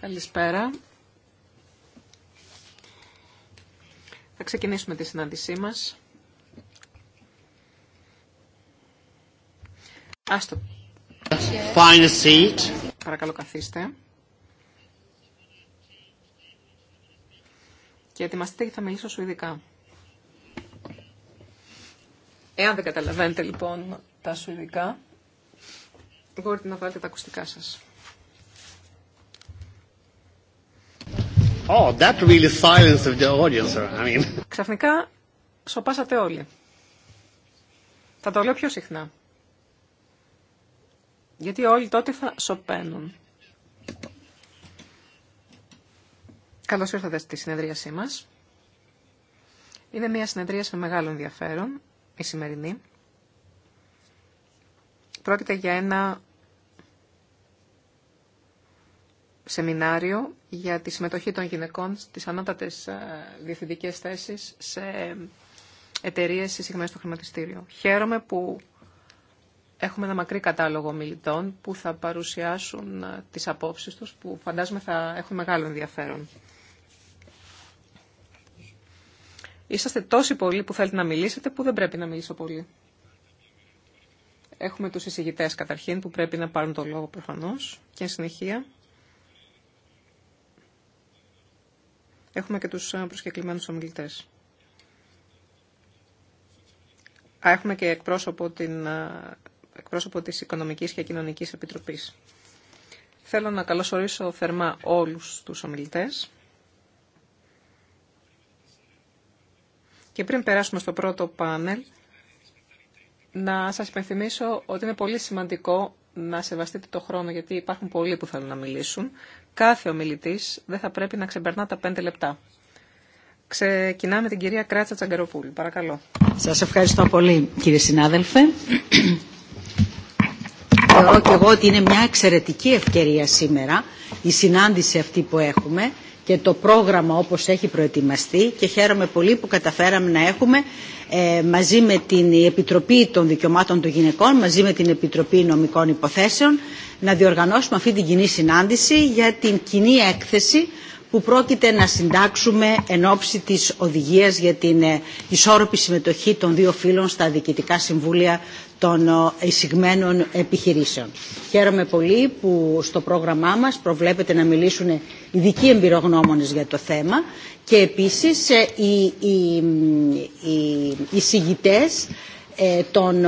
Καλησπέρα. Θα ξεκινήσουμε τη συνάντησή μας. Άστο. Find Παρακαλώ καθίστε. Και ετοιμαστείτε και θα μιλήσω σου ειδικά. Εάν δεν καταλαβαίνετε λοιπόν τα σου ειδικά, Μπορείτε να βάλετε τα ακουστικά σας. Oh, that really silenced the audience. I mean. Ξαφνικά σοπάσατε όλοι. Θα το λέω πιο συχνά. Γιατί όλοι τότε θα σοπαίνουν. Καλώ ήρθατε στη συνεδρίασή μα. Είναι μια συνεδρίαση με μεγάλο ενδιαφέρον, η σημερινή. Πρόκειται για ένα σεμινάριο για τη συμμετοχή των γυναικών στις ανώτατες ε, διευθυντικές θέσεις σε εταιρείες συσυγμένες στο χρηματιστήριο. Χαίρομαι που έχουμε ένα μακρύ κατάλογο μιλητών που θα παρουσιάσουν ε, τις απόψεις τους που φαντάζομαι θα έχουν μεγάλο ενδιαφέρον. Είσαστε τόσοι πολλοί που θέλετε να μιλήσετε που δεν πρέπει να μιλήσω πολύ. Έχουμε τους εισηγητές καταρχήν που πρέπει να πάρουν το λόγο προφανώς και συνεχεία Έχουμε και τους ε, προσκεκλημένους ομιλητές. έχουμε και εκπρόσωπο, την, ε, εκπρόσωπο της Οικονομικής και Κοινωνικής Επιτροπής. Θέλω να καλωσορίσω θερμά όλους τους ομιλητές. Και πριν περάσουμε στο πρώτο πάνελ, να σας υπενθυμίσω ότι είναι πολύ σημαντικό να σεβαστείτε το χρόνο, γιατί υπάρχουν πολλοί που θέλουν να μιλήσουν. Κάθε ομιλητή δεν θα πρέπει να ξεπερνά τα πέντε λεπτά. Ξεκινάμε την κυρία Κράτσα Τσαγκαροπούλη. Παρακαλώ. Σας ευχαριστώ πολύ κύριε συνάδελφε. Θεωρώ και εγώ ότι είναι μια εξαιρετική ευκαιρία σήμερα η συνάντηση αυτή που έχουμε και το πρόγραμμα όπως έχει προετοιμαστεί και χαίρομαι πολύ που καταφέραμε να έχουμε ε, μαζί με την Επιτροπή των Δικαιωμάτων των Γυναικών, μαζί με την Επιτροπή Νομικών Υποθέσεων να διοργανώσουμε αυτή την κοινή συνάντηση για την κοινή έκθεση που πρόκειται να συντάξουμε εν ώψη της οδηγίας για την ε, ισόρροπη συμμετοχή των δύο φύλων στα διοικητικά συμβούλια των ε, εισηγμένων επιχειρήσεων. Χαίρομαι πολύ που στο πρόγραμμά μας προβλέπεται να μιλήσουν ειδικοί εμπειρογνώμονες για το θέμα και επίσης ε, οι, οι, οι, οι των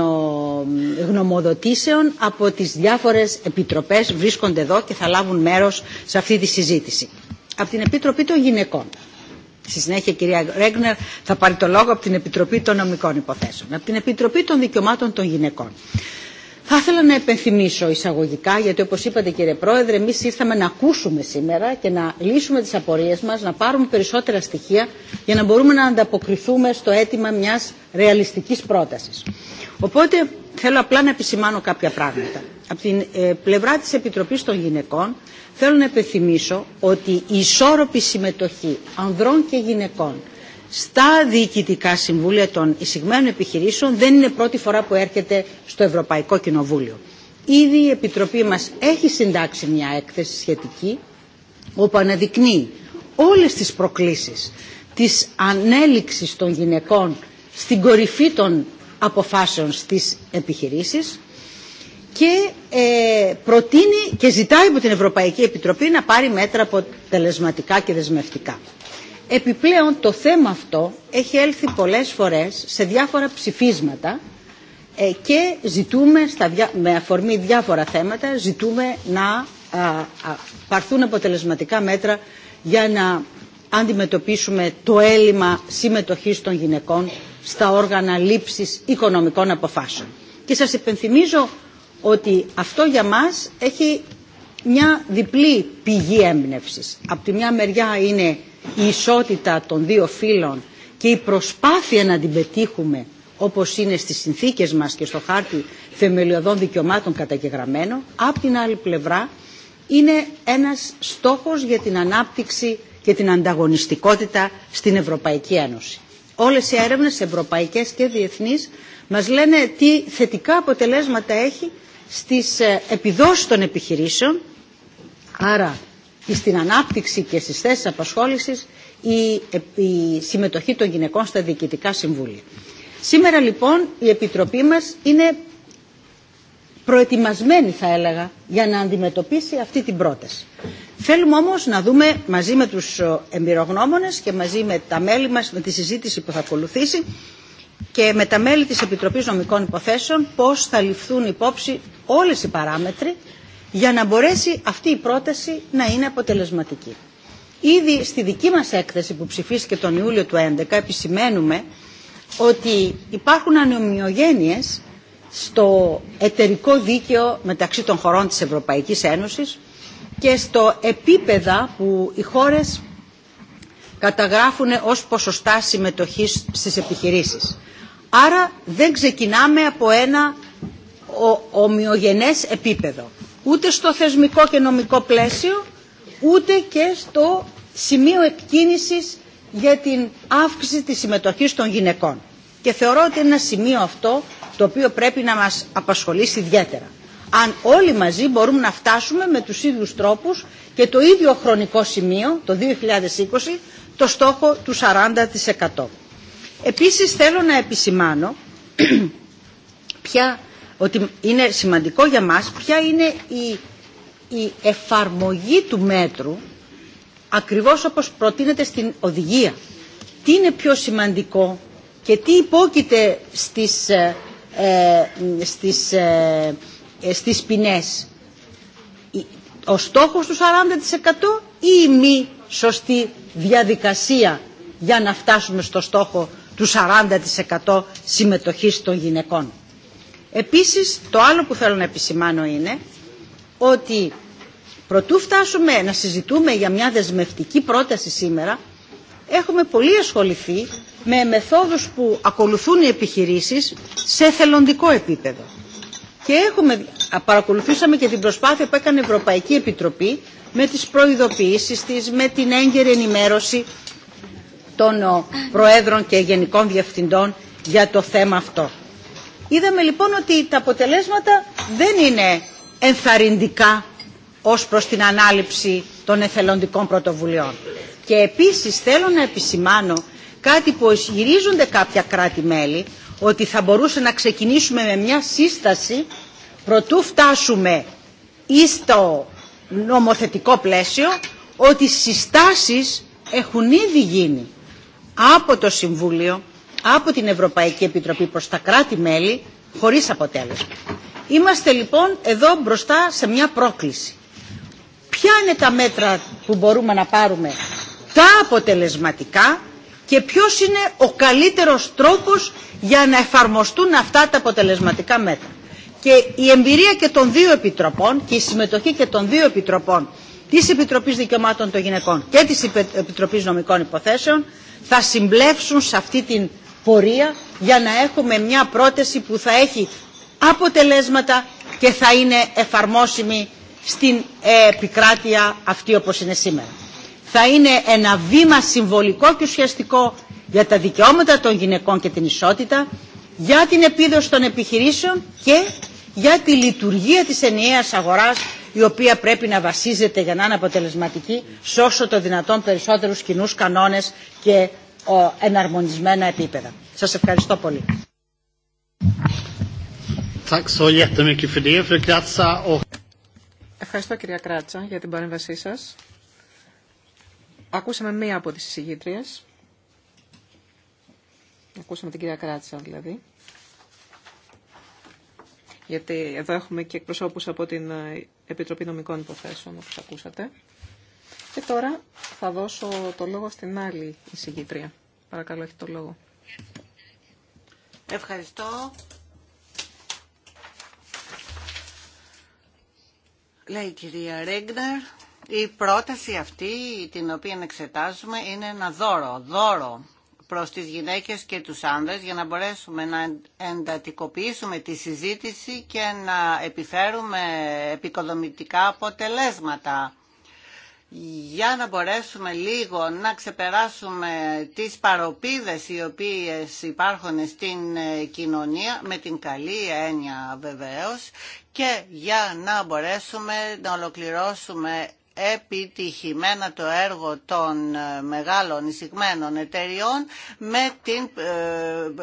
γνωμοδοτήσεων από τις διάφορες επιτροπές βρίσκονται εδώ και θα λάβουν μέρος σε αυτή τη συζήτηση από την Επιτροπή των Γυναικών. Στη συνέχεια η κυρία Ρέγνερ θα πάρει το λόγο από την Επιτροπή των Νομικών Υποθέσεων, από την Επιτροπή των Δικαιωμάτων των Γυναικών. Θα ήθελα να επενθυμίσω εισαγωγικά, γιατί όπως είπατε κύριε Πρόεδρε, εμεί ήρθαμε να ακούσουμε σήμερα και να λύσουμε τις απορίες μας, να πάρουμε περισσότερα στοιχεία για να μπορούμε να ανταποκριθούμε στο αίτημα μια ρεαλιστική πρόταση. Οπότε Θέλω απλά να επισημάνω κάποια πράγματα. Από την ε, πλευρά της Επιτροπής των Γυναικών θέλω να επιθυμίσω ότι η ισόρροπη συμμετοχή ανδρών και γυναικών στα διοικητικά συμβούλια των εισηγμένων επιχειρήσεων δεν είναι πρώτη φορά που έρχεται στο Ευρωπαϊκό Κοινοβούλιο. Ήδη η Επιτροπή μας έχει συντάξει μια έκθεση σχετική όπου αναδεικνύει όλες τις προκλήσεις της ανέλυξης των γυναικών στην κορυφή των αποφάσεων στις επιχειρήσεις και ε, προτείνει και ζητάει από την Ευρωπαϊκή Επιτροπή να πάρει μέτρα αποτελεσματικά και δεσμευτικά. Επιπλέον το θέμα αυτό έχει έλθει πολλές φορές σε διάφορα ψηφίσματα ε, και ζητούμε με αφορμή διάφορα θέματα ζητούμε να παρθούν αποτελεσματικά μέτρα για να αντιμετωπίσουμε το έλλειμμα συμμετοχής των γυναικών στα όργανα λήψης οικονομικών αποφάσεων. Και σας υπενθυμίζω ότι αυτό για μας έχει μια διπλή πηγή έμπνευσης. Από τη μια μεριά είναι η ισότητα των δύο φύλων και η προσπάθεια να την πετύχουμε όπως είναι στις συνθήκες μας και στο χάρτη θεμελιωδών δικαιωμάτων καταγεγραμμένο. Από την άλλη πλευρά είναι ένας στόχος για την ανάπτυξη και την ανταγωνιστικότητα στην Ευρωπαϊκή Ένωση. Όλες οι έρευνες ευρωπαϊκές και διεθνείς μας λένε τι θετικά αποτελέσματα έχει στις ε, επιδόσεις των επιχειρήσεων, άρα στην ανάπτυξη και στις θέσεις απασχόλησης η συμμετοχή των γυναικών στα διοικητικά συμβούλια. Σήμερα λοιπόν η Επιτροπή μας είναι προετοιμασμένη θα έλεγα για να αντιμετωπίσει αυτή την πρόταση. Θέλουμε όμως να δούμε μαζί με τους ε, εμπειρογνώμονες και μαζί με τα μέλη μας, με τη συζήτηση που θα ακολουθήσει και με τα μέλη της Επιτροπής Νομικών Υποθέσεων πώς θα ληφθούν υπόψη όλες οι παράμετροι για να μπορέσει αυτή η πρόταση να είναι αποτελεσματική. Ήδη στη δική μας έκθεση που ψηφίστηκε τον Ιούλιο του 2011 επισημαίνουμε ότι υπάρχουν ανομοιογένειες στο εταιρικό δίκαιο μεταξύ των χωρών της Ευρωπαϊκής Ένωσης και στο επίπεδα που οι χώρες καταγράφουν ως ποσοστά συμμετοχής στις επιχειρήσεις. Άρα δεν ξεκινάμε από ένα ομοιογενές επίπεδο. Ούτε στο θεσμικό και νομικό πλαίσιο, ούτε και στο σημείο επικίνησης για την αύξηση της συμμετοχής των γυναικών. Και θεωρώ ότι ένα σημείο αυτό το οποίο πρέπει να μας απασχολήσει ιδιαίτερα. Αν όλοι μαζί μπορούμε να φτάσουμε με τους ίδιους τρόπους και το ίδιο χρονικό σημείο, το 2020, το στόχο του 40%. Επίσης θέλω να επισημάνω ποια, ότι είναι σημαντικό για μας ποια είναι η, η εφαρμογή του μέτρου ακριβώς όπως προτείνεται στην οδηγία. Τι είναι πιο σημαντικό και τι υπόκειται στις ε, ε, στις, ε, ε, στις ποινές. Ο στόχος του 40% ή η μη σωστή διαδικασία για να φτάσουμε στο στόχο του 40% συμμετοχής των γυναικών. Επίσης, το άλλο που θέλω να επισημάνω είναι ότι προτού φτάσουμε να συζητούμε για μια δεσμευτική πρόταση σήμερα, έχουμε πολύ ασχοληθεί με μεθόδους που ακολουθούν οι επιχειρήσεις σε θελοντικό επίπεδο. Και έχουμε, παρακολουθήσαμε και την προσπάθεια που έκανε η Ευρωπαϊκή Επιτροπή με τις προειδοποιήσεις της, με την έγκαιρη ενημέρωση των ε, Προέδρων και Γενικών Διευθυντών για το θέμα αυτό. Είδαμε λοιπόν ότι τα αποτελέσματα δεν είναι ενθαρρυντικά ως προς την ανάληψη των εθελοντικών πρωτοβουλειών. Και επίσης θέλω να επισημάνω Κάτι που ισχυρίζονται κάποια κράτη-μέλη ότι θα μπορούσε να ξεκινήσουμε με μια σύσταση προτού φτάσουμε ή στο νομοθετικό πλαίσιο ότι συστάσεις έχουν ήδη γίνει από το Συμβούλιο, από την Ευρωπαϊκή Επιτροπή προς τα κράτη-μέλη χωρίς αποτέλεσμα. Είμαστε λοιπόν εδώ μπροστά σε μια πρόκληση. Ποια είναι τα μέτρα που μπορούμε να πάρουμε τα αποτελεσματικά και ποιος είναι ο καλύτερος τρόπος για να εφαρμοστούν αυτά τα αποτελεσματικά μέτρα. Και η εμπειρία και των δύο επιτροπών και η συμμετοχή και των δύο επιτροπών της Επιτροπής Δικαιωμάτων των Γυναικών και της Επιτροπής Νομικών Υποθέσεων θα συμπλέψουν σε αυτή την πορεία για να έχουμε μια πρόταση που θα έχει αποτελέσματα και θα είναι εφαρμόσιμη στην επικράτεια αυτή όπως είναι σήμερα θα είναι ένα βήμα συμβολικό και ουσιαστικό για τα δικαιώματα των γυναικών και την ισότητα, για την επίδοση των επιχειρήσεων και για τη λειτουργία της ενιαίας αγοράς η οποία πρέπει να βασίζεται για να είναι αποτελεσματική σε όσο το δυνατόν περισσότερους κοινού κανόνες και εναρμονισμένα επίπεδα. Σας ευχαριστώ πολύ. Ευχαριστώ κυρία Κράτσα για την παρέμβασή σας. Ακούσαμε μία από τις εισηγήτριες. Ακούσαμε την κυρία Κράτσα δηλαδή. Γιατί εδώ έχουμε και εκπροσώπους από την ε, Επιτροπή Νομικών Υποθέσεων, όπως ακούσατε. Και τώρα θα δώσω το λόγο στην άλλη εισηγήτρια. Παρακαλώ, έχει το λόγο. Ευχαριστώ. Λέει η κυρία η πρόταση αυτή την οποία εξετάζουμε είναι ένα δώρο, δώρο προς τις γυναίκες και τους άνδρες για να μπορέσουμε να εντατικοποιήσουμε τη συζήτηση και να επιφέρουμε επικοδομητικά αποτελέσματα για να μπορέσουμε λίγο να ξεπεράσουμε τις παροπίδες οι οποίες υπάρχουν στην ε, κοινωνία με την καλή έννοια βεβαίως και για να μπορέσουμε να ολοκληρώσουμε επιτυχημένα το έργο των ε, μεγάλων εισηγμένων εταιριών με την ε,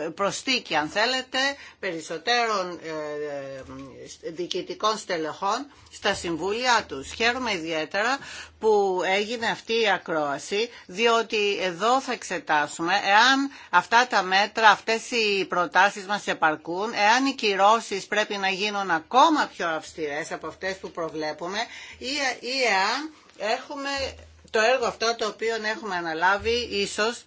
προστίκη, αν θέλετε, περισσότερων ε, διοικητικών στελεχών στα συμβούλια τους. Χαίρομαι ιδιαίτερα που έγινε αυτή η ακρόαση, διότι εδώ θα εξετάσουμε εάν αυτά τα μέτρα, αυτές οι προτάσεις μας επαρκούν, εάν οι κυρώσεις πρέπει να γίνουν ακόμα πιο αυστηρές από αυτές που προβλέπουμε ή, εάν έχουμε το έργο αυτό το οποίο έχουμε αναλάβει ίσως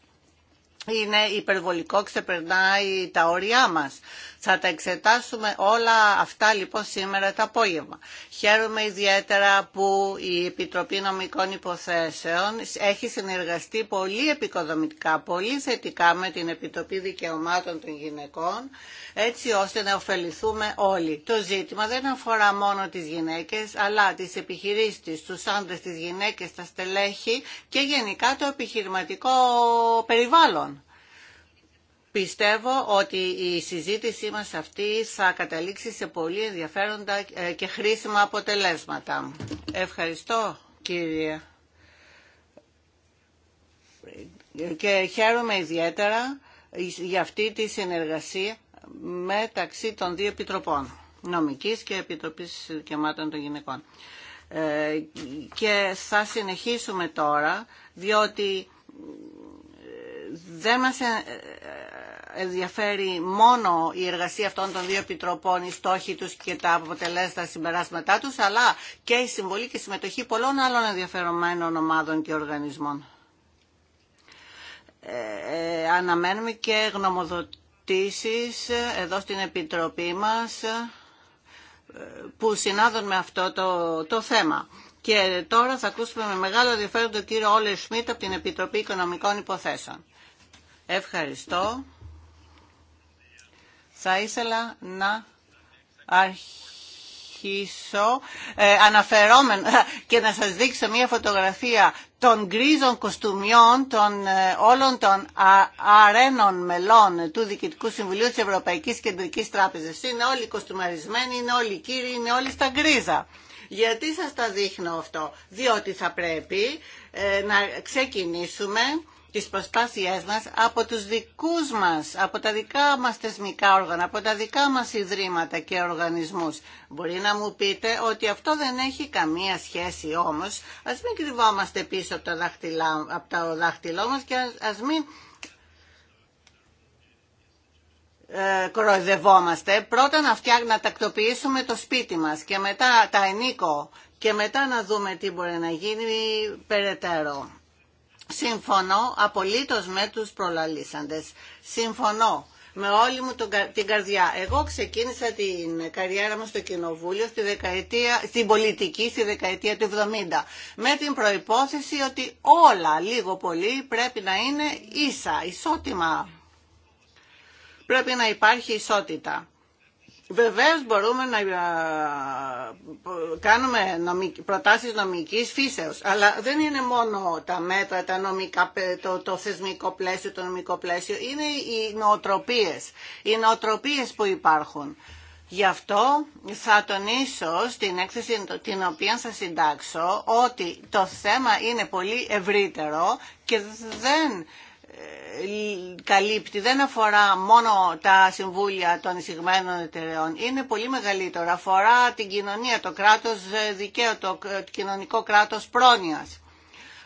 είναι υπερβολικό, ξεπερνάει τα όρια μας. Θα τα εξετάσουμε όλα αυτά λοιπόν σήμερα το απόγευμα. Χαίρομαι ιδιαίτερα που η Επιτροπή Νομικών Υποθέσεων έχει συνεργαστεί πολύ επικοδομητικά, πολύ θετικά με την Επιτροπή Δικαιωμάτων των Γυναικών, έτσι ώστε να ωφεληθούμε όλοι. Το ζήτημα δεν αφορά μόνο τις γυναίκες, αλλά τις επιχειρήσεις, τους άντρες, τις γυναίκες, τα στελέχη και γενικά το επιχειρηματικό περιβάλλον. Πιστεύω ότι η συζήτησή μας αυτή θα καταλήξει σε πολύ ενδιαφέροντα ε, και χρήσιμα αποτελέσματα. Ευχαριστώ κύριε. Και χαίρομαι ιδιαίτερα για αυτή τη συνεργασία μεταξύ των δύο επιτροπών, νομικής και επιτροπής δικαιωμάτων των γυναικών. Ε, και θα συνεχίσουμε τώρα, διότι δεν μας ενδιαφέρει μόνο η εργασία αυτών των δύο επιτροπών, οι στόχοι τους και τα αποτελέσματα συμπεράσματά τους, αλλά και η συμβολή και η συμμετοχή πολλών άλλων ενδιαφερομένων ομάδων και οργανισμών. Ε, ε, αναμένουμε και γνωμοδοτήσεις ε, εδώ στην Επιτροπή μας που συνάδουν με αυτό το, το θέμα. Και τώρα θα ακούσουμε με μεγάλο ενδιαφέρον τον κύριο Όλερ Σμιτ από την Επιτροπή Οικονομικών Υποθέσεων. Ευχαριστώ. Θα ήθελα να αρχίσω ε, και να σας δείξω μία φωτογραφία των γκρίζων κοστούμιών των ε, όλων των α, αρένων μελών του Διοικητικού Συμβουλίου της Ευρωπαϊκής Κεντρικής Τράπεζας. Είναι όλοι κοστούμαρισμένοι, είναι όλοι κύριοι, είναι όλοι στα γκρίζα. Γιατί σας τα δείχνω αυτό. Διότι θα πρέπει ε, να ξεκινήσουμε τις προσπάθειές μας από τους δικούς μας, από τα δικά μας θεσμικά όργανα, από τα δικά μας ιδρύματα και οργανισμούς. Μπορεί να μου πείτε ότι αυτό δεν έχει καμία σχέση όμως. Ας μην κρυβόμαστε πίσω από το δάχτυλό, από μας και ας μην ε, κοροϊδευόμαστε. Πρώτα να, φτιά, να τακτοποιήσουμε το σπίτι μας και μετά τα ενίκο και μετά να δούμε τι μπορεί να γίνει περαιτέρω. Συμφωνώ απολύτως με τους προλαλήσαντες. Συμφωνώ με όλη μου την καρδιά. Εγώ ξεκίνησα την καριέρα μου στο κοινοβούλιο στη δεκαετία, στην πολιτική στη δεκαετία του 70 με την προϋπόθεση ότι όλα λίγο πολύ πρέπει να είναι ίσα, ισότιμα. Πρέπει να υπάρχει ισότητα. Βεβαίω μπορούμε να κάνουμε προτάσεις νομικής φύσεως, αλλά δεν είναι μόνο τα μέτρα, τα νομικά, το, το θεσμικό πλαίσιο, το νομικό πλαίσιο, είναι οι νοοτροπίες, οι νοοτροπίες που υπάρχουν. Γι' αυτό θα τονίσω στην έκθεση την οποία θα συντάξω ότι το θέμα είναι πολύ ευρύτερο και δεν καλύπτει δεν αφορά μόνο τα συμβούλια των εισηγμένων εταιρεών. Είναι πολύ μεγαλύτερο. Αφορά την κοινωνία, το κράτος ε, δικαίου, το ε, κοινωνικό κράτος πρόνοιας.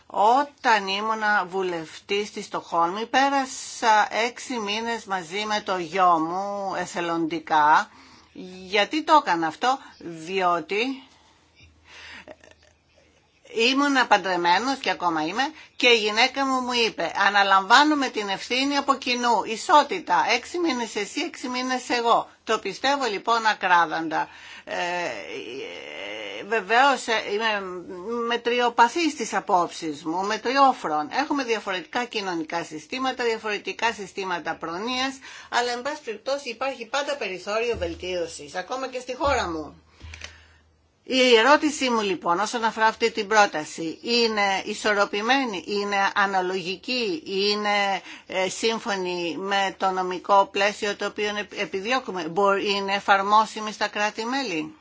Όταν ήμουνα βουλευτής στη Στοχόλμη πέρασα έξι μήνες μαζί με το γιο μου εθελοντικά. Γιατί το έκανα αυτό, διότι Ήμουν παντρεμένος και ακόμα είμαι και η γυναίκα μου μου είπε «Αναλαμβάνουμε την ευθύνη από κοινού, ισότητα, έξι μήνες εσύ, έξι μήνες εγώ». Το πιστεύω λοιπόν ακράδαντα. Ε, ε βεβαίως ε, είμαι μετριοπαθή στις απόψεις μου, μετριόφρον. Έχουμε διαφορετικά κοινωνικά συστήματα, διαφορετικά συστήματα προνοίας, αλλά εν πάση περιπτώσει υπάρχει πάντα περιθώριο βελτίωσης, ακόμα και στη χώρα μου. Η ερώτησή μου λοιπόν όσον αφορά αυτή την πρόταση είναι ισορροπημένη, είναι αναλογική, είναι ε, σύμφωνη με το νομικό πλαίσιο το οποίο επιδιώκουμε, είναι εφαρμόσιμη στα κράτη-μέλη.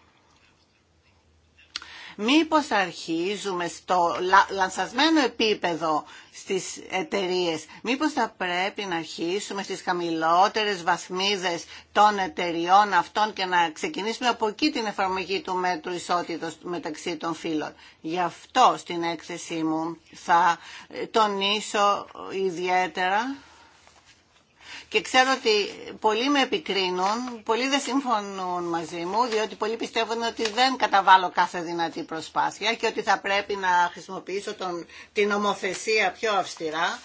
Μήπως αρχίζουμε στο λανσασμένο επίπεδο στις εταιρείε. Μήπως θα πρέπει να αρχίσουμε στις χαμηλότερες βαθμίδες των εταιριών αυτών και να ξεκινήσουμε από εκεί την εφαρμογή του μέτρου ισότητας μεταξύ των φύλων. Γι' αυτό στην έκθεσή μου θα τονίσω ιδιαίτερα και ξέρω ότι πολλοί με επικρίνουν, πολλοί δεν συμφωνούν μαζί μου, διότι πολλοί πιστεύουν ότι δεν καταβάλω κάθε δυνατή προσπάθεια και ότι θα πρέπει να χρησιμοποιήσω τον, την ομοθεσία πιο αυστηρά.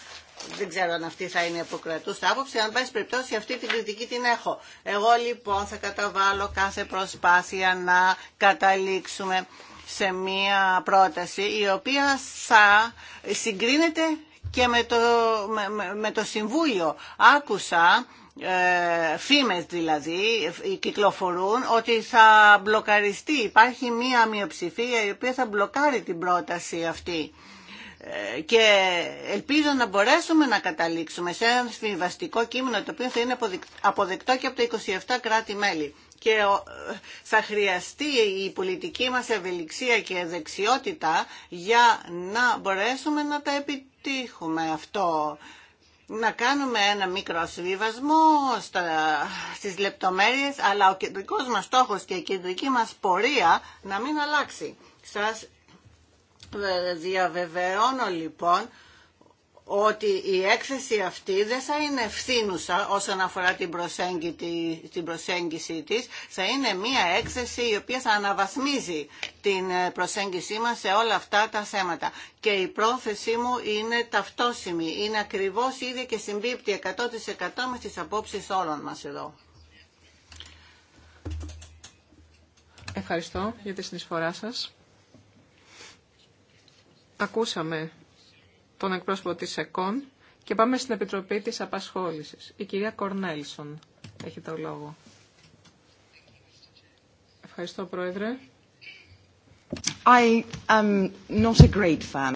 Δεν ξέρω αν αυτή θα είναι αποκρατούσα άποψη. Αν πάει περιπτώσει, αυτή την κριτική την έχω. Εγώ λοιπόν θα καταβάλω κάθε προσπάθεια να καταλήξουμε σε μία πρόταση η οποία θα συγκρίνεται και με το, με, το Συμβούλιο. Άκουσα ε, φήμες δηλαδή ε, κυκλοφορούν ότι θα μπλοκαριστεί. Υπάρχει μία μειοψηφία η οποία θα μπλοκάρει την πρόταση αυτή. Ε, και ελπίζω να μπορέσουμε να καταλήξουμε σε ένα συμβιβαστικό κείμενο το οποίο θα είναι αποδεκτό και από τα 27 κράτη-μέλη. Και ε, θα χρειαστεί η πολιτική μας ευελιξία και δεξιότητα για να μπορέσουμε να τα επιτύχουμε πετύχουμε αυτό. Να κάνουμε ένα μικρό συμβιβασμό στα, στις λεπτομέρειες, αλλά ο κεντρικός μας στόχος και η κεντρική μας πορεία να μην αλλάξει. Σας διαβεβαιώνω λοιπόν ότι η έκθεση αυτή δεν θα είναι ευθύνουσα όσον αφορά την προσέγγιση, την προσέγγιση της, θα είναι μία έκθεση η οποία θα αναβαθμίζει την ε, προσέγγιση μας σε όλα αυτά τα θέματα. Και η πρόθεσή μου είναι ταυτόσιμη, είναι ακριβώς ίδια και συμπίπτει 100% με τις απόψεις όλων μας εδώ. Ευχαριστώ για τη συνεισφορά σας. Ακούσαμε τον εκπρόσωπο της ΕΚΟΝ και πάμε στην Επιτροπή της Απασχόλησης. Η κυρία Κορνέλσον έχει το λόγο. Ευχαριστώ, Πρόεδρε. I am not a great fan.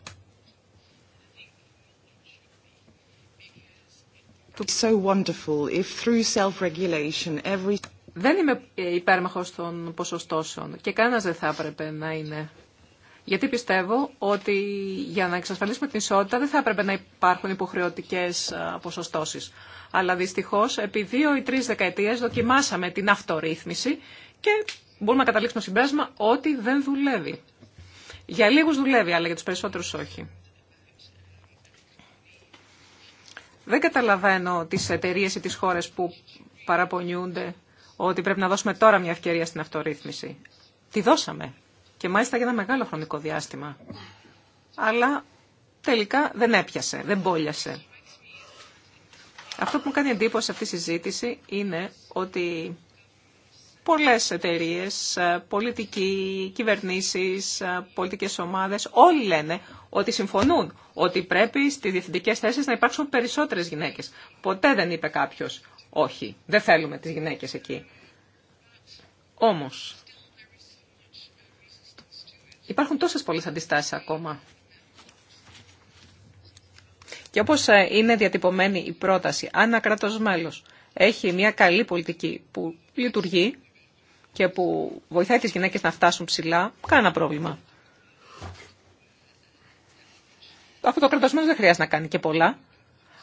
So wonderful if through self-regulation every... Δεν είμαι υπέρμαχος των ποσοστώσεων και κανένας δεν θα έπρεπε να είναι. Γιατί πιστεύω ότι για να εξασφαλίσουμε την ισότητα δεν θα έπρεπε να υπάρχουν υποχρεωτικές ε, ποσοστώσει. Αλλά δυστυχώς επί δύο ή τρει δεκαετίες δοκιμάσαμε την αυτορύθμιση και μπορούμε να καταλήξουμε συμπέρασμα ότι δεν δουλεύει. Για λίγους δουλεύει, αλλά για τους περισσότερους όχι. Δεν καταλαβαίνω τις εταιρείε ή τι χώρε που παραπονιούνται ότι πρέπει να δώσουμε τώρα μια ευκαιρία στην αυτορύθμιση. Τη δώσαμε και μάλιστα για ένα μεγάλο χρονικό διάστημα. Αλλά τελικά δεν έπιασε, δεν πόλιασε. Αυτό που μου κάνει εντύπωση σε αυτή τη συζήτηση είναι ότι πολλές εταιρείες, πολιτικοί, κυβερνήσεις, πολιτικές ομάδες, όλοι λένε ότι συμφωνούν ότι πρέπει στις διευθυντικές θέσεις να υπάρξουν περισσότερες γυναίκες. Ποτέ δεν είπε κάποιος, όχι, δεν θέλουμε τις γυναίκες εκεί. Όμως, Υπάρχουν τόσες πολλές αντιστάσεις ακόμα. Και όπως ε, είναι διατυπωμένη η πρόταση, αν ένα κράτος έχει μια καλή πολιτική που λειτουργεί και που βοηθάει τις γυναίκες να φτάσουν ψηλά, κανένα πρόβλημα. Αυτό το κράτος δεν χρειάζεται να κάνει και πολλά.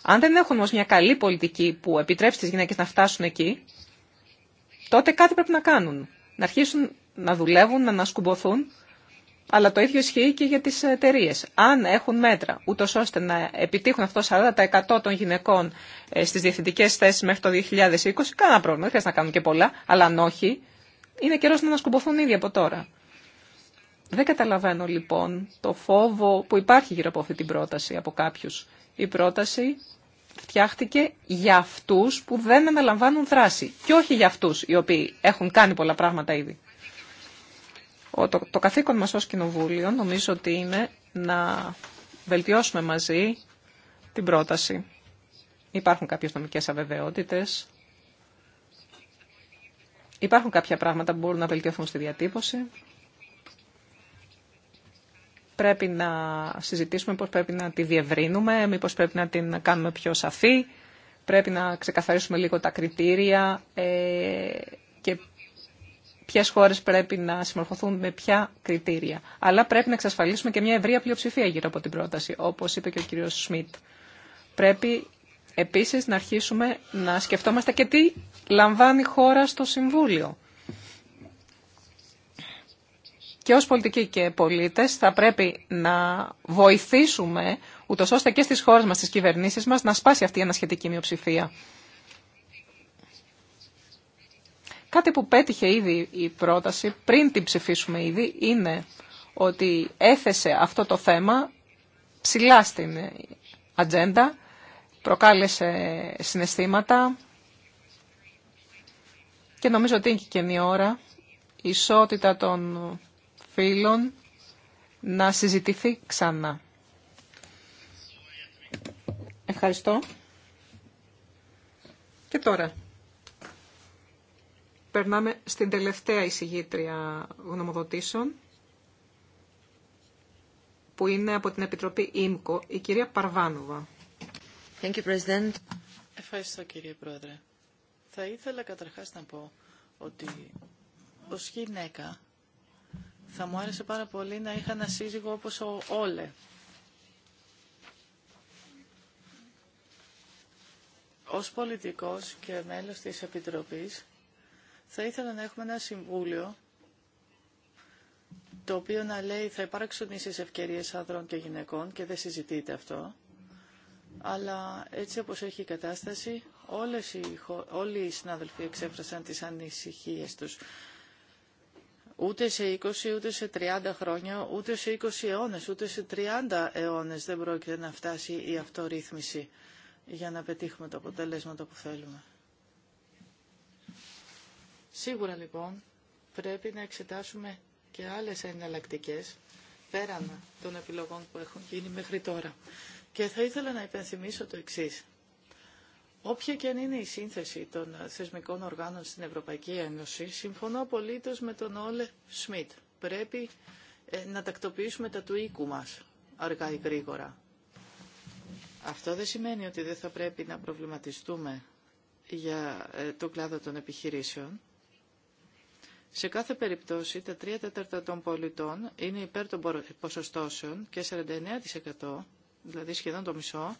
Αν δεν έχουν όμως μια καλή πολιτική που επιτρέψει τις γυναίκες να φτάσουν εκεί, τότε κάτι πρέπει να κάνουν. Να αρχίσουν να δουλεύουν, να ανασκουμποθούν αλλά το ίδιο ισχύει και για τις εταιρείε. Αν έχουν μέτρα, ούτω ώστε να επιτύχουν αυτό 40% των γυναικών ε, στις διευθυντικές θέσεις μέχρι το 2020, κανένα πρόβλημα, δεν χρειάζεται να κάνουν και πολλά, αλλά αν όχι, είναι καιρός να ανασκουμποθούν ήδη από τώρα. Δεν καταλαβαίνω λοιπόν το φόβο που υπάρχει γύρω από αυτή την πρόταση από κάποιους. Η πρόταση φτιάχτηκε για αυτούς που δεν αναλαμβάνουν δράση και όχι για αυτούς οι οποίοι έχουν κάνει πολλά πράγματα ήδη το, το καθήκον μας ως Κοινοβούλιο νομίζω ότι είναι να βελτιώσουμε μαζί την πρόταση. Υπάρχουν κάποιες νομικές αβεβαιότητες. Υπάρχουν κάποια πράγματα που μπορούν να βελτιωθούν στη διατύπωση. Πρέπει να συζητήσουμε πώς πρέπει να τη διευρύνουμε, μήπως πρέπει να την κάνουμε πιο σαφή. Πρέπει να ξεκαθαρίσουμε λίγο τα κριτήρια, ε, ποιε χώρε πρέπει να συμμορφωθούν με ποια κριτήρια. Αλλά πρέπει να εξασφαλίσουμε και μια ευρεία πλειοψηφία γύρω από την πρόταση, όπω είπε και ο κύριος Σμιτ. Πρέπει επίση να αρχίσουμε να σκεφτόμαστε και τι λαμβάνει η χώρα στο Συμβούλιο. Και ως πολιτικοί και πολίτες θα πρέπει να βοηθήσουμε ούτω ώστε και στις χώρες μας, στις κυβερνήσεις μας, να σπάσει αυτή η ανασχετική μειοψηφία. Κάτι που πέτυχε ήδη η πρόταση, πριν την ψηφίσουμε ήδη, είναι ότι έθεσε αυτό το θέμα ψηλά στην ατζέντα, προκάλεσε συναισθήματα και νομίζω ότι είναι και καινή ώρα η ισότητα των φίλων να συζητηθεί ξανά. Ευχαριστώ. Και τώρα. Περνάμε στην τελευταία εισηγήτρια γνωμοδοτήσεων, που είναι από την Επιτροπή ΙΜΚΟ, η κυρία Παρβάνουβα. Thank you, President. Ευχαριστώ, κύριε Πρόεδρε. Θα ήθελα καταρχάς να πω ότι ως γυναίκα θα μου άρεσε πάρα πολύ να είχα ένα σύζυγο όπως ο Όλε. Ως πολιτικός και μέλος της Επιτροπής θα ήθελα να έχουμε ένα συμβούλιο το οποίο να λέει θα υπάρξουν ίσες ευκαιρίες άνδρων και γυναικών και δεν συζητείται αυτό. Αλλά έτσι όπως έχει η κατάσταση, όλες οι, όλοι οι συνάδελφοι εξέφρασαν τις ανησυχίες τους. Ούτε σε 20, ούτε σε 30 χρόνια, ούτε σε 20 αιώνες, ούτε σε 30 αιώνες δεν πρόκειται να φτάσει η αυτορύθμιση για να πετύχουμε το αποτέλεσμα το που θέλουμε. Σίγουρα λοιπόν πρέπει να εξετάσουμε και άλλες εναλλακτικέ πέραν των επιλογών που έχουν γίνει μέχρι τώρα. Και θα ήθελα να υπενθυμίσω το εξή: Όποια και αν είναι η σύνθεση των θεσμικών οργάνων στην Ευρωπαϊκή Ένωση, συμφωνώ απολύτω με τον Όλε Σμιτ. Πρέπει ε, να τακτοποιήσουμε τα του οίκου μα αργά ή γρήγορα. Αυτό δεν σημαίνει ότι δεν θα πρέπει να προβληματιστούμε για ε, το κλάδο των επιχειρήσεων. Σε κάθε περίπτωση, τα 3 τέταρτα των πολιτών είναι υπέρ των ποσοστώσεων και 49%, δηλαδή σχεδόν το μισό,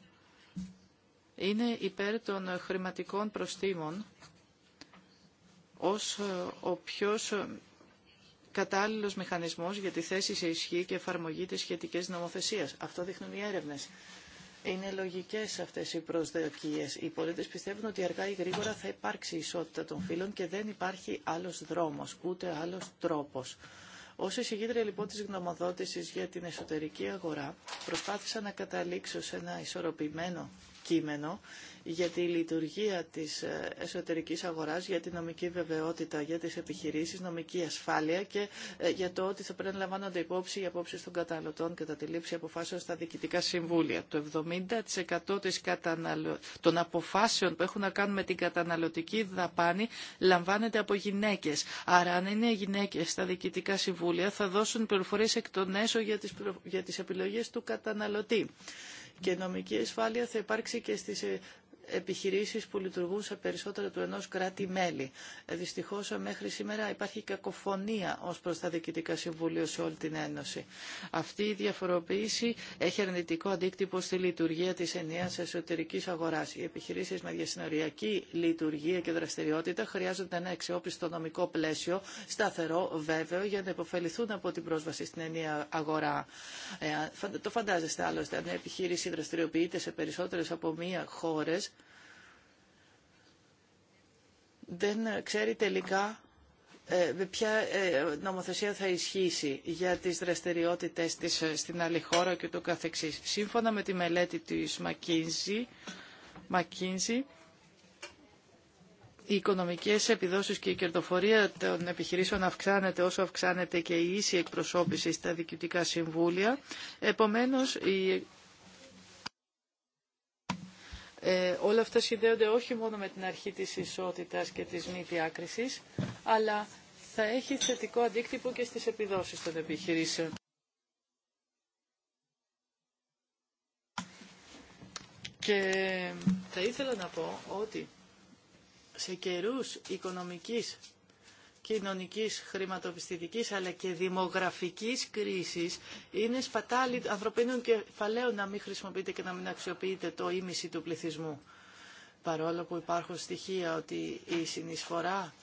είναι υπέρ των χρηματικών προστήμων ως ε, ο πιο κατάλληλος μηχανισμός για τη θέση σε ισχύ και εφαρμογή της σχετικής νομοθεσίας. Αυτό δείχνουν οι έρευνες. Είναι λογικές αυτές οι προσδοκίε. Οι πολίτες πιστεύουν ότι αργά ή γρήγορα θα υπάρξει ισότητα των φύλων και δεν υπάρχει άλλος δρόμος, ούτε άλλος τρόπος. Ω εισηγήτρια λοιπόν τη γνωμοδότηση για την εσωτερική αγορά, προσπάθησα να καταλήξω σε ένα ισορροπημένο κείμενο για τη λειτουργία της ε, εσωτερικής αγοράς, για τη νομική βεβαιότητα, για τις επιχειρήσεις, νομική ασφάλεια και ε, για το ότι θα πρέπει να λαμβάνονται υπόψη οι απόψεις των καταναλωτών κατά τη λήψη αποφάσεων στα διοικητικά συμβούλια. Το 70% των αποφάσεων που έχουν να κάνουν με την καταναλωτική δαπάνη λαμβάνεται από γυναίκες. Άρα αν είναι γυναίκες στα διοικητικά συμβούλια θα δώσουν πληροφορίε εκ των έσω για τις, για τις επιλογές του καταναλωτή και νομική ασφάλεια θα υπάρξει και στις ε, επιχειρήσεις που λειτουργούν σε περισσότερα του ενός κράτη-μέλη. Ε, δυστυχώς μέχρι σήμερα υπάρχει κακοφωνία ως προς τα διοικητικά συμβούλια σε όλη την Ένωση. Αυτή η διαφοροποίηση έχει αρνητικό αντίκτυπο στη λειτουργία της ενιαίας εσωτερικής αγοράς. Οι επιχειρήσεις με διασυνοριακή λειτουργία και δραστηριότητα χρειάζονται ένα αξιόπιστο νομικό πλαίσιο, σταθερό, βέβαιο, για να υποφεληθούν από την πρόσβαση στην ενιαία αγορά. Ε, το φαντάζεστε άλλωστε, αν μια επιχείρηση δραστηριοποιείται σε περισσότερες από μία χώρες, δεν ξέρει τελικά ε, ποια ε, νομοθεσία θα ισχύσει για τις δραστηριότητες της ε, στην άλλη χώρα και το καθεξής. Σύμφωνα με τη μελέτη της McKinsey, McKinsey οι οικονομικές επιδόσεις και η κερδοφορία των επιχειρήσεων αυξάνεται όσο αυξάνεται και η ίση εκπροσώπηση στα διοικητικά συμβούλια. Επομένως, η ε, όλα αυτά συνδέονται όχι μόνο με την αρχή της ισότητας και της μη διάκρισης, αλλά θα έχει θετικό αντίκτυπο και στις επιδόσεις των επιχειρήσεων. Και θα ήθελα να πω ότι σε καιρούς οικονομικής κοινωνικής, χρηματοπιστητικής αλλά και δημογραφικής κρίσης είναι σπατάλη ανθρωπίνων κεφαλαίων να μην χρησιμοποιείτε και να μην αξιοποιείτε το ίμιση του πληθυσμού. Παρόλο που υπάρχουν στοιχεία ότι η συνεισφορά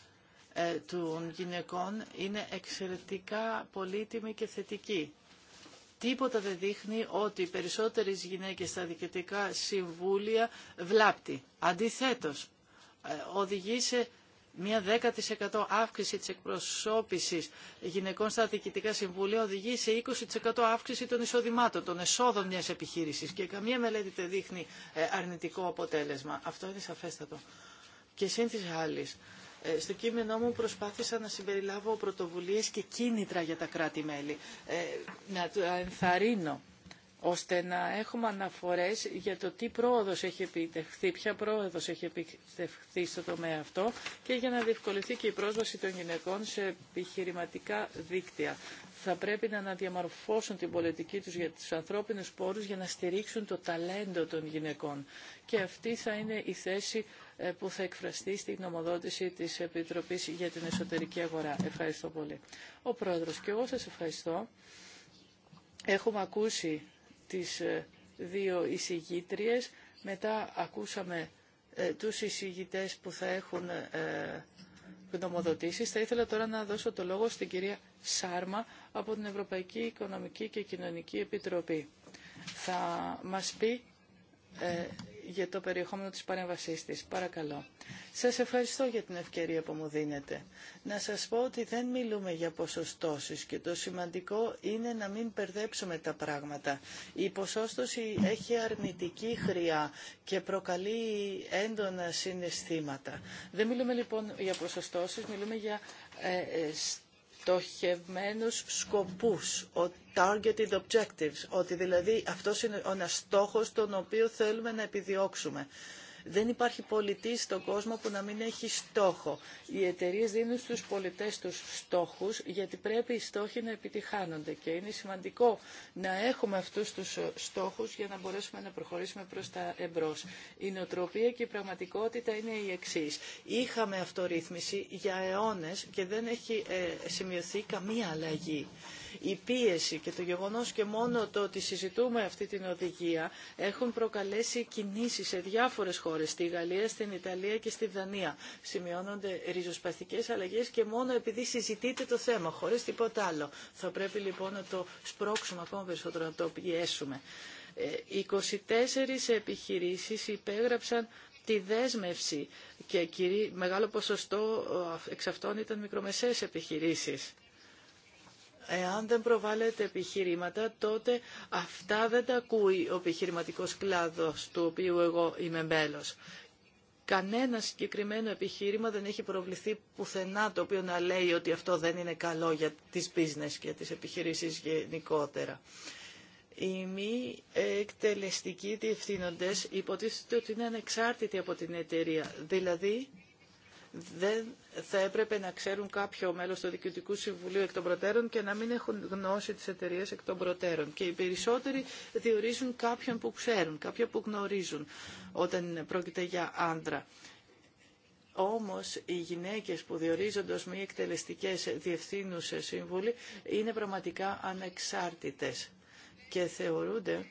ε, των γυναικών είναι εξαιρετικά πολύτιμη και θετική. Τίποτα δεν δείχνει ότι οι περισσότερες γυναίκες στα διοικητικά συμβούλια βλάπτει. Αντιθέτως, ε, οδηγεί σε Μία 10% αύξηση της εκπροσώπησης γυναικών στα διοικητικά συμβούλια οδηγεί σε 20% αύξηση των εισοδημάτων, των εσόδων μιας επιχείρησης και καμία μελέτη δεν δείχνει ε, αρνητικό αποτέλεσμα. Αυτό είναι σαφέστατο. Και σύνθεση άλλη, ε, στο κείμενό μου προσπάθησα να συμπεριλάβω πρωτοβουλίες και κίνητρα για τα κράτη-μέλη, ε, να ενθαρρύνω ώστε να έχουμε αναφορές για το τι πρόοδος έχει επιτευχθεί, ποια πρόοδος έχει επιτευχθεί στο τομέα αυτό και για να διευκολυνθεί και η πρόσβαση των γυναικών σε επιχειρηματικά δίκτυα. Θα πρέπει να αναδιαμορφώσουν την πολιτική τους για τους ανθρώπινους πόρους για να στηρίξουν το ταλέντο των γυναικών. Και αυτή θα είναι η θέση ε, που θα εκφραστεί στη γνωμοδότηση της Επιτροπής για την Εσωτερική Αγορά. Ευχαριστώ πολύ. Ο Πρόεδρος και εγώ σας ευχαριστώ. Έχουμε ακούσει τις ε, δύο εισηγήτριες. Μετά ακούσαμε ε, τους εισηγητές που θα έχουν ε, γνωμοδοτήσεις. Θα ήθελα τώρα να δώσω το λόγο στην κυρία Σάρμα από την Ευρωπαϊκή Οικονομική και Κοινωνική Επιτροπή. Θα μας πει για το περιεχόμενο της παρέμβασής της. Παρακαλώ. Σας ευχαριστώ για την ευκαιρία που μου δίνετε. Να σας πω ότι δεν μιλούμε για ποσοστώσεις και το σημαντικό είναι να μην περδέψουμε τα πράγματα. Η ποσόστοση έχει αρνητική χρειά και προκαλεί έντονα συναισθήματα. Δεν μιλούμε λοιπόν για ποσοστώσεις, μιλούμε για ε, ε στοχευμένους σκοπούς, ο targeted objectives, ότι δηλαδή αυτός είναι ένας στόχος τον οποίο θέλουμε να επιδιώξουμε. Δεν υπάρχει πολιτή στον κόσμο που να μην έχει στόχο. Οι εταιρείε δίνουν στους πολιτές τους στόχους γιατί πρέπει οι στόχοι να επιτυχάνονται και είναι σημαντικό να έχουμε αυτού τους ε, στόχους για να μπορέσουμε να προχωρήσουμε προ τα εμπρός. Η νοοτροπία και η πραγματικότητα είναι η εξή. Είχαμε αυτορύθμιση για αιώνε και δεν έχει ε, σημειωθεί καμία αλλαγή η πίεση και το γεγονός και μόνο το ότι συζητούμε αυτή την οδηγία έχουν προκαλέσει κινήσεις σε διάφορες χώρες, στη Γαλλία, στην Ιταλία και στη Δανία. Σημειώνονται ριζοσπαστικές αλλαγές και μόνο επειδή συζητείται το θέμα, χωρίς τίποτα άλλο. Θα πρέπει λοιπόν να το σπρώξουμε ακόμα περισσότερο, να το πιέσουμε. 24 ε, επιχειρήσεις υπέγραψαν τη δέσμευση και μεγάλο ποσοστό ε, εξ αυτών ήταν μικρομεσαίες επιχειρήσεις. Εάν δεν προβάλλεται επιχειρήματα, τότε αυτά δεν τα ακούει ο επιχειρηματικός κλάδος του οποίου εγώ είμαι μέλος. Κανένα συγκεκριμένο επιχείρημα δεν έχει προβληθεί πουθενά το οποίο να λέει ότι αυτό δεν είναι καλό για τις business και τις επιχειρήσεις γενικότερα. Οι μη εκτελεστικοί διευθύνοντες υποτίθεται ότι είναι ανεξάρτητοι από την εταιρεία. Δηλαδή δεν θα έπρεπε να ξέρουν κάποιο μέλος του Διοικητικού Συμβουλίου εκ των προτέρων και να μην έχουν γνώση τη εταιρεία εκ των προτέρων. Και οι περισσότεροι διορίζουν κάποιον που ξέρουν, κάποιον που γνωρίζουν όταν πρόκειται για άντρα. Όμως οι γυναίκες που διορίζονται ως μη εκτελεστικές διευθύνουσες σύμβουλοι είναι πραγματικά ανεξάρτητες και θεωρούνται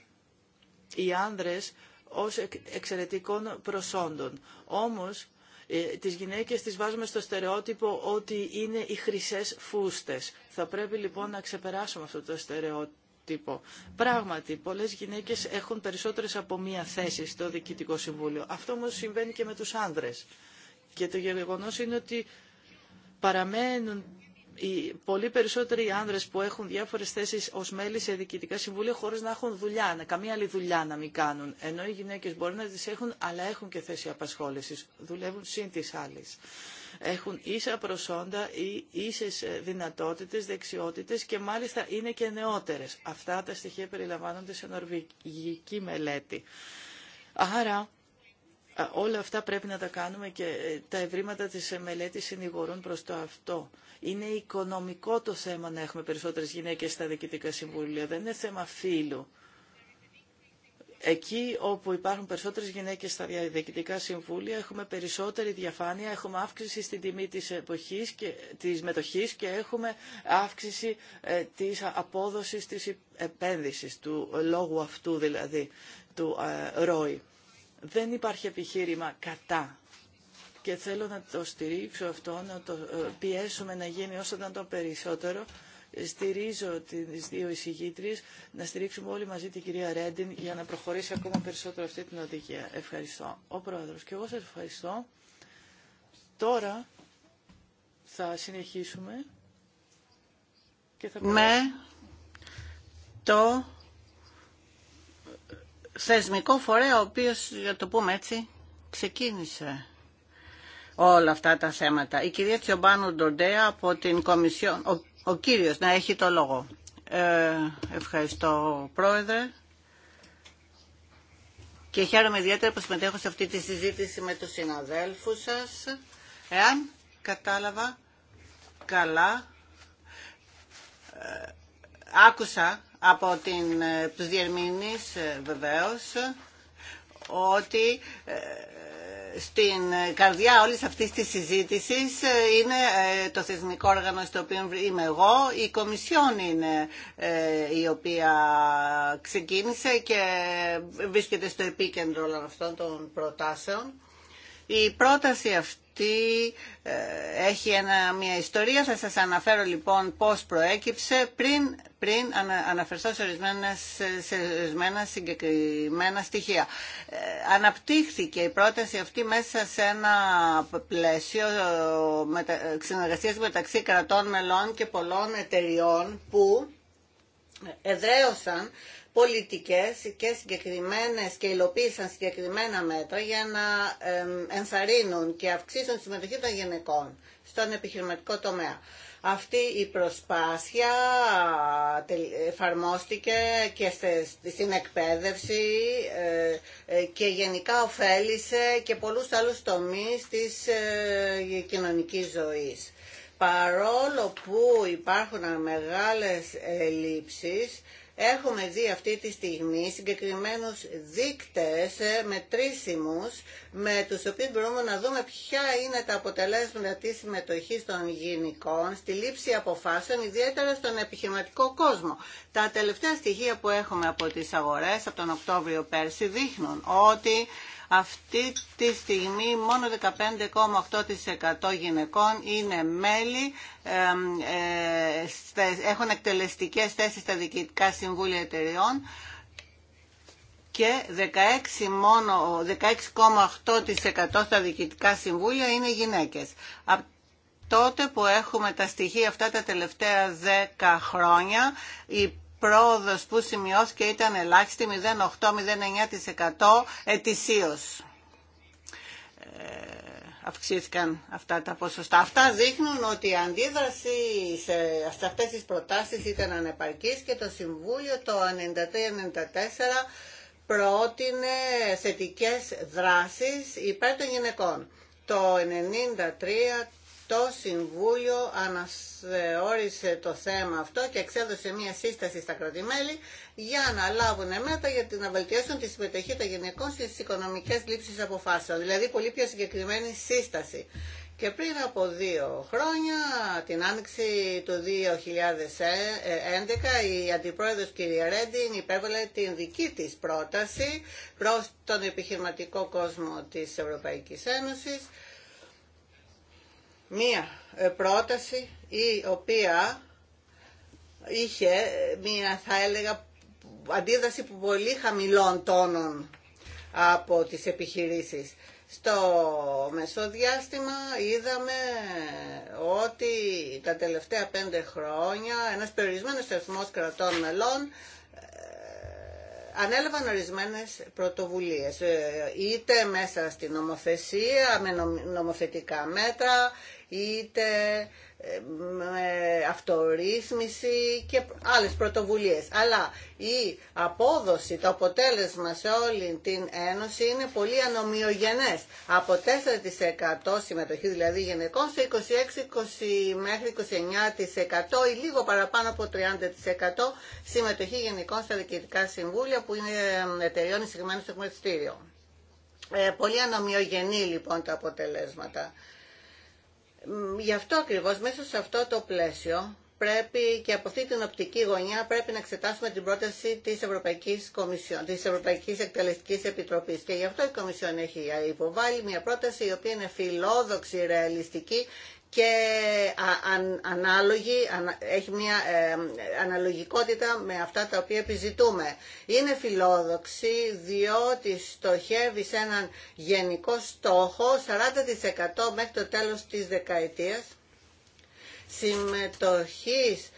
οι άνδρες ως εξαιρετικών προσόντων. Όμως ε, τις γυναίκες τις βάζουμε στο στερεότυπο ότι είναι οι χρυσές φούστες. Θα πρέπει λοιπόν να ξεπεράσουμε αυτό το στερεότυπο. Τύπο. Πράγματι, πολλές γυναίκες έχουν περισσότερες από μία θέση στο Διοικητικό Συμβούλιο. Αυτό όμως συμβαίνει και με τους άνδρες. Και το γεγονός είναι ότι παραμένουν οι πολύ περισσότεροι άνδρε που έχουν διάφορε θέσει ω μέλη σε διοικητικά συμβούλια χωρί να έχουν δουλειά, να, καμία άλλη δουλειά να μην κάνουν. Ενώ οι γυναίκε μπορεί να τι έχουν, αλλά έχουν και θέση απασχόληση. Δουλεύουν σύν τη άλλη. Έχουν ίσα προσόντα ή ίσες ε, δυνατότητε, δεξιότητε και μάλιστα είναι και νεότερε. Αυτά τα στοιχεία περιλαμβάνονται σε νορβηγική μελέτη. Άρα Όλα αυτά πρέπει να τα κάνουμε και ε, τα ευρήματα της ε, μελέτης συνηγορούν προς το αυτό. Είναι οικονομικό το θέμα να έχουμε περισσότερες γυναίκες στα διοικητικά συμβούλια. Δεν είναι θέμα φύλου. Εκεί όπου υπάρχουν περισσότερες γυναίκες στα διοικητικά συμβούλια έχουμε περισσότερη διαφάνεια, έχουμε αύξηση στην τιμή της, εποχής και, της μετοχής και έχουμε αύξηση ε, της απόδοσης της επένδυσης, του λόγου αυτού δηλαδή, του ρόη δεν υπάρχει επιχείρημα κατά και θέλω να το στηρίξω αυτό, να το ε, πιέσουμε να γίνει όσο να το περισσότερο. Στηρίζω τις δύο εισηγήτριες, να στηρίξουμε όλοι μαζί την κυρία Ρέντιν για να προχωρήσει ακόμα περισσότερο αυτή την οδηγία. Ευχαριστώ. Ο Πρόεδρος και εγώ σας ευχαριστώ. Τώρα θα συνεχίσουμε και θα Με το θεσμικό φορέα ο οποίος, για το πούμε έτσι, ξεκίνησε όλα αυτά τα θέματα. Η κυρία Τσιομπάνου Ντοντέα από την Κομισιόν. Ο, κύριος να έχει το λόγο. Ε, ευχαριστώ πρόεδρε. Και χαίρομαι ιδιαίτερα που συμμετέχω σε αυτή τη συζήτηση με τους συναδέλφους σας. Εάν κατάλαβα καλά, ε, άκουσα από την, ε, τους διερμηνείς ε, βεβαίως ότι ε, στην καρδιά όλης αυτής της συζήτησης είναι το θεσμικό όργανο στο οποίο είμαι εγώ. Η Κομισιόν είναι η οποία ξεκίνησε και βρίσκεται στο επίκεντρο όλων αυτών των προτάσεων. Η πρόταση αυτή γιατί ε, έχει ένα, μια ιστορία. Θα σας αναφέρω λοιπόν πώς προέκυψε πριν, πριν αναφερθώ σε ορισμένα, σε συγκεκριμένα στοιχεία. Ε, αναπτύχθηκε η πρόταση αυτή μέσα σε ένα πλαίσιο ε, μετα, συνεργασίας μεταξύ κρατών μελών και πολλών εταιριών που εδραίωσαν πολιτικές και συγκεκριμένες και υλοποίησαν συγκεκριμένα μέτρα για να ενθαρρύνουν και αυξήσουν τη συμμετοχή των γυναικών στον επιχειρηματικό τομέα. Αυτή η προσπάθεια εφαρμόστηκε και στην εκπαίδευση ε, ε, και γενικά ωφέλησε και πολλούς άλλους τομείς της ε, κοινωνικής ζωής. Παρόλο που υπάρχουν μεγάλες ελλείψεις, Έχουμε δει αυτή τη στιγμή συγκεκριμένους δείκτες ε, μετρήσιμους με τους οποίους μπορούμε να δούμε ποια είναι τα αποτελέσματα της συμμετοχής των γυναικών στη λήψη αποφάσεων, ιδιαίτερα στον επιχειρηματικό κόσμο. Τα τελευταία στοιχεία που έχουμε από τις αγορές από τον Οκτώβριο πέρσι δείχνουν ότι αυτή τη στιγμή μόνο 15,8% γυναικών είναι μέλη, ε, έχουν εκτελεστικές θέσεις στα διοικητικά συμβούλια εταιρεών και 16 μόνο, 16,8% στα διοικητικά συμβούλια είναι γυναίκες. Από τότε που έχουμε τα στοιχεία αυτά τα τελευταία 10 χρόνια, η πρόοδος που σημειώθηκε ήταν ελάχιστη 0,8-0,9% ετησίως. Ε, αυξήθηκαν αυτά τα ποσοστά. Αυτά δείχνουν ότι η αντίδραση σε, αυτέ αυτές τις προτάσεις ήταν ανεπαρκής και το Συμβούλιο το 93-94 πρότεινε θετικές δράσεις υπέρ των γυναικών. Το 93 το Συμβούλιο αναθεώρησε το θέμα αυτό και εξέδωσε μία σύσταση στα κρατημέλη για να λάβουν μέτρα για να βελτιώσουν τη συμμετοχή των γυναικών στις οικονομικές λήψεις αποφάσεων. Δηλαδή πολύ πιο συγκεκριμένη σύσταση. Και πριν από δύο χρόνια, την άνοιξη του 2011, η Αντιπρόεδρος κυρία Ρέντιν υπέβαλε την δική της πρόταση προς τον επιχειρηματικό κόσμο της Ευρωπαϊκής Ένωσης μία ε, πρόταση η οποία είχε μία θα έλεγα αντίδραση που πολύ χαμηλών τόνων από τις επιχειρήσεις. Στο μεσοδιάστημα είδαμε ότι τα τελευταία πέντε χρόνια ένας περιορισμένος αριθμό κρατών μελών ανέλαβαν ορισμένες πρωτοβουλίες, ε, είτε μέσα στην νομοθεσία, με νομοθετικά μέτρα, είτε με αυτορύθμιση και άλλες πρωτοβουλίες. Αλλά η απόδοση, το αποτέλεσμα σε όλη την Ένωση είναι πολύ ανομοιογενές. Από 4% συμμετοχή δηλαδή γυναικών σε 26 20, μέχρι 29% ή λίγο παραπάνω από 30% συμμετοχή γενικών στα διοικητικά συμβούλια που είναι εταιρεών εισηγμένων στο χρηματιστήριο. Ε, πολύ ανομοιογενή λοιπόν τα αποτελέσματα. Γι' αυτό ακριβώς μέσα σε αυτό το πλαίσιο πρέπει και από αυτή την οπτική γωνιά πρέπει να εξετάσουμε την πρόταση της Ευρωπαϊκής, Κομισιόν, της Ευρωπαϊκής Εκτελεστικής Επιτροπής και γι' αυτό η Κομισιόν έχει υποβάλει μια πρόταση η οποία είναι φιλόδοξη, ρεαλιστική και ανάλογη, έχει μια ε, αναλογικότητα με αυτά τα οποία επιζητούμε. Είναι φιλόδοξη διότι στοχεύει σε έναν γενικό στόχο 40% μέχρι το τέλος της δεκαετίας συμμετοχής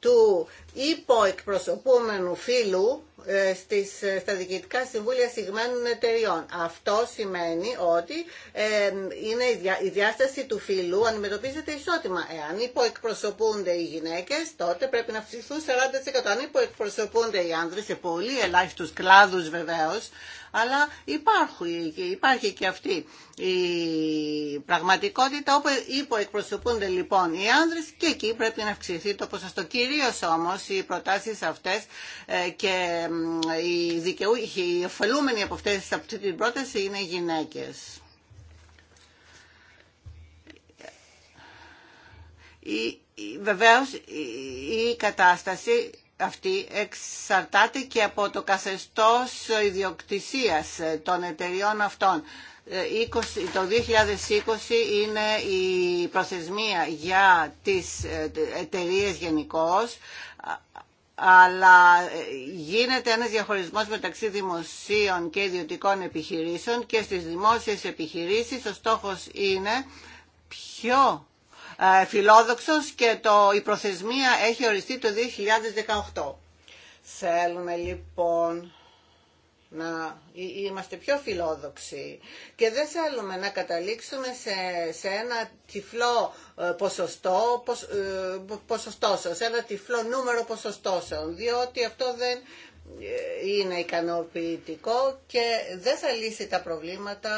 του υποεκπροσωπούμενου φύλου ε, στις, ε, στα διοικητικά συμβούλια συγμένων εταιριών. Αυτό σημαίνει ότι ε, είναι η, διάσταση του φίλου αντιμετωπίζεται ισότιμα. Εάν υποεκπροσωπούνται οι γυναίκες, τότε πρέπει να αυξηθούν 40%. Αν υποεκπροσωπούνται οι άνδρες σε πολύ ελάχιστους κλάδους βεβαίως, αλλά υπάρχει, υπάρχει και αυτή η πραγματικότητα όπου υποεκπροσωπούνται λοιπόν οι άνδρες και εκεί πρέπει να αυξηθεί το ποσοστό. Κυρίως όμως οι προτάσεις αυτές ε, και οι δικαιούχοι, οι ωφελούμενοι από αυτές από την πρόταση είναι οι γυναίκες. Βεβαίως η κατάσταση αυτή εξαρτάται και από το καθεστώς ιδιοκτησίας των εταιριών αυτών. 20, ε, το 2020 είναι η προθεσμία για τις ε, εταιρείες γενικώ, αλλά ε, γίνεται ένας διαχωρισμός μεταξύ δημοσίων και ιδιωτικών επιχειρήσεων και στις δημόσιες επιχειρήσεις ο στόχος είναι πιο ε, φιλόδοξος και το, η προθεσμία έχει οριστεί το 2018. Θέλουμε λοιπόν να είμαστε πιο φιλόδοξοι και δεν θέλουμε να καταλήξουμε σε, σε ένα τυφλό ε, ποσοστό, σε ένα τυφλό νούμερο ποσοστώσεων, διότι αυτό δεν είναι ικανοποιητικό και δεν θα λύσει τα προβλήματα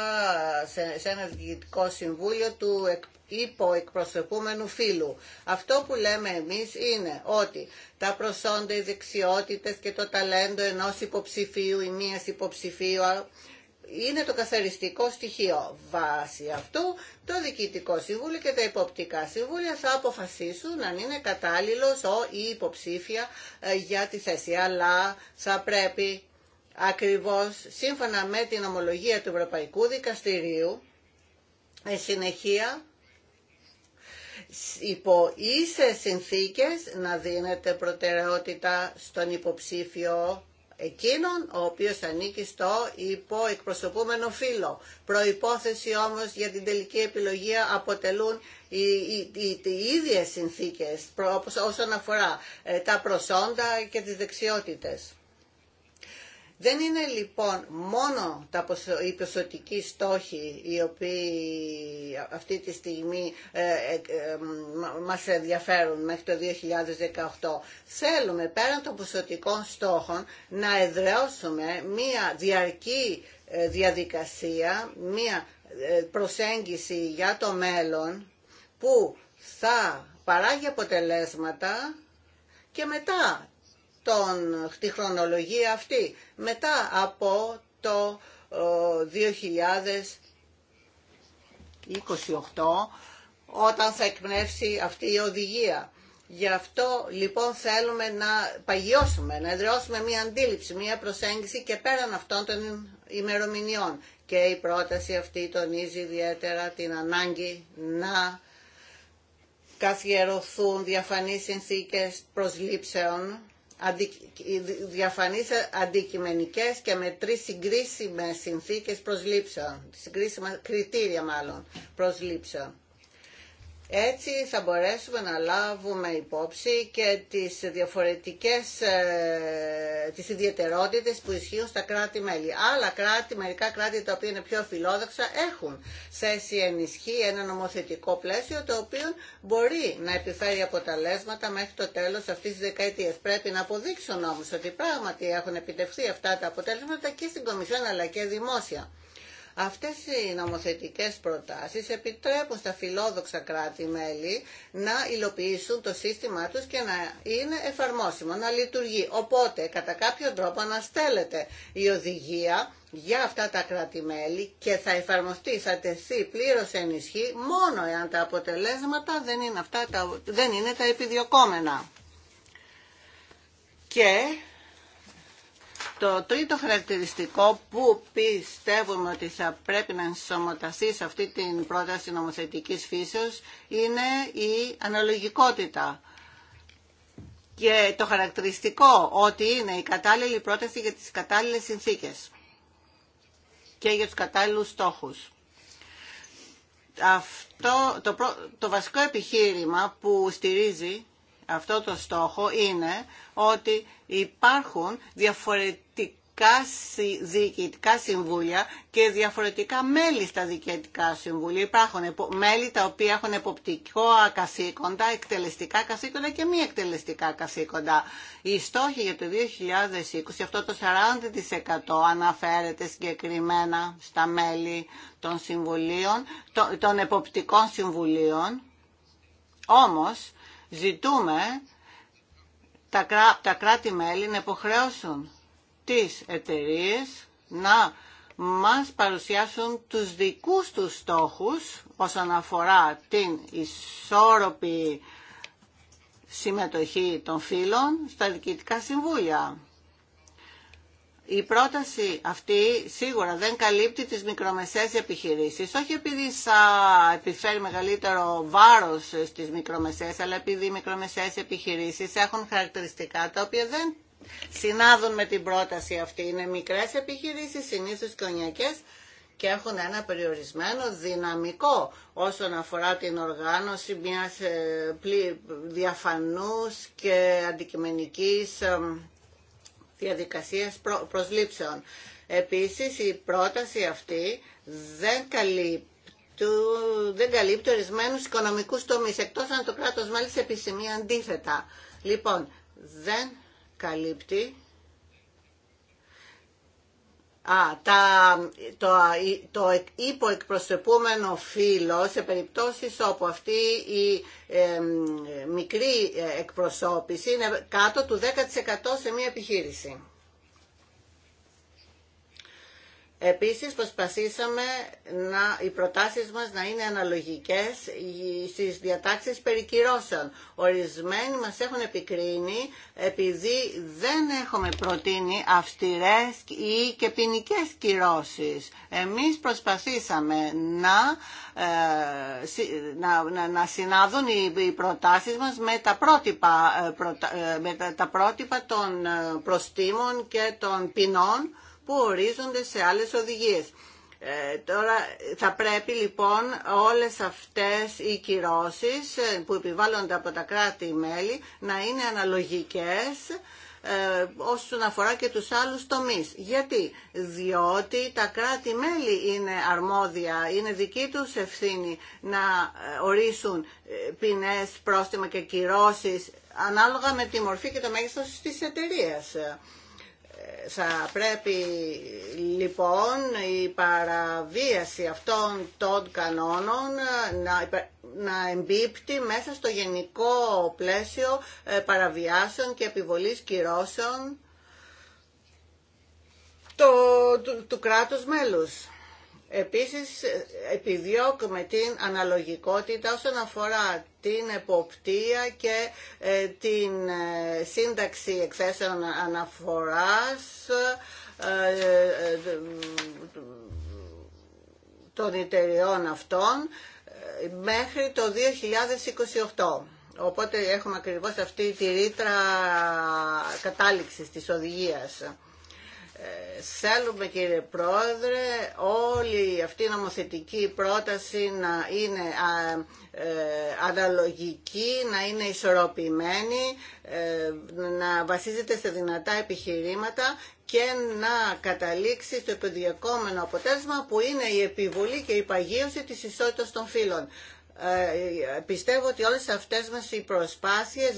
σε, ένα διοικητικό συμβούλιο του υποεκπροσωπούμενου φίλου. Αυτό που λέμε εμείς είναι ότι τα προσόντα, οι δεξιότητες και το ταλέντο ενός υποψηφίου ή μίας υποψηφίου είναι το καθαριστικό στοιχείο. Βάσει αυτού το Διοικητικό Συμβούλιο και τα Υποπτικά Συμβούλια θα αποφασίσουν αν είναι κατάλληλος ο, ή υποψήφια ε, για τη θέση. Αλλά θα πρέπει ακριβώς σύμφωνα με την ομολογία του Ευρωπαϊκού Δικαστηρίου συνεχεία υπό ίσες συνθήκες να δίνεται προτεραιότητα στον υποψήφιο εκείνον ο οποίος ανήκει στο υποεκπροσωπούμενο φύλλο. Προϋπόθεση όμως για την τελική επιλογή αποτελούν οι, οι, οι, ίδιες συνθήκες όσον αφορά ε, τα προσόντα και τις δεξιότητες. Δεν είναι λοιπόν μόνο τα οι ποσοτικοί στόχοι οι οποίοι αυτή τη στιγμή ε, ε μας ενδιαφέρουν μέχρι το 2018. Θέλουμε πέραν των ποσοτικών στόχων να εδραιώσουμε μία διαρκή ε, διαδικασία, μία ε, προσέγγιση για το μέλλον που θα παράγει αποτελέσματα και μετά τον, τη χρονολογία αυτή μετά από το 2028 όταν θα εκπνεύσει αυτή η οδηγία. Γι' αυτό λοιπόν θέλουμε να παγιώσουμε, να εδραιώσουμε μια αντίληψη, μια προσέγγιση και πέραν αυτών των ημερομηνιών. Και η πρόταση αυτή τονίζει ιδιαίτερα την ανάγκη να καθιερωθούν διαφανείς συνθήκες προσλήψεων διαφανείς αντικειμενικές και με τρεις συγκρίσιμες συνθήκες προσλήψεων, συγκρίσιμα κριτήρια μάλλον προσλήψεων. Έτσι θα μπορέσουμε να λάβουμε υπόψη και τις διαφορετικές, ε, τις ιδιαιτερότητες που ισχύουν στα κράτη-μέλη. Άλλα κράτη, μερικά κράτη τα οποία είναι πιο φιλόδοξα έχουν θέσει ενισχύ ένα νομοθετικό πλαίσιο το οποίο μπορεί να επιφέρει αποτελέσματα μέχρι το τέλος αυτής της δεκαετίας. Πρέπει να αποδείξουν όμως ότι πράγματι έχουν επιτευχθεί αυτά τα αποτελέσματα και στην Κομισιόν αλλά και δημόσια. Αυτές οι νομοθετικές προτάσεις επιτρέπουν στα φιλόδοξα κράτη-μέλη να υλοποιήσουν το σύστημά τους και να είναι εφαρμόσιμο, να λειτουργεί. Οπότε, κατά κάποιο τρόπο αναστέλλεται η οδηγία για αυτά τα κράτη-μέλη και θα εφαρμοστεί, θα τεθεί πλήρως ενισχύ μόνο εάν τα αποτελέσματα δεν είναι, αυτά τα, δεν είναι τα επιδιωκόμενα. Και το τρίτο χαρακτηριστικό που πιστεύουμε ότι θα πρέπει να ενσωματωθεί σε αυτή την πρόταση νομοθετικής φύσεως είναι η αναλογικότητα. Και το χαρακτηριστικό ότι είναι η κατάλληλη πρόταση για τις κατάλληλες συνθήκες και για τους κατάλληλους στόχους. Αυτό το, το βασικό επιχείρημα που στηρίζει αυτό το στόχο είναι ότι υπάρχουν διαφορετικά διοικητικά συμβούλια και διαφορετικά μέλη στα διοικητικά συμβούλια. Υπάρχουν μέλη τα οποία έχουν εποπτικό καθήκοντα, εκτελεστικά καθήκοντα και μη εκτελεστικά καθήκοντα. Η στόχη για το 2020, αυτό το 40% αναφέρεται συγκεκριμένα στα μέλη των συμβουλίων, των εποπτικών συμβουλίων. Όμως, Ζητούμε τα, κράτη-μέλη να υποχρεώσουν τις εταιρείες να μας παρουσιάσουν τους δικούς τους στόχους όσον αφορά την ισόρροπη συμμετοχή των φίλων στα διοικητικά συμβούλια η πρόταση αυτή σίγουρα δεν καλύπτει τις μικρομεσαίες επιχειρήσεις, όχι επειδή θα επιφέρει μεγαλύτερο βάρος στις μικρομεσαίες, αλλά επειδή οι μικρομεσαίες επιχειρήσεις έχουν χαρακτηριστικά τα οποία δεν συνάδουν με την πρόταση αυτή. Είναι μικρές επιχειρήσεις, συνήθως κονιακές, και έχουν ένα περιορισμένο δυναμικό όσον αφορά την οργάνωση μιας ε, διαφανούς και αντικειμενικής ε, διαδικασίας προσλήψεων. Επίσης η πρόταση αυτή δεν καλύπτει δεν καλύπτει ορισμένου οικονομικού τομεί, εκτό αν το κράτο μάλιστα επισημεί αντίθετα. Λοιπόν, δεν καλύπτει Α, τα, το, το υποεκπροσωπούμενο φύλλο σε περιπτώσεις όπου αυτή η ε, μικρή εκπροσώπηση είναι κάτω του 10% σε μια επιχείρηση. Επίσης προσπαθήσαμε να, οι προτάσεις μας να είναι αναλογικές στις διατάξεις περί κυρώσεων. Ορισμένοι μας έχουν επικρίνει επειδή δεν έχουμε προτείνει αυστηρές ή και ποινικέ κυρώσεις. Εμείς προσπαθήσαμε να, ε, να, να, συνάδουν οι, προτάσεις μας με τα πρότυπα, ε, ε, με τα, τα πρότυπα των προστήμων και των ποινών που ορίζονται σε άλλες οδηγίες. Ε, τώρα θα πρέπει λοιπόν όλες αυτές οι κυρώσεις ε, που επιβάλλονται από τα κράτη-μέλη να είναι αναλογικές ε, όσον αφορά και τους άλλους τομείς. Γιατί, διότι τα κράτη-μέλη είναι αρμόδια, είναι δική τους ευθύνη να ε, ορίσουν ε, ποινές, πρόστιμα και κυρώσεις ανάλογα με τη μορφή και το μέγεθος της εταιρείας θα πρέπει λοιπόν η παραβίαση αυτών των κανόνων να, να εμπίπτει μέσα στο γενικό πλαίσιο ε, παραβιάσεων και επιβολής κυρώσεων του, του κράτους μέλους. Επίσης επιδιώκουμε την αναλογικότητα όσον αφορά την εποπτεία και ε, την ε, σύνταξη εκθέσεων αναφοράς ε, των εταιριών αυτών μέχρι το 2028. Οπότε έχουμε ακριβώς αυτή τη ρήτρα κατάληξης της οδηγίας. Ε, θέλουμε κύριε Πρόεδρε όλη αυτή η νομοθετική πρόταση να είναι ε, αναλογική, να είναι ισορροπημένη, ε, να βασίζεται σε δυνατά επιχειρήματα και να καταλήξει στο επιδιακόμενο αποτέλεσμα που είναι η επιβολή και η παγίωση της ισότητας των φύλων. Πιστεύω ότι όλες αυτές μας οι προσπάθειες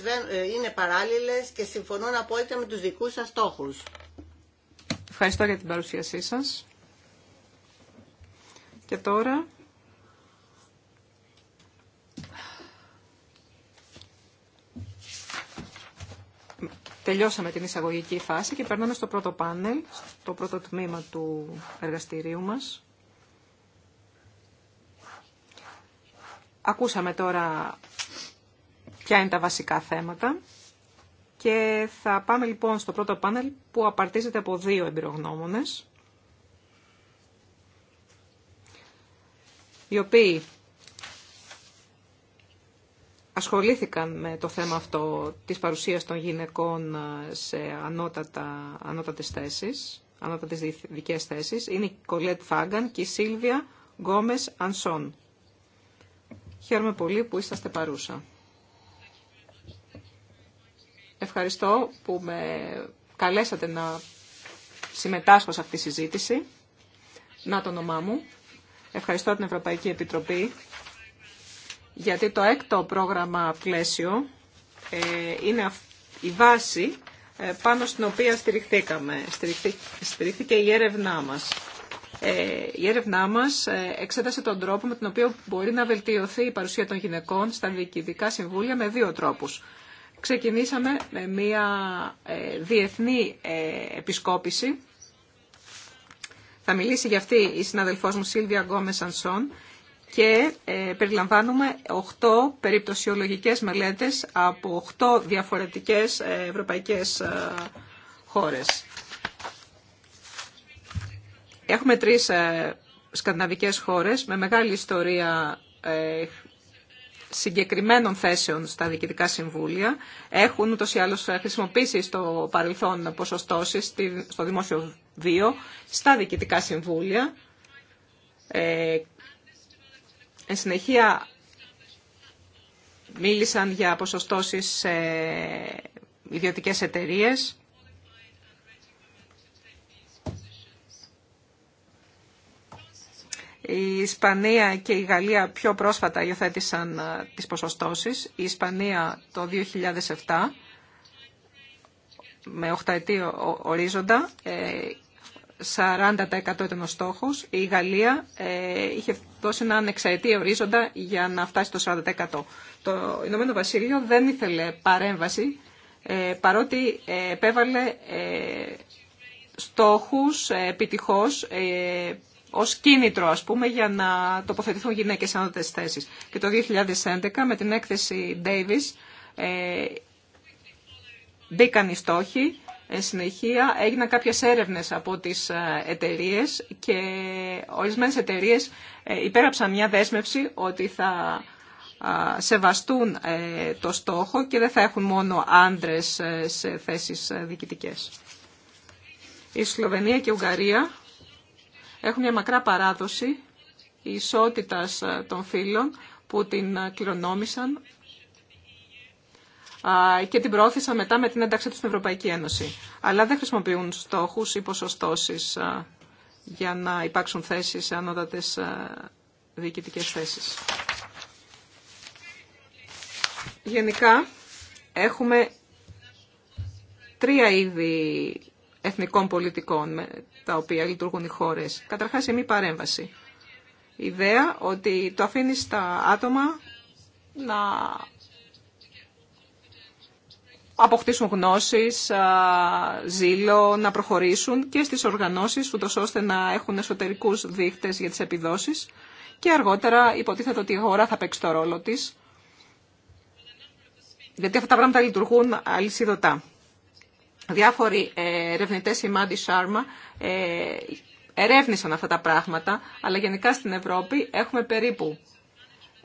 είναι παράλληλες και συμφωνούν απόλυτα με τους δικούς σας στόχους. Ευχαριστώ για την παρουσίασή σας. Και τώρα... Τελειώσαμε την εισαγωγική φάση και περνάμε στο πρώτο πάνελ, στο πρώτο τμήμα του εργαστηρίου μας. Ακούσαμε τώρα ποια είναι τα βασικά θέματα. Και θα πάμε λοιπόν στο πρώτο πάνελ που απαρτίζεται από δύο εμπειρογνώμονες, οι οποίοι ασχολήθηκαν με το θέμα αυτό της παρουσίας των γυναικών σε ανώτατα, ανώτατες θέσεις, ανώτατες δικές θέσεις. Είναι η Κολέτ Φάγκαν και η Σίλβια Γκόμες Ανσόν. Χαίρομαι πολύ που είσαστε παρούσα. Ευχαριστώ που με καλέσατε να συμμετάσχω σε αυτή τη συζήτηση. Να το όνομά μου. Ευχαριστώ την Ευρωπαϊκή Επιτροπή γιατί το έκτο πρόγραμμα πλαίσιο ε, είναι η βάση ε, πάνω στην οποία στηριχθήκαμε. Στηριχθήκε η έρευνά μας. Ε, η έρευνά μας εξέτασε τον τρόπο με τον οποίο μπορεί να βελτιωθεί η παρουσία των γυναικών στα διοικητικά συμβούλια με δύο τρόπους ξεκινήσαμε με μία ε, διεθνή ε, επισκόπηση. Θα μιλήσει για αυτή η συναδελφός μου Σίλβια Γκόμες Ανσόν και ε, περιλαμβάνουμε 8 περιπτωσιολογικές μελέτες από 8 διαφορετικές ευρωπαϊκές χώρες. Έχουμε τρεις σκανδιναβικές χώρες με μεγάλη ιστορία συγκεκριμένων θέσεων στα διοικητικά συμβούλια. Έχουν ούτως ή άλλως χρησιμοποιήσει στο παρελθόν ποσοστώσεις στο Δημόσιο βίο. στα διοικητικά συμβούλια. Ε, εν συνεχεία μίλησαν για ποσοστώσεις σε ιδιωτικές εταιρείες. Η Ισπανία και η Γαλλία πιο πρόσφατα υιοθέτησαν ε, τις ποσοστώσεις. Η Ισπανία το 2007 με 8 ετή ορίζοντα, 40% ε, ήταν ο στόχος. Η Γαλλία ε, είχε δώσει έναν εξαετή ορίζοντα για να φτάσει το 40%. Το Ηνωμένο Βασίλειο δεν ήθελε παρέμβαση, παρότι επέβαλε στόχους επιτυχώς ως κίνητρο ας πούμε για να τοποθετηθούν γυναίκες σε ανώτατες θέσεις. Και το 2011 με την έκθεση Davis ε, μπήκαν οι στόχοι, ε, συνεχεία έγιναν κάποιες έρευνες από τις ε, εταιρείε και ορισμένες εταιρείε ε, υπέραψαν μια δέσμευση ότι θα σεβαστούν το στόχο και δεν θα έχουν μόνο άντρες σε θέσεις διοικητικές. Η Σλοβενία και η Ουγγαρία έχουν μια μακρά παράδοση ισότητας ε, των φύλων που την ε, κληρονόμησαν και την προώθησαν μετά με την ένταξή του στην Ευρωπαϊκή Ένωση. Αλλά δεν χρησιμοποιούν στόχους ή ποσοστώσεις ε, για να υπάρξουν θέσεις, ανώτατες διοικητικές θέσεις. Γενικά, έχουμε τρία είδη εθνικών πολιτικών με τα οποία λειτουργούν οι χώρες. Καταρχάς, η μη παρέμβαση. Η ιδέα ότι το αφήνει στα άτομα να αποκτήσουν γνώσεις, ζήλο, να προχωρήσουν και στις οργανώσεις, ούτω ώστε να έχουν εσωτερικούς δείχτες για τις επιδόσεις και αργότερα υποτίθεται ότι η χώρα θα παίξει το ρόλο της, γιατί αυτά τα πράγματα λειτουργούν αλυσιδωτά. Διάφοροι ε, ερευνητέ η Μάντι Σάρμα ε, ερεύνησαν αυτά τα πράγματα, αλλά γενικά στην Ευρώπη έχουμε περίπου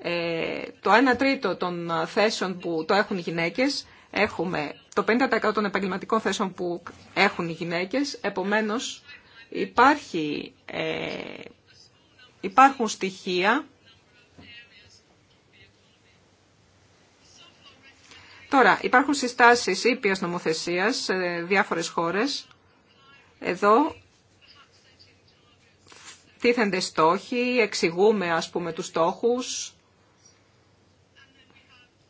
ε, το 1 τρίτο των θέσεων που το έχουν οι γυναίκες, έχουμε το 50% των επαγγελματικών θέσεων που έχουν οι γυναίκες, επομένως υπάρχει, υπάρχουν στοιχεία Τώρα, υπάρχουν συστάσεις ήπιας νομοθεσίας σε διάφορες χώρες. Εδώ τίθενται στόχοι, εξηγούμε ας πούμε τους στόχους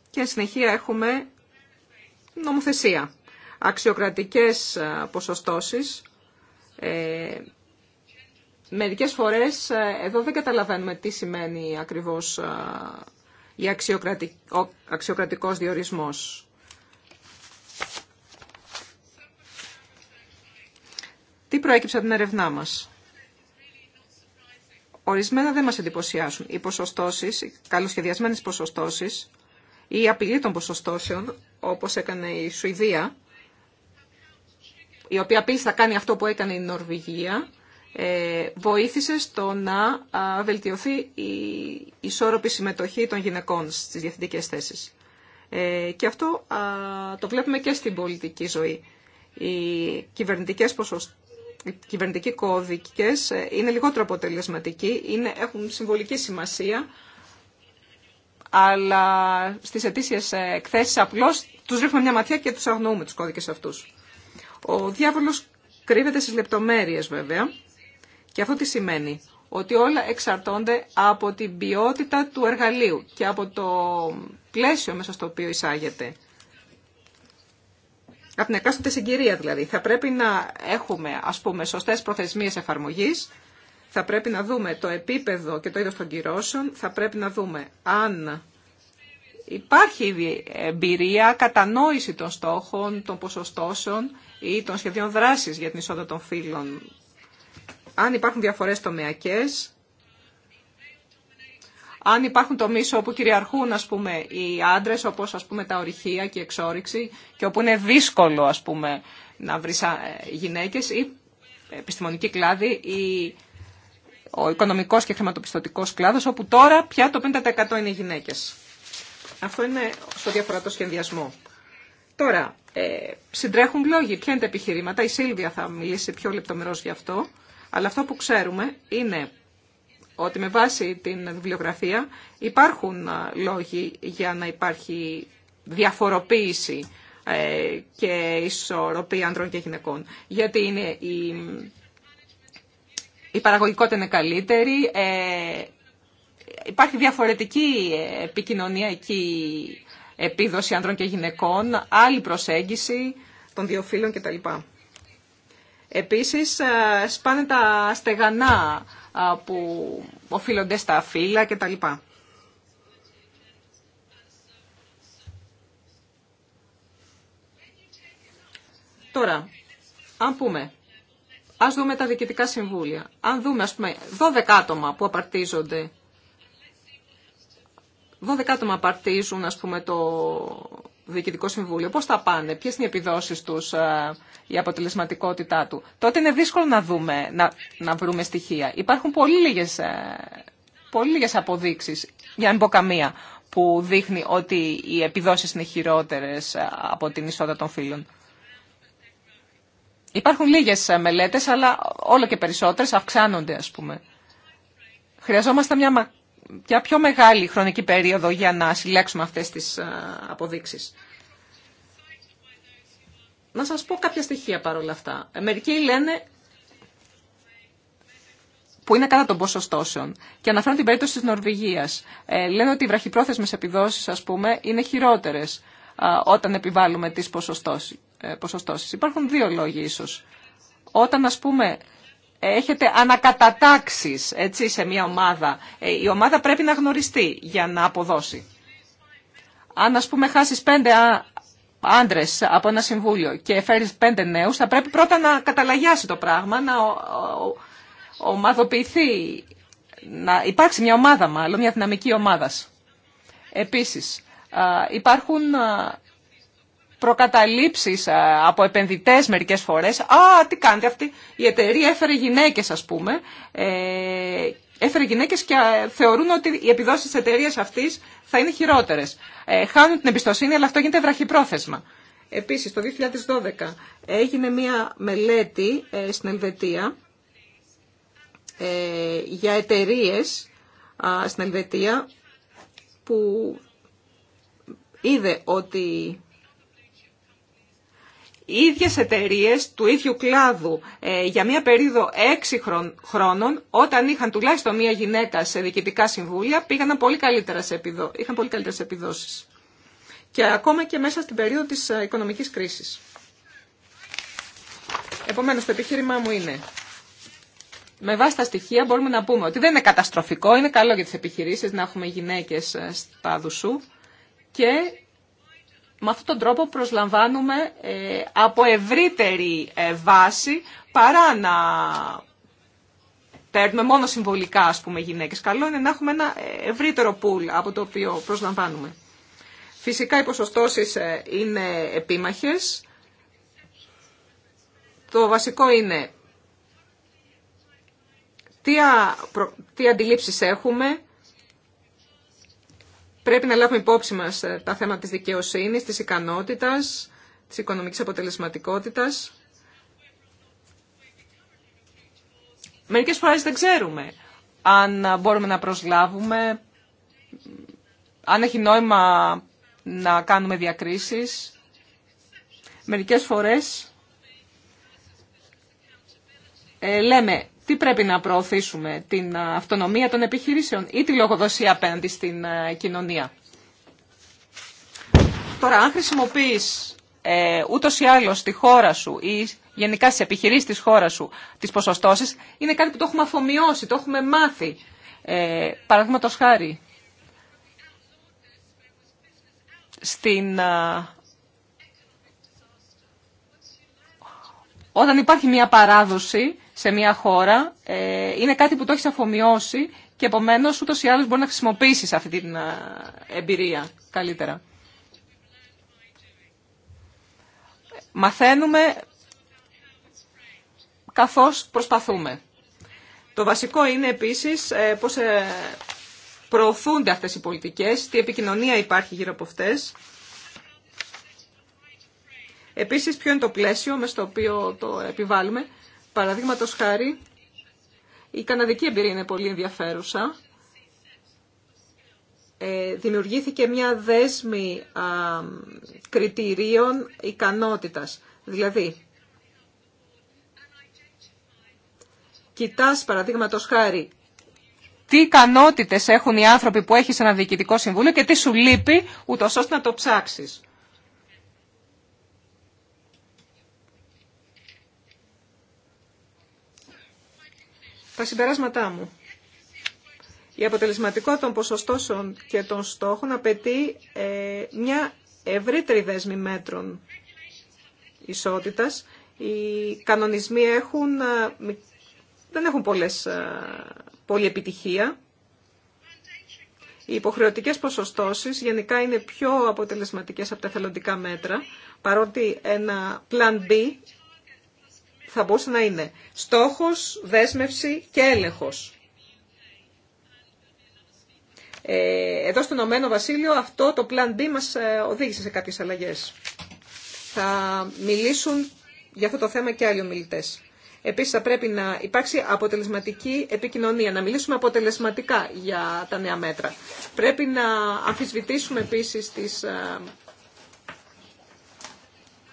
και συνεχεία έχουμε νομοθεσία. Αξιοκρατικές ε, ποσοστώσεις. Ε, μερικές φορές ε, εδώ δεν καταλαβαίνουμε τι σημαίνει ακριβώς ε, ή αξιοκρατικός διορισμός. Τι προέκυψε από την ερευνά μας. Ορισμένα δεν μας εντυπωσιάσουν. Οι ποσοστώσεις, καλοσχεδιασμένες ποσοστώσεις ή η απειλή των ποσοστώσεων, όπως έκανε η Σουηδία, η οποία απειλή θα κάνει αυτό που έκανε η Νορβηγία, ε, βοήθησε στο να βελτιωθεί η ισόρροπη συμμετοχή των γυναικών στις διευθυντικές θέσεις. Ε, και αυτό το βλέπουμε και στην πολιτική ζωή. Οι κυβερνητικές οι κυβερνητικοί κώδικες ε, είναι λιγότερο αποτελεσματικοί, είναι, έχουν συμβολική σημασία, αλλά στις αιτήσιες εκθέσεις απλώς τους ρίχνουμε μια ματιά και τους αγνοούμε τους κώδικες αυτούς. Ο διάβολος κρύβεται στις λεπτομέρειες βέβαια και αυτό τι σημαίνει. Ότι όλα εξαρτώνται από την ποιότητα του εργαλείου και από το πλαίσιο μέσα στο οποίο εισάγεται. Από την εκάστοτε συγκυρία δηλαδή. Θα πρέπει να έχουμε ας πούμε σωστές προθεσμίες εφαρμογής, θα πρέπει να δούμε το επίπεδο και το είδος των κυρώσεων, θα πρέπει να δούμε αν υπάρχει εμπειρία, κατανόηση των στόχων, των ποσοστώσεων ή των σχεδίων δράσης για την εισόδο των φύλων αν υπάρχουν διαφορές τομεακές, αν υπάρχουν τομείς όπου κυριαρχούν ας πούμε, οι άντρες, όπως ας πούμε, τα ορυχεία και η εξόριξη, και όπου είναι δύσκολο ας πούμε, να βρει γυναίκες, ή επιστημονική κλάδη, ή ο οικονομικός και χρηματοπιστωτικός κλάδος, όπου τώρα πια το 50% είναι γυναίκες. Αυτό είναι στο διαφορά το σχεδιασμό. Τώρα, ε, συντρέχουν λόγοι. Ποια είναι τα επιχειρήματα. Η Σίλβια θα μιλήσει πιο λεπτομερώς γι' αυτό. Αλλά αυτό που ξέρουμε είναι ότι με βάση την βιβλιογραφία υπάρχουν λόγοι για να υπάρχει διαφοροποίηση ε, και ισορροπία ανδρών και γυναικών. Γιατί είναι η, η παραγωγικότητα είναι καλύτερη, ε, υπάρχει διαφορετική επικοινωνιακή επίδοση ανδρών και γυναικών, άλλη προσέγγιση των δύο φύλων κτλ. Επίσης ε, σπάνε τα στεγανά ε, που οφείλονται στα φύλλα κτλ. Τώρα, αν πούμε, ας δούμε τα διοικητικά συμβούλια. Αν δούμε, ας πούμε, 12 άτομα που απαρτίζονται, 12 άτομα απαρτίζουν, ας πούμε, το, Διοικητικό Συμβούλιο, πώς θα πάνε, ποιε είναι οι επιδόσεις τους, ε, η αποτελεσματικότητά του. Τότε είναι δύσκολο να, δούμε, να, να βρούμε στοιχεία. Υπάρχουν πολύ λίγε αποδείξει ε, αποδείξεις, για να που δείχνει ότι οι επιδόσεις είναι χειρότερες ε, από την ισότητα των φίλων. Υπάρχουν λίγες μελέτες, αλλά όλο και περισσότερες αυξάνονται, ας πούμε. Χρειαζόμαστε μια για πιο μεγάλη χρονική περίοδο για να συλλέξουμε αυτές τις ε, αποδείξεις. Να σας πω κάποια στοιχεία παρόλα αυτά. Μερικοί λένε που είναι κατά των ποσοστώσεων και αναφέρουν την περίπτωση της Νορβηγίας. Ε, λένε ότι οι βραχυπρόθεσμες επιδόσεις, ας πούμε, είναι χειρότερες ε, όταν επιβάλλουμε τις ποσοστώσεις. Υπάρχουν δύο λόγοι ίσως. Όταν, ας πούμε, έχετε ανακατατάξεις έτσι, σε μια ομάδα. Ε, η ομάδα πρέπει να γνωριστεί για να αποδώσει. Αν ας πούμε χάσεις πέντε άντρε από ένα συμβούλιο και φέρεις πέντε νέους, θα πρέπει πρώτα να καταλαγιάσει το πράγμα, να ομαδοποιηθεί, να υπάρξει μια ομάδα μάλλον, μια δυναμική ομάδας. Επίσης, υπάρχουν προκαταλήψεις ε, από επενδυτές μερικές φορές. Α, τι κάνετε αυτή. Η εταιρεία έφερε γυναίκες ας πούμε. Ε, έφερε γυναίκες και ε, θεωρούν ότι οι επιδόσεις της εταιρείας αυτής θα είναι χειρότερες. Ε, χάνουν την εμπιστοσύνη αλλά αυτό γίνεται βραχυπρόθεσμα. Επίσης το 2012 έγινε μια μελέτη ε, στην Ελβετία για εταιρείε στην Ελβετία που είδε ότι οι ίδιες εταιρείες του ίδιου κλάδου ε, για μία περίοδο έξι χρόνων, όταν είχαν τουλάχιστον μία γυναίκα σε διοικητικά συμβούλια, πήγαν πολύ καλύτερα σε επιδο... είχαν πολύ καλύτερες επιδόσεις. Και ακόμα και μέσα στην περίοδο της ε, οικονομικής κρίσης. Επομένως, το επιχείρημά μου είναι... Με βάση τα στοιχεία μπορούμε να πούμε ότι δεν είναι καταστροφικό, είναι καλό για τις επιχειρήσεις να έχουμε γυναίκες ε, στα δουσού και με αυτόν τον τρόπο προσλαμβάνουμε ε, από ευρύτερη ε, βάση παρά να παίρνουμε μόνο συμβολικά ας πούμε γυναίκες. Καλό είναι να έχουμε ένα ε, ευρύτερο πουλ από το οποίο προσλαμβάνουμε. Φυσικά οι ποσοστώσεις είναι επίμαχες. Το βασικό είναι τι αντιλήψεις έχουμε, πρέπει να λάβουμε υπόψη μας ε, τα θέματα της δικαιοσύνης, της ικανότητας, της οικονομικής αποτελεσματικότητας. Μερικές φορές δεν ξέρουμε αν μπορούμε να προσλάβουμε, αν έχει νόημα να κάνουμε διακρίσεις. Μερικές φορές ε, λέμε τι πρέπει να προωθήσουμε, την αυτονομία των επιχειρήσεων ή τη λογοδοσία απέναντι στην κοινωνία. Τώρα, αν χρησιμοποιεί ε, ούτως ή άλλως στη χώρα σου ή γενικά στις επιχειρήσεις της χώρας σου τις ποσοστώσεις, είναι κάτι που το έχουμε αφομοιώσει, το έχουμε μάθει. Ε, Παραδείγματος χάρη, στην, όταν υπάρχει μια παράδοση, σε μια χώρα ε, είναι κάτι που το έχει αφομοιώσει και επομένω, ούτω ή άλλω μπορεί να χρησιμοποιήσεις αυτή την ε, εμπειρία καλύτερα. Μαθαίνουμε καθώς προσπαθούμε. Το βασικό είναι επίσης ε, πώς προωθούνται αυτές οι πολιτικές, τι επικοινωνία υπάρχει γύρω από αυτές. Επίσης, ποιο είναι το πλαίσιο με στο οποίο το επιβάλλουμε. Παραδείγματο χάρη, η καναδική εμπειρία είναι πολύ ενδιαφέρουσα. Ε, δημιουργήθηκε μια δέσμη κριτηρίων ικανότητας. Δηλαδή, κοιτάς παραδείγματο χάρη τι ικανότητε έχουν οι άνθρωποι που έχει ένα διοικητικό συμβούλιο και τι σου λείπει, ούτως ώστε να το ψάξεις. Τα συμπεράσματά μου. Η αποτελεσματικότητα των ποσοστώσεων και των στόχων απαιτεί ε, μια ευρύτερη δέσμη μέτρων ισότητας. Οι κανονισμοί έχουν, ε, δεν έχουν πολλές, ε, πολλή επιτυχία. Οι υποχρεωτικές ποσοστώσεις γενικά είναι πιο αποτελεσματικές από τα θελοντικά μέτρα, παρότι ένα plan B θα μπορούσε να είναι στόχος, δέσμευση και έλεγχος. Ε, εδώ στον Ηνωμένο Βασίλειο αυτό το Plan B μας ε, οδήγησε σε κάποιες αλλαγές. Θα μιλήσουν για αυτό το θέμα και άλλοι ομιλητές. Επίσης θα πρέπει να υπάρξει αποτελεσματική επικοινωνία, να μιλήσουμε αποτελεσματικά για τα νέα μέτρα. Πρέπει να αμφισβητήσουμε επίσης ε,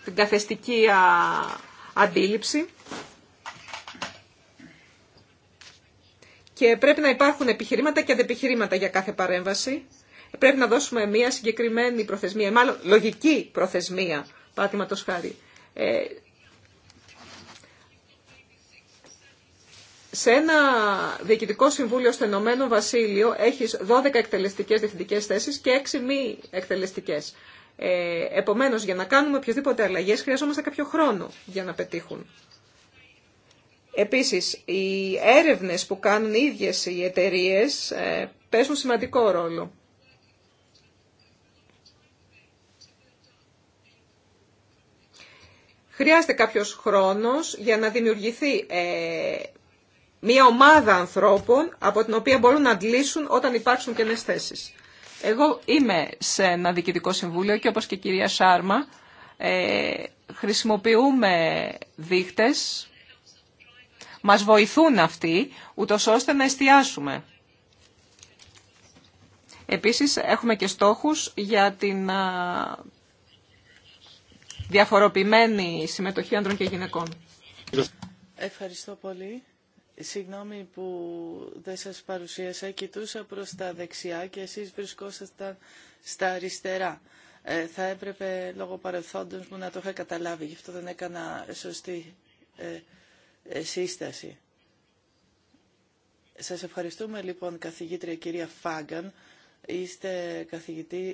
την καθεστική αντίληψη και πρέπει να υπάρχουν επιχειρήματα και αντεπιχειρήματα για κάθε παρέμβαση. Πρέπει να δώσουμε μια συγκεκριμένη προθεσμία, μάλλον λογική προθεσμία, πάτηματος χάρη. Ε, σε ένα διοικητικό συμβούλιο στο Ενωμένο Βασίλειο έχεις 12 εκτελεστικές διευθυντικές θέσεις και 6 μη εκτελεστικές. Ε, επομένως, για να κάνουμε οποιοδήποτε αλλαγές χρειαζόμαστε κάποιο χρόνο για να πετύχουν. Επίσης, οι έρευνες που κάνουν οι ίδιες οι εταιρείες ε, παίζουν σημαντικό ρόλο. Χρειάζεται κάποιος χρόνος για να δημιουργηθεί ε, μια ομάδα ανθρώπων από την οποία μπορούν να αντλήσουν όταν υπάρξουν και θέσεις. Εγώ είμαι σε ένα διοικητικό συμβούλιο και όπως και η κυρία Σάρμα ε, χρησιμοποιούμε δείχτες, μας βοηθούν αυτοί, ούτως ώστε να εστιάσουμε. Επίσης έχουμε και στόχους για την διαφοροποιημένη συμμετοχή άντρων και γυναικών. Ευχαριστώ πολύ. Συγγνώμη που δεν σας παρουσίασα, κοιτούσα προς τα δεξιά και εσείς βρισκόσασταν στα αριστερά. Ε, θα έπρεπε λόγω παρελθόντων μου να το είχα καταλάβει, γι' αυτό δεν έκανα σωστή ε, ε, σύσταση. Σας ευχαριστούμε λοιπόν καθηγήτρια κυρία Φάγκαν Είστε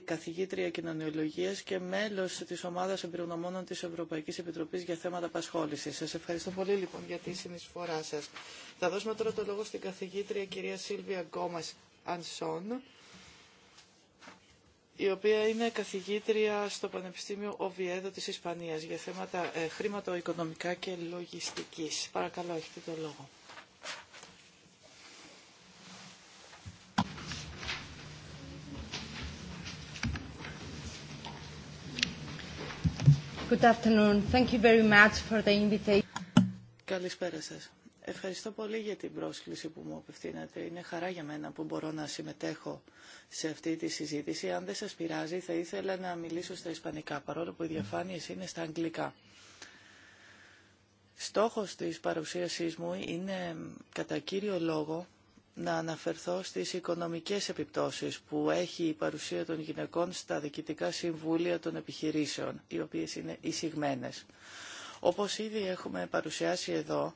καθηγήτρια κοινωνιολογίας και μέλος της ομάδας εμπειρογνωμόνων της Ευρωπαϊκής Επιτροπής για θέματα απασχόλησης. Σας ευχαριστώ πολύ λοιπόν για τη συνεισφορά σας. Θα δώσουμε τώρα το λόγο στην καθηγήτρια κυρία Σίλβια Γκόμας Ανσόν, η οποία είναι καθηγήτρια στο Πανεπιστήμιο Οβιέδο της Ισπανίας για θέματα ε, χρηματοοικονομικά και λογιστικής. Παρακαλώ, έχετε το λόγο. Καλησπέρα σας. Ευχαριστώ πολύ για την πρόσκληση που μου απευθύνατε. Είναι χαρά για μένα που μπορώ να συμμετέχω σε αυτή τη συζήτηση. Αν δεν σας πειράζει, θα ήθελα να μιλήσω στα ισπανικά, παρόλο που οι διαφάνειες είναι στα αγγλικά. Στόχος της παρουσίασής μου είναι, κατά κύριο λόγο, να αναφερθώ στις οικονομικές επιπτώσεις που έχει η παρουσία των γυναικών στα διοικητικά συμβούλια των επιχειρήσεων, οι οποίες είναι εισηγμένες. Όπως ήδη έχουμε παρουσιάσει εδώ,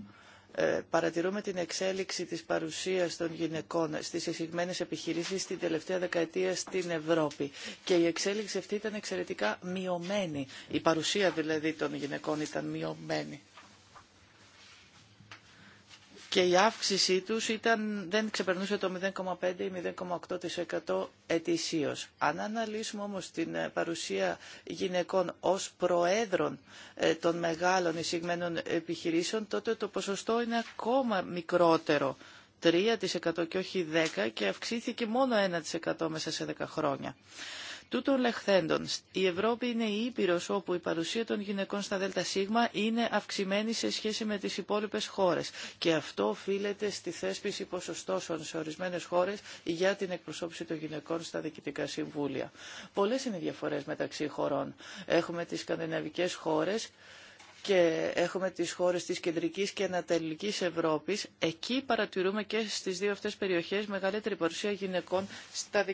ε, παρατηρούμε την εξέλιξη της παρουσίας των γυναικών στις εισηγμένες επιχειρήσεις την τελευταία δεκαετία στην Ευρώπη. Και η εξέλιξη αυτή ήταν εξαιρετικά μειωμένη. Η παρουσία δηλαδή των γυναικών ήταν μειωμένη και η αύξησή τους ήταν, δεν ξεπερνούσε το 0,5 ή 0,8% ετησίως. Αν αναλύσουμε όμως την ε, παρουσία γυναικών ως προέδρων ε, των μεγάλων εισηγμένων επιχειρήσεων, τότε το ποσοστό είναι ακόμα μικρότερο, 3% και όχι 10% και αυξήθηκε μόνο 1% μέσα σε 10 χρόνια. Τούτων λεχθέντων, η Ευρώπη είναι η ήπειρο όπου η παρουσία των γυναικών στα ΔΣ είναι αυξημένη σε σχέση με τι υπόλοιπε χώρε. και αυτό οφείλεται στη θέσπιση ποσοστώσεων σε ορισμένε χώρε για την εκπροσώπηση των γυναικών στα διοικητικά συμβούλια. Πολλέ είναι οι διαφορές μεταξύ χωρών. Έχουμε τι σκανδιναβικέ χώρε και έχουμε τις χώρες της κεντρικής και ανατολικής Ευρώπης, εκεί παρατηρούμε και στις δύο αυτές περιοχές μεγαλύτερη παρουσία γυναικών στα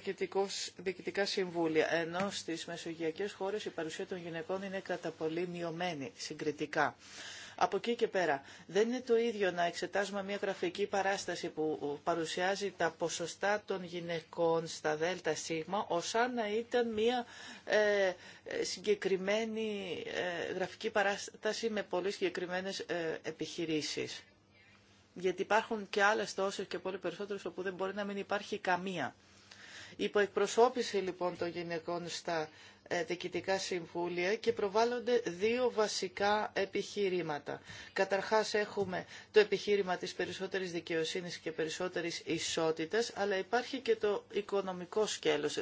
διοικητικά συμβούλια, ενώ στις μεσογειακές χώρες η παρουσία των γυναικών είναι κατά πολύ μειωμένη συγκριτικά. Από εκεί και πέρα. Δεν είναι το ίδιο να εξετάζουμε μια γραφική παράσταση που παρουσιάζει τα ποσοστά των γυναικών στα ΔΣ, όσα να ήταν μια ε, συγκεκριμένη ε, γραφική παράσταση με πολύ συγκεκριμένες ε, επιχειρήσεις. Γιατί υπάρχουν και άλλες τόσες και πολύ περισσότερες όπου δεν μπορεί να μην υπάρχει καμία. Η εκπροσώπηση λοιπόν των γυναικών στα ε, διοικητικά συμβούλια και προβάλλονται δύο βασικά επιχειρήματα. Καταρχάς έχουμε το επιχείρημα της περισσότερης δικαιοσύνης και περισσότερης ισότητας, αλλά υπάρχει και το οικονομικό σκέλος,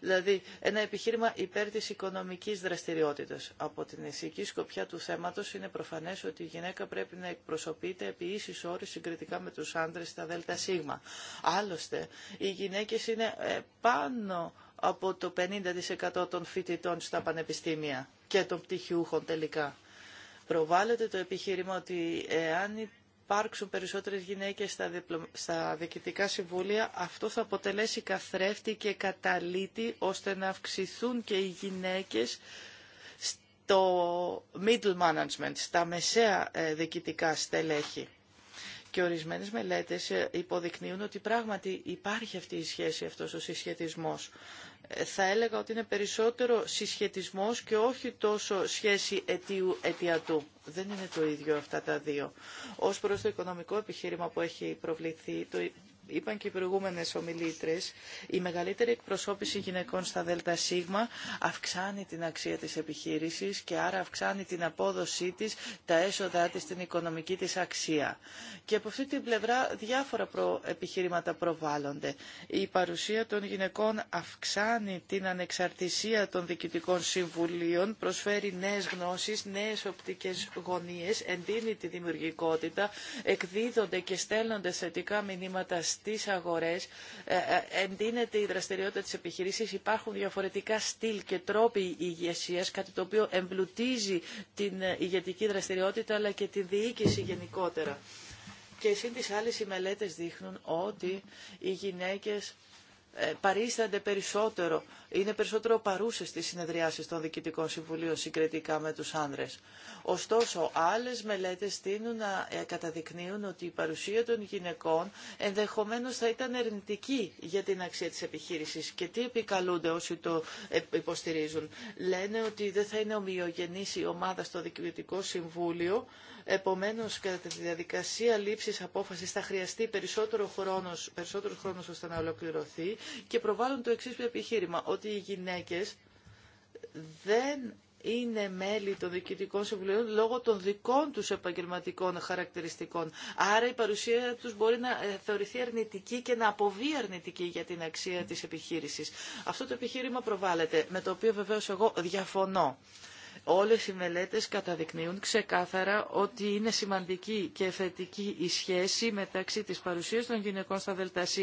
δηλαδή ένα επιχείρημα υπέρ της οικονομικής δραστηριότητας. Από την ηθική σκοπιά του θέματος είναι προφανές ότι η γυναίκα πρέπει να εκπροσωπείται επί ίσης όρης συγκριτικά με τους άντρες στα ΔΣ. Άλλωστε, οι γυναίκες είναι ε, πάνω από το 50% των φοιτητών στα πανεπιστήμια και των πτυχιούχων τελικά. Προβάλλεται το επιχείρημα ότι εάν υπάρξουν περισσότερες γυναίκες στα, διπλω... στα διοικητικά συμβούλια, αυτό θα αποτελέσει καθρέφτη και καταλήτη ώστε να αυξηθούν και οι γυναίκες στο middle management, στα μεσαία ε, διοικητικά στελέχη. Και ορισμένες μελέτες ε, υποδεικνύουν ότι πράγματι υπάρχει αυτή η σχέση, αυτός ο συσχετισμός θα έλεγα ότι είναι περισσότερο συσχετισμός και όχι τόσο σχέση αιτίου αιτιατού. Δεν είναι το ίδιο αυτά τα δύο. Ως προς το οικονομικό επιχείρημα που έχει προβληθεί, το είπαν και οι προηγούμενες ομιλήτρες, η μεγαλύτερη εκπροσώπηση γυναικών στα ΔΣ αυξάνει την αξία της επιχείρησης και άρα αυξάνει την απόδοσή της, τα έσοδά της, την οικονομική της αξία. Και από αυτή την πλευρά διάφορα προ... επιχειρήματα προβάλλονται. Η παρουσία των γυναικών αυξάνει την ανεξαρτησία των διοικητικών συμβουλίων, προσφέρει νέες γνώσεις, νέες οπτικές γωνίες, εντείνει τη δημιουργικότητα, εκδίδονται και στέλνονται θετικά μηνύματα στις αγορές ε, ε, εντείνεται η δραστηριότητα της επιχειρήσης, υπάρχουν διαφορετικά στυλ και τρόποι ηγεσίας, κάτι το οποίο εμπλουτίζει την ε, ηγετική δραστηριότητα αλλά και τη διοίκηση γενικότερα. Και σύν τις άλλες οι μελέτες δείχνουν ότι οι γυναίκες ε, παρίστανται περισσότερο, είναι περισσότερο παρούσες στις συνεδριάσεις των διοικητικών συμβουλίων συγκριτικά με τους άνδρες. Ωστόσο, άλλες μελέτες τείνουν να ε, καταδεικνύουν ότι η παρουσία των γυναικών ενδεχομένως θα ήταν ερνητική για την αξία της επιχείρησης. Και τι επικαλούνται όσοι το ε, υποστηρίζουν. Λένε ότι δεν θα είναι ομοιογενής η ομάδα στο διοικητικό συμβούλιο, Επομένως, κατά τη διαδικασία λήψης απόφασης θα χρειαστεί περισσότερο χρόνος, περισσότερο χρόνος ώστε να ολοκληρωθεί και προβάλλουν το εξή επιχείρημα, ότι οι γυναίκες δεν είναι μέλη των διοικητικών συμβουλίων λόγω των δικών τους επαγγελματικών χαρακτηριστικών. Άρα η παρουσία τους μπορεί να ε, θεωρηθεί αρνητική και να αποβεί αρνητική για την αξία της επιχείρησης. Αυτό το επιχείρημα προβάλλεται, με το οποίο βεβαίως εγώ διαφωνώ. Όλες οι μελέτες καταδεικνύουν ξεκάθαρα ότι είναι σημαντική και θετική η σχέση μεταξύ της παρουσίας των γυναικών στα ΔΣ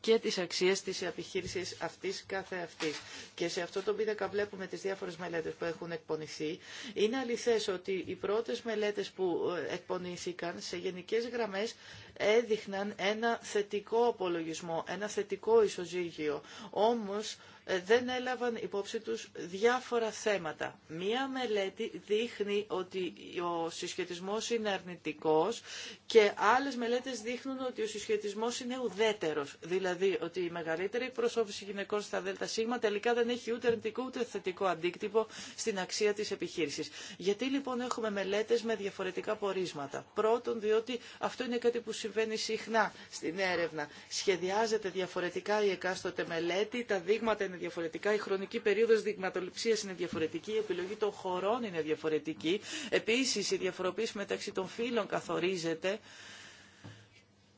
και της αξίας της επιχείρησης αυτής κάθε αυτής. Και σε αυτό το πίδακα βλέπουμε τις διάφορες μελέτες που έχουν εκπονηθεί. Είναι αληθές ότι οι πρώτες μελέτες που ε, εκπονήθηκαν σε γενικές γραμμές έδειχναν ένα θετικό απολογισμό, ένα θετικό ισοζύγιο. Όμως ε, δεν έλαβαν υπόψη τους διάφορα θέματα. Μία μελέτη δείχνει ότι ο συσχετισμός είναι αρνητικός και άλλες μελέτες δείχνουν ότι ο συσχετισμός είναι ουδέτερος. Δηλαδή ότι η μεγαλύτερη προσώπηση γυναικών στα ΔΣ τελικά δεν έχει ούτε αρνητικό ούτε θετικό αντίκτυπο στην αξία της επιχείρησης. Γιατί λοιπόν έχουμε μελέτες με διαφορετικά πορίσματα. Πρώτον διότι αυτό είναι κάτι που συμβαίνει συχνά στην έρευνα. Σχεδιάζεται διαφορετικά η εκάστοτε μελέτη, τα δείγματα είναι διαφορετικά, η χρονική περίοδος δειγματοληψίας είναι διαφορετική, η επιλογή των χωρών είναι διαφορετική. Επίσης, η διαφοροποίηση μεταξύ των φύλων καθορίζεται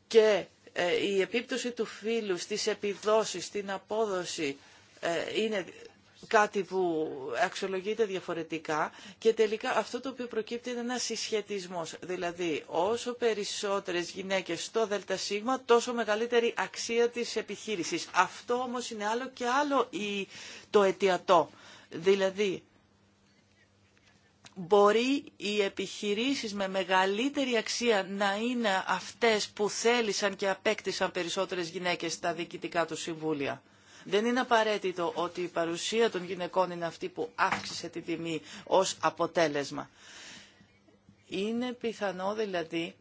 και ε, η επίπτωση του φύλου στις επιδόσεις, στην απόδοση ε, είναι κάτι που αξιολογείται διαφορετικά και τελικά αυτό το οποίο προκύπτει είναι ένας συσχετισμός. Δηλαδή όσο περισσότερες γυναίκες στο ΔΣ τόσο μεγαλύτερη αξία της επιχείρησης. Αυτό όμως είναι άλλο και άλλο η... το αιτιατό. Δηλαδή μπορεί οι επιχειρήσεις με μεγαλύτερη αξία να είναι αυτές που θέλησαν και απέκτησαν περισσότερες γυναίκες στα διοικητικά του συμβούλια. Δεν είναι απαραίτητο ότι η παρουσία των γυναικών είναι αυτή που αύξησε τη τιμή ως αποτέλεσμα. Είναι πιθανό δηλαδή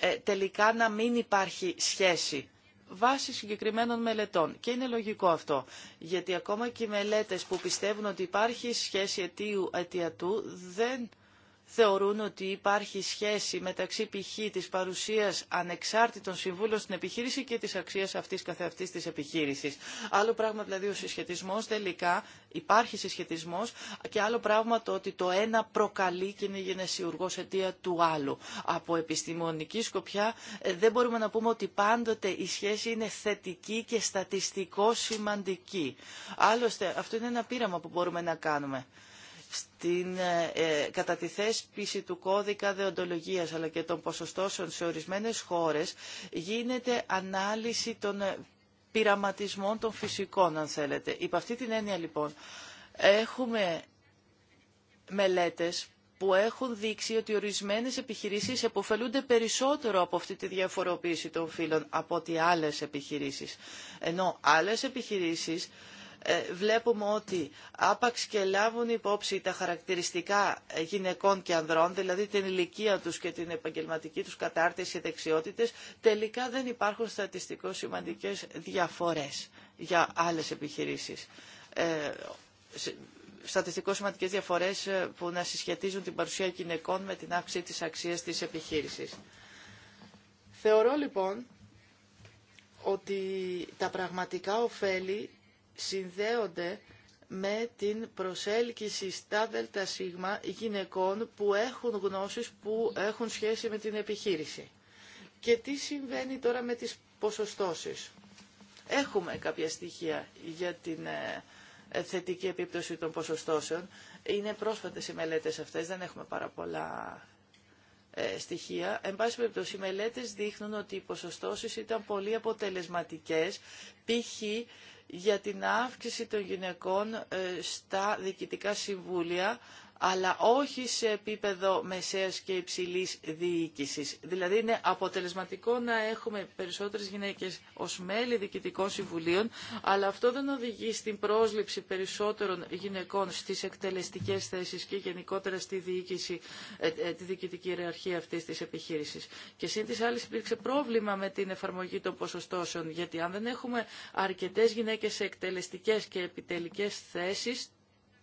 ε, τελικά να μην υπάρχει σχέση βάσει συγκεκριμένων μελετών. Και είναι λογικό αυτό, γιατί ακόμα και οι μελέτες που πιστεύουν ότι υπάρχει σχέση αιτίου αιτιατού δεν θεωρούν ότι υπάρχει σχέση μεταξύ π.χ. της παρουσίας ανεξάρτητων συμβούλων στην επιχείρηση και της αξίας αυτής καθεαυτής της επιχείρησης. Άλλο πράγμα δηλαδή ο συσχετισμός τελικά, υπάρχει συσχετισμός και άλλο πράγμα το ότι το ένα προκαλεί και είναι γενεσιουργός αιτία του άλλου. Από επιστημονική σκοπιά ε, δεν μπορούμε να πούμε ότι πάντοτε η σχέση είναι θετική και στατιστικό σημαντική. Άλλωστε αυτό είναι ένα πείραμα που μπορούμε να κάνουμε στην, ε, ε, κατά τη θέσπιση του κώδικα δεοντολογίας αλλά και των ποσοστώσεων σε ορισμένες χώρες γίνεται ανάλυση των ε, πειραματισμών των φυσικών αν θέλετε. Υπ' αυτή την έννοια λοιπόν έχουμε μελέτες που έχουν δείξει ότι ορισμένες επιχειρήσεις επωφελούνται περισσότερο από αυτή τη διαφοροποίηση των φύλων από ότι άλλες επιχειρήσεις. Ενώ άλλες επιχειρήσεις ε, βλέπουμε ότι άπαξ και λάβουν υπόψη τα χαρακτηριστικά ε, γυναικών και ανδρών, δηλαδή την ηλικία τους και την επαγγελματική τους κατάρτιση και δεξιότητες, τελικά δεν υπάρχουν στατιστικώς σημαντικές διαφορές για άλλες επιχειρήσεις. Ε, στατιστικό σημαντικές διαφορές ε, που να συσχετίζουν την παρουσία γυναικών με την αύξηση της αξίας της επιχείρησης. Θεωρώ λοιπόν ότι τα πραγματικά ωφέλη συνδέονται με την προσέλκυση στα ΔΣ γυναικών που έχουν γνώσεις που έχουν σχέση με την επιχείρηση. Και τι συμβαίνει τώρα με τις ποσοστώσεις. Έχουμε κάποια στοιχεία για την ε, ε, θετική επίπτωση των ποσοστώσεων. Είναι πρόσφατες οι μελέτες αυτές, δεν έχουμε πάρα πολλά ε, στοιχεία. Εν πάση περιπτώσει, οι μελέτες δείχνουν ότι οι ποσοστώσεις ήταν πολύ αποτελεσματικές, π.χ για την αύξηση των γυναικών ε, στα διοικητικά συμβούλια αλλά όχι σε επίπεδο μεσαίας και υψηλής διοίκησης. Δηλαδή είναι αποτελεσματικό να έχουμε περισσότερες γυναίκες ως μέλη διοικητικών συμβουλίων, αλλά αυτό δεν οδηγεί στην πρόσληψη περισσότερων γυναικών στις εκτελεστικές θέσεις και γενικότερα στη διοίκηση, ε, ε, τη διοικητική ιεραρχία αυτής της επιχείρησης. Και σύν της άλλης υπήρξε πρόβλημα με την εφαρμογή των ποσοστώσεων, γιατί αν δεν έχουμε αρκετές γυναίκες σε εκτελεστικές και επιτελικές θέσεις,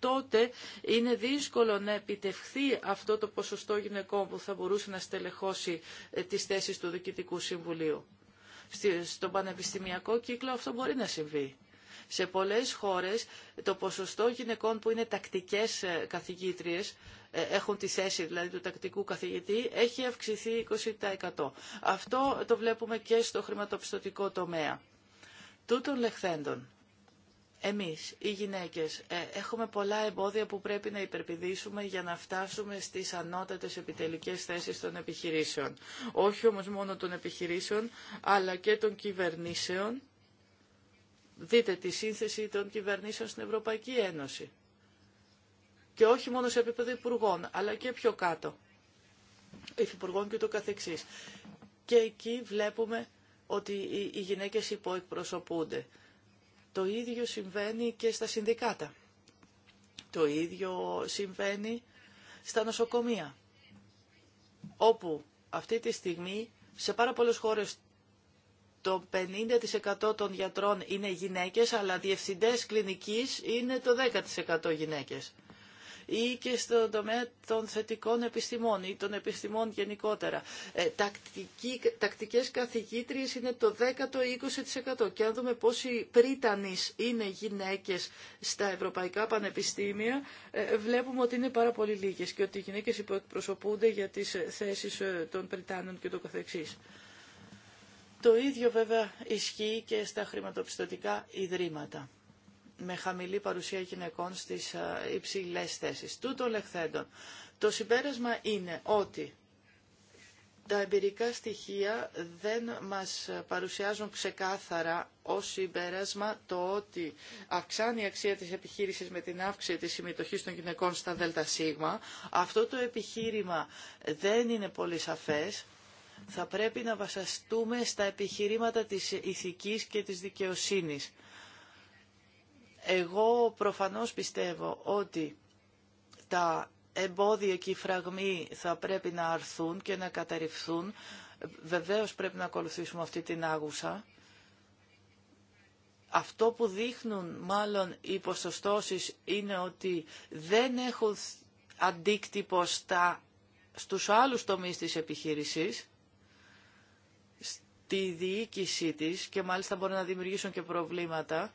τότε είναι δύσκολο να επιτευχθεί αυτό το ποσοστό γυναικών που θα μπορούσε να στελεχώσει ε, τις θέσεις του Διοικητικού Συμβουλίου. Στον πανεπιστημιακό κύκλο αυτό μπορεί να συμβεί. Σε πολλές χώρες το ποσοστό γυναικών που είναι τακτικές ε, καθηγήτριες, ε, έχουν τη θέση δηλαδή του τακτικού καθηγητή, έχει αυξηθεί 20%. Αυτό το βλέπουμε και στο χρηματοπιστωτικό τομέα. Τούτων λεχθέντων εμείς, οι γυναίκες, ε, έχουμε πολλά εμπόδια που πρέπει να υπερπηδήσουμε για να φτάσουμε στις ανώτατες επιτελικές θέσεις των επιχειρήσεων. Όχι όμως μόνο των επιχειρήσεων, αλλά και των κυβερνήσεων. Δείτε τη σύνθεση των κυβερνήσεων στην Ευρωπαϊκή Ένωση. Και όχι μόνο σε επίπεδο υπουργών, αλλά και πιο κάτω. Υφυπουργών και το καθεξής. Και εκεί βλέπουμε ότι οι γυναίκες υποεκπροσωπούνται. Το ίδιο συμβαίνει και στα συνδικάτα. Το ίδιο συμβαίνει στα νοσοκομεία, όπου αυτή τη στιγμή σε πάρα πολλές χώρες το 50% των γιατρών είναι γυναίκες, αλλά διευθυντές κλινικής είναι το 10% γυναίκες ή και στον τομέα των θετικών επιστημών ή των επιστημών γενικότερα. Ε, τακτική, τακτικές καθηγήτριες είναι το 10-20% και αν δούμε πόσοι πρίτανεις είναι γυναίκες στα ευρωπαϊκά πανεπιστήμια ε, βλέπουμε ότι είναι πάρα πολύ λίγες και ότι οι γυναίκες υποεκπροσωπούνται για τις ε, θέσεις των πριτάνων και το καθεξής. Το ίδιο βέβαια ισχύει και στα χρηματοπιστωτικά ιδρύματα με χαμηλή παρουσία γυναικών στις ε, υψηλές θέσεις. Τούτο λεχθέντων. Το συμπέρασμα είναι ότι τα εμπειρικά στοιχεία δεν μας παρουσιάζουν ξεκάθαρα ως συμπέρασμα το ότι αυξάνει η αξία της επιχείρησης με την αύξηση της συμμετοχής των γυναικών στα ΔΣ. Αυτό το επιχείρημα δεν είναι πολύ σαφές. Θα πρέπει να βασαστούμε στα επιχειρήματα της ηθικής και της δικαιοσύνης. Εγώ προφανώς πιστεύω ότι τα εμπόδια και οι φραγμοί θα πρέπει να αρθούν και να καταρριφθούν. Βεβαίως πρέπει να ακολουθήσουμε αυτή την άγουσα. Αυτό που δείχνουν μάλλον οι ποσοστώσεις είναι ότι δεν έχουν αντίκτυπο στα, στους άλλους τομείς της επιχείρησης, στη διοίκησή της και μάλιστα μπορεί να δημιουργήσουν και προβλήματα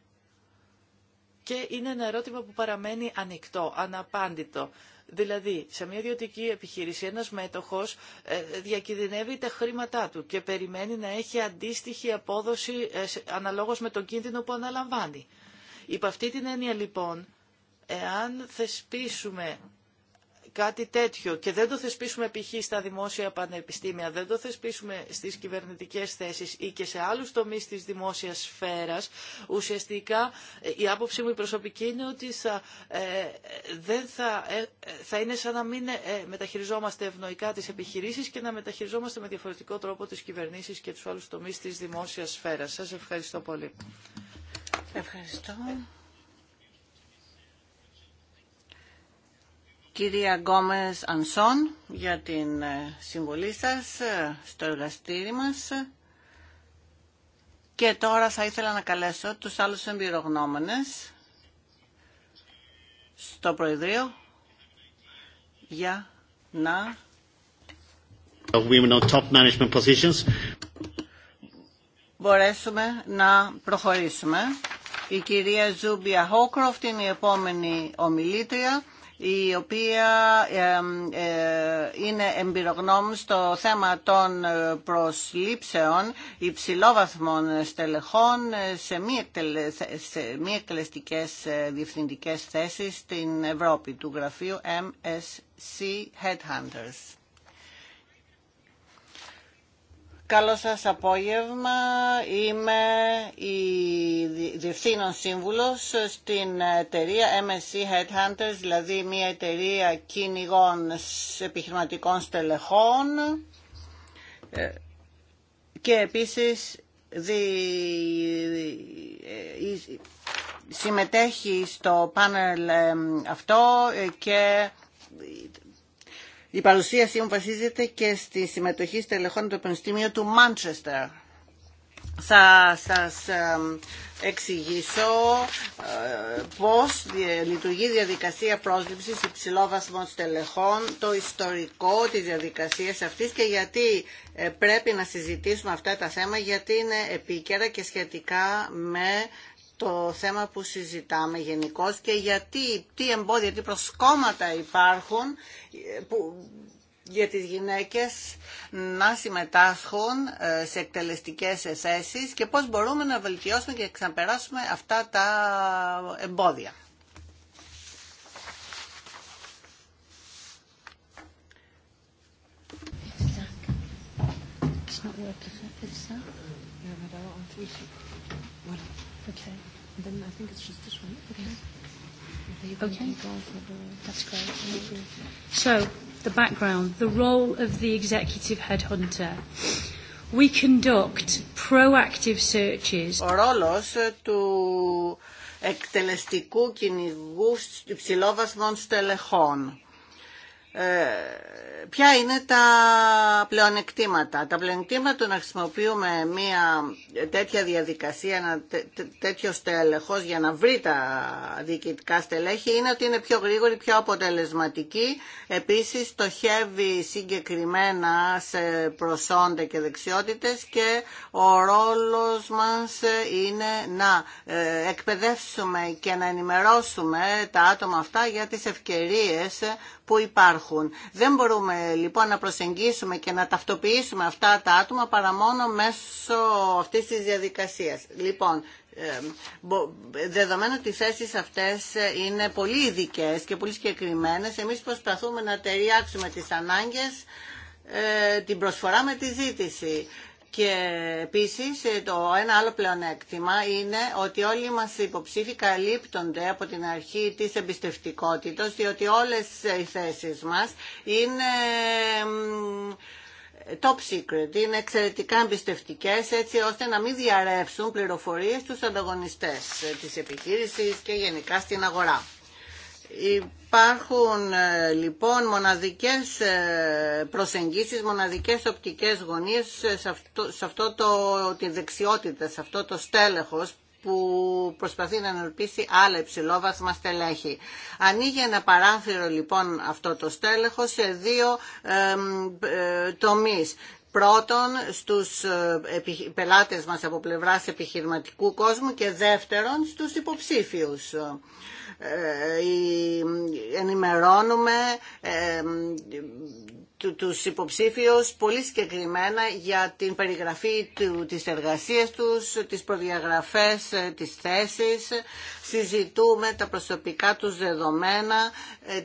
και είναι ένα ερώτημα που παραμένει ανοιχτό, αναπάντητο. Δηλαδή, σε μια ιδιωτική επιχείρηση ένας μέτοχος ε, διακινδυνεύει τα χρήματά του και περιμένει να έχει αντίστοιχη απόδοση ε, αναλόγως με τον κίνδυνο που αναλαμβάνει. Υπ' αυτή την έννοια λοιπόν, εάν θεσπίσουμε κάτι τέτοιο και δεν το θεσπίσουμε π.χ. στα δημόσια πανεπιστήμια, δεν το θεσπίσουμε στις κυβερνητικές θέσεις ή και σε άλλους τομείς της δημόσιας σφαίρας, ουσιαστικά η άποψή μου η προσωπική είναι ότι θα, ε, δεν θα, ε, θα είναι σαν να μην ε, μεταχειριζόμαστε ευνοϊκά τις επιχειρήσεις και να μεταχειριζόμαστε με διαφορετικό τρόπο τις κυβερνήσεις και τους άλλους τομείς της δημόσιας σφαίρας. Σας ευχαριστώ πολύ. Ευχαριστώ. κυρία Γκόμες Ανσόν για την ε, συμβολή σας ε, στο εργαστήρι μας. Και τώρα θα ήθελα να καλέσω τους άλλους εμπειρογνώμενες στο Προεδρείο για να... Μπορέσουμε να προχωρήσουμε. Η κυρία Ζούμπια Χόκροφτ είναι η επόμενη ομιλήτρια η οποία ε, είναι εμπειρογνώμη στο θέμα των ε, προσλήψεων υψηλόβαθμων στελεχών σε μη, εκτελε, σε μη εκτελεστικές ε, διευθυντικές θέσεις στην Ευρώπη του γραφείου MSC Headhunters. Καλό σας απόγευμα. Είμαι η Διευθύνων Σύμβουλος στην εταιρεία MSC Headhunters, δηλαδή μια εταιρεία κυνηγών επιχειρηματικών στελεχών ε, και επίσης ε, συμμετέχει στο πάνελ ε, αυτό και η παρουσίασή μου βασίζεται και στη συμμετοχή στελεχών του Πανεπιστήμιου του Μάντσεστερ. Θα σας εξηγήσω ε, πώς λειτουργεί η διαδικασία πρόσληψης υψηλόβασμων στελεχών, το ιστορικό της διαδικασίας αυτής και γιατί ε, πρέπει να συζητήσουμε αυτά τα θέματα, γιατί είναι επίκαιρα και σχετικά με το θέμα που συζητάμε γενικώ και γιατί, τι εμπόδια, τι προσκόμματα υπάρχουν ε, που, για τις γυναίκες να συμμετάσχουν ε, σε εκτελεστικές θέσεις και πώς μπορούμε να βελτιώσουμε και να ξαναπεράσουμε αυτά τα εμπόδια. Then I think it's just this one. Okay. Okay. That's great. So, the background, the role of the executive headhunter. We conduct proactive searches. Ο ρόλος του εκτελεστικού κυνηγού υψηλόβαθμων στελεχών. Ε, ποια είναι τα πλεονεκτήματα. Τα πλεονεκτήματα να χρησιμοποιούμε μια τέτοια διαδικασία, ένα τέτοιο στελεχός για να βρει τα διοικητικά στελέχη είναι ότι είναι πιο γρήγορη, πιο αποτελεσματική. Επίσης στοχεύει συγκεκριμένα σε προσόντα και δεξιότητες και ο ρόλος μας είναι να ε, εκπαιδεύσουμε και να ενημερώσουμε τα άτομα αυτά για τις ευκαιρίες που υπάρχουν. Δεν μπορούμε λοιπόν να προσεγγίσουμε και να ταυτοποιήσουμε αυτά τα άτομα παρά μόνο μέσω αυτής της διαδικασίας. Λοιπόν, δεδομένου ότι οι θέσεις αυτές είναι πολύ ειδικέ και πολύ συγκεκριμένε, εμείς προσπαθούμε να ταιριάξουμε τις ανάγκες ε, την προσφορά με τη ζήτηση. Και επίσης ε, το ένα άλλο πλεονέκτημα είναι ότι όλοι μας οι υποψήφοι καλύπτονται από την αρχή της εμπιστευτικότητα, διότι όλες οι θέσεις μας είναι top secret, είναι εξαιρετικά εμπιστευτικέ έτσι ώστε να μην διαρρεύσουν πληροφορίες στους ανταγωνιστές ε, της επιχείρησης και γενικά στην αγορά. Υπάρχουν ε, λοιπόν μοναδικές ε, προσεγγίσεις, μοναδικές οπτικές γωνίες σε αυτό, το, τη δεξιότητα, σε αυτό το στέλεχος που προσπαθεί να ενορπίσει άλλα υψηλόβαθμα στελέχη. Ανοίγει ένα παράθυρο λοιπόν αυτό το στέλεχος σε δύο ε, τομείς. Πρώτον, στους ε, πελάτες μας από πλευράς επιχειρηματικού κόσμου και δεύτερον, στους υποψήφιους. Ε, ενημερώνουμε ε, τους υποψήφιους πολύ συγκεκριμένα για την περιγραφή του, της εργασίας τους, τις προδιαγραφές ε, της θέσης, συζητούμε τα προσωπικά τους δεδομένα,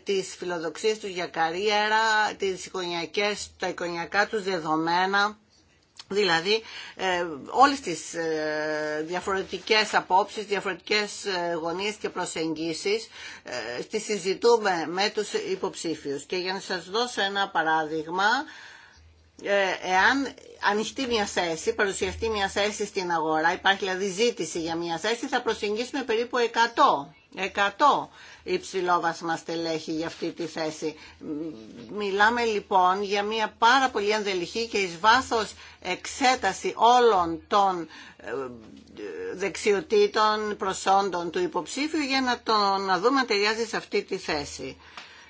τις φιλοδοξίες τους για καριέρα, τις τα εικονιακά τους δεδομένα Δηλαδή ε, όλες τις ε, διαφορετικές απόψεις, διαφορετικές ε, γωνίες και προσεγγίσεις τις συζητούμε με τους υποψήφιους. Και για να σας δώσω ένα παράδειγμα, εάν ανοιχτεί μια θέση, παρουσιαστεί μια θέση στην αγορά, υπάρχει δηλαδή ζήτηση για μια θέση, θα προσεγγίσουμε περίπου 100 100 υψηλόβασμα στελέχη για αυτή τη θέση. Μιλάμε λοιπόν για μια πάρα πολύ ενδελυχή και εις βάθος εξέταση όλων των ε, δεξιοτήτων προσόντων του υποψήφιου για να, τον, να δούμε αν ταιριάζει σε αυτή τη θέση.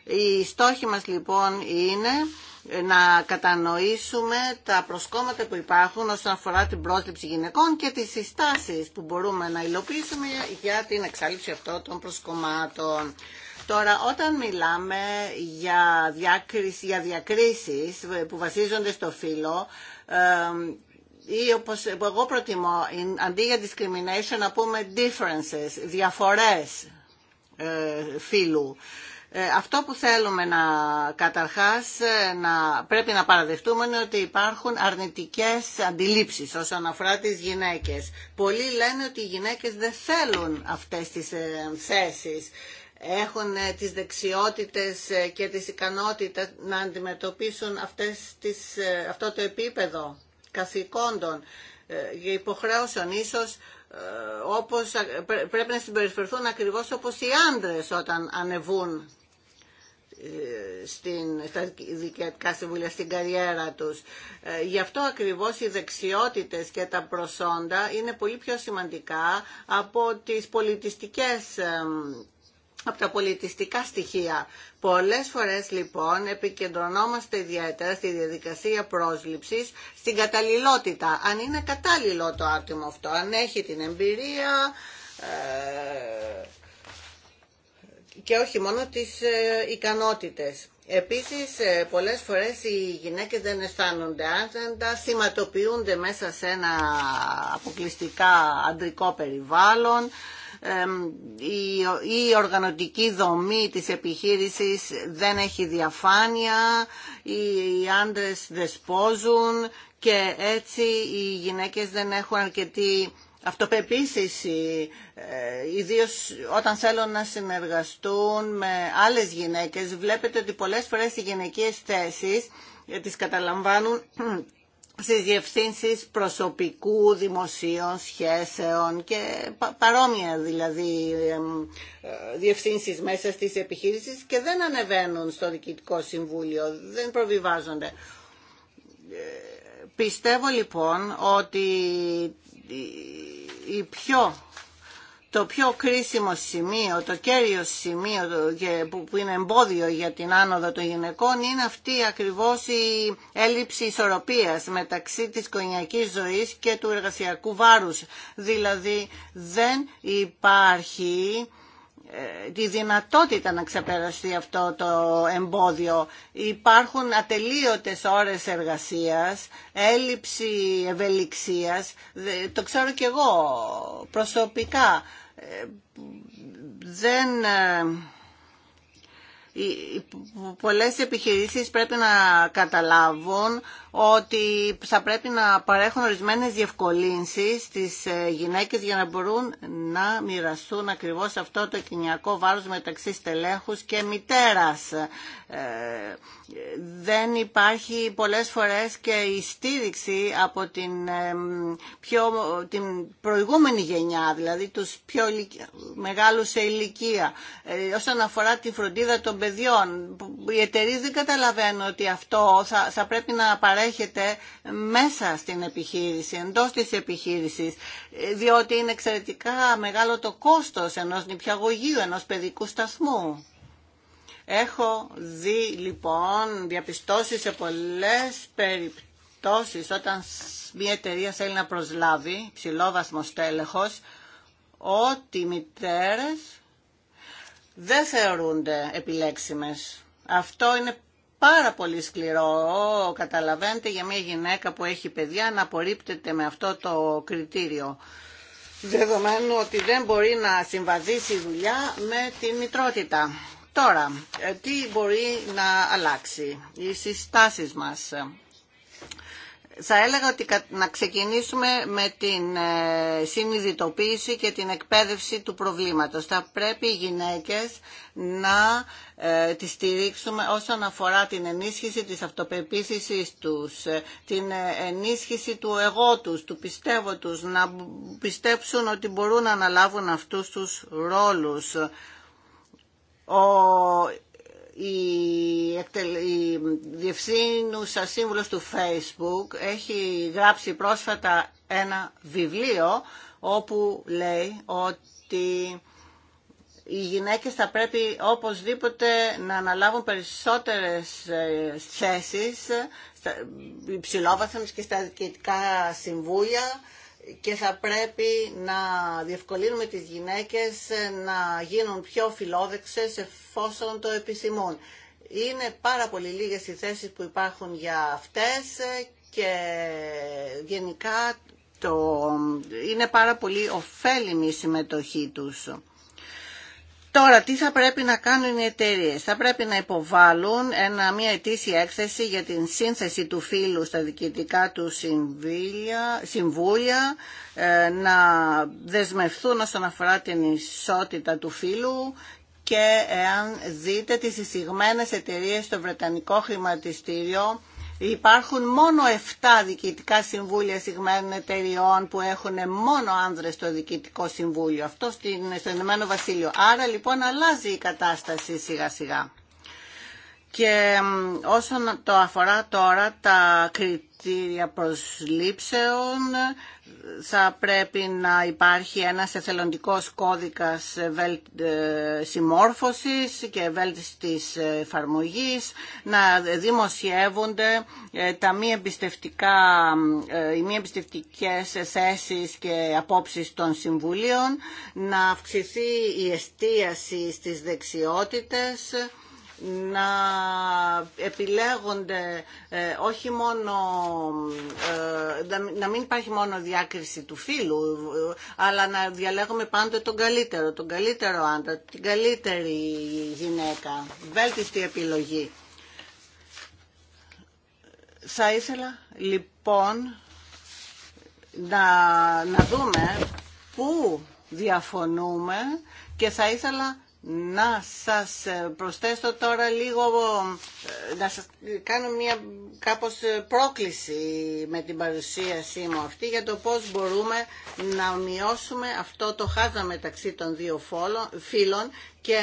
Η στόχη μας λοιπόν είναι να κατανοήσουμε τα προσκόμματα που υπάρχουν όσον αφορά την πρόσληψη γυναικών και τις συστάσεις που μπορούμε να υλοποιήσουμε για την εξάλληψη αυτών των προσκομμάτων. Τώρα, όταν μιλάμε για, διάκριση, διακρίσεις που βασίζονται στο φύλλο, ή όπως εγώ προτιμώ, αντί για discrimination να πούμε differences, διαφορές ε, φύλου. Ε, αυτό που θέλουμε να καταρχάς ε, να, πρέπει να παραδεχτούμε είναι ότι υπάρχουν αρνητικές αντιλήψεις όσον αφορά τις γυναίκες. Πολλοί λένε ότι οι γυναίκες δεν θέλουν αυτές τις ε, θέσεις. Έχουν τις δεξιότητες και τις ικανότητες να αντιμετωπίσουν αυτές αυτό το επίπεδο καθηκόντων και υποχρέωσεων ίσως όπως πρέπει να συμπεριφερθούν ακριβώς όπως οι άντρες όταν ανεβούν ε, στην, στα δικαιωτικά συμβούλια, στην καριέρα τους. Ε, γι' αυτό ακριβώς οι δεξιότητες και τα προσόντα είναι πολύ πιο σημαντικά από τις πολιτιστικές ε, από τα πολιτιστικά στοιχεία. Πολλές φορές λοιπόν επικεντρωνόμαστε ιδιαίτερα στη διαδικασία πρόσληψης, στην καταλληλότητα. Αν είναι κατάλληλο το άτομο αυτό, αν έχει την εμπειρία, και όχι μόνο τις ε, ικανότητες. Επίσης, ε, πολλές φορές οι γυναίκες δεν αισθάνονται άζεντα, θυματοποιούνται μέσα σε ένα αποκλειστικά αντρικό περιβάλλον, η οργανωτική δομή της επιχείρησης δεν έχει διαφάνεια, οι άντρες δεσπόζουν και έτσι οι γυναίκες δεν έχουν αρκετή αυτοπεποίθηση, ε, ιδίως όταν θέλουν να συνεργαστούν με άλλες γυναίκες. Βλέπετε ότι πολλές φορές οι γυναικείες θέσεις ε, τις καταλαμβάνουν στις διευθύνσεις προσωπικού, δημοσίων, σχέσεων και παρόμοια δηλαδή ε, διευθύνσεις μέσα στις επιχείρησεις και δεν ανεβαίνουν στο Διοικητικό Συμβούλιο, δεν προβιβάζονται. Πιστεύω λοιπόν ότι η πιο το πιο κρίσιμο σημείο, το κέριο σημείο που είναι εμπόδιο για την άνοδο των γυναικών είναι αυτή ακριβώς η έλλειψη ισορροπίας μεταξύ της κονιακής ζωής και του εργασιακού βάρους. Δηλαδή δεν υπάρχει ε, τη δυνατότητα να ξεπεραστεί αυτό το εμπόδιο. Υπάρχουν ατελείωτες ώρες εργασίας, έλλειψη ευελιξίας, το ξέρω κι εγώ προσωπικά. Ε, δεν... Ε, πολλές επιχειρήσεις πρέπει να καταλάβουν ότι θα πρέπει να παρέχουν ορισμένες διευκολύνσεις στις ε, γυναίκες για να μπορούν να μοιραστούν ακριβώς αυτό το κοινιακό βάρος μεταξύ στελέχους και μητέρας. Ε, δεν υπάρχει πολλές φορές και η στήριξη από την, ε, πιο, την προηγούμενη γενιά, δηλαδή τους πιο μεγάλους σε ηλικία. Όσον αφορά τη φροντίδα των παιδιών, οι εταιρείε δεν καταλαβαίνουν ότι αυτό θα, θα πρέπει να παρέχουν έχετε μέσα στην επιχείρηση, εντός της επιχείρησης, διότι είναι εξαιρετικά μεγάλο το κόστος ενός νηπιαγωγείου, ενός παιδικού σταθμού. Έχω δει λοιπόν διαπιστώσει σε πολλές περιπτώσεις όταν μια εταιρεία θέλει να προσλάβει ψηλόβαθμο στέλεχος ότι οι μητέρες δεν θεωρούνται επιλέξιμες. Αυτό είναι πάρα πολύ σκληρό, καταλαβαίνετε, για μια γυναίκα που έχει παιδιά να απορρίπτεται με αυτό το κριτήριο. Δεδομένου ότι δεν μπορεί να συμβαδίσει η δουλειά με τη μητρότητα. Τώρα, ε, τι μπορεί να αλλάξει οι συστάσεις μας θα έλεγα ότι να ξεκινήσουμε με την ε, συνειδητοποίηση και την εκπαίδευση του προβλήματος. Θα πρέπει οι γυναίκες να ε, τις στηρίξουμε όσον αφορά την ενίσχυση της αυτοπεποίθησης τους, ε, την ενίσχυση του εγώ τους, του πιστεύω τους, να πιστέψουν ότι μπορούν να αναλάβουν αυτούς τους ρόλους. Ο η διευθύνουσα σύμβουλος του Facebook έχει γράψει πρόσφατα ένα βιβλίο όπου λέει ότι οι γυναίκες θα πρέπει οπωσδήποτε να αναλάβουν περισσότερες ε, θέσεις υψηλόβαθμες και στα διοικητικά συμβούλια και θα πρέπει να διευκολύνουμε τις γυναίκες να γίνουν πιο φιλόδεξες εφόσον το επισημούν. Είναι πάρα πολύ λίγες οι θέσεις που υπάρχουν για αυτές και γενικά το... είναι πάρα πολύ ωφέλιμη η συμμετοχή τους. Τώρα, τι θα πρέπει να κάνουν οι εταιρείε. Θα πρέπει να υποβάλουν ένα, μια ετήσια έκθεση για την σύνθεση του φύλου στα διοικητικά του συμβούλια, ε, να δεσμευθούν όσον αφορά την ισότητα του φύλου και εάν δείτε τις εισηγμένες εταιρείε στο Βρετανικό χρηματιστήριο Υπάρχουν μόνο 7 διοικητικά συμβούλια συγμένων εταιριών που έχουν μόνο άνδρες στο διοικητικό συμβούλιο. Αυτό στην, στο Ηνωμένο Βασίλειο. Άρα λοιπόν αλλάζει η κατάσταση σιγά σιγά. Και όσον το αφορά τώρα τα κριτήρια προσλήψεων, θα πρέπει να υπάρχει ένας εθελοντικός κώδικας ε, συμμόρφωσης και της εφαρμογή, να δημοσιεύονται ε, τα μη εμπιστευτικά, ε, οι μη εμπιστευτικές θέσεις και απόψεις των συμβουλίων, να αυξηθεί η εστίαση στις δεξιότητες, να επιλέγονται ε, όχι μόνο ε, να μην υπάρχει μόνο διάκριση του φίλου ε, αλλά να διαλέγουμε πάντοτε τον καλύτερο τον καλύτερο άντρα, την καλύτερη γυναίκα βέλτιστη επιλογή θα ήθελα λοιπόν να, να δούμε πού διαφωνούμε και θα ήθελα να σας προσθέσω τώρα λίγο, ε, να σας κάνω μια κάπως πρόκληση με την παρουσίασή μου αυτή για το πώς μπορούμε να μειώσουμε αυτό το χάζα μεταξύ των δύο φίλων και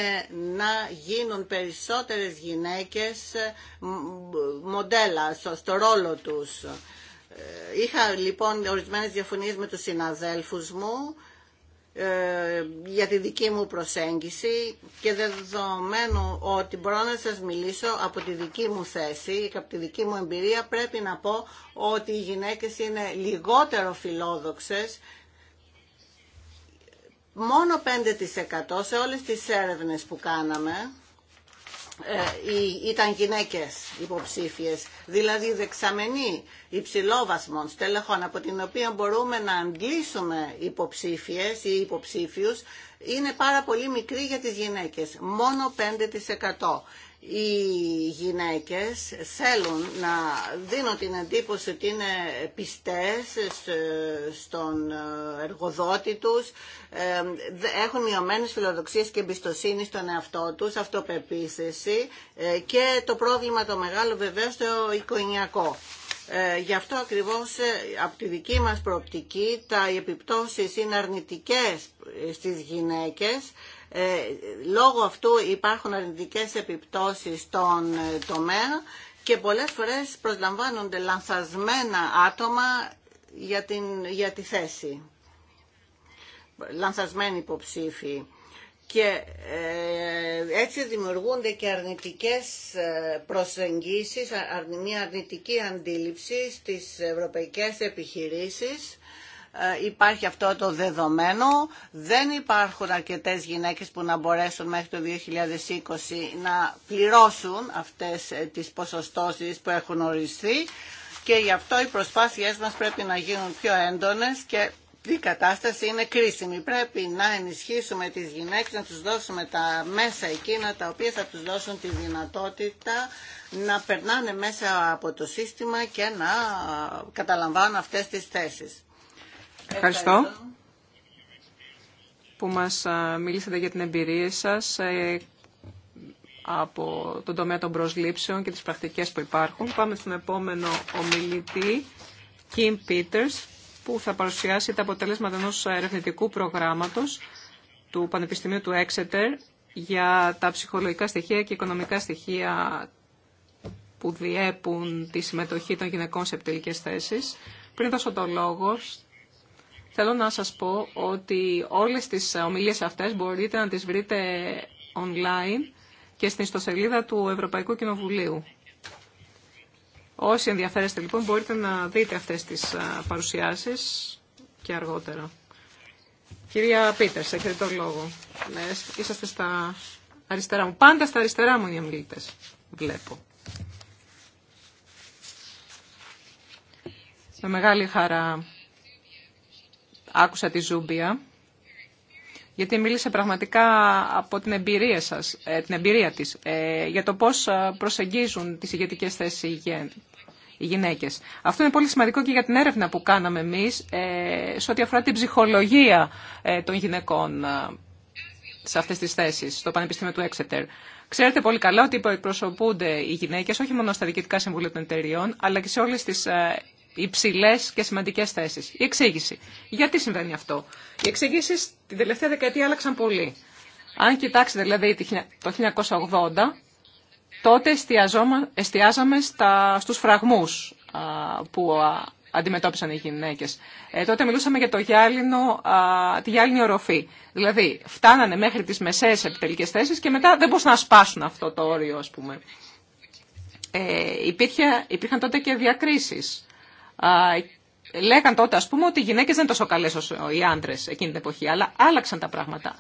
να γίνουν περισσότερες γυναίκες ε, μοντέλα στο ρόλο τους. Ε, είχα λοιπόν ορισμένες διαφωνίες με τους συναδέλφους μου ε, για τη δική μου προσέγγιση και δεδομένου ότι μπορώ να σας μιλήσω από τη δική μου θέση και από τη δική μου εμπειρία πρέπει να πω ότι οι γυναίκες είναι λιγότερο φιλόδοξες μόνο 5% σε όλες τις έρευνες που κάναμε ε, ήταν γυναίκες υποψήφιες, δηλαδή δεξαμενή υψηλόβασμων στελεχών από την οποία μπορούμε να αντλήσουμε υποψήφιες ή υποψήφιους είναι πάρα πολύ μικρή για τις γυναίκες, μόνο 5% οι γυναίκες θέλουν να δίνουν την εντύπωση ότι είναι πιστές στον εργοδότη τους, ε, έχουν μειωμένες φιλοδοξίες και εμπιστοσύνη στον εαυτό τους, αυτοπεποίθηση ε, και το πρόβλημα το μεγάλο βεβαίως το οικογενειακό. Ε, γι' αυτό ακριβώς από τη δική μας προοπτική τα επιπτώσεις είναι αρνητικές στις γυναίκες ε, λόγω αυτού υπάρχουν αρνητικές επιπτώσεις στον ε, τομέα και πολλές φορές προσλαμβάνονται λανθασμένα άτομα για, την, για τη θέση. Λανθασμένοι υποψήφοι. Και ε, έτσι δημιουργούνται και αρνητικές προσεγγίσεις, μια αρνητική αντίληψη στις ευρωπαϊκές επιχειρήσεις ε, υπάρχει αυτό το δεδομένο. Δεν υπάρχουν αρκετές γυναίκες που να μπορέσουν μέχρι το 2020 να πληρώσουν αυτές ε, τις ποσοστώσεις που έχουν οριστεί και γι' αυτό οι προσπάθειές μας πρέπει να γίνουν πιο έντονες και η κατάσταση είναι κρίσιμη. Πρέπει να ενισχύσουμε τις γυναίκες, να τους δώσουμε τα μέσα εκείνα τα οποία θα τους δώσουν τη δυνατότητα να περνάνε μέσα από το σύστημα και να καταλαμβάνουν αυτές τις θέσεις. Ευχαριστώ που μας μίλησατε για την εμπειρία σας ε, από τον τομέα των προσλήψεων και τις πρακτικές που υπάρχουν. Πάμε στον επόμενο ομιλητή, Kim Peters, που θα παρουσιάσει τα αποτελέσματα ενός ερευνητικού προγράμματος του Πανεπιστημίου του Exeter για τα ψυχολογικά στοιχεία και οικονομικά στοιχεία που διέπουν τη συμμετοχή των γυναικών σε επιτελικές θέσεις. Πριν δώσω το λόγο Θέλω να σας πω ότι όλες τις ομιλίες αυτές μπορείτε να τις βρείτε online και στην ιστοσελίδα του Ευρωπαϊκού Κοινοβουλίου. Όσοι ενδιαφέρεστε λοιπόν μπορείτε να δείτε αυτές τις παρουσιάσεις και αργότερα. Κυρία Πίτερ, έχετε τον λόγο. Είσαστε στα αριστερά μου. Πάντα στα αριστερά μου οι ομιλίτες, Βλέπω. Με μεγάλη χαρά άκουσα τη Ζούμπια, γιατί μίλησε πραγματικά από την εμπειρία σας, ε, την εμπειρία της, ε, για το πώς ε, προσεγγίζουν τις ηγετικές θέσεις οι γυναίκες. Αυτό είναι πολύ σημαντικό και για την έρευνα που κάναμε εμείς σε ό,τι αφορά την ψυχολογία των γυναικών σε αυτές τις θέσεις, στο Πανεπιστήμιο του Έξετερ. Ξέρετε πολύ καλά ότι υποεκπροσωπούνται οι γυναίκες, όχι μόνο στα διοικητικά συμβούλια των εταιριών, αλλά και σε όλες τις υψηλέ και σημαντικέ θέσει. Η εξήγηση. Γιατί συμβαίνει αυτό. Οι εξηγήσει την τελευταία δεκαετία άλλαξαν πολύ. Αν κοιτάξετε δηλαδή το 1980, τότε εστιάζαμε στα, στους φραγμούς που αντιμετώπισαν οι γυναίκες. Ε, τότε μιλούσαμε για το γυάλινο, α, τη γυάλινη οροφή. Δηλαδή, φτάνανε μέχρι τις μεσαίες επιτελικές θέσεις και μετά δεν μπορούσαν να σπάσουν αυτό το όριο, ας πούμε. Ε, υπήρχαν τότε και διακρίσεις Λέγαν τότε, α πούμε, ότι οι γυναίκε δεν είναι τόσο καλέ όσο οι άντρες εκείνη την εποχή, αλλά άλλαξαν τα πράγματα.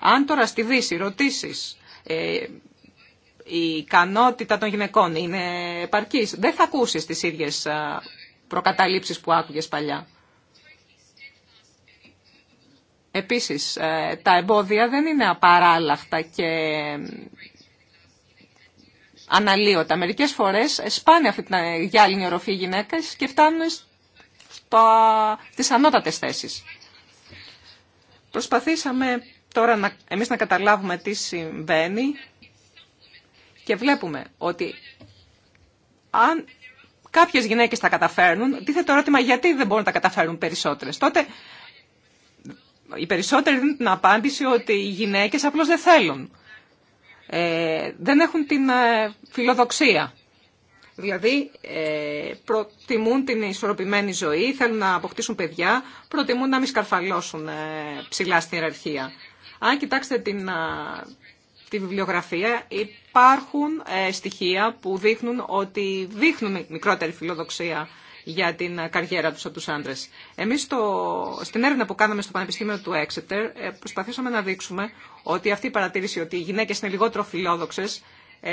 Αν τώρα στη Δύση ρωτήσεις ε, η ικανότητα των γυναικών είναι επαρκή. δεν θα ακούσει τι ίδιε προκαταλήψεις που άκουγε παλιά. Επίσης, ε, τα εμπόδια δεν είναι απαράλλαχτα και αναλύωτα. Μερικέ φορές σπάνε αυτή την ε, γυάλινη οροφή οι και φτάνουν στι ανώτατε θέσει. Προσπαθήσαμε τώρα να, εμείς να καταλάβουμε τι συμβαίνει και βλέπουμε ότι αν κάποιες γυναίκες τα καταφέρνουν, τίθεται ερώτημα γιατί δεν μπορούν να τα καταφέρουν περισσότερες. Τότε οι περισσότεροι δίνουν την απάντηση ότι οι γυναίκες απλώς δεν θέλουν. Ε, δεν έχουν την ε, φιλοδοξία. Δηλαδή ε, προτιμούν την ισορροπημένη ζωή, θέλουν να αποκτήσουν παιδιά, προτιμούν να μην σκαρφαλώσουν ψηλά στην ιεραρχία. Αν κοιτάξετε την, τη βιβλιογραφία υπάρχουν στοιχεία που δείχνουν ότι δείχνουν μικρότερη φιλοδοξία για την καριέρα τους από τους άντρες. Εμείς το, στην έρευνα που κάναμε στο Πανεπιστήμιο του Exeter ε, προσπαθήσαμε να δείξουμε ότι αυτή η παρατήρηση ότι οι γυναίκες είναι λιγότερο φιλόδοξες ε,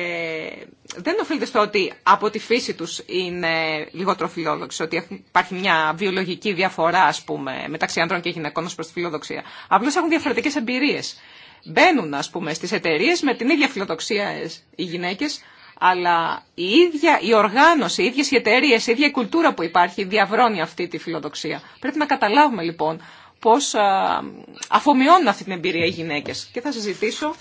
δεν οφείλεται στο ότι από τη φύση τους είναι λιγότερο φιλόδοξη, ότι υπάρχει μια βιολογική διαφορά, ας πούμε, μεταξύ ανδρών και γυναικών ως προς τη φιλοδοξία. Απλώς έχουν διαφορετικές εμπειρίες. Μπαίνουν, ας πούμε, στις εταιρείε με την ίδια φιλοδοξία ε, οι γυναίκες, αλλά η ίδια η οργάνωση, οι ίδιες οι εταιρείες, η ίδια η κουλτούρα που υπάρχει διαβρώνει αυτή τη φιλοδοξία. Πρέπει να καταλάβουμε λοιπόν πώς αφομοιώνουν αυτή την εμπειρία οι γυναίκες. Και θα συζητήσω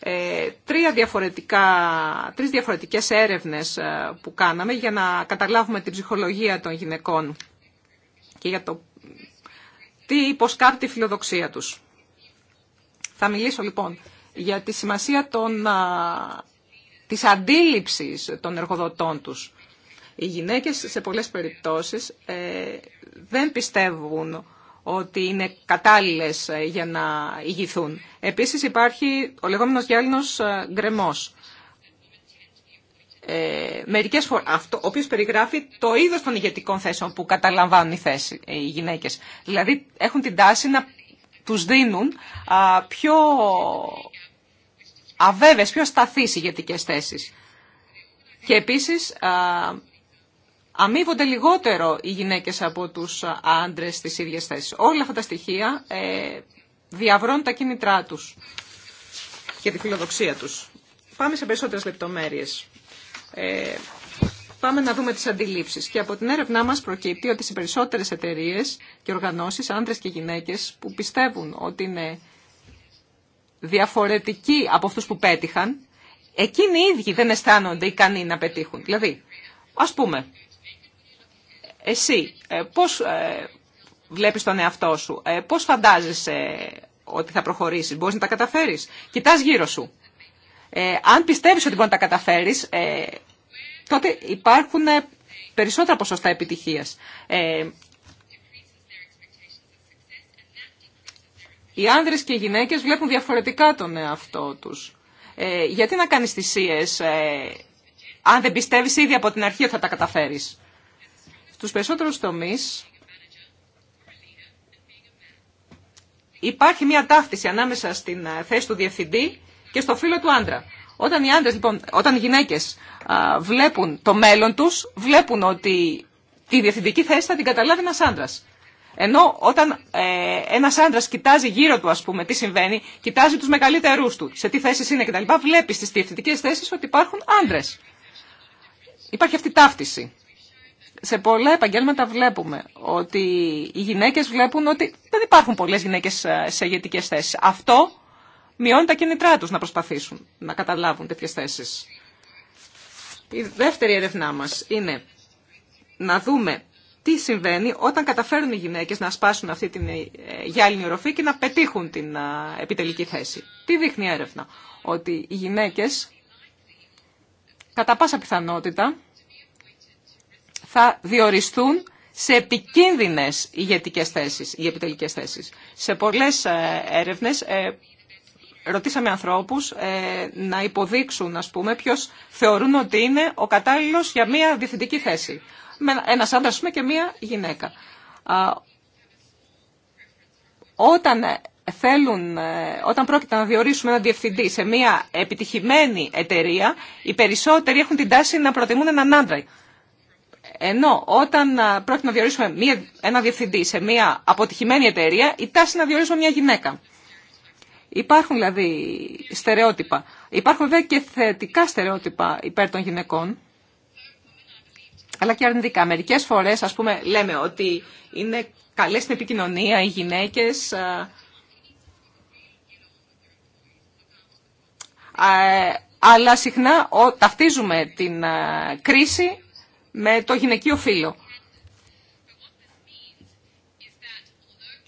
ε, τρία διαφορετικά, τρεις διαφορετικές έρευνες ε, που κάναμε για να καταλάβουμε την ψυχολογία των γυναικών και για το τι υποσκάπτει η φιλοδοξία τους. Θα μιλήσω λοιπόν για τη σημασία των της αντίληψης των εργοδοτών τους. Οι γυναίκες σε πολλές περιπτώσεις ε, δεν πιστεύουν ότι είναι κατάλληλες για να ηγηθούν. Επίσης υπάρχει ο λεγόμενος γυάλινος ε, γκρεμός. Ε, μερικές φορές, αυτό, ο οποίος περιγράφει το είδος των ηγετικών θέσεων που καταλαμβάνουν οι, θέσεις, οι γυναίκες. Δηλαδή έχουν την τάση να τους δίνουν πιο αβέβαιες, πιο σταθείς ηγετικές θέσεις. Και επίσης αμείβονται λιγότερο οι γυναίκες από τους άντρες στις ίδιες θέσεις. Όλα αυτά τα στοιχεία ε, διαβρώνουν τα κίνητρά τους και τη φιλοδοξία τους. Πάμε σε περισσότερες λεπτομέρειες. Ε, πάμε να δούμε τις αντιλήψεις. Και από την έρευνά μας προκύπτει ότι σε περισσότερες εταιρείε και οργανώσεις, άντρες και γυναίκες που πιστεύουν ότι είναι διαφορετικοί από αυτούς που πέτυχαν, εκείνοι οι ίδιοι δεν αισθάνονται ικανοί να πετύχουν. Δηλαδή, ας πούμε, εσύ ε, πώς ε, βλέπεις τον εαυτό σου, ε, πώς φαντάζεσαι ότι θα προχωρήσεις, μπορείς να τα καταφέρεις, κοιτάς γύρω σου. αν πιστεύεις ότι μπορείς να τα καταφέρεις, τότε υπάρχουν περισσότερα ποσοστά επιτυχίας. οι άνδρες και οι γυναίκες βλέπουν διαφορετικά τον εαυτό τους. Ε, γιατί να κάνεις θυσίε ε, αν δεν πιστεύεις ήδη από την αρχή ότι θα τα καταφέρεις. Στους περισσότερους τομείς υπάρχει μια ταύτιση ανάμεσα στην ε, θέση του διευθυντή και στο φίλο του άντρα. Όταν οι άντρες, λοιπόν, όταν οι γυναίκες βλέπουν το μέλλον τους, βλέπουν ότι τη διευθυντική θέση θα την καταλάβει ένας άντρας. Ενώ όταν ε, ένα άντρα κοιτάζει γύρω του, α πούμε, τι συμβαίνει, κοιτάζει του μεγαλύτερου του, σε τι θέσει είναι κτλ., βλέπει στι διευθυντικέ θέσει ότι υπάρχουν άντρε. Υπάρχει αυτή η ταύτιση. Σε πολλά επαγγέλματα βλέπουμε ότι οι γυναίκε βλέπουν ότι δεν υπάρχουν πολλέ γυναίκε ε, σε ηγετικέ θέσει. Αυτό μειώνει τα κίνητρά του να προσπαθήσουν να καταλάβουν τέτοιε θέσει. Η δεύτερη έρευνά μα είναι να δούμε τι συμβαίνει όταν καταφέρουν οι γυναίκες να σπάσουν αυτή την ε, γυάλινη οροφή και να πετύχουν την ε, επιτελική θέση. Τι δείχνει η έρευνα. Ότι οι γυναίκες κατά πάσα πιθανότητα θα διοριστούν σε επικίνδυνες ηγετικές θέσεις, οι επιτελικές θέσεις. Σε πολλές ε, έρευνες ρωτήσαμε ανθρώπους να υποδείξουν, ας πούμε, ποιος θεωρούν ότι είναι ο κατάλληλος για μια διευθυντική θέση ένας ένα πούμε, και μία γυναίκα. Όταν ε, θέλουν, ε, όταν πρόκειται να διορίσουμε έναν διευθυντή σε μια επιτυχημένη εταιρεία, οι περισσότεροι έχουν την τάση να προτιμούν έναν άντρα. Ενώ όταν ε, πρόκειται να διορίσουμε μια, ένα διευθυντή σε μια αποτυχημένη εταιρεία, η τάση να διορίσουμε μια γυναίκα. Υπάρχουν δηλαδή στερεότυπα. Υπάρχουν βέβαια και θετικά στερεότυπα υπέρ των γυναικών αλλά και αρνητικά. Μερικέ φορές, α πούμε, λέμε ότι είναι καλέ στην επικοινωνία οι γυναίκε. αλλά συχνά ταυτίζουμε την κρίση με το γυναικείο φύλλο.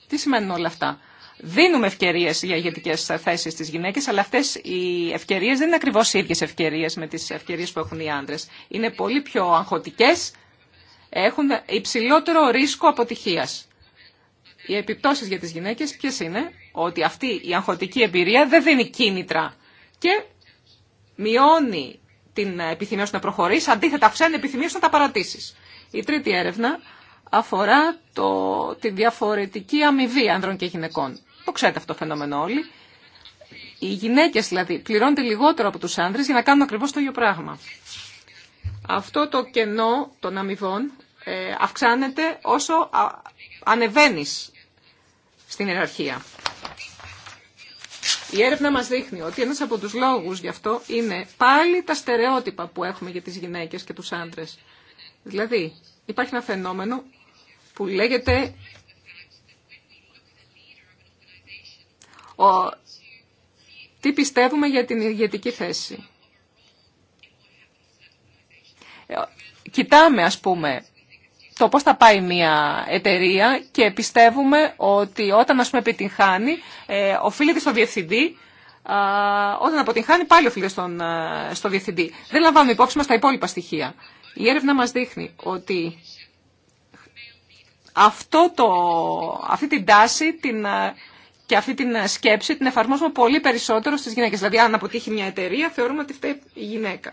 Τι σημαίνουν όλα αυτά. Δίνουμε ευκαιρίε για ηγετικέ θέσει στι γυναίκε, αλλά αυτέ οι ευκαιρίε δεν είναι ακριβώ οι ίδιε ευκαιρίε με τι ευκαιρίε που έχουν οι άντρε. Είναι πολύ πιο αγχωτικέ, έχουν υψηλότερο ρίσκο αποτυχία. Οι επιπτώσει για τι γυναίκε ποιε είναι, ότι αυτή η αγχωτική εμπειρία δεν δίνει κίνητρα και μειώνει την επιθυμία σου να προχωρήσει, αντίθετα αυξάνει την επιθυμία σου να τα παρατήσει. Η τρίτη έρευνα αφορά το, τη διαφορετική αμοιβή άνδρων και γυναικών. Το ξέρετε αυτό το φαινόμενο όλοι. Οι γυναίκε, δηλαδή πληρώνται λιγότερο από τους άνδρες για να κάνουν ακριβώ το ίδιο πράγμα. Αυτό το κενό των αμοιβών ε, αυξάνεται όσο ανεβαίνει στην ιεραρχία. Η έρευνα μας δείχνει ότι ένας από τους λόγους γι' αυτό είναι πάλι τα στερεότυπα που έχουμε για τις γυναίκες και τους άντρες. Δηλαδή, υπάρχει ένα φαινόμενο που λέγεται ο, τι πιστεύουμε για την ηγετική θέση. Ε, κοιτάμε, ας πούμε, το πώς θα πάει μια εταιρεία και πιστεύουμε ότι όταν, ας πούμε, επιτυγχάνει, ε, οφείλεται στο διευθυντή, όταν αποτυγχάνει πάλι οφείλεται στον, ε, στο διευθυντή. Δεν λαμβάνουμε υπόψη μας τα υπόλοιπα στοιχεία. Η έρευνα μας δείχνει ότι αυτό το, αυτή την τάση την, ε, και αυτή την ε, σκέψη την εφαρμόζουμε πολύ περισσότερο στις γυναίκες. Δηλαδή αν αποτύχει μια εταιρεία θεωρούμε ότι φταίει η γυναίκα.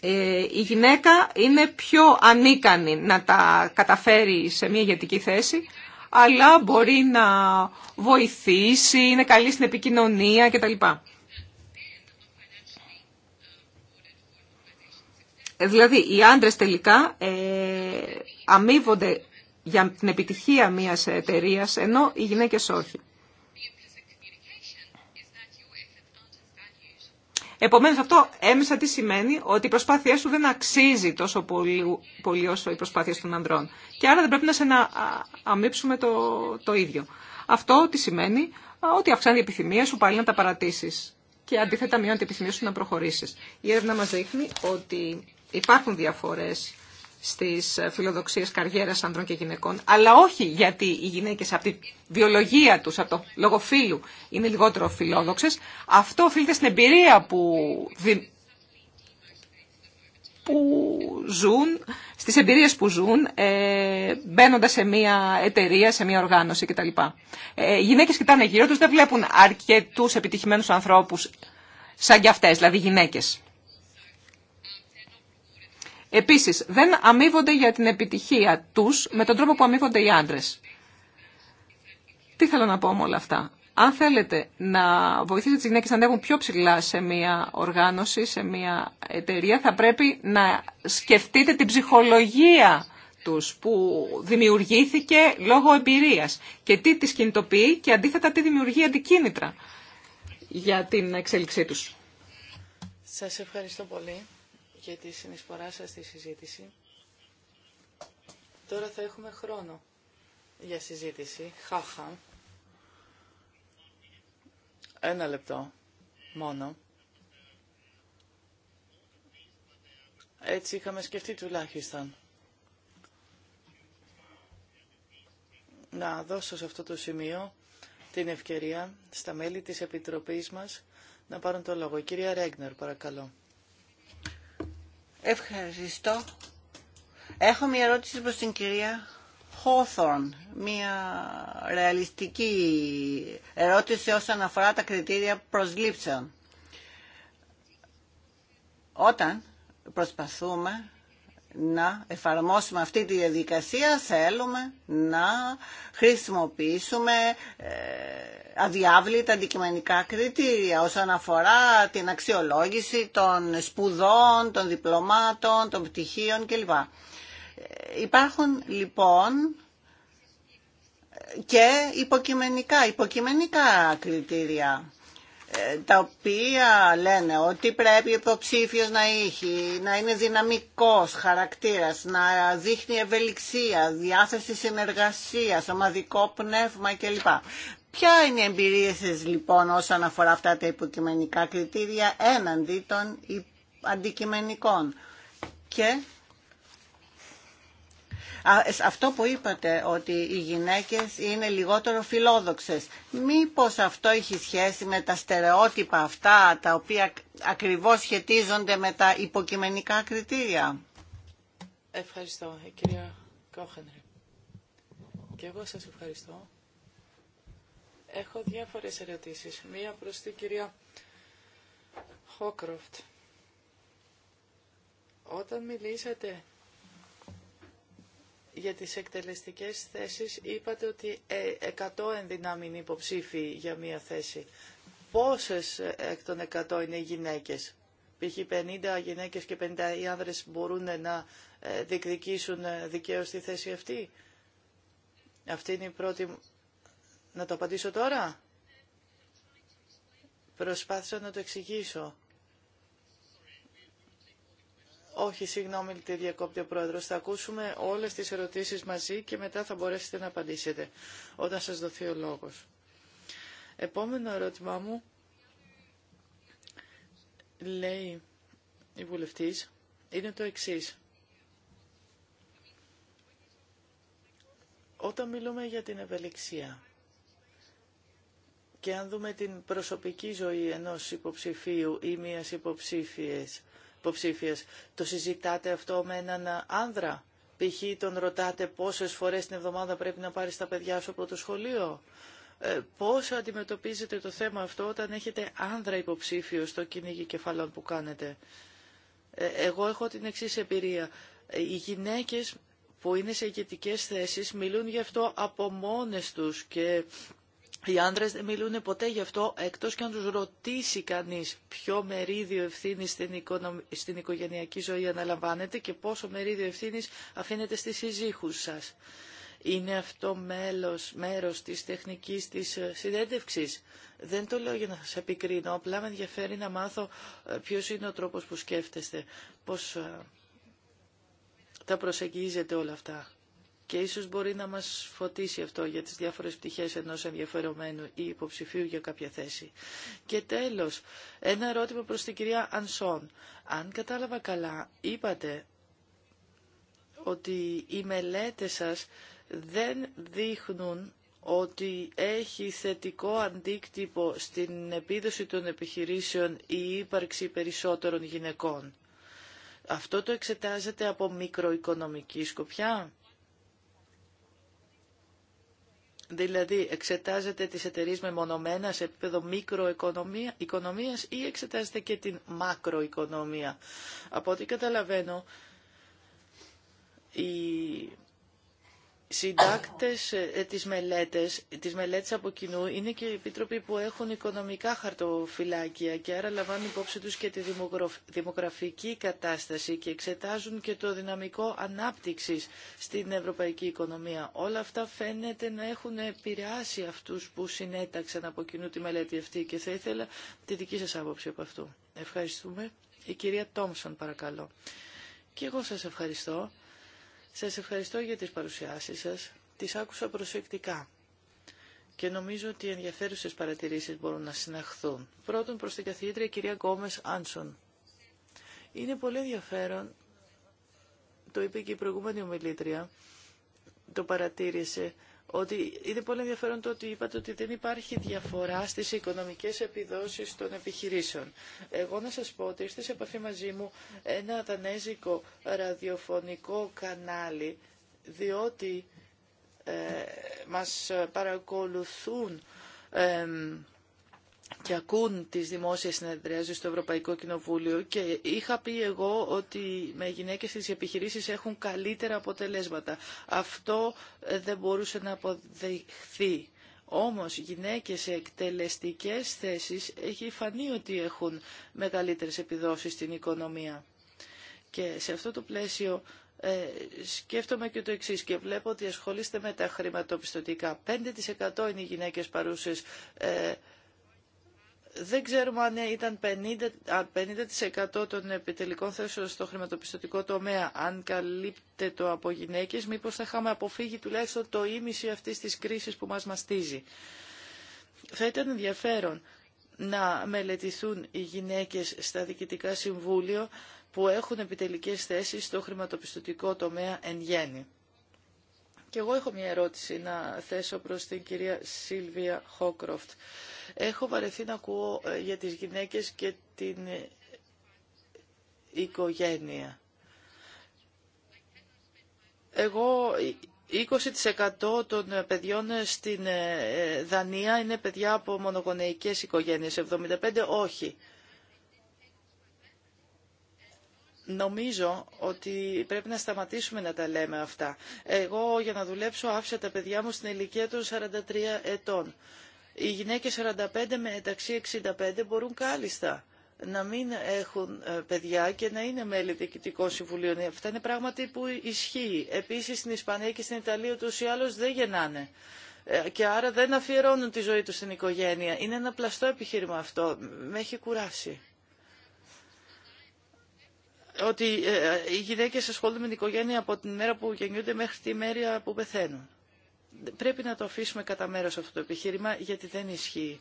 Ε, η γυναίκα είναι πιο ανίκανη να τα καταφέρει σε μια ηγετική θέση αλλά μπορεί να βοηθήσει, είναι καλή στην επικοινωνία κτλ. Ε, δηλαδή, οι άντρες τελικά ε, αμείβονται για την επιτυχία μιας εταιρεία, ενώ οι γυναίκες όχι. Επομένως αυτό έμεσα τι σημαίνει ότι η προσπάθειά σου δεν αξίζει τόσο πολύ, πολύ όσο οι προσπάθειες των ανδρών. Και άρα δεν πρέπει να σε να αμύψουμε το, το ίδιο. Αυτό τι σημαίνει ότι αυξάνει η επιθυμία σου πάλι να τα παρατήσεις και αντίθετα μειώνει την επιθυμία σου να προχωρήσεις. Η έρευνα μας δείχνει ότι υπάρχουν διαφορές στις ε, φιλοδοξίες καριέρας ανδρών και γυναικών, αλλά όχι γιατί οι γυναίκες από τη βιολογία τους, από το λόγο φίλου, είναι λιγότερο φιλόδοξες. Αυτό οφείλεται στην εμπειρία που, που ζουν, στις εμπειρίες που ζουν, ε, μπαίνοντας σε μια εταιρεία, σε μια οργάνωση κτλ. Ε, οι γυναίκες κοιτάνε γύρω τους, δεν βλέπουν αρκετούς επιτυχημένους ανθρώπους σαν κι αυτές, δηλαδή γυναίκες. Επίσης, δεν αμείβονται για την επιτυχία τους με τον τρόπο που αμείβονται οι άντρε. Τι θέλω να πω με όλα αυτά. Αν θέλετε να βοηθήσετε τις γυναίκες να ανέβουν πιο ψηλά σε μια οργάνωση, σε μια εταιρεία, θα πρέπει να σκεφτείτε την ψυχολογία τους που δημιουργήθηκε λόγω εμπειρίας και τι τις κινητοποιεί και αντίθετα τι δημιουργεί αντικίνητρα για την εξέλιξή τους. Σας ευχαριστώ πολύ και τη συνεισφορά σας στη συζήτηση. Τώρα θα έχουμε χρόνο για συζήτηση. Χάχα. Ένα λεπτό μόνο. Έτσι είχαμε σκεφτεί τουλάχιστον. Να δώσω σε αυτό το σημείο την ευκαιρία στα μέλη της Επιτροπής μας να πάρουν το λόγο. Η κυρία Ρέγνερ, παρακαλώ. Ευχαριστώ. Έχω μια ερώτηση προς την κυρία Hawthorne, μια ρεαλιστική ερώτηση όσον αφορά τα κριτήρια προσλήψεων. Όταν προσπαθούμε να εφαρμόσουμε αυτή τη διαδικασία θέλουμε να χρησιμοποιήσουμε ε, αδιάβλητα αντικειμενικά κριτήρια όσον αφορά την αξιολόγηση των σπουδών, των διπλωμάτων, των πτυχίων κλπ. Ε, υπάρχουν λοιπόν και υποκειμενικά, υποκειμενικά κριτήρια ε, τα οποία λένε ότι πρέπει ο υποψήφιος να έχει, να είναι δυναμικός χαρακτήρας, να δείχνει ευελιξία, διάθεση συνεργασίας, ομαδικό πνεύμα κλπ. Ποια είναι οι εμπειρία σας λοιπόν όσον αφορά αυτά τα υποκειμενικά κριτήρια έναντι των αντικειμενικών. Και αυτό που είπατε ότι οι γυναίκες είναι λιγότερο φιλόδοξες. Μήπως αυτό έχει σχέση με τα στερεότυπα αυτά τα οποία ακριβώς σχετίζονται με τα υποκειμενικά κριτήρια. Ευχαριστώ, ε, κυρία Κόχενρη. Και εγώ σας ευχαριστώ. Έχω διάφορες ερωτήσεις. Μία προς την κυρία Χόκροφτ. Όταν μιλήσατε για τις εκτελεστικές θέσεις είπατε ότι 100 ε, ενδυνάμει είναι υποψήφοι για μία θέση. Πόσες ε, εκ των 100 είναι οι γυναίκες. Π.χ. 50 γυναίκες και 50 οι άνδρες μπορούν να ε, διεκδικήσουν δικαίως τη θέση αυτή. Αυτή είναι η πρώτη... Να το απαντήσω τώρα. Προσπάθησα να το εξηγήσω. Όχι, συγγνώμη, τη διακόπτει ο πρόεδρο. Θα ακούσουμε όλε τι ερωτήσει μαζί και μετά θα μπορέσετε να απαντήσετε όταν σα δοθεί ο λόγο. Επόμενο ερώτημά μου λέει η βουλευτή είναι το εξή. Όταν μιλούμε για την ευελιξία και αν δούμε την προσωπική ζωή ενός υποψηφίου ή μίας υποψήφιες, υποψήφιες. Το συζητάτε αυτό με έναν άνδρα. Π.χ. τον ρωτάτε πόσες φορές την εβδομάδα πρέπει να πάρεις τα παιδιά σου από το σχολείο. Ε, πώς αντιμετωπίζετε το θέμα αυτό όταν έχετε άνδρα υποψήφιο στο κυνήγι κεφαλών που κάνετε. Ε, εγώ έχω την εξή εμπειρία. Οι γυναίκες που είναι σε ηγετικές θέσεις μιλούν γι' αυτό από μόνες τους και οι άνδρες δεν μιλούν ποτέ γι' αυτό, εκτός και αν τους ρωτήσει κανείς ποιο μερίδιο ευθύνης στην, στην οικογενειακή ζωή αναλαμβάνεται και πόσο μερίδιο ευθύνης αφήνεται στις συζύχους σας. Είναι αυτό μέλος, μέρος της τεχνικής της ε, συνέντευξης. Δεν το λέω για να σας επικρίνω, απλά με ενδιαφέρει να μάθω ε, ποιος είναι ο τρόπος που σκέφτεστε, πώς ε, τα προσεγγίζετε όλα αυτά και ίσως μπορεί να μας φωτίσει αυτό για τις διάφορες πτυχές ενός ενδιαφερομένου ή υποψηφίου για κάποια θέση. Και τέλος, ένα ερώτημα προς την κυρία Ανσόν. Αν κατάλαβα καλά, είπατε ότι οι μελέτες σας δεν δείχνουν ότι έχει θετικό αντίκτυπο στην επίδοση των επιχειρήσεων η ύπαρξη περισσότερων γυναικών. Αυτό το εξετάζεται από μικροοικονομική σκοπιά Δηλαδή, εξετάζετε τις εταιρείες μεμονωμένα σε επίπεδο μικροοικονομίας ή εξετάζετε και την μακροοικονομία. Από ό,τι καταλαβαίνω, η συντάκτες ε, ε, της μελέτες, της μελέτης από κοινού είναι και οι επίτροποι που έχουν οικονομικά χαρτοφυλάκια και άρα λαμβάνουν υπόψη τους και τη δημογραφική κατάσταση και εξετάζουν και το δυναμικό ανάπτυξης στην ευρωπαϊκή οικονομία. Όλα αυτά φαίνεται να έχουν επηρεάσει αυτούς που συνέταξαν από κοινού τη μελέτη αυτή και θα ήθελα τη δική σας άποψη από αυτού. Ευχαριστούμε. Η κυρία Τόμσον παρακαλώ. Και εγώ σας ευχαριστώ. Σας ευχαριστώ για τις παρουσιάσεις σας. Τις άκουσα προσεκτικά και νομίζω ότι οι ενδιαφέρουσες παρατηρήσεις μπορούν να συναχθούν. Πρώτον προς την καθηγήτρια κυρία Γκόμες Άνσον. Είναι πολύ ενδιαφέρον, το είπε και η προηγούμενη ομιλήτρια, το παρατήρησε, ότι είναι πολύ ενδιαφέρον το ότι είπατε ότι δεν υπάρχει διαφορά στις οικονομικές επιδόσεις των επιχειρήσεων. Εγώ να σας πω ότι είστε σε επαφή μαζί μου ένα δανέζικο ραδιοφωνικό κανάλι, διότι ε, μας παρακολουθούν και ακούν τις δημόσιες συνεδριάσεις στο Ευρωπαϊκό Κοινοβούλιο και είχα πει εγώ ότι με γυναίκες στις επιχειρήσεις έχουν καλύτερα αποτελέσματα. Αυτό ε, δεν μπορούσε να αποδεχθεί. Όμως γυναίκες σε εκτελεστικές θέσεις έχει φανεί ότι έχουν μεγαλύτερες επιδόσεις στην οικονομία. Και σε αυτό το πλαίσιο ε, σκέφτομαι και το εξής και βλέπω ότι ασχολείστε με τα χρηματοπιστωτικά. 5% είναι οι γυναίκες παρούσες ε, δεν ξέρουμε αν ήταν 50%, 50 των επιτελικών θέσεων στο χρηματοπιστωτικό τομέα, αν καλύπτε το από γυναίκε, μήπω θα είχαμε αποφύγει τουλάχιστον το ίμιση αυτή τη κρίση που μα μαστίζει. Θα ήταν ενδιαφέρον να μελετηθούν οι γυναίκες στα διοικητικά συμβούλια που έχουν επιτελικές θέσεις στο χρηματοπιστωτικό τομέα εν γέννη. Και εγώ έχω μια ερώτηση να θέσω προς την κυρία Σίλβια Χόκροφτ. Έχω βαρεθεί να ακούω ε, για τις γυναίκες και την ε, οικογένεια. Εγώ 20% ε, των παιδιών στην Δανία είναι παιδιά από μονογονεϊκές οικογένειες, 75% όχι. Νομίζω ότι πρέπει να σταματήσουμε να τα λέμε αυτά. Εγώ για να δουλέψω άφησα τα παιδιά μου στην ηλικία των 43 ετών. Οι γυναίκες 45 με ταξί 65 μπορούν κάλλιστα να μην έχουν ε, παιδιά και να είναι μέλη διοικητικών συμβουλίων. Ε, αυτά είναι πράγματι που ισχύει. Επίσης στην Ισπανία και στην Ιταλία τους ή άλλως δεν γεννάνε ε, και άρα δεν αφιερώνουν τη ζωή τους στην οικογένεια. Είναι ένα πλαστό επιχείρημα αυτό. Με έχει κουράσει ότι ε, οι γυναίκε ασχολούνται με την οικογένεια από την μέρα που γεννιούνται μέχρι τη μέρα που πεθαίνουν. Πρέπει να το αφήσουμε κατά μέρο αυτό το επιχείρημα γιατί δεν ισχύει.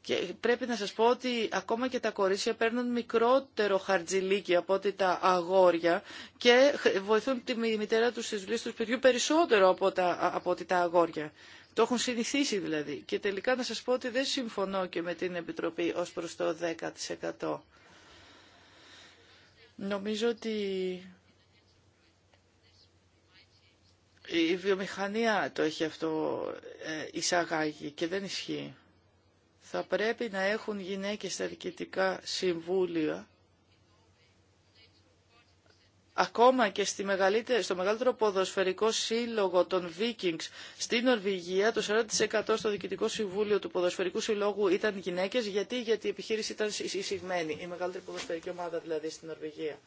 Και πρέπει να σα πω ότι ακόμα και τα κορίτσια παίρνουν μικρότερο χαρτζιλίκι από ότι τα αγόρια και βοηθούν τη μητέρα του στι δουλειέ του παιδιού περισσότερο από, τα, από ότι τα αγόρια. Το έχουν συνηθίσει δηλαδή. Και τελικά να σας πω ότι δεν συμφωνώ και με την Επιτροπή ως προς το 10%. Νομίζω ότι η βιομηχανία το έχει αυτό ε, εισαγάγει και δεν ισχύει. Θα πρέπει να έχουν γυναίκες στα διοικητικά συμβούλια Ακόμα και στο μεγαλύτερο ποδοσφαιρικό σύλλογο των Vikings στην Νορβηγία, το 40% στο Διοικητικό Συμβούλιο του Ποδοσφαιρικού Συλλόγου ήταν γυναίκες. Γιατί, γιατί η επιχείρηση ήταν εισηγμένη, η μεγαλύτερη ποδοσφαιρική ομάδα δηλαδή στην Νορβηγία.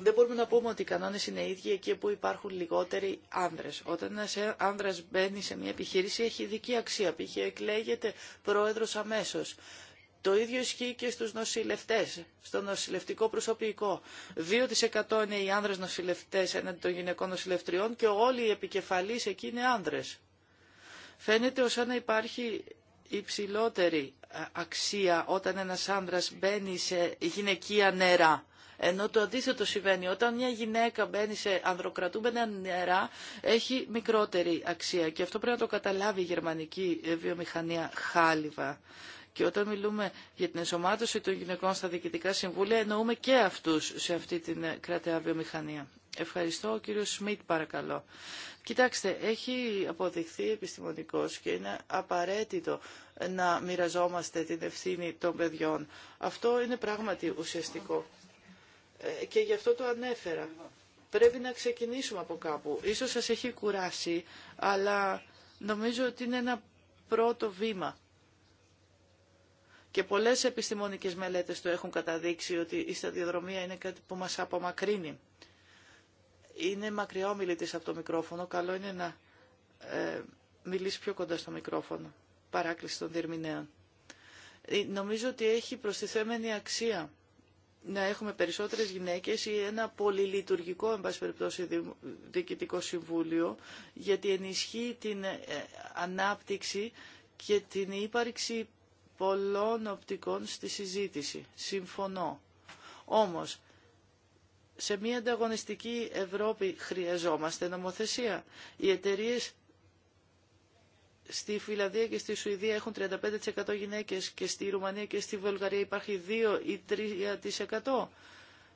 Δεν μπορούμε να πούμε ότι οι κανόνες είναι ίδιοι εκεί που υπάρχουν λιγότεροι άνδρες. Όταν ένας ε- άνδρας μπαίνει σε μια επιχείρηση έχει ειδική αξία, π.χ. εκλέγεται πρόεδρο αμέσω. Το ίδιο ισχύει και στους νοσηλευτές, στο νοσηλευτικό προσωπικό. 2% είναι οι άνδρες νοσηλευτές έναντι των γυναικών νοσηλευτριών και όλοι οι επικεφαλείς εκεί είναι άνδρες. Φαίνεται ως να υπάρχει υψηλότερη ε, αξία όταν ένας άνδρας μπαίνει σε γυναικεία νερά. Ενώ το αντίθετο συμβαίνει. Όταν μια γυναίκα μπαίνει σε ανδροκρατούμενα νερά, έχει μικρότερη αξία. Και αυτό πρέπει να το καταλάβει η γερμανική ε, βιομηχανία χάλιβα. Και όταν μιλούμε για την ενσωμάτωση των γυναικών στα διοικητικά συμβούλια, εννοούμε και αυτού σε αυτή την ε, κρατεά βιομηχανία. Ευχαριστώ. Ο κύριος Σμιτ παρακαλώ. Κοιτάξτε, έχει αποδειχθεί επιστημονικός και είναι απαραίτητο να μοιραζόμαστε την ευθύνη των παιδιών. Αυτό είναι πράγματι ουσιαστικό. Ε, και γι' αυτό το ανέφερα. Πρέπει να ξεκινήσουμε από κάπου. Ίσως σας έχει κουράσει, αλλά νομίζω ότι είναι ένα πρώτο βήμα. Και πολλές επιστημονικές μελέτες το έχουν καταδείξει ότι η σταδιοδρομία είναι κάτι που μας απομακρύνει. Είναι μιλητή από το μικρόφωνο. Καλό είναι να ε, μιλήσει πιο κοντά στο μικρόφωνο. Παράκληση των διερμηνέων. Ε, νομίζω ότι έχει προστιθέμενη αξία να έχουμε περισσότερες γυναίκες ή ένα πολυλειτουργικό, εν πάση περιπτώσει, διοικητικό συμβούλιο, γιατί ενισχύει την ε, ανάπτυξη και την ύπαρξη πολλών οπτικών στη συζήτηση. Συμφωνώ. Όμως, σε μια ανταγωνιστική Ευρώπη χρειαζόμαστε νομοθεσία. Οι εταιρείε στη Φιλανδία και στη Σουηδία έχουν 35% γυναίκες και στη Ρουμανία και στη Βουλγαρία υπάρχει 2 ή 3%.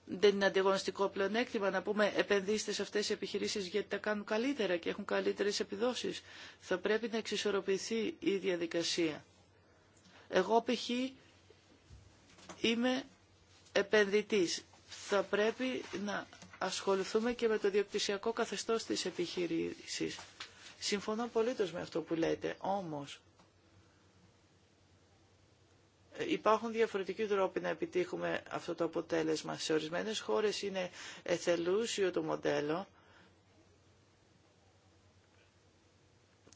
Δεν είναι αντιγωνιστικό πλεονέκτημα να πούμε επενδύστε σε αυτές οι επιχειρήσει γιατί τα κάνουν καλύτερα και έχουν καλύτερε επιδόσεις. Θα πρέπει να εξισορροπηθεί η διαδικασία. Εγώ π.χ. είμαι επενδυτής. Θα πρέπει να ασχοληθούμε και με το διοκτησιακό καθεστώς της επιχειρήσης. Συμφωνώ πολύ με αυτό που λέτε, όμως υπάρχουν διαφορετικοί τρόποι να επιτύχουμε αυτό το αποτέλεσμα. Σε ορισμένες χώρες είναι εθελούσιο το μοντέλο,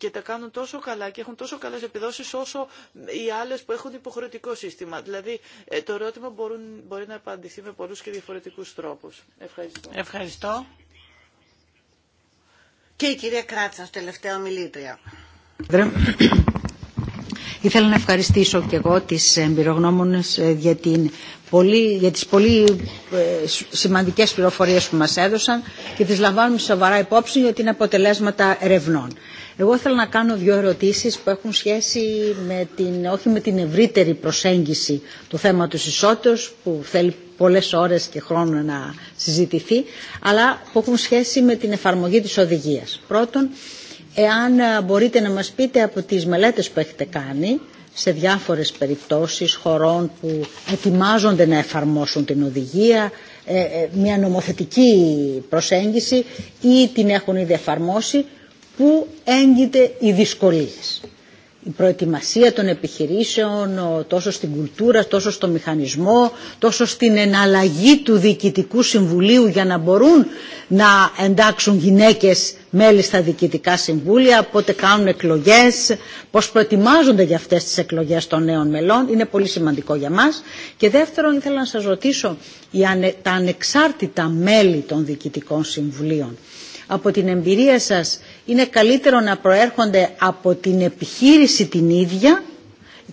και τα κάνουν τόσο καλά και έχουν τόσο καλές επιδόσεις όσο οι άλλες που έχουν υποχρεωτικό σύστημα. Δηλαδή ε, το ερώτημα μπορούν, μπορεί να απαντηθεί με πολλούς και διαφορετικούς τρόπους. Ευχαριστώ. Ευχαριστώ. Και η κυρία Κράτσα, τελευταία ομιλήτρια. Ήθελα να ευχαριστήσω και εγώ τις εμπειρογνώμονες ε, για, την πολύ, για τις πολύ ε, σημαντικές πληροφορίες που μας έδωσαν και τις λαμβάνουμε σοβαρά υπόψη για την αποτελέσματα ερευνών. Εγώ θέλω να κάνω δύο ερωτήσεις που έχουν σχέση με την, όχι με την ευρύτερη προσέγγιση του θέματος ισότητος που θέλει πολλές ώρες και χρόνο να συζητηθεί αλλά που έχουν σχέση με την εφαρμογή της οδηγίας. Πρώτον, εάν ε, μπορείτε να μας πείτε από τις μελέτες που έχετε κάνει σε διάφορες περιπτώσεις χωρών που ετοιμάζονται να εφαρμόσουν την οδηγία, ε, ε, μια νομοθετική προσέγγιση ή την έχουν ήδη εφαρμόσει, που έγκυται οι δυσκολίες η προετοιμασία των επιχειρήσεων τόσο στην κουλτούρα, τόσο στο μηχανισμό, τόσο στην εναλλαγή του Διοικητικού Συμβουλίου για να μπορούν να εντάξουν γυναίκες μέλη στα Διοικητικά Συμβούλια, πότε κάνουν εκλογές, πώς προετοιμάζονται για αυτές τις εκλογές των νέων μελών. Είναι πολύ σημαντικό για μας. Και δεύτερον, ήθελα να σας ρωτήσω τα ανεξάρτητα μέλη των Διοικητικών Συμβουλίων. Από την εμπειρία σας είναι καλύτερο να προέρχονται από την επιχείρηση την ίδια,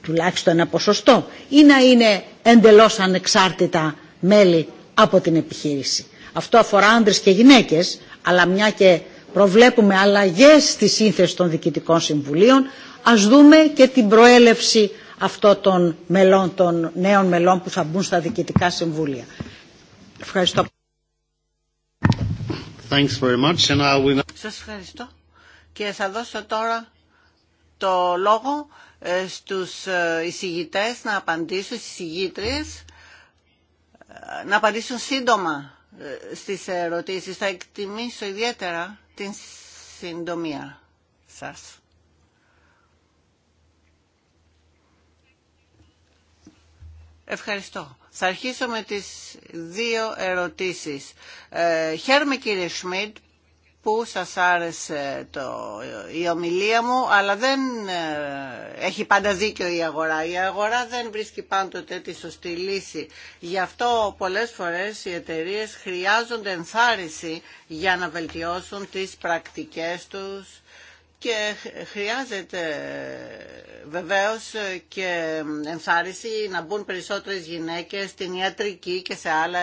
τουλάχιστον ένα ποσοστό, ή να είναι εντελώς ανεξάρτητα μέλη από την επιχείρηση. Αυτό αφορά άντρες και γυναίκες, αλλά μια και προβλέπουμε αλλαγές στη σύνθεση των διοικητικών συμβουλίων, ας δούμε και την προέλευση αυτών των, μελών, των νέων μελών που θα μπουν στα διοικητικά συμβούλια. Ευχαριστώ. Thanks Σας ευχαριστώ και θα δώσω τώρα το λόγο ε, στους ε, εισηγητές να απαντήσουν, στις εισηγήτριες, ε, να απαντήσουν σύντομα στις ερωτήσεις. Θα εκτιμήσω ιδιαίτερα την συντομία σας. Ευχαριστώ. Θα αρχίσω με τις δύο ερωτήσεις. Ε, χαίρομαι κύριε Σμιτ που σας άρεσε το, η ομιλία μου, αλλά δεν ε, έχει πάντα δίκιο η αγορά. Η αγορά δεν βρίσκει πάντοτε τη σωστή λύση. Γι' αυτό πολλές φορές οι εταιρείες χρειάζονται ενθάρρυνση για να βελτιώσουν τις πρακτικές τους, και χρειάζεται βεβαίως και ενθάρρυση να μπουν περισσότερες γυναίκες στην ιατρική και σε άλλα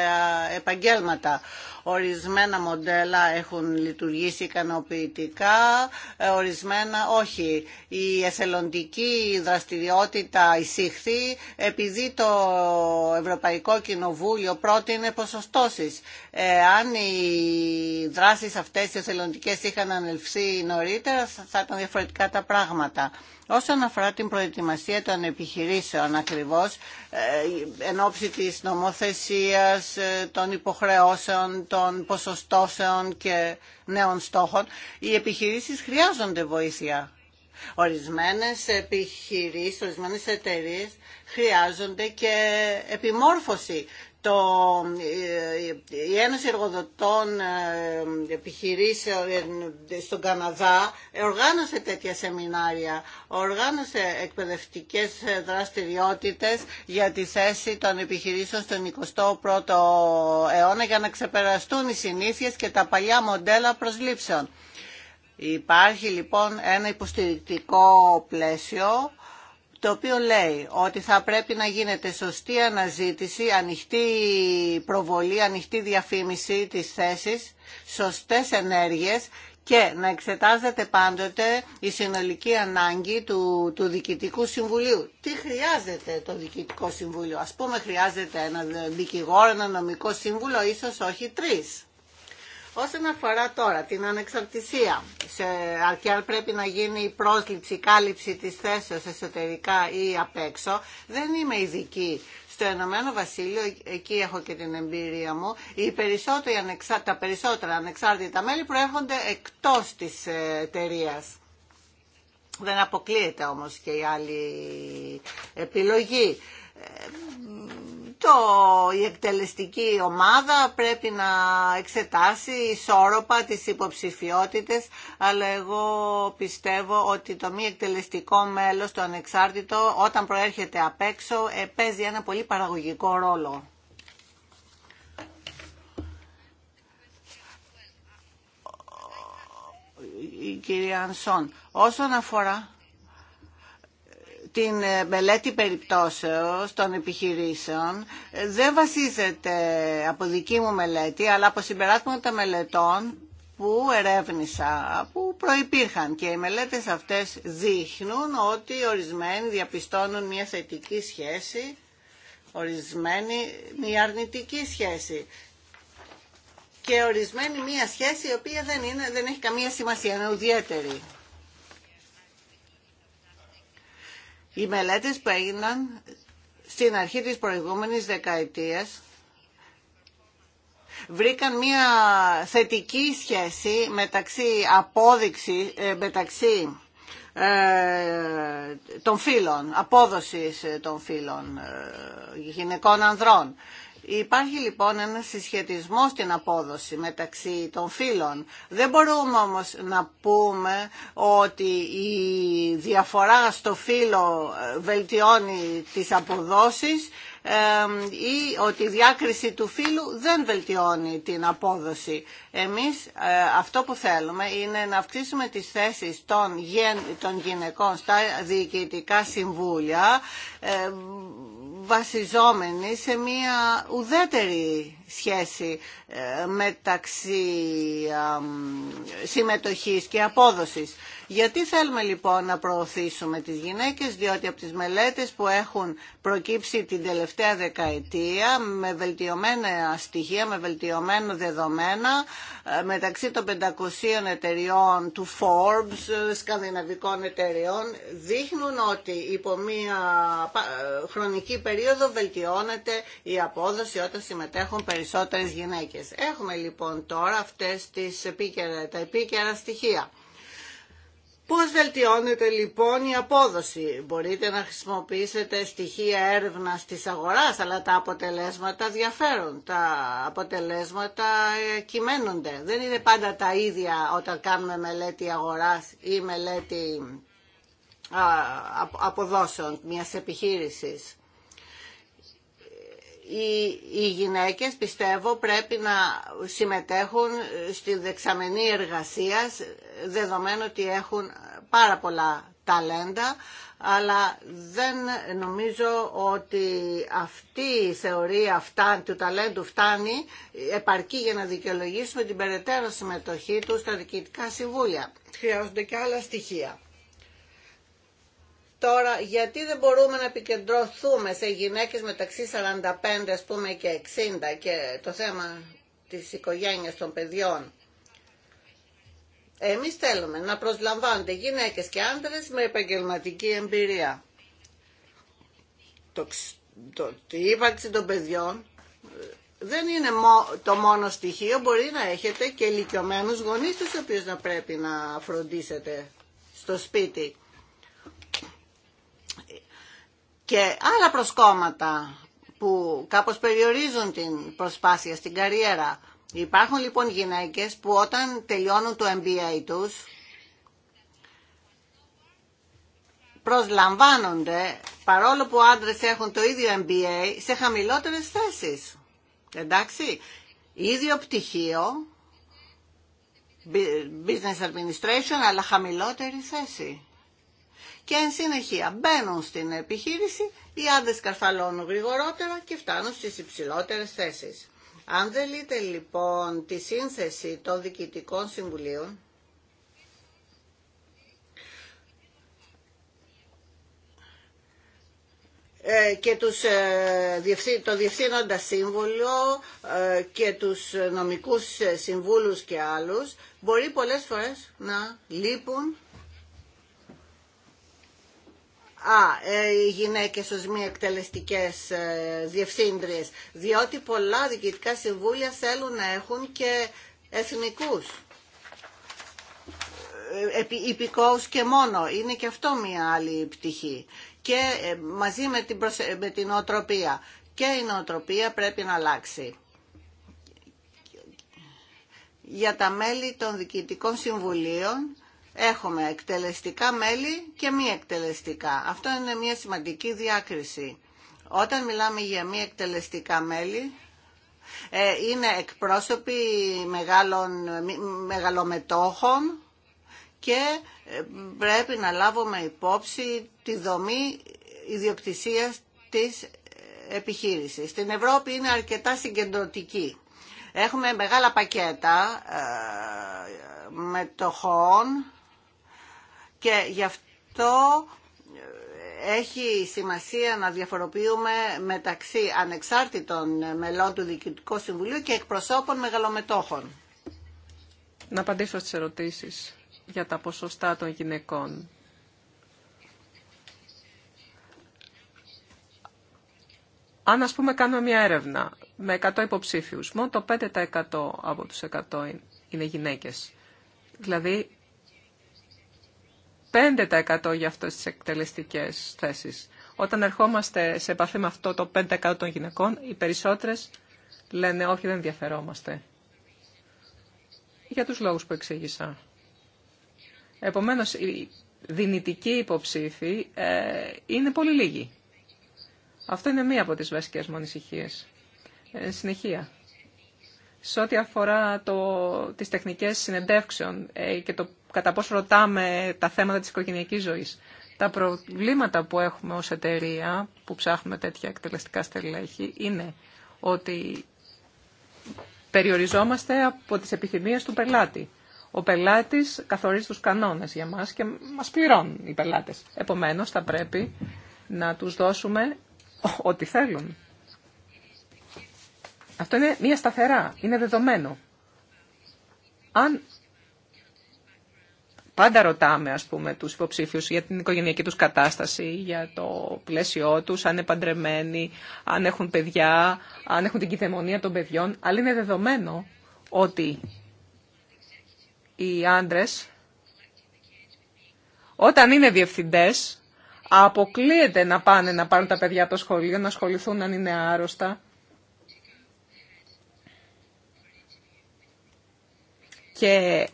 επαγγέλματα. Ορισμένα μοντέλα έχουν λειτουργήσει ικανοποιητικά, ε, ορισμένα όχι. Η εθελοντική δραστηριότητα εισήχθη επειδή το Ευρωπαϊκό Κοινοβούλιο πρότεινε ποσοστώσεις. Ε, αν οι δράσεις αυτές οι εθελοντικές είχαν ανελφθεί νωρίτερα θα ήταν διαφορετικά τα πράγματα. Όσον αφορά την προετοιμασία των επιχειρήσεων ακριβώς, ε, εν ώψη της νομοθεσίας, ε, των υποχρεώσεων, των ποσοστώσεων και νέων στόχων, οι επιχειρήσεις χρειάζονται βοήθεια. Ορισμένες επιχειρήσεις, ορισμένες εταιρείες χρειάζονται και επιμόρφωση το, η Ένωση Εργοδοτών ε, Επιχειρήσεων ε, στον Καναδά οργάνωσε τέτοια σεμινάρια, οργάνωσε εκπαιδευτικές δραστηριότητες για τη θέση των επιχειρήσεων στον 21ο αιώνα για να ξεπεραστούν οι συνήθειες και τα παλιά μοντέλα προσλήψεων. Υπάρχει λοιπόν ένα υποστηρικτικό πλαίσιο το οποίο λέει ότι θα πρέπει να γίνεται σωστή αναζήτηση, ανοιχτή προβολή, ανοιχτή διαφήμιση της θέσης, σωστές ενέργειες και να εξετάζεται πάντοτε η συνολική ανάγκη του, του Διοικητικού Συμβουλίου. Τι χρειάζεται το Διοικητικό Συμβούλιο. Ας πούμε χρειάζεται ένα δικηγόρο, ένα νομικό σύμβουλο, ίσως όχι τρεις. Όσον αφορά τώρα την ανεξαρτησία, σε, πρέπει να γίνει η πρόσληψη, η κάλυψη της θέσεως εσωτερικά ή απ' έξω, δεν είμαι ειδική. Στο Ενωμένο Βασίλειο, εκεί έχω και την εμπειρία μου, οι περισσότεροι, τα περισσότερα ανεξάρτητα μέλη προέρχονται εκτός της ε, εταιρεία. Δεν αποκλείεται όμως και η άλλη επιλογή ε, το, η εκτελεστική ομάδα πρέπει να εξετάσει ισόρροπα τις υποψηφιότητες, αλλά εγώ πιστεύω ότι το μη εκτελεστικό μέλος, το ανεξάρτητο, όταν προέρχεται απ' έξω, παίζει ένα πολύ παραγωγικό ρόλο. Η κυρία Ανσόν, όσον αφορά την ε, μελέτη περιπτώσεως των επιχειρήσεων ε, δεν βασίζεται από δική μου μελέτη, αλλά από συμπεράσματα μελετών που ερεύνησα, που προϋπήρχαν και οι μελέτες αυτές δείχνουν ότι ορισμένοι διαπιστώνουν μια θετική σχέση, ορισμένοι μια αρνητική σχέση και ορισμένη μια σχέση η οποία δεν, είναι, δεν έχει καμία σημασία, είναι ουδιαίτερη. Οι μελέτες που έγιναν στην αρχή της προηγούμενης δεκαετίας βρήκαν μια θετική σχέση μεταξύ απόδειξη, ε, μεταξύ των φίλων απόδοσης των φύλων ε, ε, γυναικών ανδρών. Υπάρχει λοιπόν ένα συσχετισμό στην απόδοση μεταξύ των φύλων. Δεν μπορούμε όμως να πούμε ότι η διαφορά στο φύλο ε, βελτιώνει τις αποδόσεις ή ότι η διάκριση του φύλου δεν βελτιώνει την απόδοση. Εμείς ε, αυτό που θέλουμε είναι να αυξήσουμε τις θέσεις των γυναικών στα διοικητικά συμβούλια ε, βασιζόμενη σε μια ουδέτερη σχέση ε, μεταξύ συμμετοχής και απόδοσης. Γιατί θέλουμε λοιπόν να προωθήσουμε τις γυναίκες, διότι από τις μελέτες που έχουν προκύψει την τελευταία δεκαετία με βελτιωμένα στοιχεία, με βελτιωμένα δεδομένα ε, μεταξύ των 500 εταιριών του Forbes, ε, σκανδιναβικών εταιριών, δείχνουν ότι υπό μία χρονική περίοδο βελτιώνεται η απόδοση όταν συμμετέχουν περισσότερες γυναίκες. Έχουμε λοιπόν τώρα αυτές τις επίκαιρα, τα επίκαιρα στοιχεία. Πώς βελτιώνεται λοιπόν η απόδοση. Μπορείτε να χρησιμοποιήσετε στοιχεία έρευνα της αγοράς, αλλά τα αποτελέσματα διαφέρουν. Τα αποτελέσματα ε, κυμαίνονται. Δεν είναι πάντα τα ίδια όταν κάνουμε μελέτη αγοράς ή μελέτη αποδόσεων μιας επιχείρησης οι, γυναίκες πιστεύω πρέπει να συμμετέχουν στη δεξαμενή εργασία δεδομένου ότι έχουν πάρα πολλά ταλέντα αλλά δεν νομίζω ότι αυτή η θεωρία του ταλέντου φτάνει επαρκεί για να δικαιολογήσουμε την περαιτέρω συμμετοχή του στα διοικητικά συμβούλια. Χρειάζονται και άλλα στοιχεία. Τώρα, γιατί δεν μπορούμε να επικεντρωθούμε σε γυναίκες μεταξύ 45 ας πούμε και 60 και το θέμα της οικογένειας των παιδιών. Εμείς θέλουμε να προσλαμβάνονται γυναίκες και άντρες με επαγγελματική εμπειρία. Το, το, η ύπαρξη των παιδιών ε, δεν είναι το μόνο στοιχείο, μπορεί να έχετε και ηλικιωμένους γονείς τους οποίους να πρέπει να φροντίσετε στο σπίτι και άλλα προσκόμματα που κάπως περιορίζουν την προσπάθεια στην καριέρα. Υπάρχουν λοιπόν γυναίκες που όταν τελειώνουν το MBA τους προσλαμβάνονται παρόλο που άντρες έχουν το ίδιο MBA σε χαμηλότερες θέσεις. Εντάξει, ίδιο πτυχίο, business administration αλλά χαμηλότερη θέση και εν συνεχεία μπαίνουν στην επιχείρηση, οι άντρες καρφαλώνουν γρηγορότερα και φτάνουν στις υψηλότερες θέσεις. Αν δεν λοιπόν τη σύνθεση των διοικητικών συμβουλίων, ε, και τους, ε, το διευθύνοντα σύμβουλο ε, και τους νομικούς συμβούλους και άλλους μπορεί πολλές φορές να λείπουν Α, ε, οι γυναίκες ως μη εκτελεστικές ε, διευθύντριες, διότι πολλά διοικητικά συμβούλια θέλουν να έχουν και εθνικούς ε, Υπηκόου και μόνο. Είναι και αυτό μία άλλη πτυχή. Και μαζί με την, προσε... την οτροπία. Και η νοοτροπία πρέπει να αλλάξει. Για τα μέλη των διοικητικών συμβουλίων Έχουμε εκτελεστικά μέλη και μη εκτελεστικά. Αυτό είναι μια σημαντική διάκριση. Όταν μιλάμε για μη εκτελεστικά μέλη, ε, είναι εκπρόσωποι μεγάλων, μεγαλομετόχων και ε, πρέπει να λάβουμε υπόψη τη δομή ιδιοκτησίας της επιχείρησης. Στην Ευρώπη είναι αρκετά συγκεντρωτική. Έχουμε μεγάλα πακέτα ε, μετοχών και γι' αυτό ε, έχει σημασία να διαφοροποιούμε μεταξύ ανεξάρτητων μελών του Διοικητικού Συμβουλίου και εκπροσώπων μεγαλομετόχων. Να απαντήσω στις ερωτήσεις για τα ποσοστά των γυναικών. Αν ας πούμε κάνουμε μια έρευνα με 100 υποψήφιους, μόνο το 5% από τους 100 είναι γυναίκες. Δηλαδή 5% για αυτές τις εκτελεστικές θέσεις. Όταν ερχόμαστε σε επαφή με αυτό το 5% των γυναικών, οι περισσότερες λένε όχι δεν ενδιαφερόμαστε. Για τους λόγους που εξήγησα. Επομένως, οι δυνητικοί υποψήφοι ε, είναι πολύ λίγοι. Αυτό είναι μία από τις βασικές μου ε, συνεχεία. Σε ό,τι αφορά το, τις τεχνικές συνεντεύξεων ε, και το κατά πόσο ρωτάμε τα θέματα της οικογενειακής ζωής. Τα προβλήματα που έχουμε ως εταιρεία που ψάχνουμε τέτοια εκτελεστικά στελέχη είναι ότι περιοριζόμαστε από τις επιθυμίες του πελάτη. Ο πελάτης καθορίζει τους κανόνες για μας και μας πληρώνουν οι πελάτες. Επομένως θα πρέπει να τους δώσουμε ό,τι θέλουν. Αυτό είναι μία σταθερά, είναι δεδομένο. Αν Πάντα ρωτάμε, ας πούμε, τους υποψήφιους για την οικογενειακή τους κατάσταση, για το πλαίσιό τους, αν είναι παντρεμένοι, αν έχουν παιδιά, αν έχουν την κυθεμονία των παιδιών. Αλλά είναι δεδομένο ότι οι άντρες, όταν είναι διευθυντές, αποκλείεται να πάνε να πάρουν τα παιδιά από το σχολείο, να ασχοληθούν αν είναι άρρωστα. Και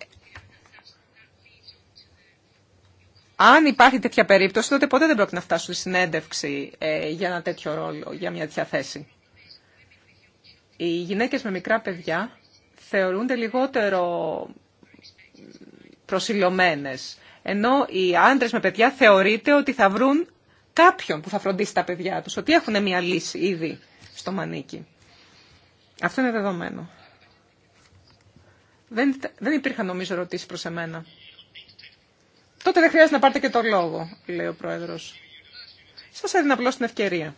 αν υπάρχει τέτοια περίπτωση, τότε ποτέ δεν πρόκειται να φτάσουν στη συνέντευξη ε, για ένα τέτοιο ρόλο, για μια τέτοια θέση. Οι γυναίκες με μικρά παιδιά θεωρούνται λιγότερο προσιλωμένες, ενώ οι άντρες με παιδιά θεωρείται ότι θα βρουν κάποιον που θα φροντίσει τα παιδιά τους, ότι έχουν μια λύση ήδη στο μανίκι. Αυτό είναι δεδομένο. Δεν, δεν υπήρχαν νομίζω ερωτήσει προς εμένα. Τότε δεν χρειάζεται να πάρετε και το λόγο, λέει ο Πρόεδρος. Σας έδινα απλώ την ευκαιρία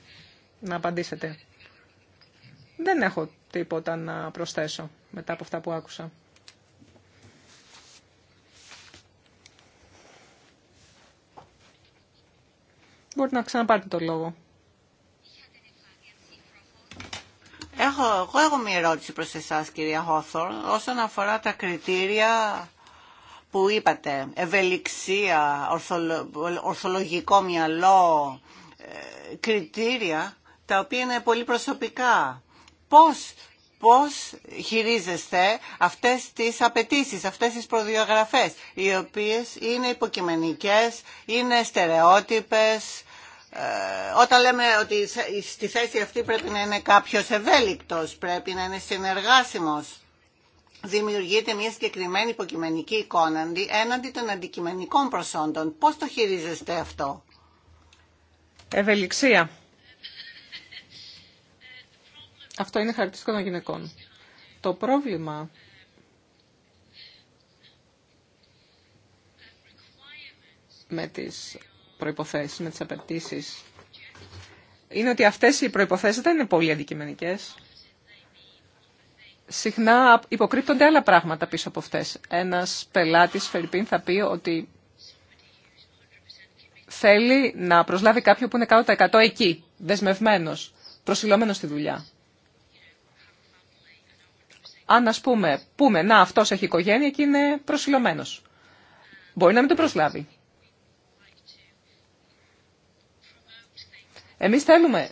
να απαντήσετε. Δεν έχω τίποτα να προσθέσω μετά από αυτά που άκουσα. Μπορείτε να ξαναπάρτε το λόγο. Έχω, εγώ έχω μια ερώτηση προς εσάς κυρία Χόθορν όσον αφορά τα κριτήρια που είπατε, ευελιξία, ορθολογικό μυαλό, ε, κριτήρια, τα οποία είναι πολύ προσωπικά. Πώς, πώς χειρίζεστε αυτές τις απαιτήσεις, αυτές τις προδιογραφές, οι οποίες είναι υποκειμενικές, είναι στερεότυπες, ε, όταν λέμε ότι στη θέση αυτή πρέπει να είναι κάποιος ευέλικτος, πρέπει να είναι συνεργάσιμος, δημιουργείται μια συγκεκριμένη υποκειμενική εικόνα έναντι των αντικειμενικών προσόντων. Πώς το χειρίζεστε αυτό? Ευελιξία. Αυτό είναι χαρακτηριστικό των γυναικών. Το πρόβλημα με τις προϋποθέσεις, με τις απαιτήσει. είναι ότι αυτές οι προϋποθέσεις δεν είναι πολύ αντικειμενικές συχνά υποκρύπτονται άλλα πράγματα πίσω από αυτές. Ένας πελάτης, Φερρυπίν, θα πει ότι θέλει να προσλάβει κάποιον που είναι κάτω τα 100 εκεί, δεσμευμένος, προσιλωμένος στη δουλειά. Αν ας πούμε, πούμε, να αυτός έχει οικογένεια και είναι προσιλωμένος. Μπορεί να μην το προσλάβει. Εμείς θέλουμε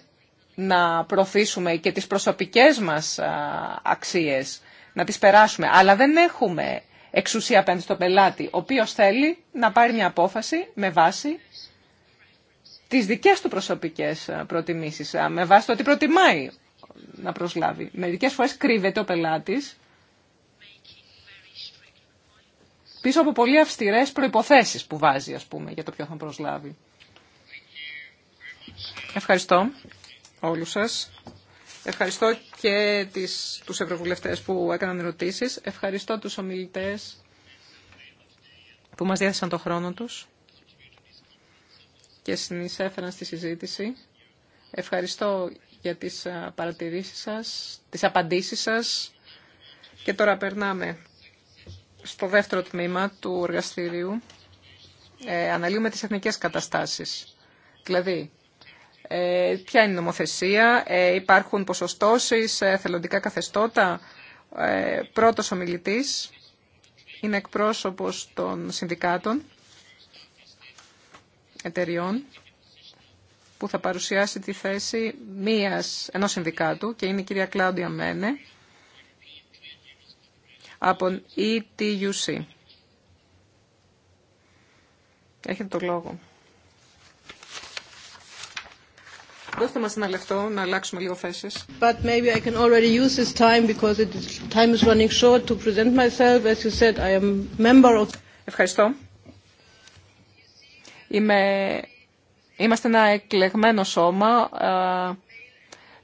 να προωθήσουμε και τις προσωπικές μας αξίες, να τις περάσουμε. Αλλά δεν έχουμε εξουσία απέναντι στον πελάτη, ο οποίος θέλει να πάρει μια απόφαση με βάση τις δικές του προσωπικές προτιμήσεις, με βάση το ότι προτιμάει να προσλάβει. Μερικές φορές κρύβεται ο πελάτης πίσω από πολύ αυστηρές προϋποθέσεις που βάζει, ας πούμε, για το ποιο θα προσλάβει. Ευχαριστώ όλους σας. Ευχαριστώ και τις, τους ευρωβουλευτές που έκαναν ερωτήσεις. Ευχαριστώ τους ομιλητές που μας διέθεσαν το χρόνο τους και συνεισέφεραν στη συζήτηση. Ευχαριστώ για τις παρατηρήσεις σας, τις απαντήσεις σας. Και τώρα περνάμε στο δεύτερο τμήμα του εργαστηρίου. Ε, αναλύουμε τις εθνικές καταστάσεις. Δηλαδή, ε, ποια είναι η νομοθεσία, ε, υπάρχουν ποσοστώσεις, ε, θελοντικά καθεστώτα. Πρώτος ομιλητής είναι εκπρόσωπος των συνδικάτων εταιριών που θα παρουσιάσει τη θέση μίας, ενός συνδικάτου και είναι η κυρία Κλάουντια Μένε από ETUC. Έχετε το λόγο. Δώστε μας ένα λεπτό να αλλάξουμε λίγο θέσεις. But maybe I can already use this time because it is, time is running short to present myself. As you said, I am member of... Ευχαριστώ. Είμαι... Είμαστε ένα εκλεγμένο σώμα. Ε,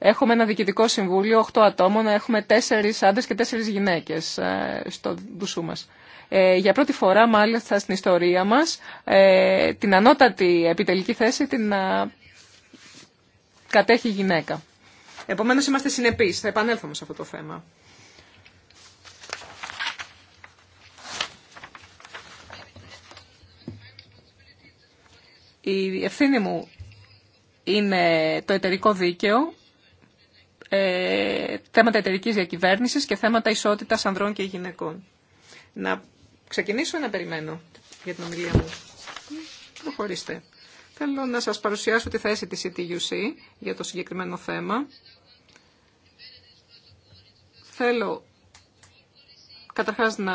έχουμε ένα διοικητικό συμβούλιο, 8 ατόμων, έχουμε 4 άντρες και 4 γυναίκες ε, στο δουσού μας. Ε, για πρώτη φορά μάλιστα στην ιστορία μας ε, την ανώτατη επιτελική θέση την α, ε, κατέχει γυναίκα. Επομένως είμαστε συνεπείς, θα επανέλθουμε σε αυτό το θέμα. Η ευθύνη μου είναι το εταιρικό δίκαιο, ε, θέματα εταιρικής διακυβέρνησης και θέματα ισότητας ανδρών και γυναικών. Να ξεκινήσω ή να περιμένω για την ομιλία μου. Προχωρήστε. Θέλω να σας παρουσιάσω τη θέση της CTUC για το συγκεκριμένο θέμα. Θέλω καταρχάς να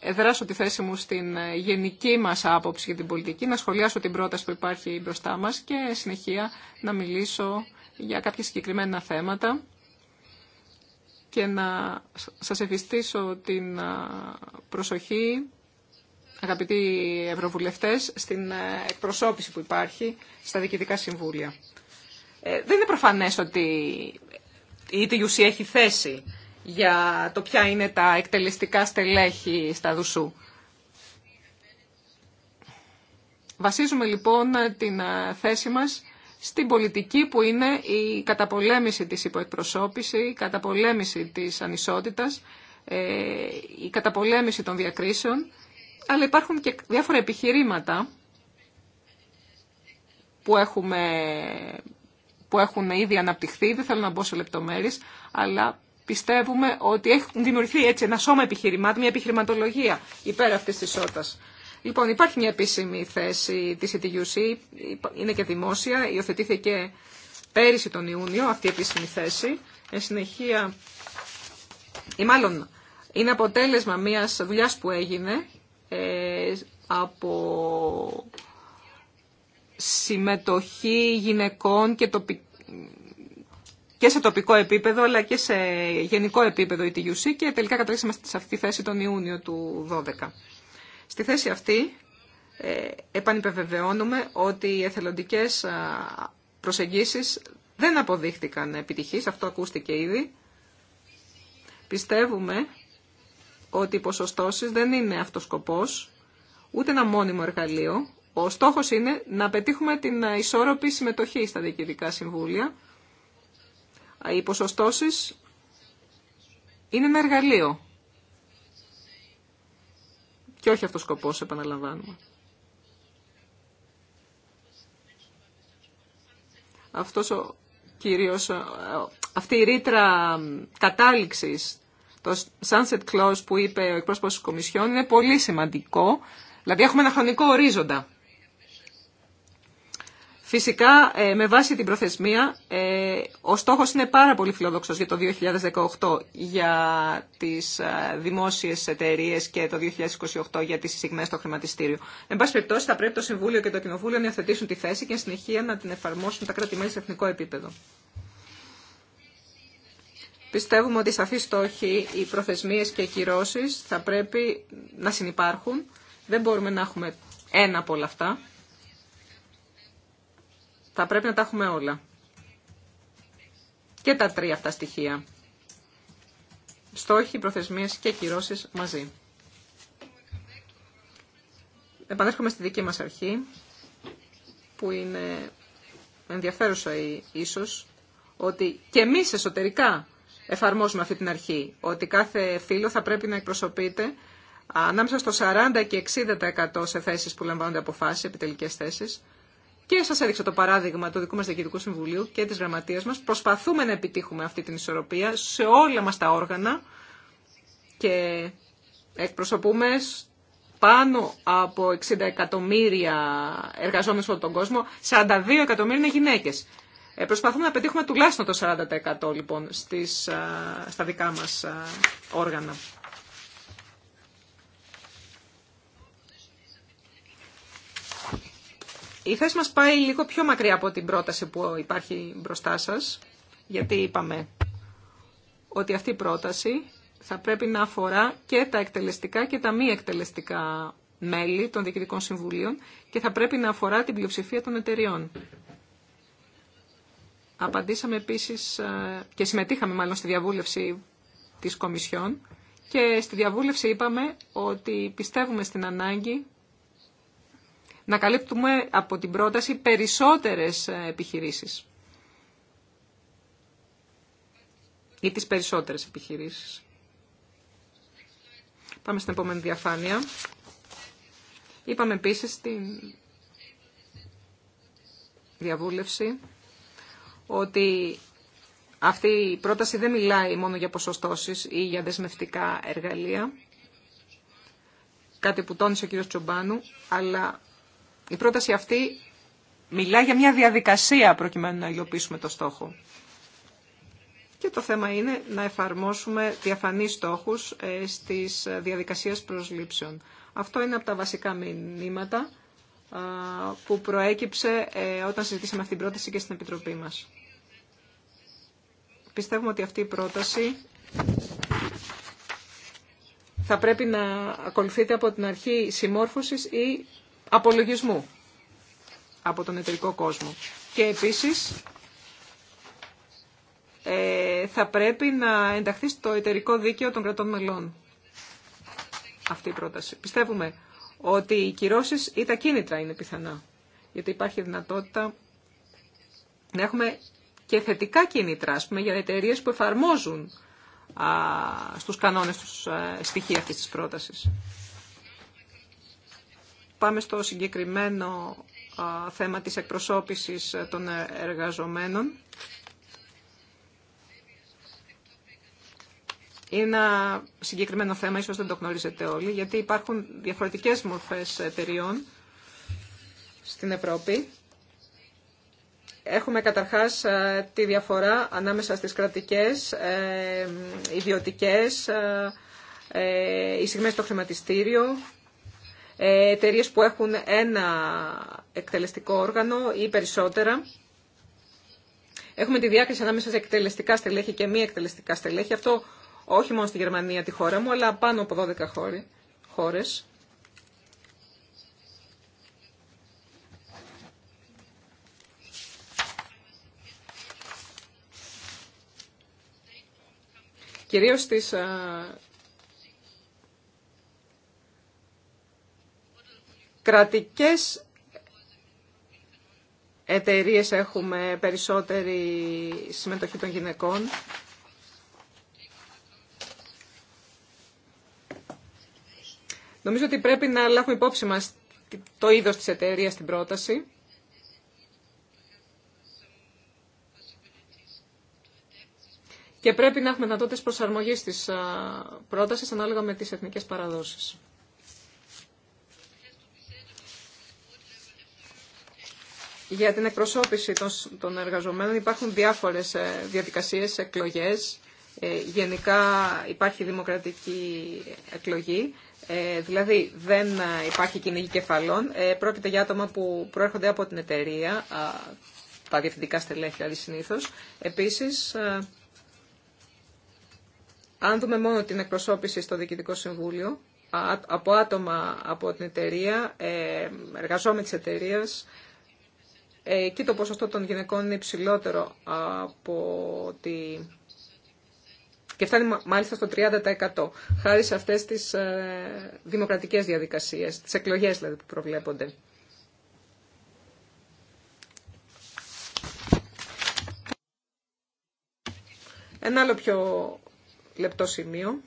εδράσω τη θέση μου στην γενική μας άποψη για την πολιτική, να σχολιάσω την πρόταση που υπάρχει μπροστά μας και συνεχεία να μιλήσω για κάποια συγκεκριμένα θέματα και να σας ευχηστήσω την προσοχή αγαπητοί ευρωβουλευτές, στην ε, εκπροσώπηση που υπάρχει στα διοικητικά συμβούλια. Ε, δεν είναι προφανές ότι η ETUC έχει θέση για το ποια είναι τα εκτελεστικά στελέχη στα Δουσού. Βασίζουμε λοιπόν την ε, θέση μας στην πολιτική που είναι η καταπολέμηση της υποεκπροσώπησης, η καταπολέμηση της ανισότητας, ε, η καταπολέμηση των διακρίσεων αλλά υπάρχουν και διάφορα επιχειρήματα που, έχουμε, που έχουν ήδη αναπτυχθεί, δεν θέλω να μπω σε λεπτομέρειες, αλλά πιστεύουμε ότι έχουν δημιουργηθεί έτσι ένα σώμα επιχειρημάτων, μια επιχειρηματολογία υπέρ αυτής της ισότητας. Λοιπόν, υπάρχει μια επίσημη θέση της ETUC, είναι και δημόσια, υιοθετήθηκε πέρυσι τον Ιούνιο αυτή η επίσημη θέση. Εν συνεχεία, ή μάλλον είναι αποτέλεσμα μιας δουλειάς που έγινε ε, από συμμετοχή γυναικών και, και σε τοπικό επίπεδο αλλά και σε γενικό επίπεδο η TUC και τελικά καταλήξαμε σε αυτή τη θέση τον Ιούνιο του 12. Στη θέση αυτή ε, επανυπεβεβαιώνουμε ότι οι εθελοντικές προσεγγίσεις δεν αποδείχτηκαν επιτυχείς, αυτό ακούστηκε ήδη. Πιστεύουμε ότι οι ποσοστώσεις δεν είναι αυτός σκοπός, ούτε ένα μόνιμο εργαλείο. Ο στόχος είναι να πετύχουμε την ισόρροπη συμμετοχή στα διοικητικά συμβούλια. Οι ποσοστώσεις είναι ένα εργαλείο και όχι αυτός σκοπός, επαναλαμβάνουμε. Αυτός ο ε, αυτή η ρήτρα κατάληξης το sunset clause που είπε ο εκπρόσωπος της Κομισιόν είναι πολύ σημαντικό. Δηλαδή έχουμε ένα χρονικό ορίζοντα. Φυσικά, ε, με βάση την προθεσμία, ε, ο στόχος είναι πάρα πολύ φιλόδοξος για το 2018 για τις ε, δημόσιες εταιρείες και το 2028 για τις εισηγμένες στο χρηματιστήριο. Εν πάση περιπτώσει, θα πρέπει το Συμβούλιο και το Κοινοβούλιο να υιοθετήσουν τη θέση και συνεχεία να την εφαρμόσουν τα κράτη-μέλη σε εθνικό επίπεδο. Πιστεύουμε ότι οι σαφείς στόχοι, οι προθεσμίες και οι κυρώσεις θα πρέπει να συνεπάρχουν. Δεν μπορούμε να έχουμε ένα από όλα αυτά. Θα πρέπει να τα έχουμε όλα. Και τα τρία αυτά στοιχεία. Στόχοι, προθεσμίες και κυρώσεις μαζί. Επανέρχομαι στη δική μας αρχή, που είναι ενδιαφέρουσα ίσως, ότι και εμείς εσωτερικά Εφαρμόζουμε αυτή την αρχή, ότι κάθε φίλο θα πρέπει να εκπροσωπείται ανάμεσα στο 40 και 60% σε θέσει που λαμβάνονται αποφάσεις, επιτελικές θέσει. Και σα έδειξα το παράδειγμα του δικού μα Διοικητικού Συμβουλίου και τη γραμματεία μα Προσπαθούμε να επιτύχουμε αυτή την ισορροπία σε όλα μα τα όργανα και εκπροσωπούμε πάνω από 60 εκατομμύρια εργαζόμενους από τον κόσμο, 42 εκατομμύρια είναι γυναίκες. Ε, προσπαθούμε να πετύχουμε τουλάχιστον το 40% λοιπόν στις, στα δικά μας όργανα. Η θέση μας πάει λίγο πιο μακριά από την πρόταση που υπάρχει μπροστά σας, γιατί είπαμε ότι αυτή η πρόταση θα πρέπει να αφορά και τα εκτελεστικά και τα μη εκτελεστικά μέλη των διοικητικών συμβουλίων και θα πρέπει να αφορά την πλειοψηφία των εταιριών. Απαντήσαμε επίσης ε, και συμμετείχαμε μάλλον στη διαβούλευση της Κομισιόν και στη διαβούλευση είπαμε ότι πιστεύουμε στην ανάγκη να καλύπτουμε από την πρόταση περισσότερες ε, επιχειρήσεις. Ή τις περισσότερες επιχειρήσεις. Πάμε στην επόμενη διαφάνεια. Είπαμε επίσης την διαβούλευση ότι αυτή η πρόταση δεν μιλάει μόνο για ποσοστώσεις ή για δεσμευτικά εργαλεία, κάτι που τόνισε ο κύριος Τσομπάνου, αλλά η πρόταση αυτή μιλά για μια διαδικασία προκειμένου να υλοποιήσουμε το στόχο. Και το θέμα είναι να εφαρμόσουμε διαφανείς στόχους ε, στις διαδικασίες προσλήψεων. Αυτό είναι από τα βασικά μηνύματα που προέκυψε ε, όταν συζητήσαμε αυτή την πρόταση και στην Επιτροπή μας. Πιστεύουμε ότι αυτή η πρόταση θα πρέπει να ακολουθείται από την αρχή συμμόρφωσης ή απολογισμού από τον εταιρικό κόσμο. Και επίσης ε, θα πρέπει να ενταχθεί στο εταιρικό δίκαιο των κρατών μελών αυτή η πρόταση. Πιστεύουμε ότι οι κυρώσει ή τα κίνητρα είναι πιθανά. Γιατί υπάρχει δυνατότητα να έχουμε και θετικά κίνητρα, ας πούμε, για εταιρείε που εφαρμόζουν α, στους κανόνες τους στοιχεία αυτής της πρότασης. Πάμε στο συγκεκριμένο θέμα της εκπροσώπησης ε, των εργαζομένων. Είναι ένα συγκεκριμένο θέμα, ίσως δεν το γνωρίζετε όλοι, γιατί υπάρχουν διαφορετικές μορφές εταιριών στην Ευρώπη. Έχουμε καταρχάς ε, τη διαφορά ανάμεσα στις κρατικές, ε, ιδιωτικές, εισηγμένες ε, στο χρηματιστήριο, εταιρείε που έχουν ένα εκτελεστικό όργανο ή περισσότερα. Έχουμε τη διάκριση ανάμεσα σε εκτελεστικά στελέχη και μη εκτελεστικά στελέχη. Αυτό όχι μόνο στη Γερμανία, τη χώρα μου, αλλά πάνω από 12 χώρε. χώρες. Κυρίως στις, α, κρατικές εταιρείες έχουμε περισσότερη συμμετοχή των γυναικών Νομίζω ότι πρέπει να λάβουμε υπόψη μας το είδος της εταιρεία στην πρόταση. Και πρέπει να έχουμε δυνατότητες προσαρμογής της πρότασης ανάλογα με τις εθνικές παραδόσεις. Για την εκπροσώπηση των εργαζομένων υπάρχουν διάφορες ε, διαδικασίες, εκλογές. Ε, γενικά υπάρχει δημοκρατική εκλογή. Ε, δηλαδή δεν ε, υπάρχει κυνήγη κεφαλών. Ε, πρόκειται για άτομα που προέρχονται από την εταιρεία, τα διευθυντικά στελέχη δηλαδή συνήθω. Επίση, ε, αν δούμε μόνο την εκπροσώπηση στο Διοικητικό Συμβούλιο, από άτομα από την εταιρεία, ε, εργαζόμενοι τη εταιρεία, ε, εκεί το ποσοστό των γυναικών είναι υψηλότερο από τη και φτάνει μάλιστα στο 30% χάρη σε αυτές τις ε, δημοκρατικές διαδικασίες, τις εκλογές δηλαδή που προβλέπονται. Ένα άλλο πιο λεπτό σημείο.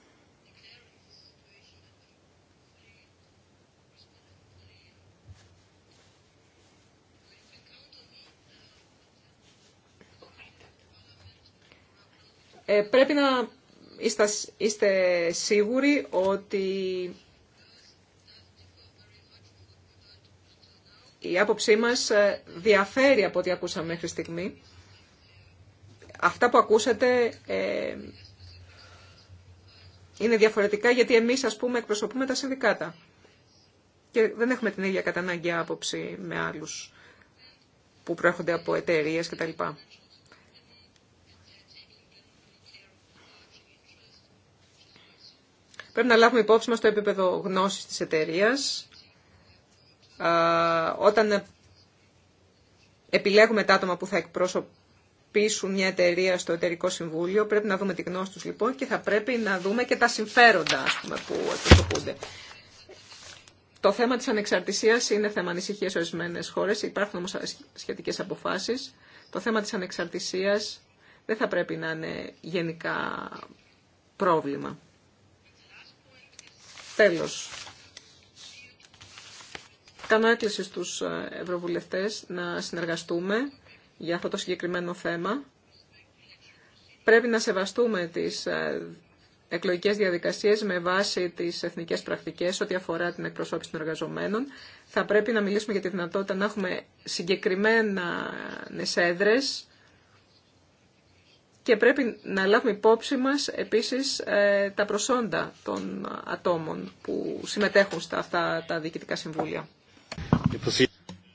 Ε, πρέπει να είστε σίγουροι ότι η άποψή μας ε, διαφέρει από ό,τι ακούσαμε μέχρι στιγμή. Αυτά που ακούσατε ε, είναι διαφορετικά γιατί εμείς ας πούμε εκπροσωπούμε τα συνδικάτα και δεν έχουμε την ίδια κατανάγκη άποψη με άλλους που προέρχονται από εταιρείε κτλ. Πρέπει να λάβουμε υπόψη μας το επίπεδο γνώσης της εταιρεία. Όταν επιλέγουμε τα άτομα που θα εκπροσωπήσουν μια εταιρεία στο εταιρικό συμβούλιο, πρέπει να δούμε τη γνώση τους λοιπόν και θα πρέπει να δούμε και τα συμφέροντα ας που εκπροσωπούνται. Το θέμα της ανεξαρτησίας είναι θέμα ανησυχίας σε ορισμένε χώρες. Υπάρχουν όμως σχετικές αποφάσεις. Το θέμα της ανεξαρτησίας δεν θα πρέπει να είναι γενικά πρόβλημα. Τέλος. Κάνω έκκληση στους ευρωβουλευτές να συνεργαστούμε για αυτό το συγκεκριμένο θέμα. Πρέπει να σεβαστούμε τις ε, εκλογικές διαδικασίες με βάση τις εθνικές πρακτικές ό,τι αφορά την εκπροσώπηση των εργαζομένων. Θα πρέπει να μιλήσουμε για τη δυνατότητα να έχουμε συγκεκριμένα ε, έδρες και πρέπει να λάβουμε υπόψη μας επίσης ε, τα προσόντα των ατόμων που συμμετέχουν στα αυτά τα διοικητικά συμβούλια.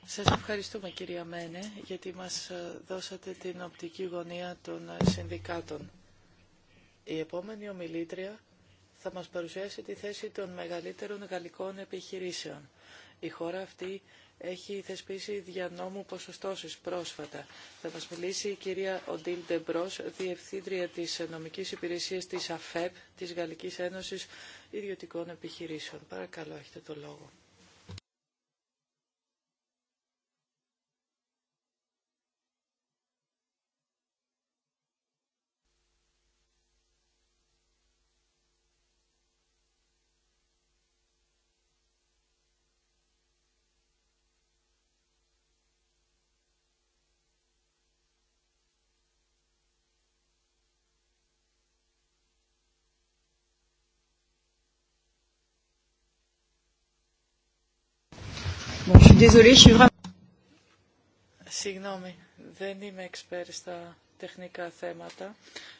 Σας ευχαριστούμε κυρία Μένε γιατί μας ε, δώσατε την οπτική γωνία των ε, συνδικάτων. Η επόμενη ομιλήτρια θα μας παρουσιάσει τη θέση των μεγαλύτερων γαλλικών επιχειρήσεων. Η χώρα αυτή έχει θεσπίσει νόμου ποσοστώσεις πρόσφατα. Θα μας μιλήσει η κυρία Οντίλ Ντεμπρός, Διευθύντρια της Νομικής Υπηρεσίας της ΑΦΕΠ, της Γαλλικής Ένωσης Ιδιωτικών Επιχειρήσεων. Παρακαλώ, έχετε το λόγο. Συγγνώμη, δεν είμαι εξπέριστα. στα τεχνικά θέματα.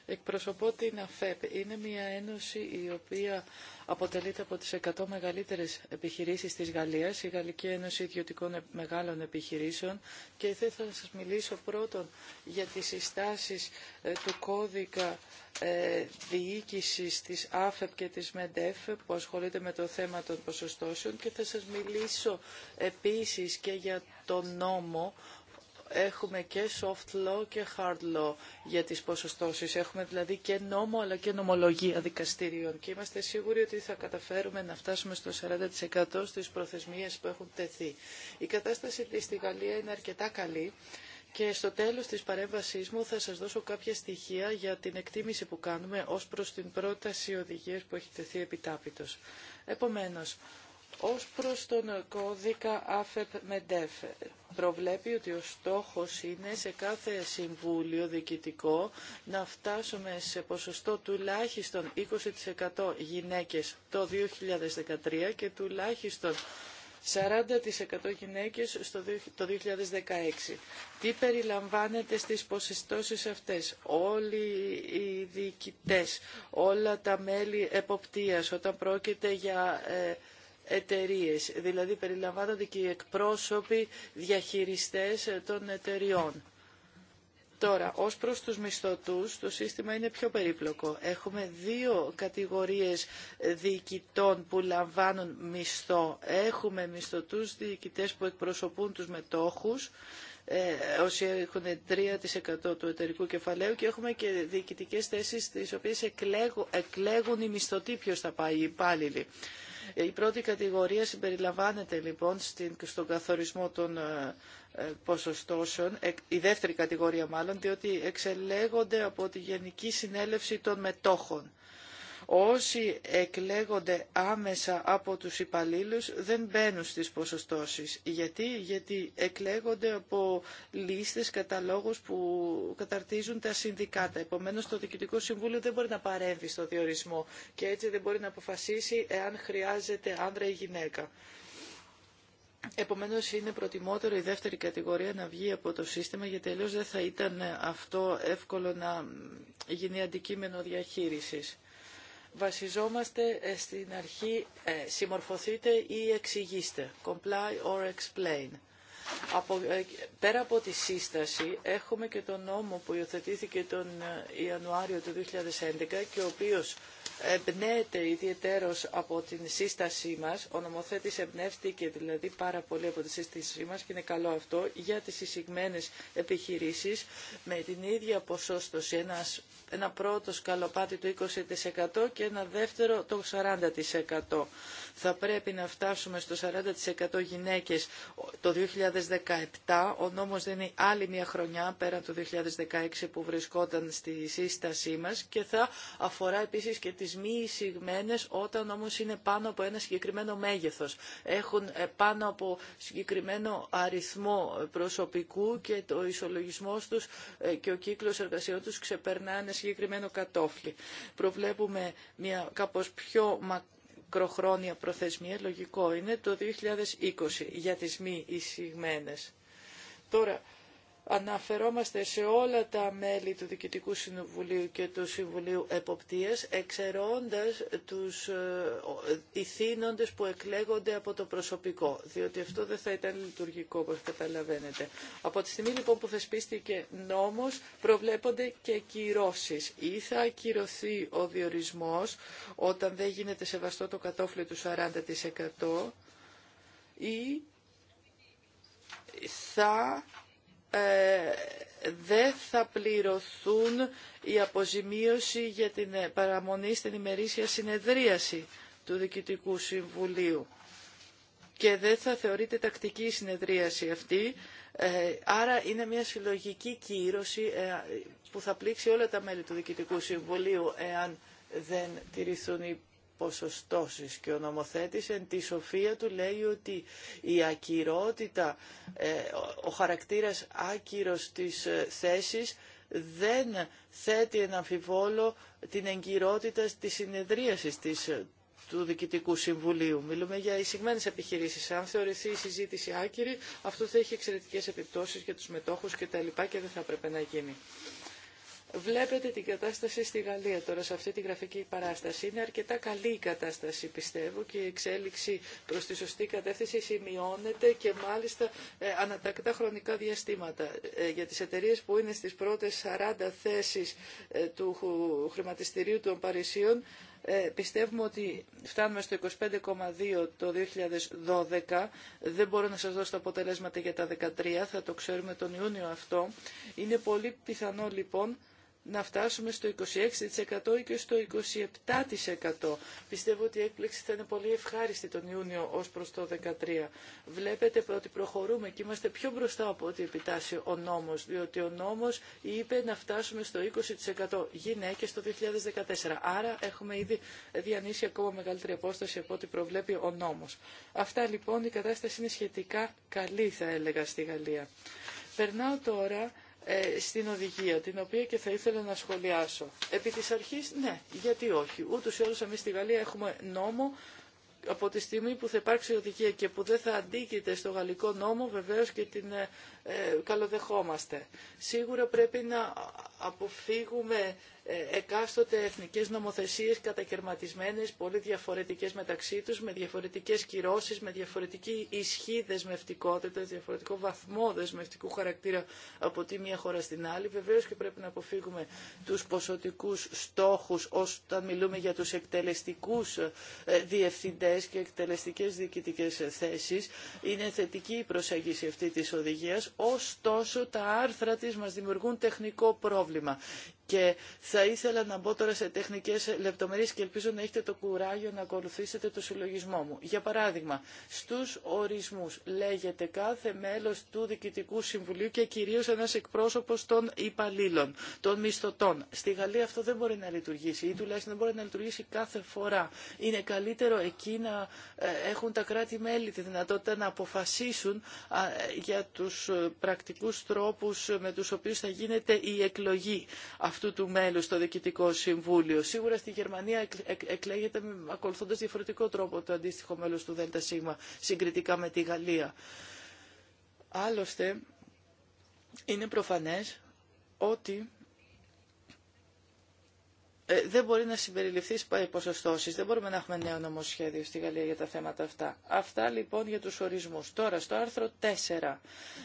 Εκπροσωπώ την ΑΦΕΠ. Είναι μια ένωση η οποία αποτελείται από τις 100 μεγαλύτερες επιχειρήσεις της Γαλλίας, η Γαλλική Ένωση Ιδιωτικών Μεγάλων Επιχειρήσεων και θα ήθελα να σας μιλήσω πρώτον για τις συστάσεις ε, του κώδικα ε, διοίκησης της ΑΦΕΠ και της ΜΕΝΤΕΦ που ασχολείται με το θέμα των ποσοστώσεων και θα σας μιλήσω επίσης και για το νόμο έχουμε και soft law και hard law για τις ποσοστώσεις. Έχουμε δηλαδή και νόμο αλλά και νομολογία δικαστηρίων και είμαστε σίγουροι ότι θα καταφέρουμε να φτάσουμε στο 40% στις προθεσμίες που έχουν τεθεί. Η κατάσταση στη Γαλλία είναι αρκετά καλή. Και στο τέλος της παρέμβασής μου θα σας δώσω κάποια στοιχεία για την εκτίμηση που κάνουμε ως προς την πρόταση οδηγίας που έχει τεθεί επιτάπητος. Επομένως, ως προς τον κώδικα ΑΦΕΠ-ΜΕΝΤΕΦ προβλέπει ότι ο στόχος είναι σε κάθε συμβούλιο διοικητικό να φτάσουμε σε ποσοστό τουλάχιστον 20% γυναίκες το 2013 και τουλάχιστον 40% γυναίκες στο, το 2016. Τι περιλαμβάνεται στις ποσοστώσεις αυτές. Όλοι οι διοικητές, όλα τα μέλη εποπτείας όταν πρόκειται για... Ε, εταιρείε. Δηλαδή περιλαμβάνονται και οι εκπρόσωποι διαχειριστές των εταιριών. Τώρα, ως προς τους μισθωτούς, το σύστημα είναι πιο περίπλοκο. Έχουμε δύο κατηγορίες διοικητών που λαμβάνουν μισθό. Έχουμε μισθωτούς διοικητές που εκπροσωπούν τους μετόχους, ε, όσοι έχουν 3% του εταιρικού κεφαλαίου και έχουμε και διοικητικές θέσεις τις οποίες εκλέγουν οι μισθωτοί ποιος θα πάει, οι υπάλληλοι. Η πρώτη κατηγορία συμπεριλαμβάνεται λοιπόν στον καθορισμό των ε, ε, ποσοστώσεων, η δεύτερη κατηγορία μάλλον, διότι εξελέγονται από τη Γενική Συνέλευση των Μετόχων. Όσοι εκλέγονται άμεσα από τους υπαλλήλους δεν μπαίνουν στις ποσοστώσεις. Γιατί, Γιατί εκλέγονται από λίστες, καταλόγους που καταρτίζουν τα συνδικάτα. Επομένως το Διοικητικό Συμβούλιο δεν μπορεί να παρέμβει στο διορισμό και έτσι δεν μπορεί να αποφασίσει εάν χρειάζεται άνδρα ή γυναίκα. Επομένως, είναι προτιμότερο η δεύτερη κατηγορία να βγει από το σύστημα γιατί αλλιώς δεν θα ήταν αυτό εύκολο να γίνει αντικείμενο διαχείρισης βασιζόμαστε ε, στην αρχή ε, συμμορφωθείτε ή εξηγήστε. Comply or explain. Ε, πέρα από τη σύσταση έχουμε και τον νόμο που υιοθετήθηκε τον ε, Ιανουάριο του 2011 και ο οποίος εμπνέεται ιδιαιτέρως από την σύστασή μας. Ο νομοθέτης εμπνεύτηκε δηλαδή πάρα πολύ από τη σύστασή μας και είναι καλό αυτό για τις εισηγμένες επιχειρήσεις με την ίδια ποσόστοση ένας, ένα πρώτο σκαλοπάτι του 20% και ένα δεύτερο το 40% θα πρέπει να φτάσουμε στο 40% γυναίκες το 2017. Ο νόμος δίνει άλλη μια χρονιά πέραν του 2016 που βρισκόταν στη σύστασή μας και θα αφορά επίσης και τις μη εισηγμένες όταν όμως είναι πάνω από ένα συγκεκριμένο μέγεθος. Έχουν ε, πάνω από συγκεκριμένο αριθμό προσωπικού και το ισολογισμός τους ε, και ο κύκλος εργασιών τους ξεπερνά ένα συγκεκριμένο κατόφλι. Προβλέπουμε μια κάπως πιο μακριά Μικροχρόνια προθεσμία, λογικό είναι, το 2020 για τις μη εισηγμένες. Τώρα, αναφερόμαστε σε όλα τα μέλη του Δικητικού Συμβουλίου και του Συμβουλίου Εποπτείας, εξαιρώντας τους ε, ηθήνοντες που εκλέγονται από το προσωπικό, διότι αυτό δεν θα ήταν λειτουργικό, όπως καταλαβαίνετε. Από τη στιγμή λοιπόν που θεσπίστηκε νόμος, προβλέπονται και κυρώσεις. Ή θα ακυρωθεί ο διορισμός όταν δεν γίνεται σεβαστό το κατόφλι του 40% ή θα ε, δεν θα πληρωθούν η αποζημίωση για την ε, παραμονή στην ημερήσια συνεδρίαση του Δικητικού Συμβουλίου και δεν θα θεωρείται τακτική η συνεδρίαση αυτή. Ε, άρα είναι μια συλλογική κύρωση που θα πλήξει όλα τα μέλη του Διοικητικού Συμβουλίου εάν δεν τηρηθούν οι ποσοστώσεις και ο νομοθέτης εν τη σοφία του λέει ότι η ακυρότητα, ε, ο χαρακτήρας άκυρος της ε, θέσης δεν θέτει εν αμφιβόλο την εγκυρότητα της συνεδρίασης της, ε, του Διοικητικού Συμβουλίου. Μιλούμε για εισηγμένε επιχειρήσει. Αν θεωρηθεί η συζήτηση άκυρη, αυτό θα έχει εξαιρετικέ επιπτώσει για του μετόχου κτλ. Και, και δεν θα έπρεπε να γίνει. Βλέπετε την κατάσταση στη Γαλλία τώρα σε αυτή τη γραφική παράσταση. Είναι αρκετά καλή η κατάσταση πιστεύω και η εξέλιξη προς τη σωστή κατεύθυνση σημειώνεται και μάλιστα ε, ανατακτά χρονικά διαστήματα. Ε, για τις εταιρείες που είναι στις πρώτες 40 θέσεις ε, του χρηματιστηρίου των Παρισίων πιστεύουμε ότι φτάνουμε στο 25,2 το 2012. Δεν μπορώ να σας δώσω τα αποτελέσματα για τα 13, θα το ξέρουμε τον Ιούνιο αυτό. Είναι πολύ πιθανό λοιπόν να φτάσουμε στο 26% ή και στο 27%. Πιστεύω ότι η έκπληξη θα είναι πολύ ευχάριστη τον Ιούνιο ως προς το 2013. Βλέπετε ότι προχωρούμε και είμαστε πιο μπροστά από ό,τι επιτάσσει ο νόμος, διότι ο νόμος είπε να φτάσουμε στο 20% γυναίκες το 2014. Άρα έχουμε ήδη διανύσει ακόμα μεγαλύτερη απόσταση από ό,τι προβλέπει ο νόμος. Αυτά λοιπόν η κατάσταση είναι σχετικά καλή θα έλεγα στη Γαλλία. Περνάω τώρα ε, στην οδηγία, την οποία και θα ήθελα να σχολιάσω. Επί της αρχής, ναι, γιατί όχι. Ούτως ή άλλως εμείς στη Γαλλία έχουμε νόμο από τη στιγμή που θα υπάρξει οδηγία και που δεν θα αντίκειται στο γαλλικό νόμο, βεβαίως και την ε, ε, καλοδεχόμαστε. Σίγουρα πρέπει να αποφύγουμε ε, εκάστοτε εθνικές νομοθεσίες κατακαιρματισμένες, πολύ διαφορετικές μεταξύ τους, με διαφορετικές κυρώσεις, με διαφορετική ισχύ δεσμευτικότητα, διαφορετικό βαθμό δεσμευτικού χαρακτήρα από τη μία χώρα στην άλλη. Βεβαίως και πρέπει να αποφύγουμε τους ποσοτικούς στόχους όταν μιλούμε για τους εκτελεστικούς ε, διευθυντές και εκτελεστικές διοικητικές θέσεις. Είναι θετική η προσέγγιση αυτή της οδηγίας, Ωστόσο, τα άρθρα της μας δημιουργούν τεχνικό πρόβλημα και θα ήθελα να μπω τώρα σε τεχνικές λεπτομέρειες και ελπίζω να έχετε το κουράγιο να ακολουθήσετε το συλλογισμό μου. Για παράδειγμα, στους ορισμούς λέγεται κάθε μέλος του Διοικητικού Συμβουλίου και κυρίως ένας εκπρόσωπος των υπαλλήλων, των μισθωτών. Στη Γαλλία αυτό δεν μπορεί να λειτουργήσει ή τουλάχιστον δεν μπορεί να λειτουργήσει κάθε φορά. Είναι καλύτερο εκεί να ε, έχουν τα κράτη-μέλη τη δυνατότητα να αποφασίσουν ε, για τους ε, πρακτικούς τρόπους με τους οποίου θα γίνεται η εκλογή αυτού του μέλους στο Διοικητικό Συμβούλιο. Σίγουρα στη Γερμανία εκλέγεται ακολουθώντας διαφορετικό τρόπο το αντίστοιχο μέλος του ΔΣ συγκριτικά με τη Γαλλία. Άλλωστε, είναι προφανές ότι ε, δεν μπορεί να συμπεριληφθεί οι ποσοστώσει. Δεν μπορούμε να έχουμε νέο νομοσχέδιο στη Γαλλία για τα θέματα αυτά. Αυτά λοιπόν για του ορισμού. Τώρα, στο άρθρο 4.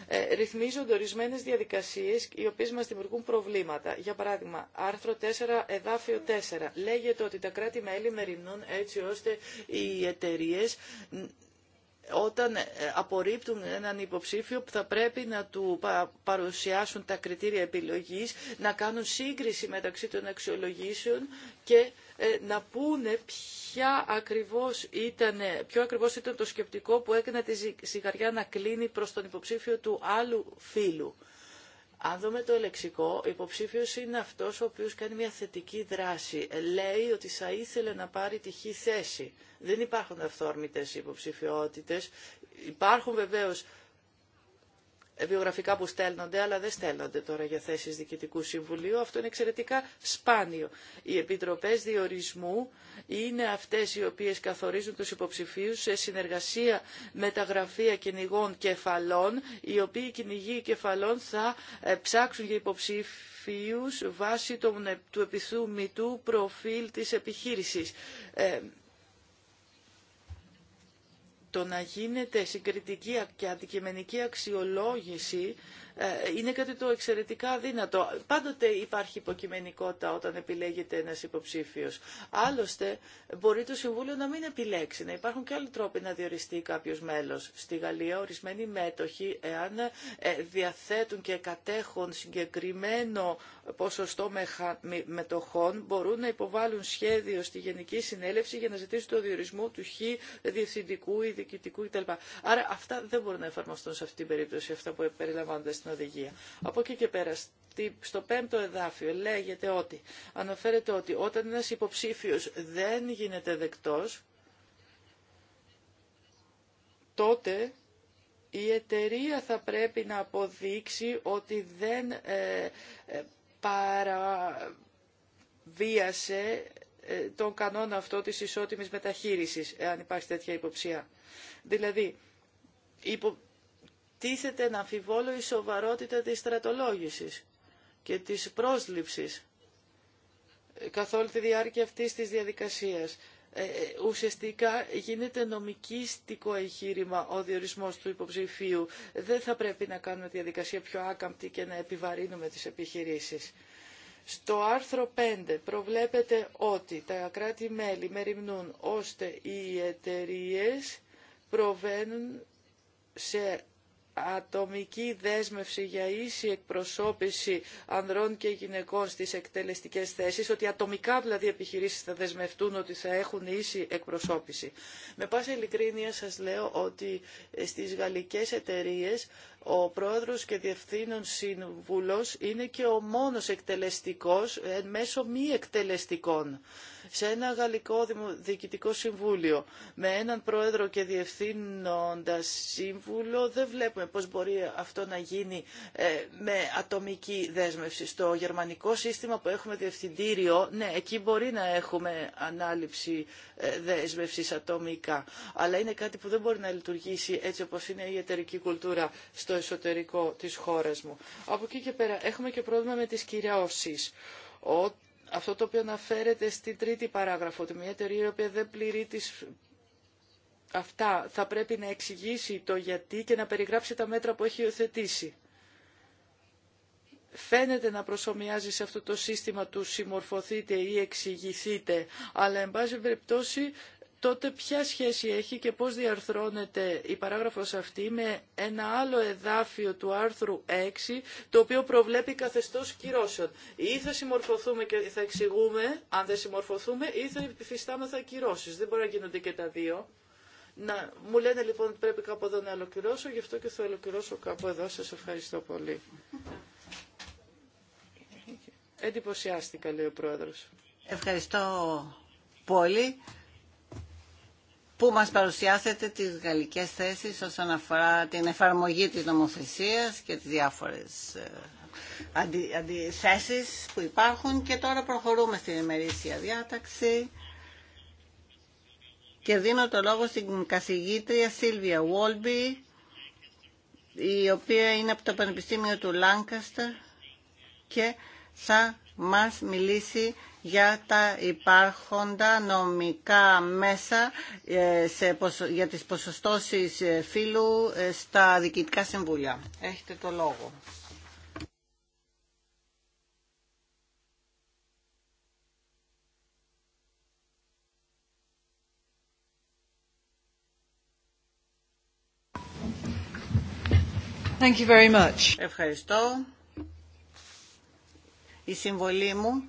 Ε, ρυθμίζονται ορισμένε διαδικασίε οι οποίε μα δημιουργούν προβλήματα. Για παράδειγμα, άρθρο 4, εδάφιο 4. Λέγεται ότι τα κράτη-μέλη μεριμνούν έτσι ώστε οι εταιρείε όταν ε, απορρίπτουν έναν υποψήφιο που θα πρέπει να του παρουσιάσουν τα κριτήρια επιλογής, να κάνουν σύγκριση μεταξύ των αξιολογήσεων και ε, να πούνε ποια ακριβώς ήταν, ποιο ακριβώς ήταν το σκεπτικό που έκανε τη ζυγαριά να κλείνει προς τον υποψήφιο του άλλου φίλου. Αν δούμε το λεξικό, υποψήφιος είναι αυτός ο οποίος κάνει μια θετική δράση. Λέει ότι θα ήθελε να πάρει τυχή θέση. Δεν υπάρχουν αυθόρμητες υποψηφιότητες. Υπάρχουν βεβαίως βιογραφικά που στέλνονται, αλλά δεν στέλνονται τώρα για θέσεις διοικητικού συμβουλίου. Αυτό είναι εξαιρετικά σπάνιο. Οι επιτροπές διορισμού είναι αυτές οι οποίες καθορίζουν τους υποψηφίους σε συνεργασία με τα γραφεία κυνηγών κεφαλών, οι οποίοι κυνηγοί κεφαλών θα ε, ψάξουν για υποψηφίους βάσει ε, του επιθούμητου προφίλ της επιχείρησης. Ε, το να γίνεται συγκριτική και αντικειμενική αξιολόγηση ε, είναι κάτι το εξαιρετικά δύνατο. Πάντοτε υπάρχει υποκειμενικότητα όταν επιλέγεται ένας υποψήφιος. Άλλωστε, μπορεί το Συμβούλιο να μην επιλέξει, να υπάρχουν και άλλοι τρόποι να διοριστεί κάποιος μέλος. Στη Γαλλία, ορισμένοι μέτοχοι, εάν ε, διαθέτουν και κατέχουν συγκεκριμένο ποσοστό μετοχών, μπορούν να υποβάλουν σχέδιο στη Γενική Συνέλευση για να ζητήσουν το διορισμό του χ διευθυντικού ή διοικητικού κτλ. Άρα αυτά δεν μπορούν να εφαρμοστούν σε αυτή την περίπτωση, αυτά που περιλαμβάνονται οδηγία. Από εκεί και πέρα, στο πέμπτο εδάφιο λέγεται ότι, αναφέρεται ότι όταν ένας υποψήφιος δεν γίνεται δεκτός, τότε η εταιρεία θα πρέπει να αποδείξει ότι δεν ε, ε, παραβίασε ε, τον κανόνα αυτό της ισότιμης μεταχείρισης, εάν υπάρχει τέτοια υποψία. Δηλαδή, υπο τίθεται να αμφιβόλω η σοβαρότητα της στρατολόγησης και της πρόσληψης ε, καθ' όλη τη διάρκεια αυτής της διαδικασίας. Ε, ε, ουσιαστικά γίνεται νομικήστικο εγχείρημα ο διορισμός του υποψηφίου. Δεν θα πρέπει να κάνουμε τη διαδικασία πιο άκαμπτη και να επιβαρύνουμε τις επιχειρήσεις. Στο άρθρο 5 προβλέπεται ότι τα κράτη-μέλη μεριμνούν ώστε οι εταιρείε προβαίνουν σε ατομική δέσμευση για ίση εκπροσώπηση ανδρών και γυναικών στις εκτελεστικές θέσεις, ότι ατομικά δηλαδή επιχειρήσεις θα δεσμευτούν ότι θα έχουν ίση εκπροσώπηση. Με πάση ειλικρίνεια σας λέω ότι στις γαλλικές εταιρείες ο πρόεδρος και διευθύνων σύμβουλος είναι και ο μόνος εκτελεστικός εν μέσω μη εκτελεστικών. Σε ένα γαλλικό διοικητικό συμβούλιο με έναν πρόεδρο και διευθύνοντα σύμβουλο δεν βλέπουμε πώς μπορεί αυτό να γίνει ε, με ατομική δέσμευση. Στο γερμανικό σύστημα που έχουμε διευθυντήριο, ναι, εκεί μπορεί να έχουμε ανάληψη ε, δέσμευσης ατομικά. Αλλά είναι κάτι που δεν μπορεί να λειτουργήσει έτσι όπως είναι η εταιρική κουλτούρα το εσωτερικό της χώρας μου. Από εκεί και πέρα έχουμε και πρόβλημα με τις ό Αυτό το οποίο αναφέρεται στην τρίτη παράγραφο, ότι μια εταιρεία η δεν πληρεί τις αυτά θα πρέπει να εξηγήσει το γιατί και να περιγράψει τα μέτρα που έχει υιοθετήσει. Φαίνεται να προσωμιάζει σε αυτό το σύστημα του συμμορφωθείτε ή εξηγηθείτε, αλλά εν πάση περιπτώσει τότε ποια σχέση έχει και πώς διαρθρώνεται η παράγραφος αυτή με ένα άλλο εδάφιο του άρθρου 6, το οποίο προβλέπει καθεστώς κυρώσεων. Ή θα συμμορφωθούμε και θα εξηγούμε, αν δεν συμμορφωθούμε, ή θα θα κυρώσεις. Δεν μπορεί να γίνονται και τα δύο. Να, μου λένε λοιπόν ότι πρέπει κάπου εδώ να ολοκληρώσω, γι' αυτό και θα ολοκληρώσω κάπου εδώ. Σας ευχαριστώ πολύ. Εντυπωσιάστηκα, λέει ο Πρόεδρος. Ευχαριστώ πολύ που μας παρουσιάσετε τις γαλλικές θέσεις όσον αφορά την εφαρμογή της νομοθεσίας και τις διάφορες ε, αντι, που υπάρχουν και τώρα προχωρούμε στην ημερήσια διάταξη και δίνω το λόγο στην καθηγήτρια Σίλβια Βόλμπι η οποία είναι από το Πανεπιστήμιο του Λάνκαστερ και θα μας μιλήσει για τα υπάρχοντα νομικά μέσα ε, σε, για τις ποσοστώσεις ε, φύλου ε, στα διοικητικά συμβούλια. Έχετε το λόγο. Thank you very much. Ευχαριστώ. Η συμβολή μου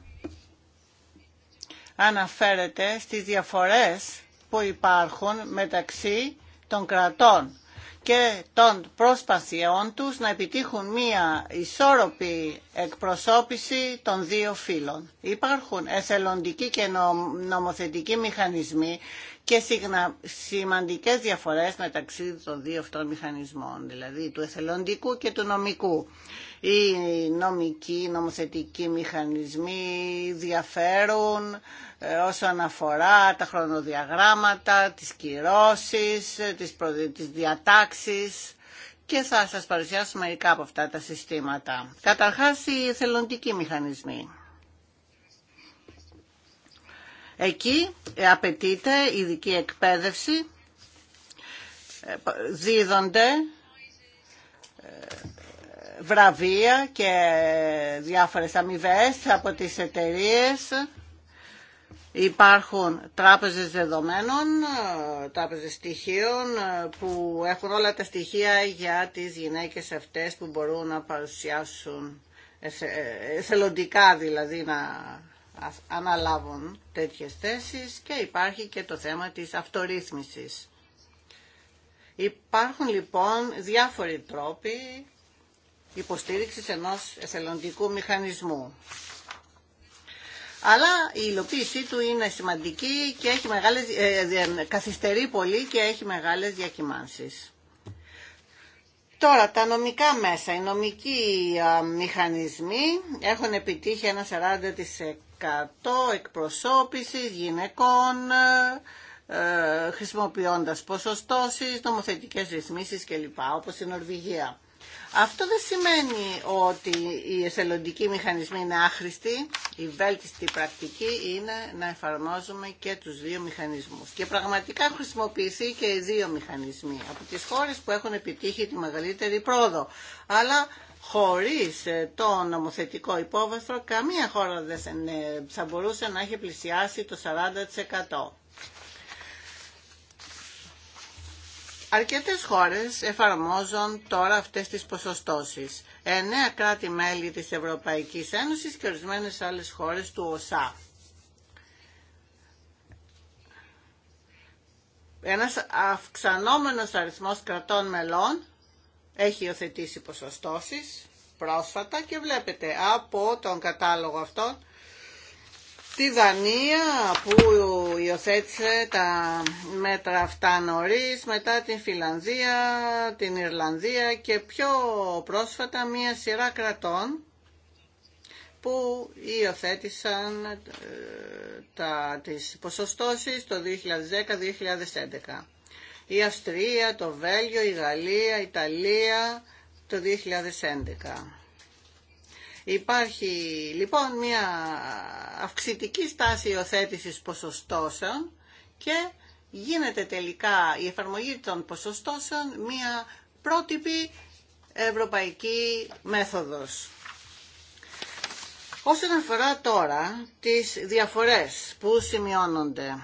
αναφέρεται στις διαφορές που υπάρχουν μεταξύ των κρατών και των προσπαθειών τους να επιτύχουν μία ισόρροπη εκπροσώπηση των δύο φύλων. Υπάρχουν εθελοντικοί και νομοθετικοί μηχανισμοί και σημαντικές διαφορές μεταξύ των δύο αυτών μηχανισμών, δηλαδή του εθελοντικού και του νομικού οι νομικοί, οι νομοθετικοί μηχανισμοί διαφέρουν ε, όσον αφορά τα χρονοδιαγράμματα, τις κυρώσεις, ε, τις διατάξεις και θα σας παρουσιάσω μερικά από αυτά τα συστήματα. Καταρχάς οι θελοντικοί μηχανισμοί. Εκεί ε, απαιτείται ειδική εκπαίδευση, δίδονται βραβεία και διάφορες αμοιβέ από τις εταιρείε. Υπάρχουν τράπεζες δεδομένων, τράπεζες στοιχείων που έχουν όλα τα στοιχεία για τις γυναίκες αυτές που μπορούν να παρουσιάσουν ε, εθελοντικά δηλαδή να αναλάβουν τέτοιες θέσεις και υπάρχει και το θέμα της αυτορύθμισης. Υπάρχουν λοιπόν διάφοροι τρόποι υποστήριξης ενός εθελοντικού μηχανισμού. Αλλά η υλοποίησή του είναι σημαντική και έχει μεγάλες, ε, ε καθυστερεί πολύ και έχει μεγάλες διακυμάνσεις. Τώρα, τα νομικά μέσα, οι νομικοί μηχανισμοί έχουν επιτύχει ένα 40% εκπροσώπησης γυναικών, ε, ε, χρησιμοποιώντας ποσοστώσεις, νομοθετικές ρυθμίσεις κλπ, όπως η Νορβηγία. Αυτό δεν σημαίνει ότι οι εθελοντικοί μηχανισμοί είναι άχρηστοι. Η βέλτιστη πρακτική είναι να εφαρμόζουμε και τους δύο μηχανισμούς. Και πραγματικά χρησιμοποιηθεί και οι δύο μηχανισμοί από τις χώρες που έχουν επιτύχει τη μεγαλύτερη πρόοδο. Αλλά χωρίς ε, το νομοθετικό υπόβαθρο καμία χώρα δεν ε, θα μπορούσε να έχει πλησιάσει το 40%. Αρκετές χώρες εφαρμόζουν τώρα αυτές τις ποσοστώσεις. Εννέα κράτη-μέλη της Ευρωπαϊκής Ένωσης και ορισμένες άλλες χώρες του ΟΣΑ. Ένας αυξανόμενος αριθμός κρατών μελών έχει υιοθετήσει ποσοστώσεις πρόσφατα και βλέπετε από τον κατάλογο αυτόν Τη Δανία που υιοθέτησε τα μέτρα αυτά νωρίς, μετά την Φιλανδία, την Ιρλανδία και πιο πρόσφατα μία σειρά κρατών που υιοθέτησαν ε, τα, τις ποσοστώσεις το 2010-2011. Η Αυστρία, το Βέλγιο, η Γαλλία, η Ιταλία το 2011. Υπάρχει λοιπόν μια αυξητική στάση υιοθέτηση ποσοστώσεων και γίνεται τελικά η εφαρμογή των ποσοστώσεων μια πρότυπη ευρωπαϊκή μέθοδος. Όσον αφορά τώρα τις διαφορές που σημειώνονται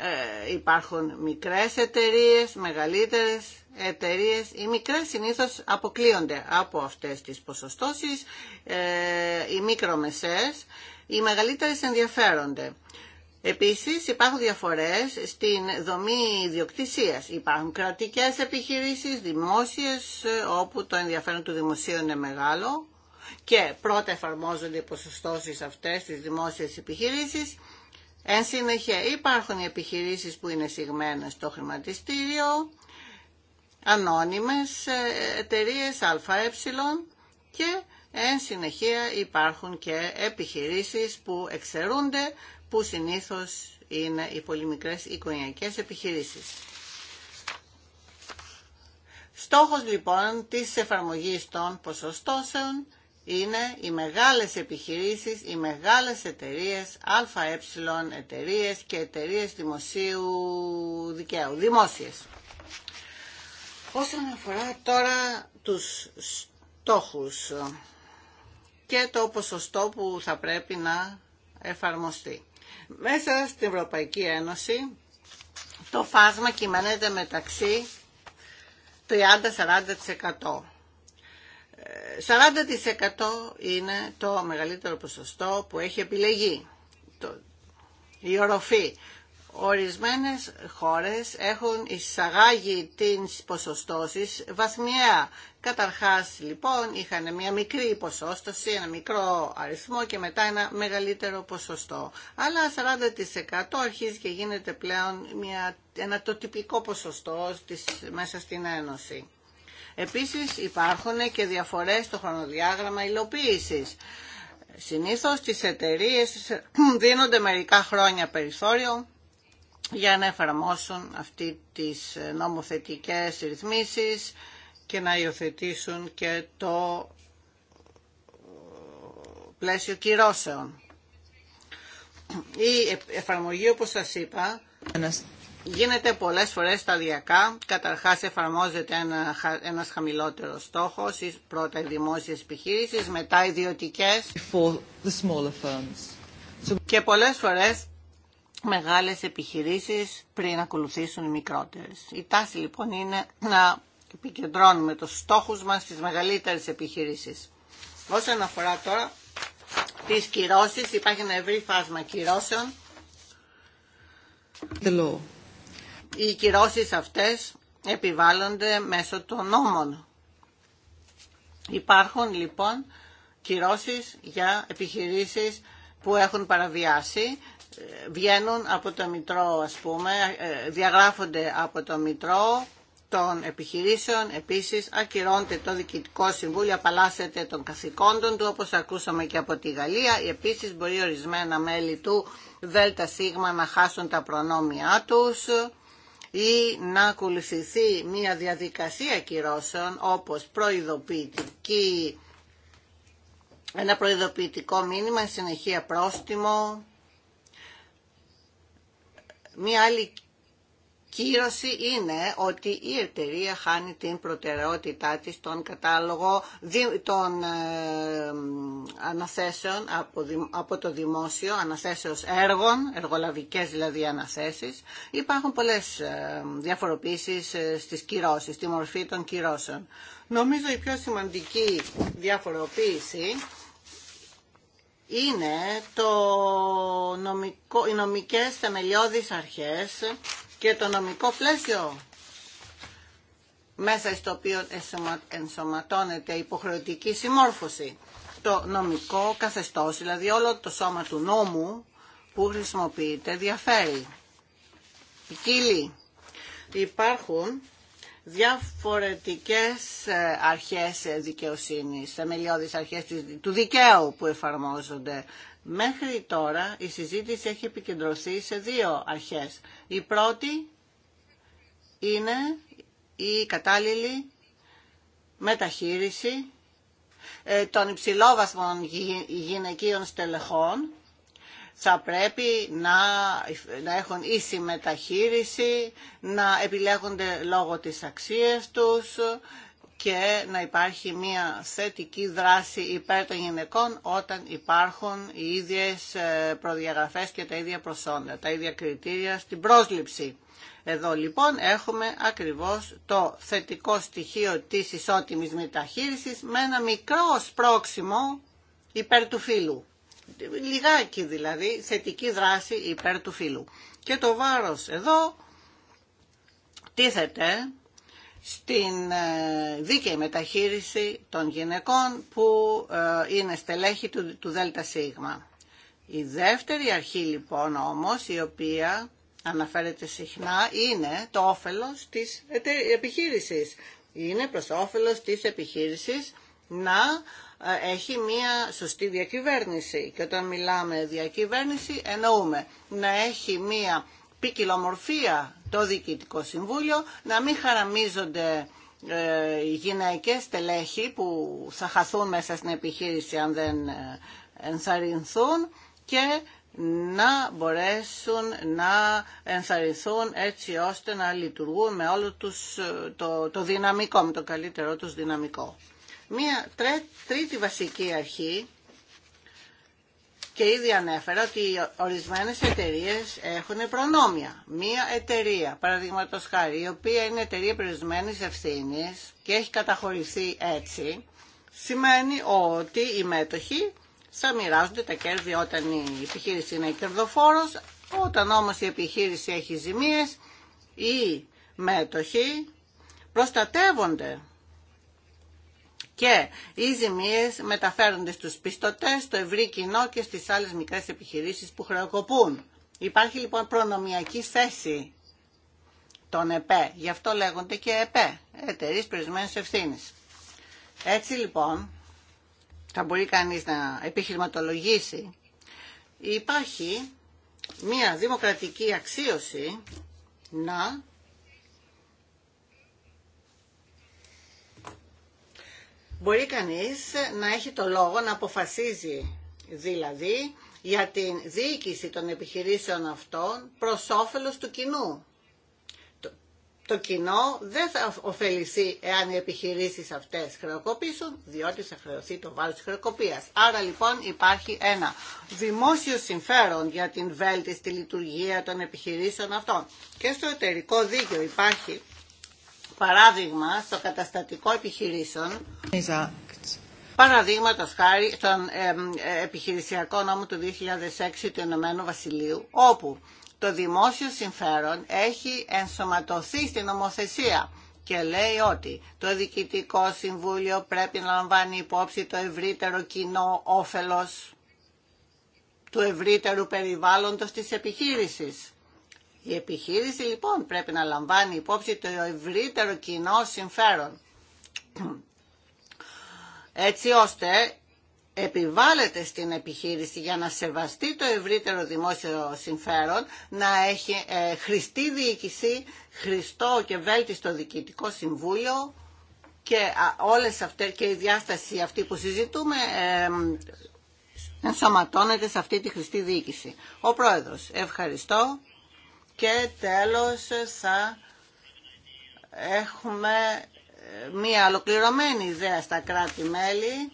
ε, υπάρχουν μικρές εταιρείες, μεγαλύτερες εταιρείες. Οι μικρές συνήθως αποκλείονται από αυτές τις ποσοστώσεις, ε, οι μικρομεσές, οι μεγαλύτερες ενδιαφέρονται. Επίσης υπάρχουν διαφορές στην δομή ιδιοκτησίας. Υπάρχουν κρατικές επιχειρήσεις, δημόσιες, ε, όπου το ενδιαφέρον του δημοσίου είναι μεγάλο και πρώτα εφαρμόζονται οι ποσοστώσεις αυτές στις δημόσιες επιχειρήσεις Εν συνεχεία υπάρχουν οι επιχειρήσεις που είναι συγμένες στο χρηματιστήριο, ανώνυμες ε, εταιρείε ΑΕ και εν συνεχεία υπάρχουν και επιχειρήσεις που εξαιρούνται που συνήθως είναι οι πολύ μικρές οικογενειακές επιχειρήσεις. Στόχος λοιπόν της εφαρμογής των ποσοστώσεων είναι οι μεγάλες επιχειρήσεις, οι μεγάλες εταιρείες, αε εταιρείες και εταιρείες δημοσίου δικαίου, δημόσιες. Όσον αφορά τώρα τους στόχους και το ποσοστό που θα πρέπει να εφαρμοστεί. Μέσα στην Ευρωπαϊκή Ένωση το φάσμα κυμαίνεται μεταξύ 30-40%. 40% ε, είναι το μεγαλύτερο ποσοστό που έχει επιλεγεί. Το, η οροφή. Ορισμένες χώρες έχουν εισαγάγει την ποσοστώσεις βαθμιαία. Καταρχάς λοιπόν είχαν μια μικρή ποσόστοση, ένα μικρό αριθμό και μετά ένα μεγαλύτερο ποσοστό. Αλλά 40% αρχίζει και γίνεται πλέον μια, ένα το τυπικό ποσοστό της, μέσα στην Ένωση. Επίσης υπάρχουν και διαφορές στο χρονοδιάγραμμα υλοποίησης. Συνήθως τις εταιρείε δίνονται μερικά χρόνια περιθώριο για να εφαρμόσουν αυτή τις νομοθετικές ρυθμίσεις και να υιοθετήσουν και το πλαίσιο κυρώσεων. Η εφαρμογή, όπως σας είπα, γίνεται πολλές φορές σταδιακά. Καταρχάς εφαρμόζεται ένα, ένας χαμηλότερος στόχος, πρώτα οι δημόσιες επιχείρησεις, μετά οι ιδιωτικές. Και πολλές φορές μεγάλες επιχειρήσεις πριν ακολουθήσουν οι μικρότερες. Η τάση λοιπόν είναι να επικεντρώνουμε τους στόχους μας στις μεγαλύτερες επιχειρήσεις. Όσον αφορά τώρα τις κυρώσεις, υπάρχει ένα ευρύ φάσμα κυρώσεων οι κυρώσεις αυτές επιβάλλονται μέσω των νόμων. Υπάρχουν λοιπόν κυρώσεις για επιχειρήσεις που έχουν παραβιάσει, βγαίνουν από το Μητρό ας πούμε, διαγράφονται από το Μητρό των επιχειρήσεων, επίσης ακυρώνεται το Διοικητικό Συμβούλιο, απαλλάσσεται των καθηκόντων του, όπως ακούσαμε και από τη Γαλλία. Επίσης μπορεί ορισμένα μέλη του ΔΣ να χάσουν τα προνόμια τους ή να ακολουθηθεί μια διαδικασία κυρώσεων όπως προειδοποιητική, ένα προειδοποιητικό μήνυμα, συνεχεία πρόστιμο, μια άλλη κύρωση είναι ότι η εταιρεία χάνει την προτεραιότητά της στον κατάλογο των ε, αναθέσεων από το δημόσιο, αναθέσεως έργων, εργολαβικές δηλαδή αναθέσεις. Υπάρχουν πολλές ε, διαφοροποίησεις ε, στις κυρώσεις, στη μορφή των κυρώσεων. Νομίζω η πιο σημαντική διαφοροποίηση είναι το νομικό, οι νομικές θεμελιώδεις αρχές και το νομικό πλαίσιο μέσα στο οποίο ενσωματώνεται η υποχρεωτική συμμόρφωση. Το νομικό καθεστώς, δηλαδή όλο το σώμα του νόμου που χρησιμοποιείται διαφέρει. Οι κύλοι υπάρχουν διαφορετικές ε, αρχές δικαιοσύνης, θεμελιώδεις αρχές του δικαίου που εφαρμόζονται Μέχρι τώρα η συζήτηση έχει επικεντρωθεί σε δύο αρχές. Η πρώτη είναι η κατάλληλη μεταχείριση ε, των υψηλόβαθμων γυναικείων στελεχών. Θα πρέπει να, να έχουν ίση μεταχείριση, να επιλέγονται λόγω της αξίας τους, και να υπάρχει μια θετική δράση υπέρ των γυναικών όταν υπάρχουν οι ίδιες ε, προδιαγραφές και τα ίδια προσόντα, τα ίδια κριτήρια στην πρόσληψη. Εδώ λοιπόν έχουμε ακριβώς το θετικό στοιχείο της ισότιμης μεταχείρισης με ένα μικρό σπρόξιμο υπέρ του φύλου. Λιγάκι δηλαδή θετική δράση υπέρ του φύλου. Και το βάρος εδώ τίθεται στην ε, δίκαιη μεταχείριση των γυναικών που ε, είναι στελέχη του ΔΣ. Η δεύτερη αρχή λοιπόν όμως η οποία αναφέρεται συχνά είναι το όφελος της επιχείρησης. Είναι προς όφελος της επιχείρησης να ε, έχει μία σωστή διακυβέρνηση. Και όταν μιλάμε διακυβέρνηση εννοούμε να έχει μία ποικιλομορφία το Διοικητικό Συμβούλιο, να μην χαραμίζονται ε, οι γυναικές στελέχοι που θα χαθούν μέσα στην επιχείρηση αν δεν ε, ενθαρρυνθούν και να μπορέσουν να ενθαρρυνθούν έτσι ώστε να λειτουργούν με όλο τους, ε, το, δυναμικό, με το καλύτερό τους δυναμικό. Μία τρίτη βασική αρχή και ήδη ανέφερα ότι ορισμένες εταιρείες έχουν προνόμια. Μία εταιρεία, παραδείγματο χάρη, η οποία είναι εταιρεία περιορισμένη ευθύνη και έχει καταχωρηθεί έτσι, σημαίνει ότι οι μέτοχοι θα μοιράζονται τα κέρδη όταν η επιχείρηση είναι κερδοφόρος, όταν όμως η επιχείρηση έχει ζημίες, οι μέτοχοι προστατεύονται και οι ζημίε μεταφέρονται στους πιστωτέ, στο ευρύ κοινό και στις άλλες μικρές επιχειρήσεις που χρεοκοπούν. Υπάρχει λοιπόν προνομιακή θέση των ΕΠΕ, γι' αυτό λέγονται και ΕΠΕ, εταιρείε Περιορισμένης ευθύνη. Έτσι λοιπόν θα μπορεί κανείς να επιχειρηματολογήσει. Υπάρχει μία δημοκρατική αξίωση να μπορεί κανείς να έχει το λόγο να αποφασίζει δηλαδή για την διοίκηση των επιχειρήσεων αυτών προς όφελος του κοινού. Το, το κοινό δεν θα ωφεληθεί εάν οι επιχειρήσεις αυτές χρεοκοπήσουν, διότι θα χρεωθεί το βάρος της χρεοκοπίας. Άρα λοιπόν υπάρχει ένα δημόσιο συμφέρον για την βέλτιστη λειτουργία των επιχειρήσεων αυτών. Και στο εταιρικό δίκαιο υπάρχει παράδειγμα στο καταστατικό επιχειρήσεων παραδείγματο χάρη στον ε, ε, επιχειρησιακό νόμο του 2006 του Ηνωμένου Βασιλείου όπου το δημόσιο συμφέρον έχει ενσωματωθεί στην νομοθεσία και λέει ότι το Διοικητικό Συμβούλιο πρέπει να λαμβάνει υπόψη το ευρύτερο κοινό όφελος του ευρύτερου περιβάλλοντος της επιχείρησης η επιχείρηση λοιπόν πρέπει να λαμβάνει υπόψη το ευρύτερο κοινό συμφέρον. Έτσι ώστε επιβάλλεται στην επιχείρηση για να σεβαστεί το ευρύτερο δημόσιο συμφέρον, να έχει ε, χρηστή διοίκηση, χρηστό και βέλτιστο διοικητικό συμβούλιο και όλες αυτές και η διάσταση αυτή που συζητούμε ενσωματώνεται σε αυτή τη χρηστή διοίκηση. Ο Πρόεδρος, ευχαριστώ και τέλος θα έχουμε μία ολοκληρωμένη ιδέα στα κράτη-μέλη.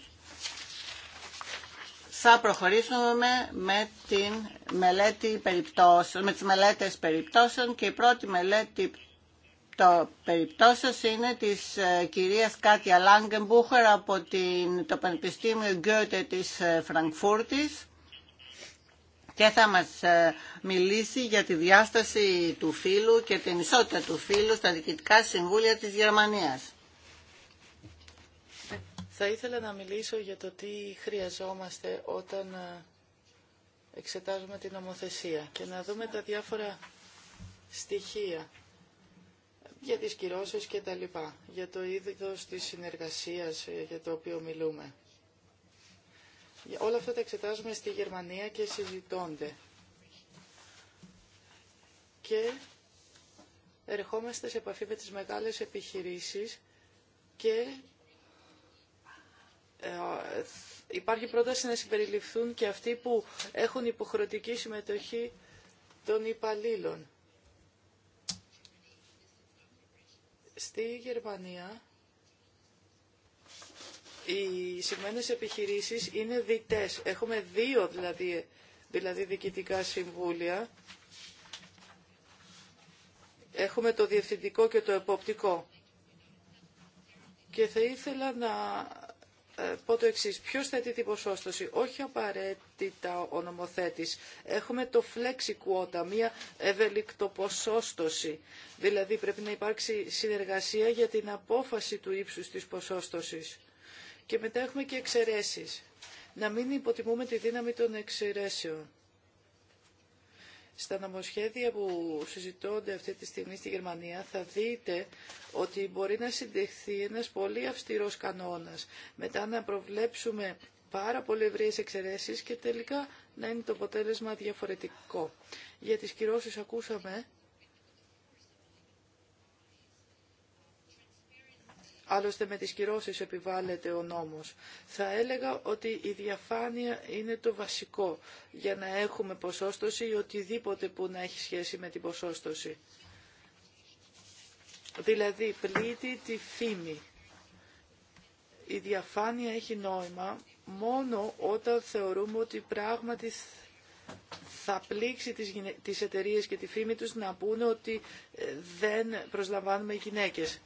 Θα προχωρήσουμε με, την μελέτη περιπτώσεων, με τις μελέτες περιπτώσεων και η πρώτη μελέτη το περιπτώσεως είναι της ε, κυρίας Κάτια Λάγκεμπούχερ από την, το Πανεπιστήμιο Γκέτε της ε, Φραγκφούρτης και θα μας ε, μιλήσει για τη διάσταση του φύλου και την ισότητα του φύλου στα διοικητικά συμβούλια της Γερμανίας. Θα ήθελα να μιλήσω για το τι χρειαζόμαστε όταν ε, εξετάζουμε την νομοθεσία και να δούμε τα διάφορα στοιχεία για τις κυρώσεις και τα λοιπά, για το είδος της συνεργασίας ε, για το οποίο μιλούμε. Όλα αυτά τα εξετάζουμε στη Γερμανία και συζητώνται. Και ερχόμαστε σε επαφή με τις μεγάλες επιχειρήσεις και ε, υπάρχει πρόταση να συμπεριληφθούν και αυτοί που έχουν υποχρεωτική συμμετοχή των υπαλλήλων. Στη Γερμανία οι σημαίνες επιχειρήσεις είναι διτές. Έχουμε δύο δηλαδή, δηλαδή διοικητικά συμβούλια. Έχουμε το διευθυντικό και το εποπτικό. Και θα ήθελα να ε, πω το εξή. Ποιο θέτει την ποσόστοση, όχι απαραίτητα ο νομοθέτη. Έχουμε το flexi quota, μια ευελικτοποσόστοση. Δηλαδή πρέπει να υπάρξει συνεργασία για την απόφαση του ύψου τη ποσόστοση. Και μετά έχουμε και εξαιρέσει. Να μην υποτιμούμε τη δύναμη των εξαιρέσεων. Στα νομοσχέδια που συζητώνται αυτή τη στιγμή στη Γερμανία θα δείτε ότι μπορεί να συντεχθεί ένας πολύ αυστηρός κανόνας. Μετά να προβλέψουμε πάρα πολύ ευρείες εξαιρέσεις και τελικά να είναι το αποτέλεσμα διαφορετικό. Για τις κυρώσεις ακούσαμε άλλωστε με τις κυρώσεις επιβάλλεται ο νόμος. Θα έλεγα ότι η διαφάνεια είναι το βασικό για να έχουμε ποσόστοση ή οτιδήποτε που να έχει σχέση με την ποσόστοση. Δηλαδή πλήττει τη φήμη. Η διαφάνεια έχει νόημα μόνο όταν θεωρούμε ότι πράγματι θα πλήξει τις εταιρείες και τη φήμη τους να πούνε ότι ε, δεν προσλαμβάνουμε γυναίκες.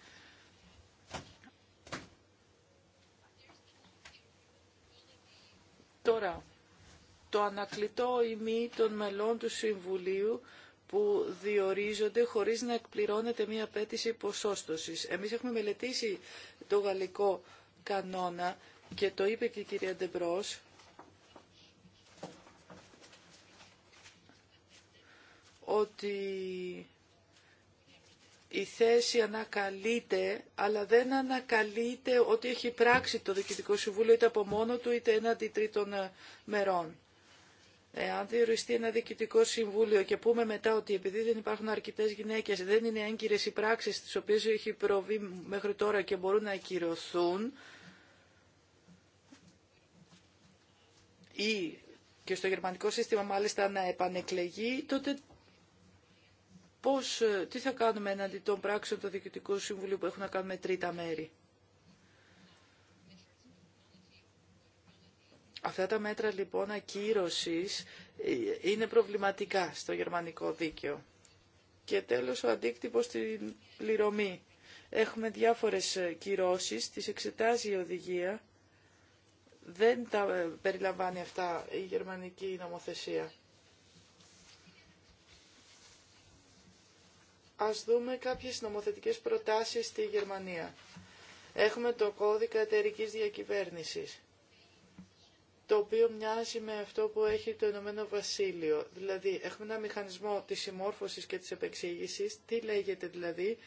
Τώρα, το ανακλητό ημί των μελών του Συμβουλίου που διορίζονται χωρίς να εκπληρώνεται μία απέτηση ποσόστοσης. Εμείς έχουμε μελετήσει το γαλλικό κανόνα και το είπε και η κυρία Ντεμπρός, ότι η θέση ανακαλείται, αλλά δεν ανακαλείται ότι έχει πράξει το Διοικητικό Συμβούλιο είτε από μόνο του είτε έναντι τρίτων ε, μερών. Εάν διοριστεί ένα διοικητικό συμβούλιο και πούμε μετά ότι επειδή δεν υπάρχουν αρκετέ γυναίκε, δεν είναι έγκυρε οι πράξει τι οποίε έχει προβεί μέχρι τώρα και μπορούν να ακυρωθούν, ή και στο γερμανικό σύστημα μάλιστα να επανεκλεγεί, τότε πώς, ε, τι θα κάνουμε εναντί των πράξεων του Διοικητικού Συμβουλίου που έχουν να κάνουν με τρίτα μέρη. Αυτά τα μέτρα λοιπόν ακύρωσης ε, είναι προβληματικά στο γερμανικό δίκαιο. Και τέλος ο αντίκτυπος στην πληρωμή. Έχουμε διάφορες ε, κυρώσεις, τις εξετάζει η οδηγία. Δεν τα περιλαμβάνει αυτά η γερμανική νομοθεσία. ας δούμε κάποιες νομοθετικές προτάσεις στη Γερμανία. Έχουμε το κώδικα εταιρική διακυβέρνησης, το οποίο μοιάζει με αυτό που έχει το Ηνωμένο Βασίλειο. Δηλαδή, έχουμε ένα μηχανισμό της συμμόρφωσης και της επεξήγησης. Τι λέγεται δηλαδή,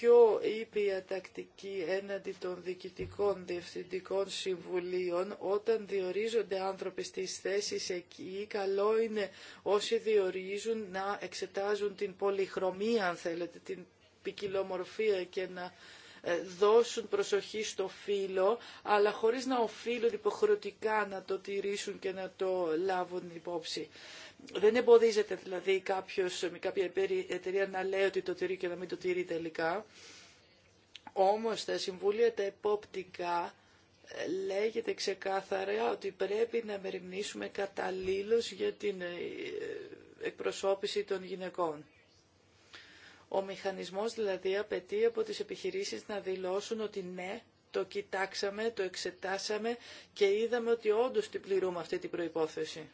πιο ήπια τακτική έναντι των διοικητικών διευθυντικών συμβουλίων όταν διορίζονται άνθρωποι στις θέσεις εκεί καλό είναι όσοι διορίζουν να εξετάζουν την πολυχρωμία αν θέλετε την ποικιλομορφία και να ε, δώσουν προσοχή στο φύλλο, αλλά χωρίς να οφείλουν υποχρεωτικά να το τηρήσουν και να το λάβουν υπόψη. Δεν εμποδίζεται δηλαδή κάποιος, κάποια εταιρεία να λέει ότι το τηρεί και να μην το τηρεί τελικά. Όμως τα συμβούλια τα επόπτικα ε, λέγεται ξεκάθαρα ότι πρέπει να μεριμνήσουμε καταλήλως για την ε, εκπροσώπηση των γυναικών. Ο μηχανισμός δηλαδή απαιτεί από τις επιχειρήσεις να δηλώσουν ότι ναι, το κοιτάξαμε, το εξετάσαμε και είδαμε ότι όντως την πληρούμε αυτή την προϋπόθεση.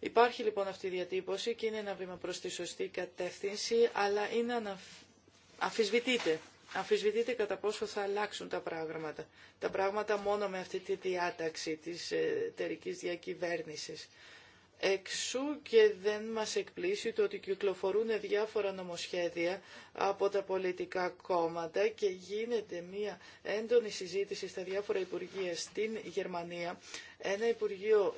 Υπάρχει λοιπόν αυτή η διατύπωση και είναι ένα βήμα προς τη σωστή κατεύθυνση, αλλά είναι να αμφισβητείται. κατά πόσο θα αλλάξουν τα πράγματα. Τα πράγματα μόνο με αυτή τη διάταξη της ε, εταιρική διακυβέρνησης. Εξού και δεν μας εκπλήσει το ότι κυκλοφορούν διάφορα νομοσχέδια από τα πολιτικά κόμματα και γίνεται μια έντονη συζήτηση στα διάφορα υπουργεία στην Γερμανία. Ένα υπουργείο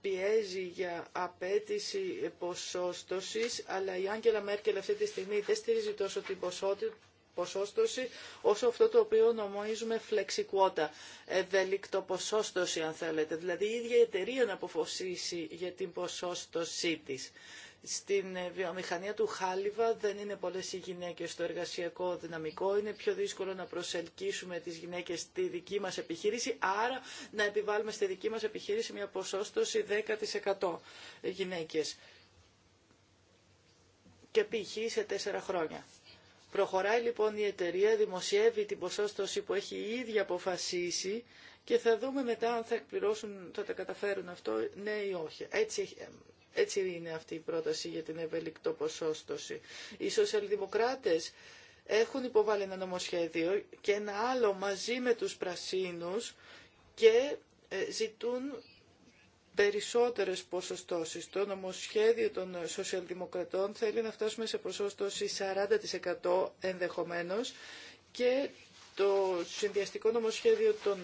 πιέζει για απέτηση ποσόστοσης, αλλά η Άγγελα Μέρκελ αυτή τη στιγμή δεν στηρίζει τόσο την ποσότητα ποσόστοση όσο αυτό το οποίο νομίζουμε φλεξικότα, ευέλικτο ποσόστοση αν θέλετε. Δηλαδή η ίδια η εταιρεία να αποφασίσει για την ποσόστοσή της. Στην ε, βιομηχανία του Χάλιβα δεν είναι πολλές οι γυναίκες στο εργασιακό δυναμικό. Είναι πιο δύσκολο να προσελκύσουμε τις γυναίκες στη δική μας επιχείρηση, άρα να επιβάλλουμε στη δική μας επιχείρηση μια ποσόστοση 10% γυναίκες. Και π.χ. σε τέσσερα χρόνια. Προχωράει λοιπόν η εταιρεία, δημοσιεύει την ποσόστοση που έχει η ίδια αποφασίσει και θα δούμε μετά αν θα εκπληρώσουν, θα τα καταφέρουν αυτό, ναι ή όχι. Έτσι, έτσι είναι αυτή η πρόταση για την ευελικτό ποσόστοση. Οι σοσιαλδημοκράτες έχουν υποβάλει ένα νομοσχέδιο και ένα άλλο μαζί με τους πρασίνους και ε, ζητούν περισσότερες ποσοστώσεις. Το νομοσχέδιο των σοσιαλδημοκρατών θέλει να φτάσουμε σε ποσόστοση 40% ενδεχομένως και το συνδυαστικό νομοσχέδιο των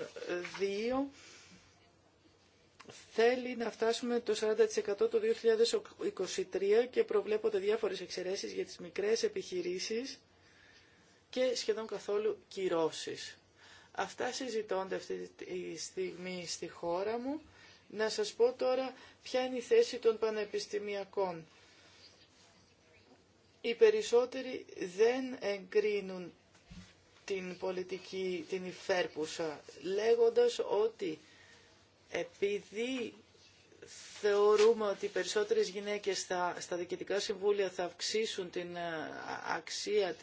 δύο θέλει να φτάσουμε το 40% το 2023 και προβλέπονται διάφορες εξαιρέσεις για τις μικρές επιχειρήσεις και σχεδόν καθόλου κυρώσεις. Αυτά συζητώνται αυτή τη στιγμή στη χώρα μου να σας πω τώρα ποια είναι η θέση των πανεπιστημιακών. Οι περισσότεροι δεν εγκρίνουν την πολιτική, την υφέρπουσα, λέγοντας ότι επειδή θεωρούμε ότι οι περισσότερες γυναίκες στα διοικητικά συμβούλια θα αυξήσουν την ε, αξία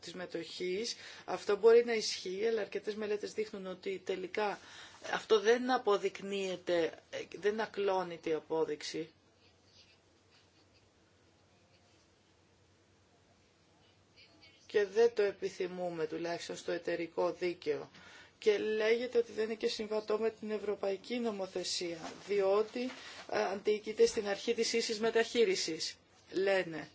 της μετοχής. Αυτό μπορεί να ισχύει, αλλά αρκετές μελέτες δείχνουν ότι τελικά αυτό δεν αποδεικνύεται, δεν ακλώνεται η απόδειξη. Και δεν το επιθυμούμε τουλάχιστον στο εταιρικό δίκαιο. Και λέγεται ότι δεν είναι και συμβατό με την ευρωπαϊκή νομοθεσία, διότι ε, αντίκειται στην αρχή της ίσης μεταχείρισης, λένε.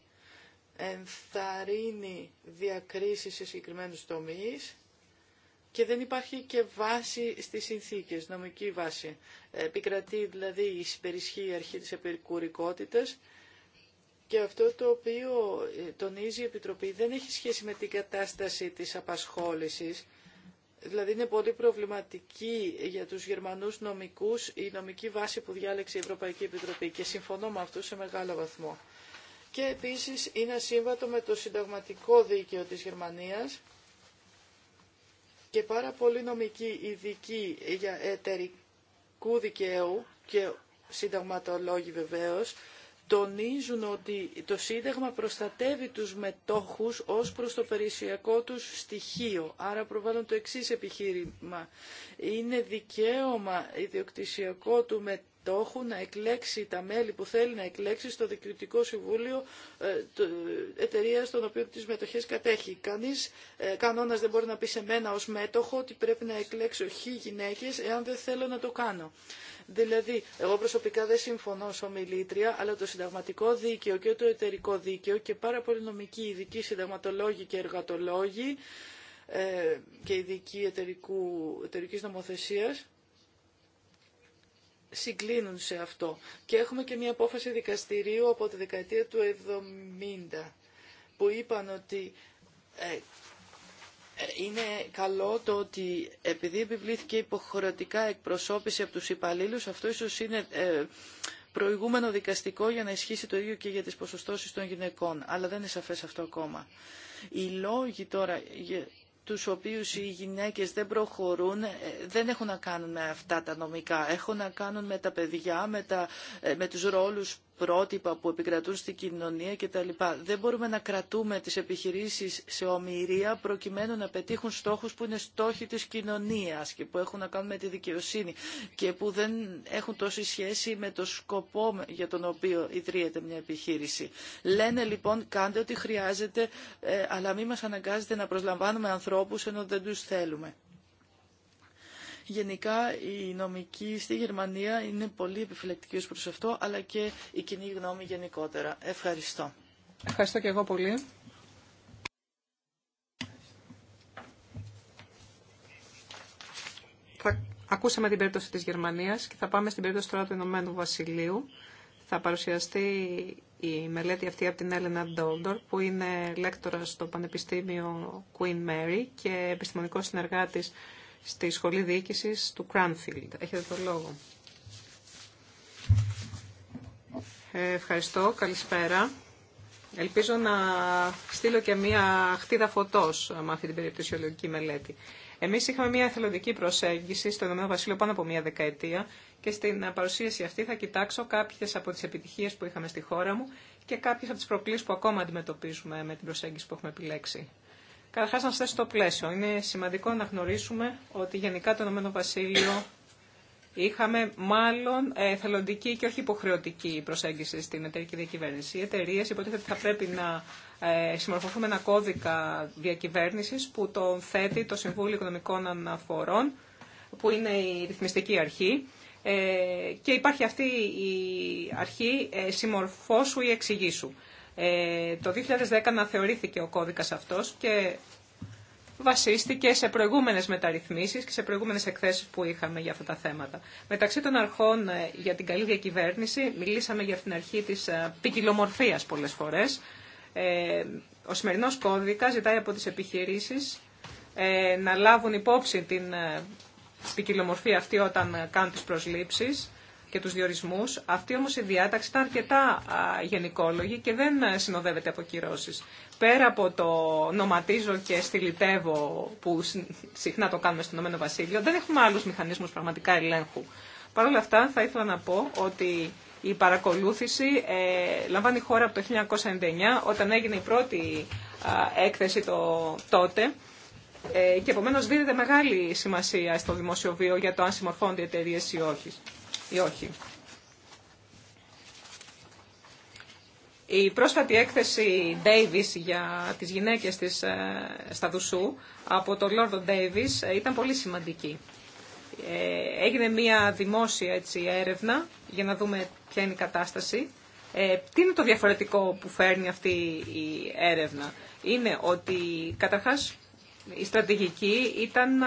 Ενθαρρύνει διακρίσεις σε συγκεκριμένους τομείς, και δεν υπάρχει και βάση στις συνθήκες, νομική βάση. Επικρατεί δηλαδή η συμπερισχή αρχή της επικουρικότητας και αυτό το οποίο ε, τονίζει η Επιτροπή δεν έχει σχέση με την κατάσταση της απασχόλησης. Δηλαδή είναι πολύ προβληματική για τους Γερμανούς νομικούς η νομική βάση που διάλεξε η Ευρωπαϊκή Επιτροπή και συμφωνώ με αυτού σε μεγάλο βαθμό. Και επίσης είναι ασύμβατο με το συνταγματικό δίκαιο της Γερμανίας και πάρα πολλοί νομικοί ειδικοί για εταιρικού δικαίου και συνταγματολόγοι βεβαίως, τονίζουν ότι το Σύνταγμα προστατεύει τους μετόχους ως προς το περιουσιακό τους στοιχείο. Άρα προβάλλουν το εξής επιχείρημα. Είναι δικαίωμα ιδιοκτησιακό του μετόχου στόχου να εκλέξει τα μέλη που θέλει να εκλέξει στο Διοικητικό Συμβούλιο ε, ε, εταιρεία στον οποίο τις μετοχές κατέχει. Κανείς ε, κανόνας δεν μπορεί να πει σε μένα ως μέτοχο ότι πρέπει να εκλέξω χι γυναίκες εάν δεν θέλω να το κάνω. Δηλαδή, εγώ προσωπικά δεν συμφωνώ ως ομιλήτρια, αλλά το συνταγματικό δίκαιο και το εταιρικό δίκαιο και πάρα πολλοί νομικοί ειδικοί συνταγματολόγοι και εργατολόγοι ε, και ειδικοί εταιρικού, εταιρικής νομοθεσίας συγκλίνουν σε αυτό. Και έχουμε και μια απόφαση δικαστηρίου από τη δεκαετία του 70 που είπαν ότι ε, ε, είναι καλό το ότι επειδή επιβλήθηκε υποχρεωτικά εκπροσώπηση από τους υπαλλήλους, αυτό ίσως είναι ε, προηγούμενο δικαστικό για να ισχύσει το ίδιο και για τις ποσοστώσεις των γυναικών. Αλλά δεν είναι σαφές αυτό ακόμα. Οι λόγοι τώρα τους οποίους οι γυναίκες δεν προχωρούν ε, δεν έχουν να κάνουν με αυτά τα νομικά. Έχουν να κάνουν με τα παιδιά, με, τα, ε, με τους ρόλους πρότυπα που επικρατούν στην κοινωνία κτλ. Δεν μπορούμε να κρατούμε τις επιχειρήσεις σε ομοιρία προκειμένου να πετύχουν στόχους που είναι στόχοι της κοινωνίας και που έχουν να κάνουν με τη δικαιοσύνη και που δεν έχουν τόση σχέση με το σκοπό για τον οποίο ιδρύεται μια επιχείρηση. Λένε λοιπόν κάντε ό,τι χρειάζεται ε, αλλά μην μας αναγκάζετε να προσλαμβάνουμε ανθρώπους ενώ δεν τους θέλουμε. Γενικά η νομική στη Γερμανία είναι πολύ επιφυλακτική ως προς αυτό, αλλά και η κοινή γνώμη γενικότερα. Ευχαριστώ. Ευχαριστώ και εγώ πολύ. Θα ακούσαμε την περίπτωση της Γερμανίας και θα πάμε στην περίπτωση τώρα του Ηνωμένου Βασιλείου. Θα παρουσιαστεί η μελέτη αυτή από την Έλενα Ντόλντορ, που είναι λέκτορα στο Πανεπιστήμιο Queen Mary και επιστημονικός συνεργάτης στη Σχολή Διοίκησης του Κράνφιλντ. Έχετε το λόγο. Ε, ευχαριστώ. Καλησπέρα. Ελπίζω να στείλω και μία χτίδα φωτός με αυτή την περιπτωσιολογική μελέτη. Εμείς είχαμε μία εθελοντική προσέγγιση στο Ηνωμένο Βασίλειο πάνω από μία δεκαετία και στην παρουσίαση αυτή θα κοιτάξω κάποιες από τις επιτυχίες που είχαμε στη χώρα μου και κάποιες από τις προκλήσεις που ακόμα αντιμετωπίζουμε με την προσέγγιση που έχουμε επιλέξει. Καταρχά, να σα θέσω το πλαίσιο. Είναι σημαντικό να γνωρίσουμε ότι γενικά το Ηνωμένο είχαμε μάλλον ε, θελοντική και όχι υποχρεωτική προσέγγιση στην εταιρική διακυβέρνηση. Οι εταιρείε υποτίθεται ότι θα πρέπει να ε, συμμορφωθούν με ένα κώδικα διακυβέρνηση που τον θέτει το Συμβούλιο Οικονομικών Αναφορών, που είναι η ρυθμιστική αρχή. Ε, και υπάρχει αυτή η αρχή συμμορφώσου ή εξηγήσου. Ε, το 2010 αναθεωρήθηκε ο κώδικας αυτός και βασίστηκε σε προηγούμενες μεταρρυθμίσεις και σε προηγούμενες εκθέσεις που είχαμε για αυτά τα θέματα. Μεταξύ των αρχών ε, για την καλή διακυβέρνηση μιλήσαμε για την αρχή της ε, ποικιλομορφία πολλές φορές. Ο σημερινός κώδικας ζητάει από τις επιχειρήσεις να λάβουν υπόψη την ποικιλομορφία αυτή όταν κάνουν τις προσλήψεις και τους διορισμούς. Αυτή όμως η διάταξη ήταν αρκετά γενικόλογη και δεν συνοδεύεται από κυρώσεις. Πέρα από το νοματίζω και στυλιτεύω που συχνά το κάνουμε στον Ηνωμένο Βασίλειο, δεν έχουμε άλλους μηχανισμούς πραγματικά ελέγχου. Παρ' όλα αυτά θα ήθελα να πω ότι η παρακολούθηση ε, λαμβάνει χώρα από το 1999 όταν έγινε η πρώτη έκθεση το, τότε ε, και επομένως δίδεται μεγάλη σημασία στο δημοσιοβίο για το αν συμμορφώνται οι εταιρείε ή όχι ή όχι. Η πρόσφατη έκθεση Davis για τις γυναίκες της, ε, στα Δουσού από τον Λόρδο Davis ε, ήταν πολύ σημαντική. Ε, έγινε μία δημόσια έτσι, έρευνα για να δούμε ποια είναι η κατάσταση. Ε, τι είναι το διαφορετικό που φέρνει αυτή η έρευνα. Είναι ότι καταρχάς η στρατηγική ήταν,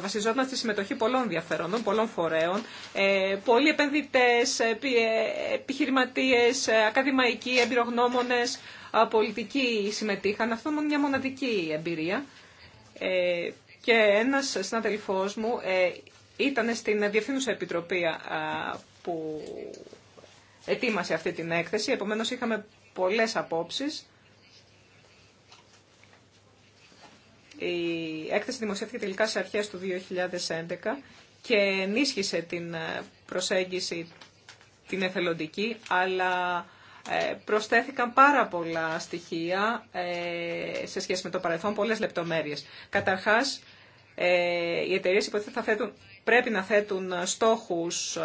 βασιζόταν στη συμμετοχή πολλών ενδιαφερόντων, πολλών φορέων, ε, πολλοί επενδυτές, ε, ε, επιχειρηματίε, ακαδημαϊκοί, εμπειρογνώμονε, πολιτικοί συμμετείχαν. Αυτό ήταν μια μοναδική εμπειρία. Και ένας συναδελφό μου ήταν στην Διευθύνουσα Επιτροπή που ετοίμασε αυτή την έκθεση, Επομένω, είχαμε πολλέ απόψεις Η έκθεση δημοσιεύτηκε τελικά σε αρχές του 2011 και ενίσχυσε την ε, προσέγγιση την εθελοντική, αλλά ε, προσθέθηκαν πάρα πολλά στοιχεία ε, σε σχέση με το παρελθόν, πολλές λεπτομέρειες. Καταρχάς, οι εταιρείε υποθέτουν θα θέτουν, πρέπει να θέτουν στόχους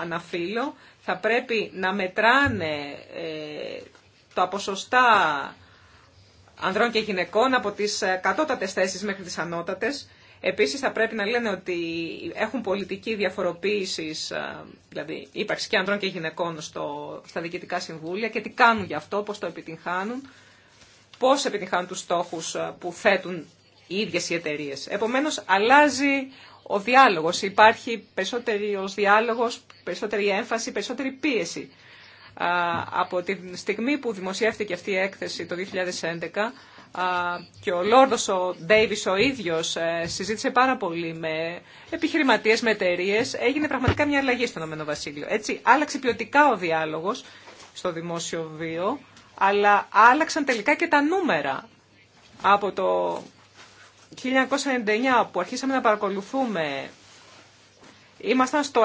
αναφύλλο, θα πρέπει να μετράνε τα ποσοστά ανδρών και γυναικών από τις ε, κατώτατες θέσεις μέχρι τις ανώτατες. Επίσης θα πρέπει να λένε ότι έχουν πολιτική διαφοροποίηση, ε, δηλαδή ύπαρξη και ανδρών και γυναικών στο, στα διοικητικά συμβούλια και τι κάνουν γι' αυτό, πώς το επιτυγχάνουν, πώς επιτυγχάνουν τους στόχους ε, που θέτουν οι ίδιες οι εταιρείε. Επομένως αλλάζει ο διάλογος, υπάρχει περισσότερος διάλογος, περισσότερη έμφαση, περισσότερη πίεση από τη στιγμή που δημοσιεύτηκε αυτή η έκθεση το 2011 και ο Λόρδος ο Ντέιβις ο ίδιος ε, συζήτησε πάρα πολύ με επιχειρηματίες, με εταιρείε, έγινε πραγματικά μια αλλαγή στον Ηνωμένο Βασίλειο. Έτσι άλλαξε ποιοτικά ο διάλογος στο δημόσιο βίο, αλλά άλλαξαν τελικά και τα νούμερα από το 1999 που αρχίσαμε να παρακολουθούμε. Ήμασταν στο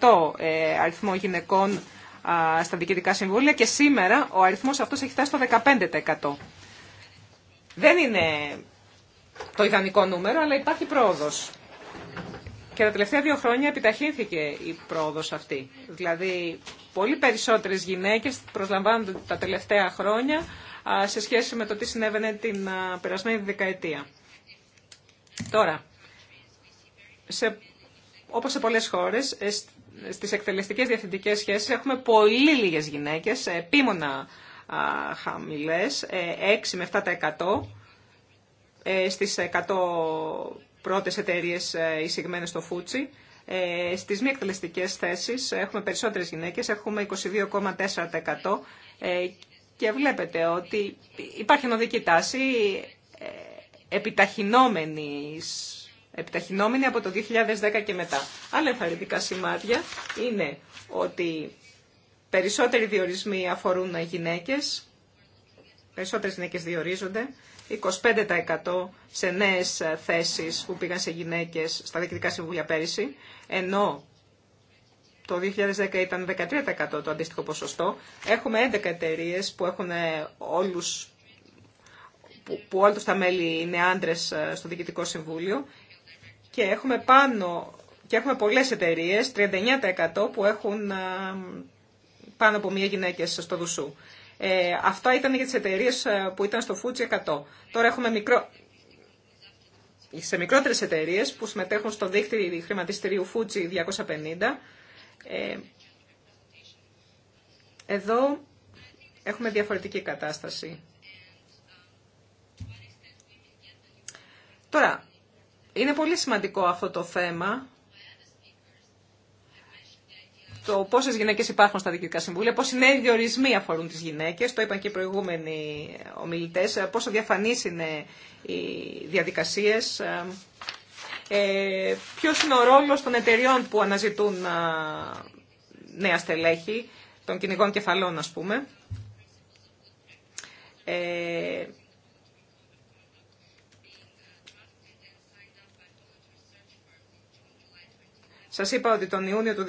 6% ε, αριθμό γυναικών στα διοικητικά συμβούλια και σήμερα ο αριθμός αυτός έχει φτάσει στο 15%. Δεν είναι το ιδανικό νούμερο, αλλά υπάρχει πρόοδος. Και τα τελευταία δύο χρόνια επιταχύνθηκε η πρόοδος αυτή. Δηλαδή, πολύ περισσότερες γυναίκες προσλαμβάνονται τα τελευταία χρόνια σε σχέση με το τι συνέβαινε την περασμένη δεκαετία. Τώρα, σε, όπως σε πολλές χώρες, ε, Στι εκτελεστικέ διευθυντικές διαθυντικέ έχουμε πολύ λίγες γυναίκες, επίμονα επίμνα 6 ε, με 7% ε, στις 100 πρώτες εταιρείε εισηγμένε στο Φούτσι. Ε, στις μη εκτελεστικέ θέσει έχουμε περισσότερες γυναίκες, έχουμε 22,4% και βλέπετε ότι υπάρχει ενωδική τάση επιταχυνόμενης επιταχυνόμενη από το 2010 και μετά. Άλλα ενθαρρυντικά σημάδια είναι ότι περισσότεροι διορισμοί αφορούν γυναίκες, περισσότερες γυναίκες διορίζονται, 25% σε νέες θέσεις που πήγαν σε γυναίκες στα διοικητικά συμβούλια πέρυσι, ενώ το 2010 ήταν 13% το αντίστοιχο ποσοστό. Έχουμε 11 εταιρείε που έχουν ε, όλους που, που όλους τα μέλη είναι άντρες ε, στο Διοικητικό Συμβούλιο και έχουμε πάνω και έχουμε πολλές εταιρείες, 39% που έχουν πάνω από μία γυναίκα στο δουσού. Ε, αυτά ήταν για τις εταιρείες ε, που ήταν στο Φούτζι 100. Τώρα έχουμε μικρό... σε μικρότερε εταιρείε που συμμετέχουν στο δίκτυο χρηματιστηρίου Φούτζι 250. Ε, εδώ έχουμε διαφορετική κατάσταση. Τώρα, είναι πολύ σημαντικό αυτό το θέμα. Το πόσε γυναίκε υπάρχουν στα διοικητικά συμβούλια, πόσοι νέοι διορισμοί αφορούν τι γυναίκε, το είπαν και οι προηγούμενοι ομιλητέ, πόσο διαφανεί είναι οι διαδικασίε, ε, ποιο είναι ο ρόλο των εταιριών που αναζητούν νέα στελέχη, των κυνηγών κεφαλών α πούμε. Ε, Σας είπα ότι τον Ιούνιο του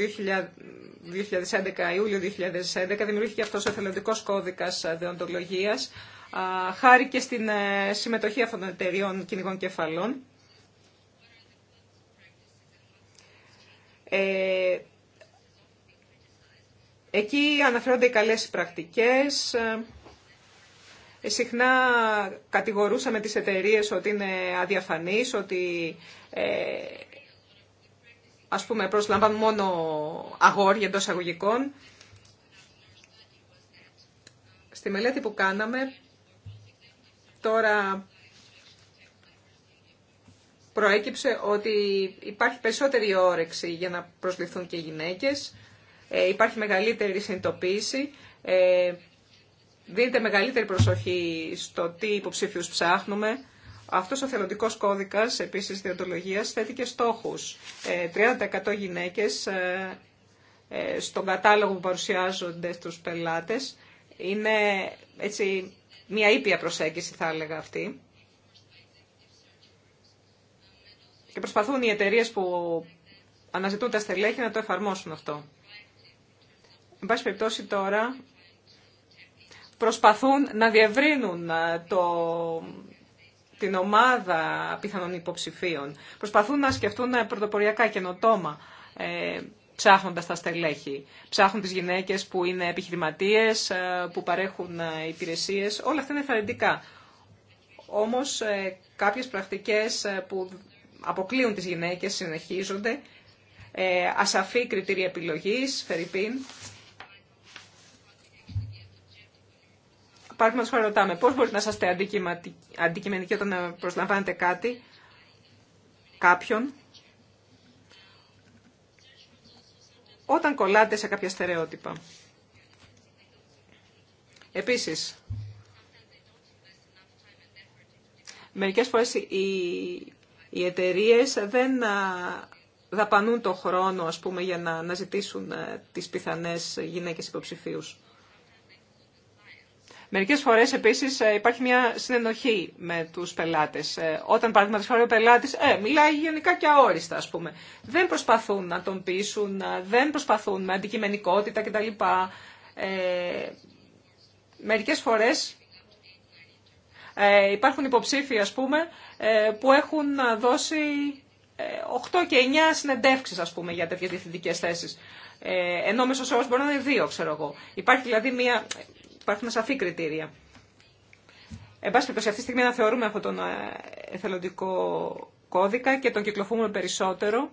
2011, Ιούλιο 2011, δημιουργήθηκε αυτός ο εθελοντικός κώδικας ε, δεοντολογίας, χάρη και στην ε, συμμετοχή αυτών των εταιριών κυνηγών κεφαλών. Ε, εκεί αναφέρονται οι καλές πρακτικές. Ε, συχνά κατηγορούσαμε τις εταιρείες ότι είναι αδιαφανείς, ότι ε, ας πούμε, προσλαμβάνουν μόνο αγόρια εντό αγωγικών. Στη μελέτη που κάναμε, τώρα προέκυψε ότι υπάρχει περισσότερη όρεξη για να προσληφθούν και οι γυναίκες, ε, υπάρχει μεγαλύτερη συνειδητοποίηση, ε, δίνεται μεγαλύτερη προσοχή στο τι υποψήφιους ψάχνουμε, αυτό ο θελοντικό κώδικας επίση διοντολογία θέτει και στόχους. 30% ε, γυναίκες ε, ε, στον κατάλογο που παρουσιάζονται στους πελάτες είναι έτσι μια ήπια προσέγγιση θα έλεγα αυτή. Και προσπαθούν οι εταιρείε που αναζητούν τα στελέχη να το εφαρμόσουν αυτό. Εν πάση περιπτώσει τώρα προσπαθούν να διευρύνουν το, την ομάδα πιθανών υποψηφίων. Προσπαθούν να σκεφτούν πρωτοποριακά καινοτόμα, ε, ψάχνοντας τα στελέχη. Ψάχνουν τις γυναίκες που είναι επιχειρηματίες, ε, που παρέχουν ε, υπηρεσίες. Όλα αυτά είναι εφαρεντικά. Όμως ε, κάποιες πρακτικές που αποκλείουν τις γυναίκες συνεχίζονται. Ε, ασαφή κριτήρια επιλογής, φερρυπίν. Παραδείγματο χάρη ρωτάμε πώ μπορείτε να είστε αντικειμενικοί όταν ε, προσλαμβάνετε κάτι, κάποιον, όταν κολλάτε σε κάποια στερεότυπα. Επίσης, μερικές φορές οι, οι εταιρείε δεν ε, δαπανούν το χρόνο, ας πούμε, για να ζητήσουν ε, τις πιθανές γυναίκες υποψηφίους. Μερικέ φορέ επίση ε, υπάρχει μια συνενοχή με του πελάτε. Ε, όταν παραδείγματο χάρη ο πελάτη, ε, μιλάει γενικά και αόριστα α πούμε. Δεν προσπαθούν να τον πείσουν, ε, δεν προσπαθούν με αντικειμενικότητα κτλ. Ε, μερικές φορές ε, υπάρχουν υποψήφοι ας πούμε ε, που έχουν δώσει 8 και 9 συνεντεύξεις ας πούμε για τέτοιες διευθυντικές θέσεις. Ε, ενώ μέσω όρος μπορεί να είναι 2 ξέρω εγώ. Υπάρχει δηλαδή μια, υπάρχουν σαφή κριτήρια. Εν πάση αυτή τη στιγμή αναθεωρούμε αυτόν τον ε, εθελοντικό κώδικα και τον κυκλοφούμε περισσότερο.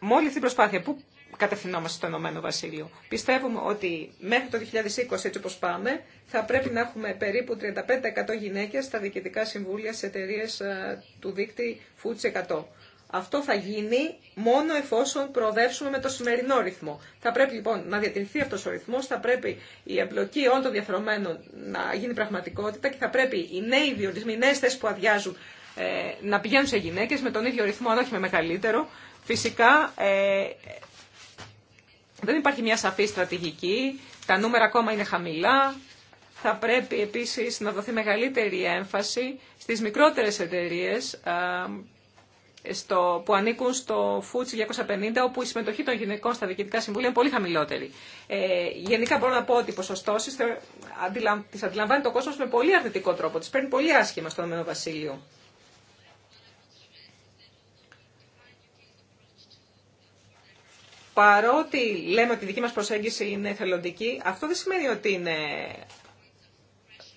Με όλη αυτή την προσπάθεια, πού κατευθυνόμαστε στο Ενωμένο Βασίλειο. Πιστεύουμε ότι μέχρι το 2020, έτσι όπως πάμε, θα πρέπει να έχουμε περίπου 35% γυναίκες στα διοικητικά συμβούλια σε εταιρείε ε, του δίκτυ Foods 100. Αυτό θα γίνει μόνο εφόσον προοδεύσουμε με το σημερινό ρυθμό. Θα πρέπει λοιπόν να διατηρηθεί αυτός ο ρυθμός, θα πρέπει η εμπλοκή όλων των διαφερομένων να γίνει πραγματικότητα και θα πρέπει οι νέοι διορισμοί, οι νέες θέσεις που αδειάζουν ε, να πηγαίνουν σε γυναίκες με τον ίδιο ρυθμό, αν όχι με μεγαλύτερο. Φυσικά ε, δεν υπάρχει μια σαφή στρατηγική, τα νούμερα ακόμα είναι χαμηλά. Θα πρέπει επίσης να δοθεί μεγαλύτερη έμφαση στις μικρότερες εταιρείε. Ε, στο, που ανήκουν στο FUTS 250, όπου η συμμετοχή των γυναικών στα διοικητικά συμβούλια είναι πολύ χαμηλότερη. Ε, γενικά μπορώ να πω ότι οι ποσοστώσει τι αντιλαμβάνει το κόσμο με πολύ αρνητικό τρόπο. Τι παίρνει πολύ άσχημα στο Ηνωμένο Βασίλειο. Παρότι λέμε ότι η δική μας προσέγγιση είναι θελοντική, αυτό δεν σημαίνει ότι είναι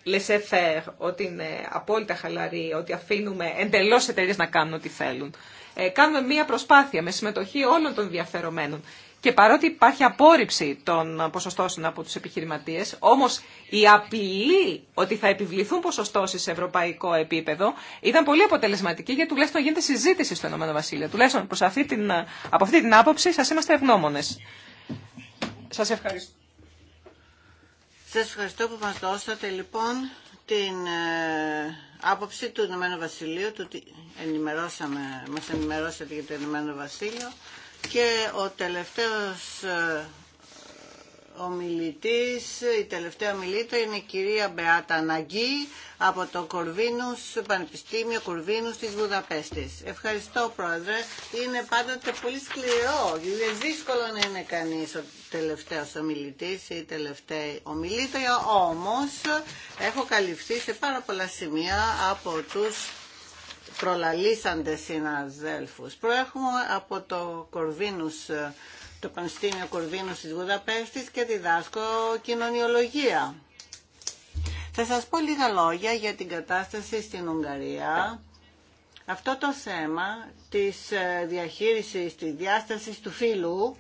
laissez-faire, ότι είναι απόλυτα χαλαρή, ότι αφήνουμε εντελώ εταιρείε να κάνουν ό,τι θέλουν. Ε, κάνουμε μία προσπάθεια με συμμετοχή όλων των διαφερομένων. Και παρότι υπάρχει απόρριψη των ποσοστώσεων από του επιχειρηματίε, όμω η απειλή ότι θα επιβληθούν ποσοστώσει σε ευρωπαϊκό επίπεδο ήταν πολύ αποτελεσματική γιατί τουλάχιστον γίνεται συζήτηση στο ΕΒ Τουλάχιστον προς αυτή την, από αυτή την άποψη σα είμαστε ευγνώμονε. Σας ευχαριστώ. Σας ευχαριστώ που μας δώσατε λοιπόν την ε, άποψη του Ηνωμένου Βασιλείου, του ενημερώσαμε, μας ενημερώσατε για το Ηνωμένο Βασίλειο και ο τελευταίος ε, ομιλητής, η τελευταία ομιλήτρια είναι η κυρία Μπεάτα Αναγκή από το Κορβίνους, Πανεπιστήμιο Κορβίνους της Βουδαπέστης. Ευχαριστώ πρόεδρε, είναι πάντοτε πολύ σκληρό, είναι δύσκολο να είναι κανείς ο τελευταίος ομιλητής ή η τελευταία ομιλήτρια, όμως έχω καλυφθεί σε πάρα πολλά σημεία από τους προλαλήσαντες συναδέλφους. Προέρχομαι από το Κορβίνους το Πανεπιστήμιο Κορδίνου της Βουδαπέστης και διδάσκω κοινωνιολογία. Θα σας πω λίγα λόγια για την κατάσταση στην Ουγγαρία. Αυτό το θέμα της ε, διαχείρισης της διάστασης του φύλου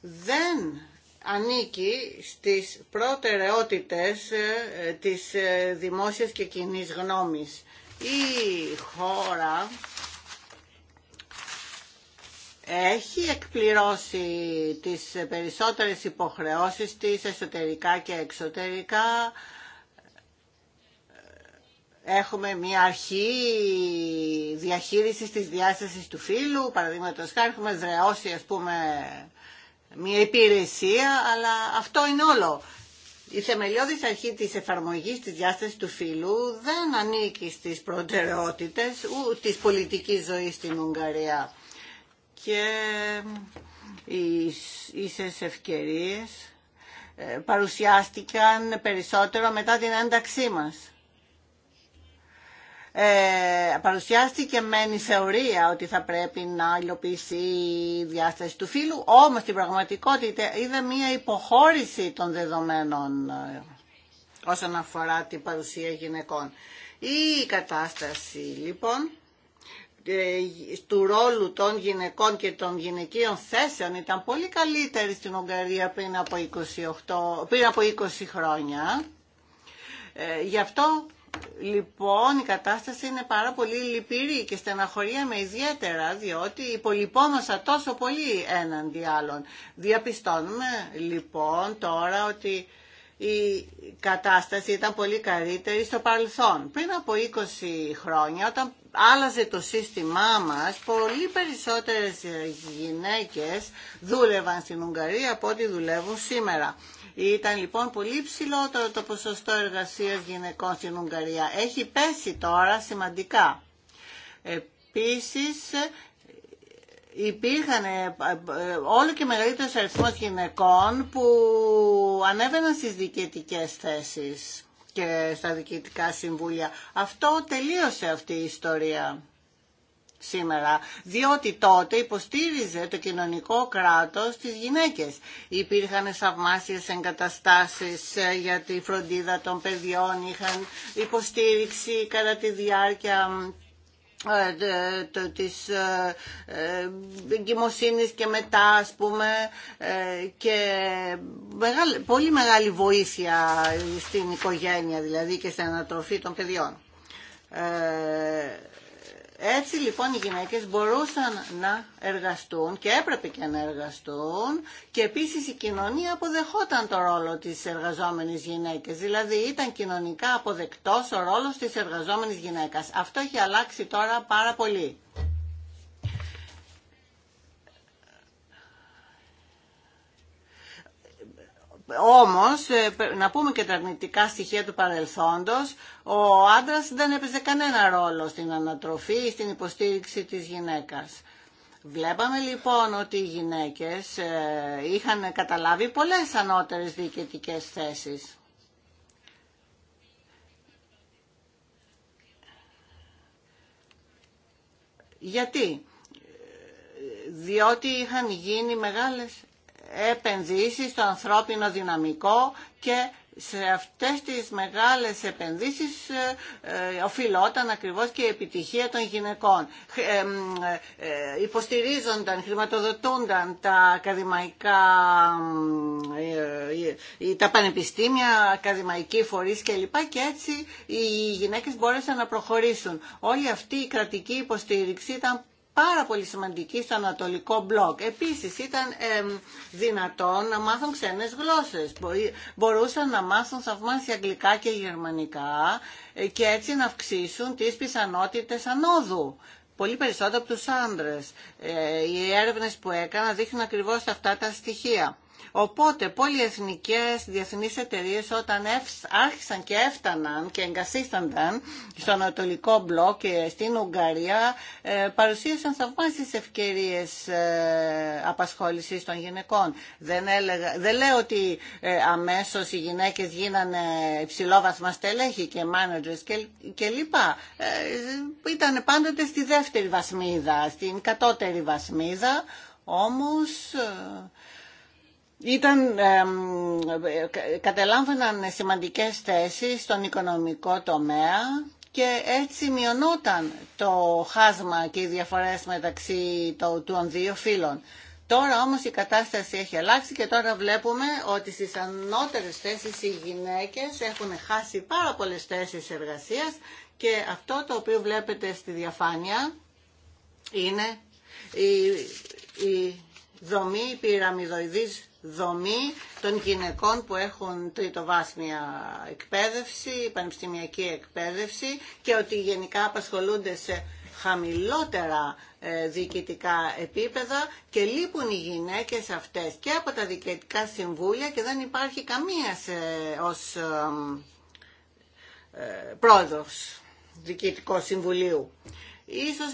δεν ανήκει στις προτεραιότητες ε, της ε, δημόσιας και κοινής γνώμης. Η χώρα έχει εκπληρώσει τις περισσότερες υποχρεώσεις της εσωτερικά και εξωτερικά. Έχουμε μια αρχή διαχείρισης της διάστασης του φύλου, παραδείγματος χάρη έχουμε δρεώσει πούμε μια υπηρεσία, αλλά αυτό είναι όλο. Η θεμελιώδης αρχή της εφαρμογής της διάστασης του φίλου δεν ανήκει στις προτεραιότητες της πολιτικής ζωής στην Ουγγαρία και οι ίσες ευκαιρίες ε, παρουσιάστηκαν περισσότερο μετά την ένταξή μας. Ε, παρουσιάστηκε μεν η θεωρία ότι θα πρέπει να υλοποιήσει η διάσταση του φύλου, όμως στην πραγματικότητα είδα μία υποχώρηση των δεδομένων ε, όσον αφορά την παρουσία γυναικών. Η κατάσταση λοιπόν ε, του ρόλου των γυναικών και των γυναικείων θέσεων ήταν πολύ καλύτερη στην Ουγγαρία πριν από 28, πριν από 20 χρόνια. Ε, γι' αυτό Λοιπόν, η κατάσταση είναι πάρα πολύ λυπηρή και στεναχωρία με ιδιαίτερα, διότι υπολοιπόμασα τόσο πολύ έναντι άλλων. Διαπιστώνουμε λοιπόν τώρα ότι η κατάσταση ήταν πολύ καλύτερη στο παρελθόν. Πριν από 20 χρόνια, όταν άλλαζε το σύστημά μας, πολύ περισσότερες γυναίκες δούλευαν στην Ουγγαρία από ό,τι δουλεύουν σήμερα. Ήταν λοιπόν πολύ ψηλότερο το ποσοστό εργασίας γυναικών στην Ουγγαρία. Έχει πέσει τώρα σημαντικά. Επίσης υπήρχαν ε, ε, όλο και μεγαλύτερος αριθμός γυναικών που ανέβαιναν στις διοικητικές θέσεις και στα διοικητικά συμβούλια. Αυτό τελείωσε αυτή η ιστορία σήμερα, διότι τότε υποστήριζε το κοινωνικό κράτος τις γυναίκες. Υπήρχαν θαυμάσιες εγκαταστάσεις ε, για τη φροντίδα των παιδιών, είχαν υποστήριξη κατά τη διάρκεια ε, το, της ε, ε, εγκυμοσύνης και μετά ας πούμε και μεγάλη, πολύ μεγάλη βοήθεια στην οικογένεια δηλαδή και στην ανατροφή των παιδιών. Έτσι λοιπόν οι γυναίκες μπορούσαν να εργαστούν και έπρεπε και να εργαστούν και επίσης η κοινωνία αποδεχόταν το ρόλο της εργαζόμενης γυναίκας. Δηλαδή ήταν κοινωνικά αποδεκτός ο ρόλος της εργαζόμενης γυναίκας. Αυτό έχει αλλάξει τώρα πάρα πολύ. όμως, ε, να πούμε και τα αρνητικά στοιχεία του παρελθόντος, ο άντρας δεν έπαιζε κανένα ρόλο στην ανατροφή ή στην υποστήριξη της γυναίκας. Βλέπαμε λοιπόν ότι οι γυναίκες ε, είχαν καταλάβει πολλές ανώτερες διοικητικές θέσεις. Γιατί, ε, διότι είχαν γίνει μεγάλες επενδύσεις στο ανθρώπινο δυναμικό και σε αυτές τις μεγάλες επενδύσεις ε, ε, οφειλόταν ακριβώς και η επιτυχία των γυναικών. Ε, υποστηρίζονταν, χρηματοδοτούνταν τα ακαδημαϊκά, τα πανεπιστήμια, ακαδημαϊκοί φορείς κλπ. Και έτσι οι γυναίκες μπόρεσαν να προχωρήσουν. Όλη αυτή η κρατική υποστήριξη ήταν πάρα πολύ σημαντική στο Ανατολικό Μπλοκ. Επίσης ήταν ε, δυνατόν να μάθουν ξένες γλώσσες. Μπορούσαν να μάθουν θαυμάσια αγγλικά και γερμανικά ε, και έτσι να αυξήσουν τις πιθανότητες ανόδου πολύ περισσότερο από τους άντρες. Ε, οι έρευνες που έκανα δείχνουν ακριβώς αυτά τα στοιχεία. Οπότε πολυεθνικές διεθνείς εταιρείε όταν άρχισαν και έφταναν και εγκασίστανταν στο Ανατολικό Μπλοκ και στην Ουγγαρία ε, παρουσίασαν θαυμάσεις ευκαιρίες ε, απασχόλησης των γυναικών. Δεν, δεν λέω ότι ε, αμέσως οι γυναίκες γίνανε υψηλόβαθμα στελέχη και managers και, και λοιπά. Ήταν πάντοτε στη δεύτερη βασμίδα, στην κατώτερη βασμίδα, όμως ήταν, κατελάμβαναν σημαντικές θέσεις στον οικονομικό τομέα και έτσι μειωνόταν το χάσμα και οι διαφορές μεταξύ των δύο φύλων. Τώρα όμως η κατάσταση έχει αλλάξει και τώρα βλέπουμε ότι στις ανώτερες θέσεις οι γυναίκες έχουν χάσει πάρα πολλές θέσεις εργασίας και αυτό το οποίο βλέπετε στη διαφάνεια είναι η, η δομή πυραμιδοειδής δομή των γυναικών που έχουν τριτοβάσμια εκπαίδευση, πανεπιστημιακή εκπαίδευση και ότι γενικά απασχολούνται σε χαμηλότερα ε, διοικητικά επίπεδα και λείπουν οι γυναίκες αυτές και από τα διοικητικά συμβούλια και δεν υπάρχει καμία σε, ως ε, πρόεδρος συμβουλίου. Ίσως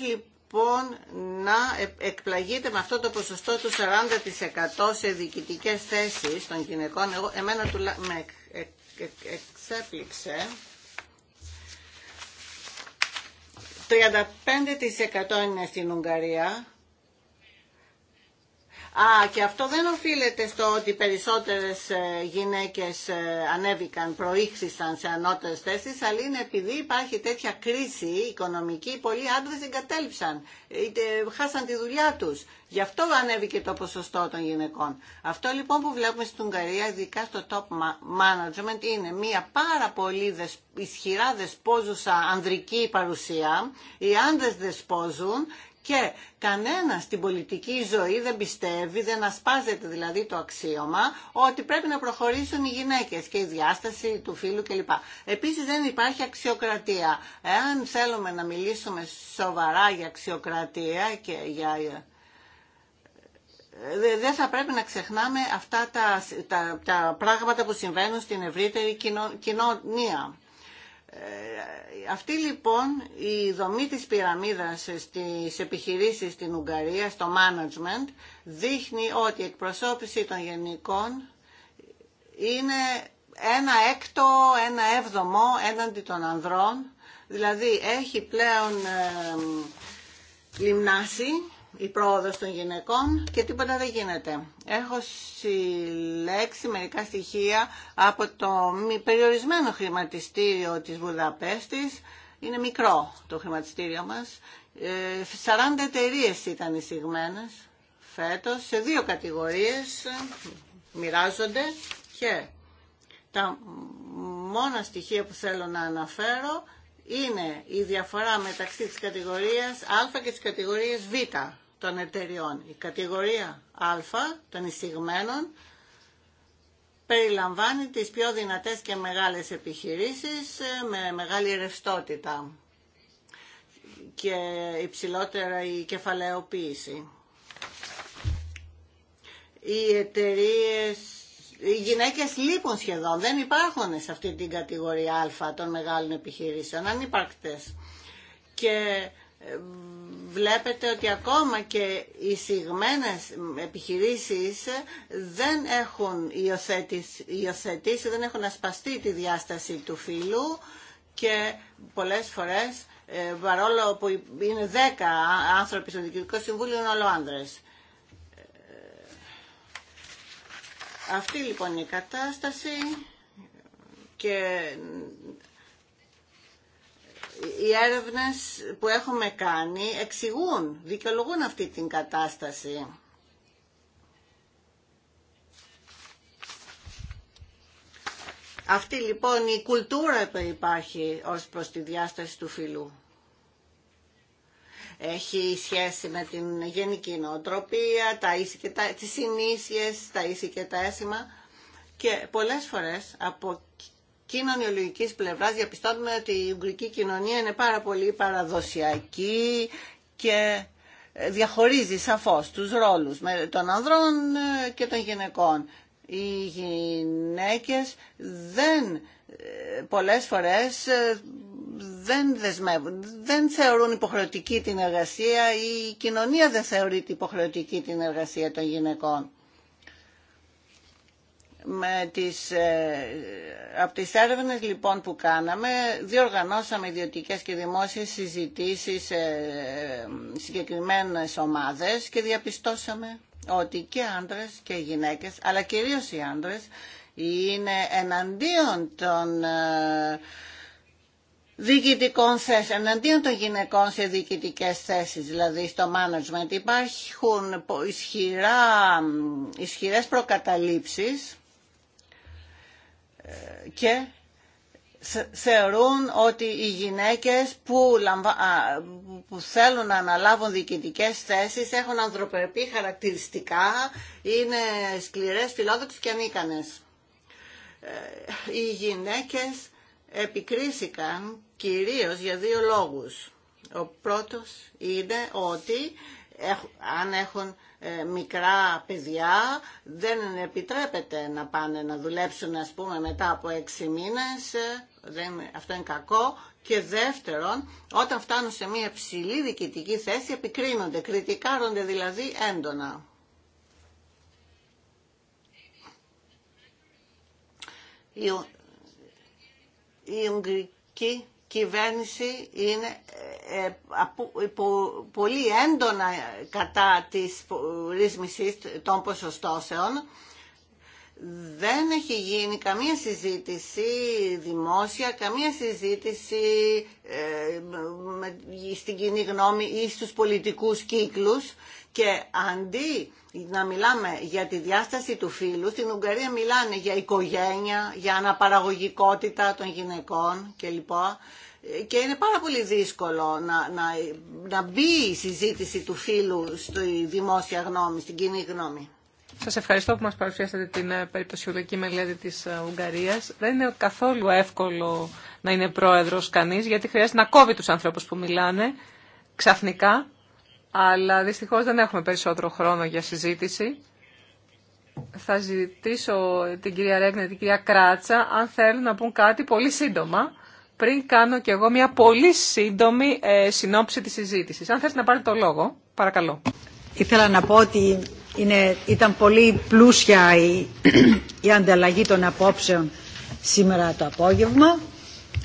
λοιπόν να εκπλαγείτε με αυτό το ποσοστό του 40% σε διοικητικές θέσεις των γυναικών. Εγώ, εμένα του, με εξέπληξε 35% είναι στην Ουγγαρία Α, και αυτό δεν οφείλεται στο ότι περισσότερες ε, γυναίκες ε, ανέβηκαν, προήξησαν σε ανώτερες θέσεις, αλλά είναι επειδή υπάρχει τέτοια κρίση οικονομική, πολλοί άντρες εγκατέλειψαν, είτε χάσαν τη δουλειά τους. Γι' αυτό ανέβηκε το ποσοστό των γυναικών. Αυτό λοιπόν που βλέπουμε στην Ουγγαρία, ειδικά στο top management, είναι μια πάρα πολύ ισχυρά δεσπόζουσα ανδρική παρουσία. Οι άντρες δεσπόζουν και κανένα στην πολιτική ζωή δεν πιστεύει, δεν ασπάζεται δηλαδή το αξίωμα ότι πρέπει να προχωρήσουν οι γυναίκες και η διάσταση του φίλου κλπ. Επίση δεν υπάρχει αξιοκρατία. Εάν θέλουμε να μιλήσουμε σοβαρά για αξιοκρατία και για ε, δεν θα πρέπει να ξεχνάμε αυτά τα, τα, πράγματα που συμβαίνουν στην ευρύτερη κοινο, κοινωνία. Ε, αυτή λοιπόν η δομή της πυραμίδας στις επιχειρήσεις στην Ουγγαρία, στο management, δείχνει ότι η εκπροσώπηση των γενικών είναι ένα έκτο, ένα έβδομο έναντι των ανδρών, δηλαδή έχει πλέον ε, λιμνάσει η πρόοδος των γυναικών και τίποτα δεν γίνεται. Έχω συλλέξει μερικά στοιχεία από το μη περιορισμένο χρηματιστήριο της Βουδαπέστης. Είναι μικρό το χρηματιστήριο μας. 40 ε, εταιρείε ήταν εισηγμένες φέτος σε δύο κατηγορίες μοιράζονται και τα μόνα στοιχεία που θέλω να αναφέρω είναι η διαφορά μεταξύ της κατηγορίας Α και της κατηγορίας Β των εταιριών. Η κατηγορία Α των εισηγμένων περιλαμβάνει τις πιο δυνατές και μεγάλες επιχειρήσεις ε, με μεγάλη ρευστότητα και υψηλότερα η κεφαλαιοποίηση. Οι εταιρείες οι γυναίκες λείπουν σχεδόν, δεν υπάρχουν σε αυτή την κατηγορία α των μεγάλων επιχειρήσεων, ανύπαρκτες. Και ε, βλέπετε ότι ακόμα και οι συγμένες επιχειρήσεις δεν έχουν υιοθετήσει, δεν έχουν ασπαστεί τη διάσταση του φύλου και πολλές φορές, ε, παρόλο που είναι δέκα άνθρωποι στο Διοικητικό Συμβούλιο, είναι όλο ε, Αυτή λοιπόν είναι η κατάσταση και οι έρευνες που έχουμε κάνει εξηγούν, δικαιολογούν αυτή την κατάσταση. Αυτή λοιπόν η κουλτούρα που υπάρχει ως προς τη διάσταση του φίλου Έχει σχέση με την γενική νοοτροπία, τα ίση τα, τις συνήθειες, τα ίση και τα έσημα και πολλές φορές από κοινωνιολογικής πλευράς διαπιστώνουμε ότι η ουγγρική κοινωνία είναι πάρα πολύ παραδοσιακή και ε, διαχωρίζει σαφώς τους ρόλους των ανδρών ε, και των γυναικών. Οι γυναίκες δεν ε, πολλές φορές δεν δεν θεωρούν υποχρεωτική την εργασία, η κοινωνία δεν θεωρεί υποχρεωτική την εργασία των γυναικών. Ε, από τις έρευνες λοιπόν που κάναμε διοργανώσαμε ιδιωτικές και δημόσιες συζητήσεις σε ε, συγκεκριμένες ομάδες και διαπιστώσαμε ότι και άντρες και γυναίκες αλλά κυρίως οι άντρες είναι εναντίον των ε, διοικητικών θέσεων, εναντίον των γυναικών σε διοικητικέ θέσεις, δηλαδή στο management υπάρχουν ισχυρά, ισχυρές προκαταλήψεις και θεωρούν ότι οι γυναίκες που, που θέλουν να αναλάβουν διοικητικές θέσεις έχουν ανθρωπερπή χαρακτηριστικά, είναι σκληρές, φιλόδοξες και ανίκανες. Ε, οι γυναίκες επικρίθηκαν κυρίως για δύο λόγους. Ο πρώτος είναι ότι αν έχουν ε, μικρά παιδιά δεν επιτρέπεται να πάνε να δουλέψουν ας πούμε μετά από έξι μήνες, ε, δεν, αυτό είναι κακό και δεύτερον όταν φτάνουν σε μια ψηλή διοικητική θέση επικρίνονται, κριτικάρονται δηλαδή έντονα. Η, η κυβέρνηση είναι ε, ε, πολύ έντονα κατά της ρύθμισης των ποσοστώσεων δεν έχει γίνει καμία συζήτηση δημόσια, καμία συζήτηση ε, στην κοινή γνώμη ή στους πολιτικούς κύκλους και αντί να μιλάμε για τη διάσταση του φύλου, στην Ουγγαρία μιλάνε για οικογένεια, για αναπαραγωγικότητα των γυναικών κλπ. Και είναι πάρα πολύ δύσκολο να, να, να μπει η συζήτηση του φύλου στη δημόσια γνώμη, στην κοινή γνώμη. Σας ευχαριστώ που μας παρουσιάσατε την ε, περιπτωσιολογική μελέτη της ε, Ουγγαρίας. Δεν είναι καθόλου εύκολο να είναι πρόεδρος κανείς, γιατί χρειάζεται να κόβει τους ανθρώπους που μιλάνε ξαφνικά, αλλά δυστυχώς δεν έχουμε περισσότερο χρόνο για συζήτηση. Θα ζητήσω την κυρία Ρέγνε, την κυρία Κράτσα, αν θέλουν να πούν κάτι πολύ σύντομα, πριν κάνω κι εγώ μια πολύ σύντομη ε, συνόψη της συζήτησης. Αν θέλετε να πάρετε το λόγο, παρακαλώ. Ήθελα να πω ότι ήταν πολύ πλούσια η, η ανταλλαγή των απόψεων σήμερα το απόγευμα.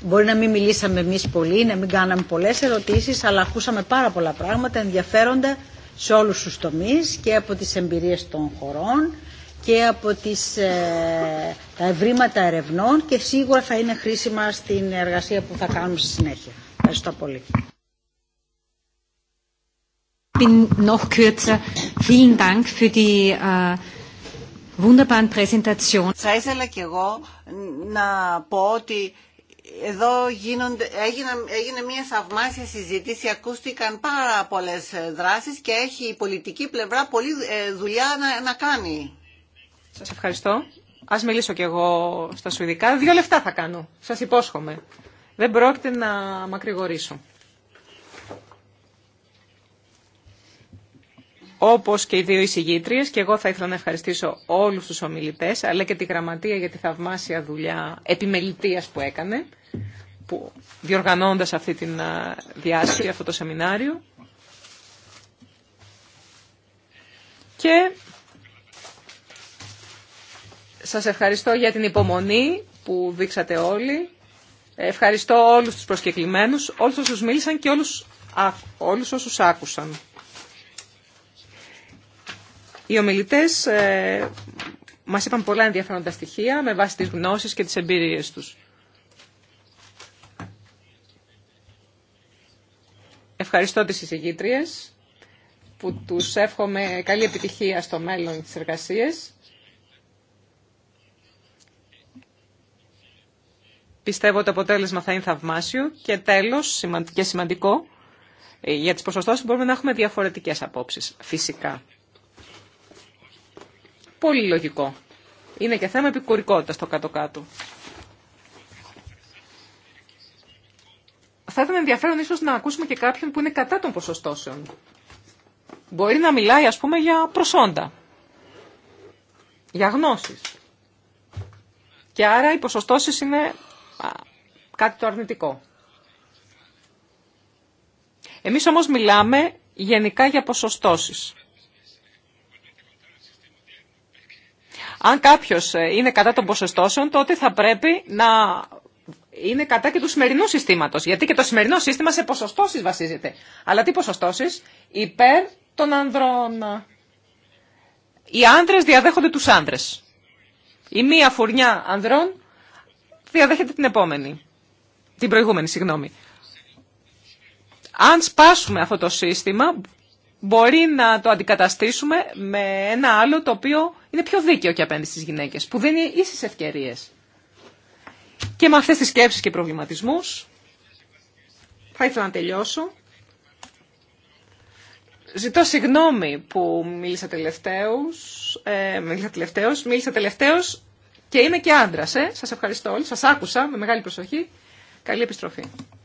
Μπορεί να μην μιλήσαμε εμείς πολύ, να μην κάναμε πολλές ερωτήσεις, αλλά ακούσαμε πάρα πολλά πράγματα ενδιαφέροντα σε όλους τους τομείς και από τις εμπειρίες των χωρών και από τις, ε, τα ευρήματα ερευνών και σίγουρα θα είναι χρήσιμα στην εργασία που θα κάνουμε στη συνέχεια. Ευχαριστώ πολύ bin noch kürzer. Vielen Dank für die äh, wunderbaren Präsentation. Θα ήθελα εγώ να πω ότι εδώ γίνονται, έγινε, έγινε μια θαυμάσια συζήτηση, ακούστηκαν πάρα πολλές δράσεις και έχει η πολιτική πλευρά πολλή ε, δουλειά να, να κάνει. Σας ευχαριστώ. Ας μιλήσω κι εγώ στα Σουηδικά. Δύο λεφτά θα κάνω. Σας υπόσχομαι. Δεν πρόκειται να μακρηγορήσω. όπως και οι δύο εισηγήτριε. και εγώ θα ήθελα να ευχαριστήσω όλους τους ομιλητές αλλά και τη γραμματεία για τη θαυμάσια δουλειά επιμελητίας που έκανε που, διοργανώντας αυτή τη διάσκεψη, αυτό το σεμινάριο και σας ευχαριστώ για την υπομονή που δείξατε όλοι ευχαριστώ όλους τους προσκεκλημένους όλους όσους μίλησαν και όλους, όλους άκουσαν οι ομιλητές ε, μας είπαν πολλά ενδιαφέροντα στοιχεία με βάση τις γνώσεις και τις εμπειρίες τους. Ευχαριστώ τις εισηγήτριες που τους εύχομαι καλή επιτυχία στο μέλλον της εργασίας. Πιστεύω ότι το αποτέλεσμα θα είναι θαυμάσιο και τέλος και σημαντικό ε, για τις ποσοστώσεις μπορούμε να έχουμε διαφορετικές απόψεις φυσικά πολύ λογικό. Είναι και θέμα επικουρικότητας στο κάτω-κάτω. Θα ήταν ενδιαφέρον ίσως να ακούσουμε και κάποιον που είναι κατά των ποσοστώσεων. Μπορεί να μιλάει ας πούμε για προσόντα, για γνώσεις. Και άρα οι ποσοστώσεις είναι κάτι το αρνητικό. Εμείς όμως μιλάμε γενικά για ποσοστώσεις. Αν κάποιος ε, είναι κατά των ποσοστώσεων, τότε θα πρέπει να είναι κατά και του σημερινού συστήματος. Γιατί και το σημερινό σύστημα σε ποσοστώσει βασίζεται. Αλλά τι ποσοστώσει, υπέρ των ανδρών. Οι άνδρες διαδέχονται τους άνδρες. Η μία φουρνιά ανδρών διαδέχεται την επόμενη. Την προηγούμενη, συγγνώμη. Αν σπάσουμε αυτό το σύστημα, μπορεί να το αντικαταστήσουμε με ένα άλλο το οποίο είναι πιο δίκαιο και απέναντι στις γυναίκες, που δίνει ίσες ευκαιρίες. Και με αυτές τις σκέψεις και προβληματισμούς θα ήθελα να τελειώσω. Ζητώ συγγνώμη που μίλησα τελευταίος, ε, μίλησα τελευταίος, μίλησα τελευταίος και είμαι και άντρας. Ε. Σας ευχαριστώ όλοι, σας άκουσα με μεγάλη προσοχή. Καλή επιστροφή.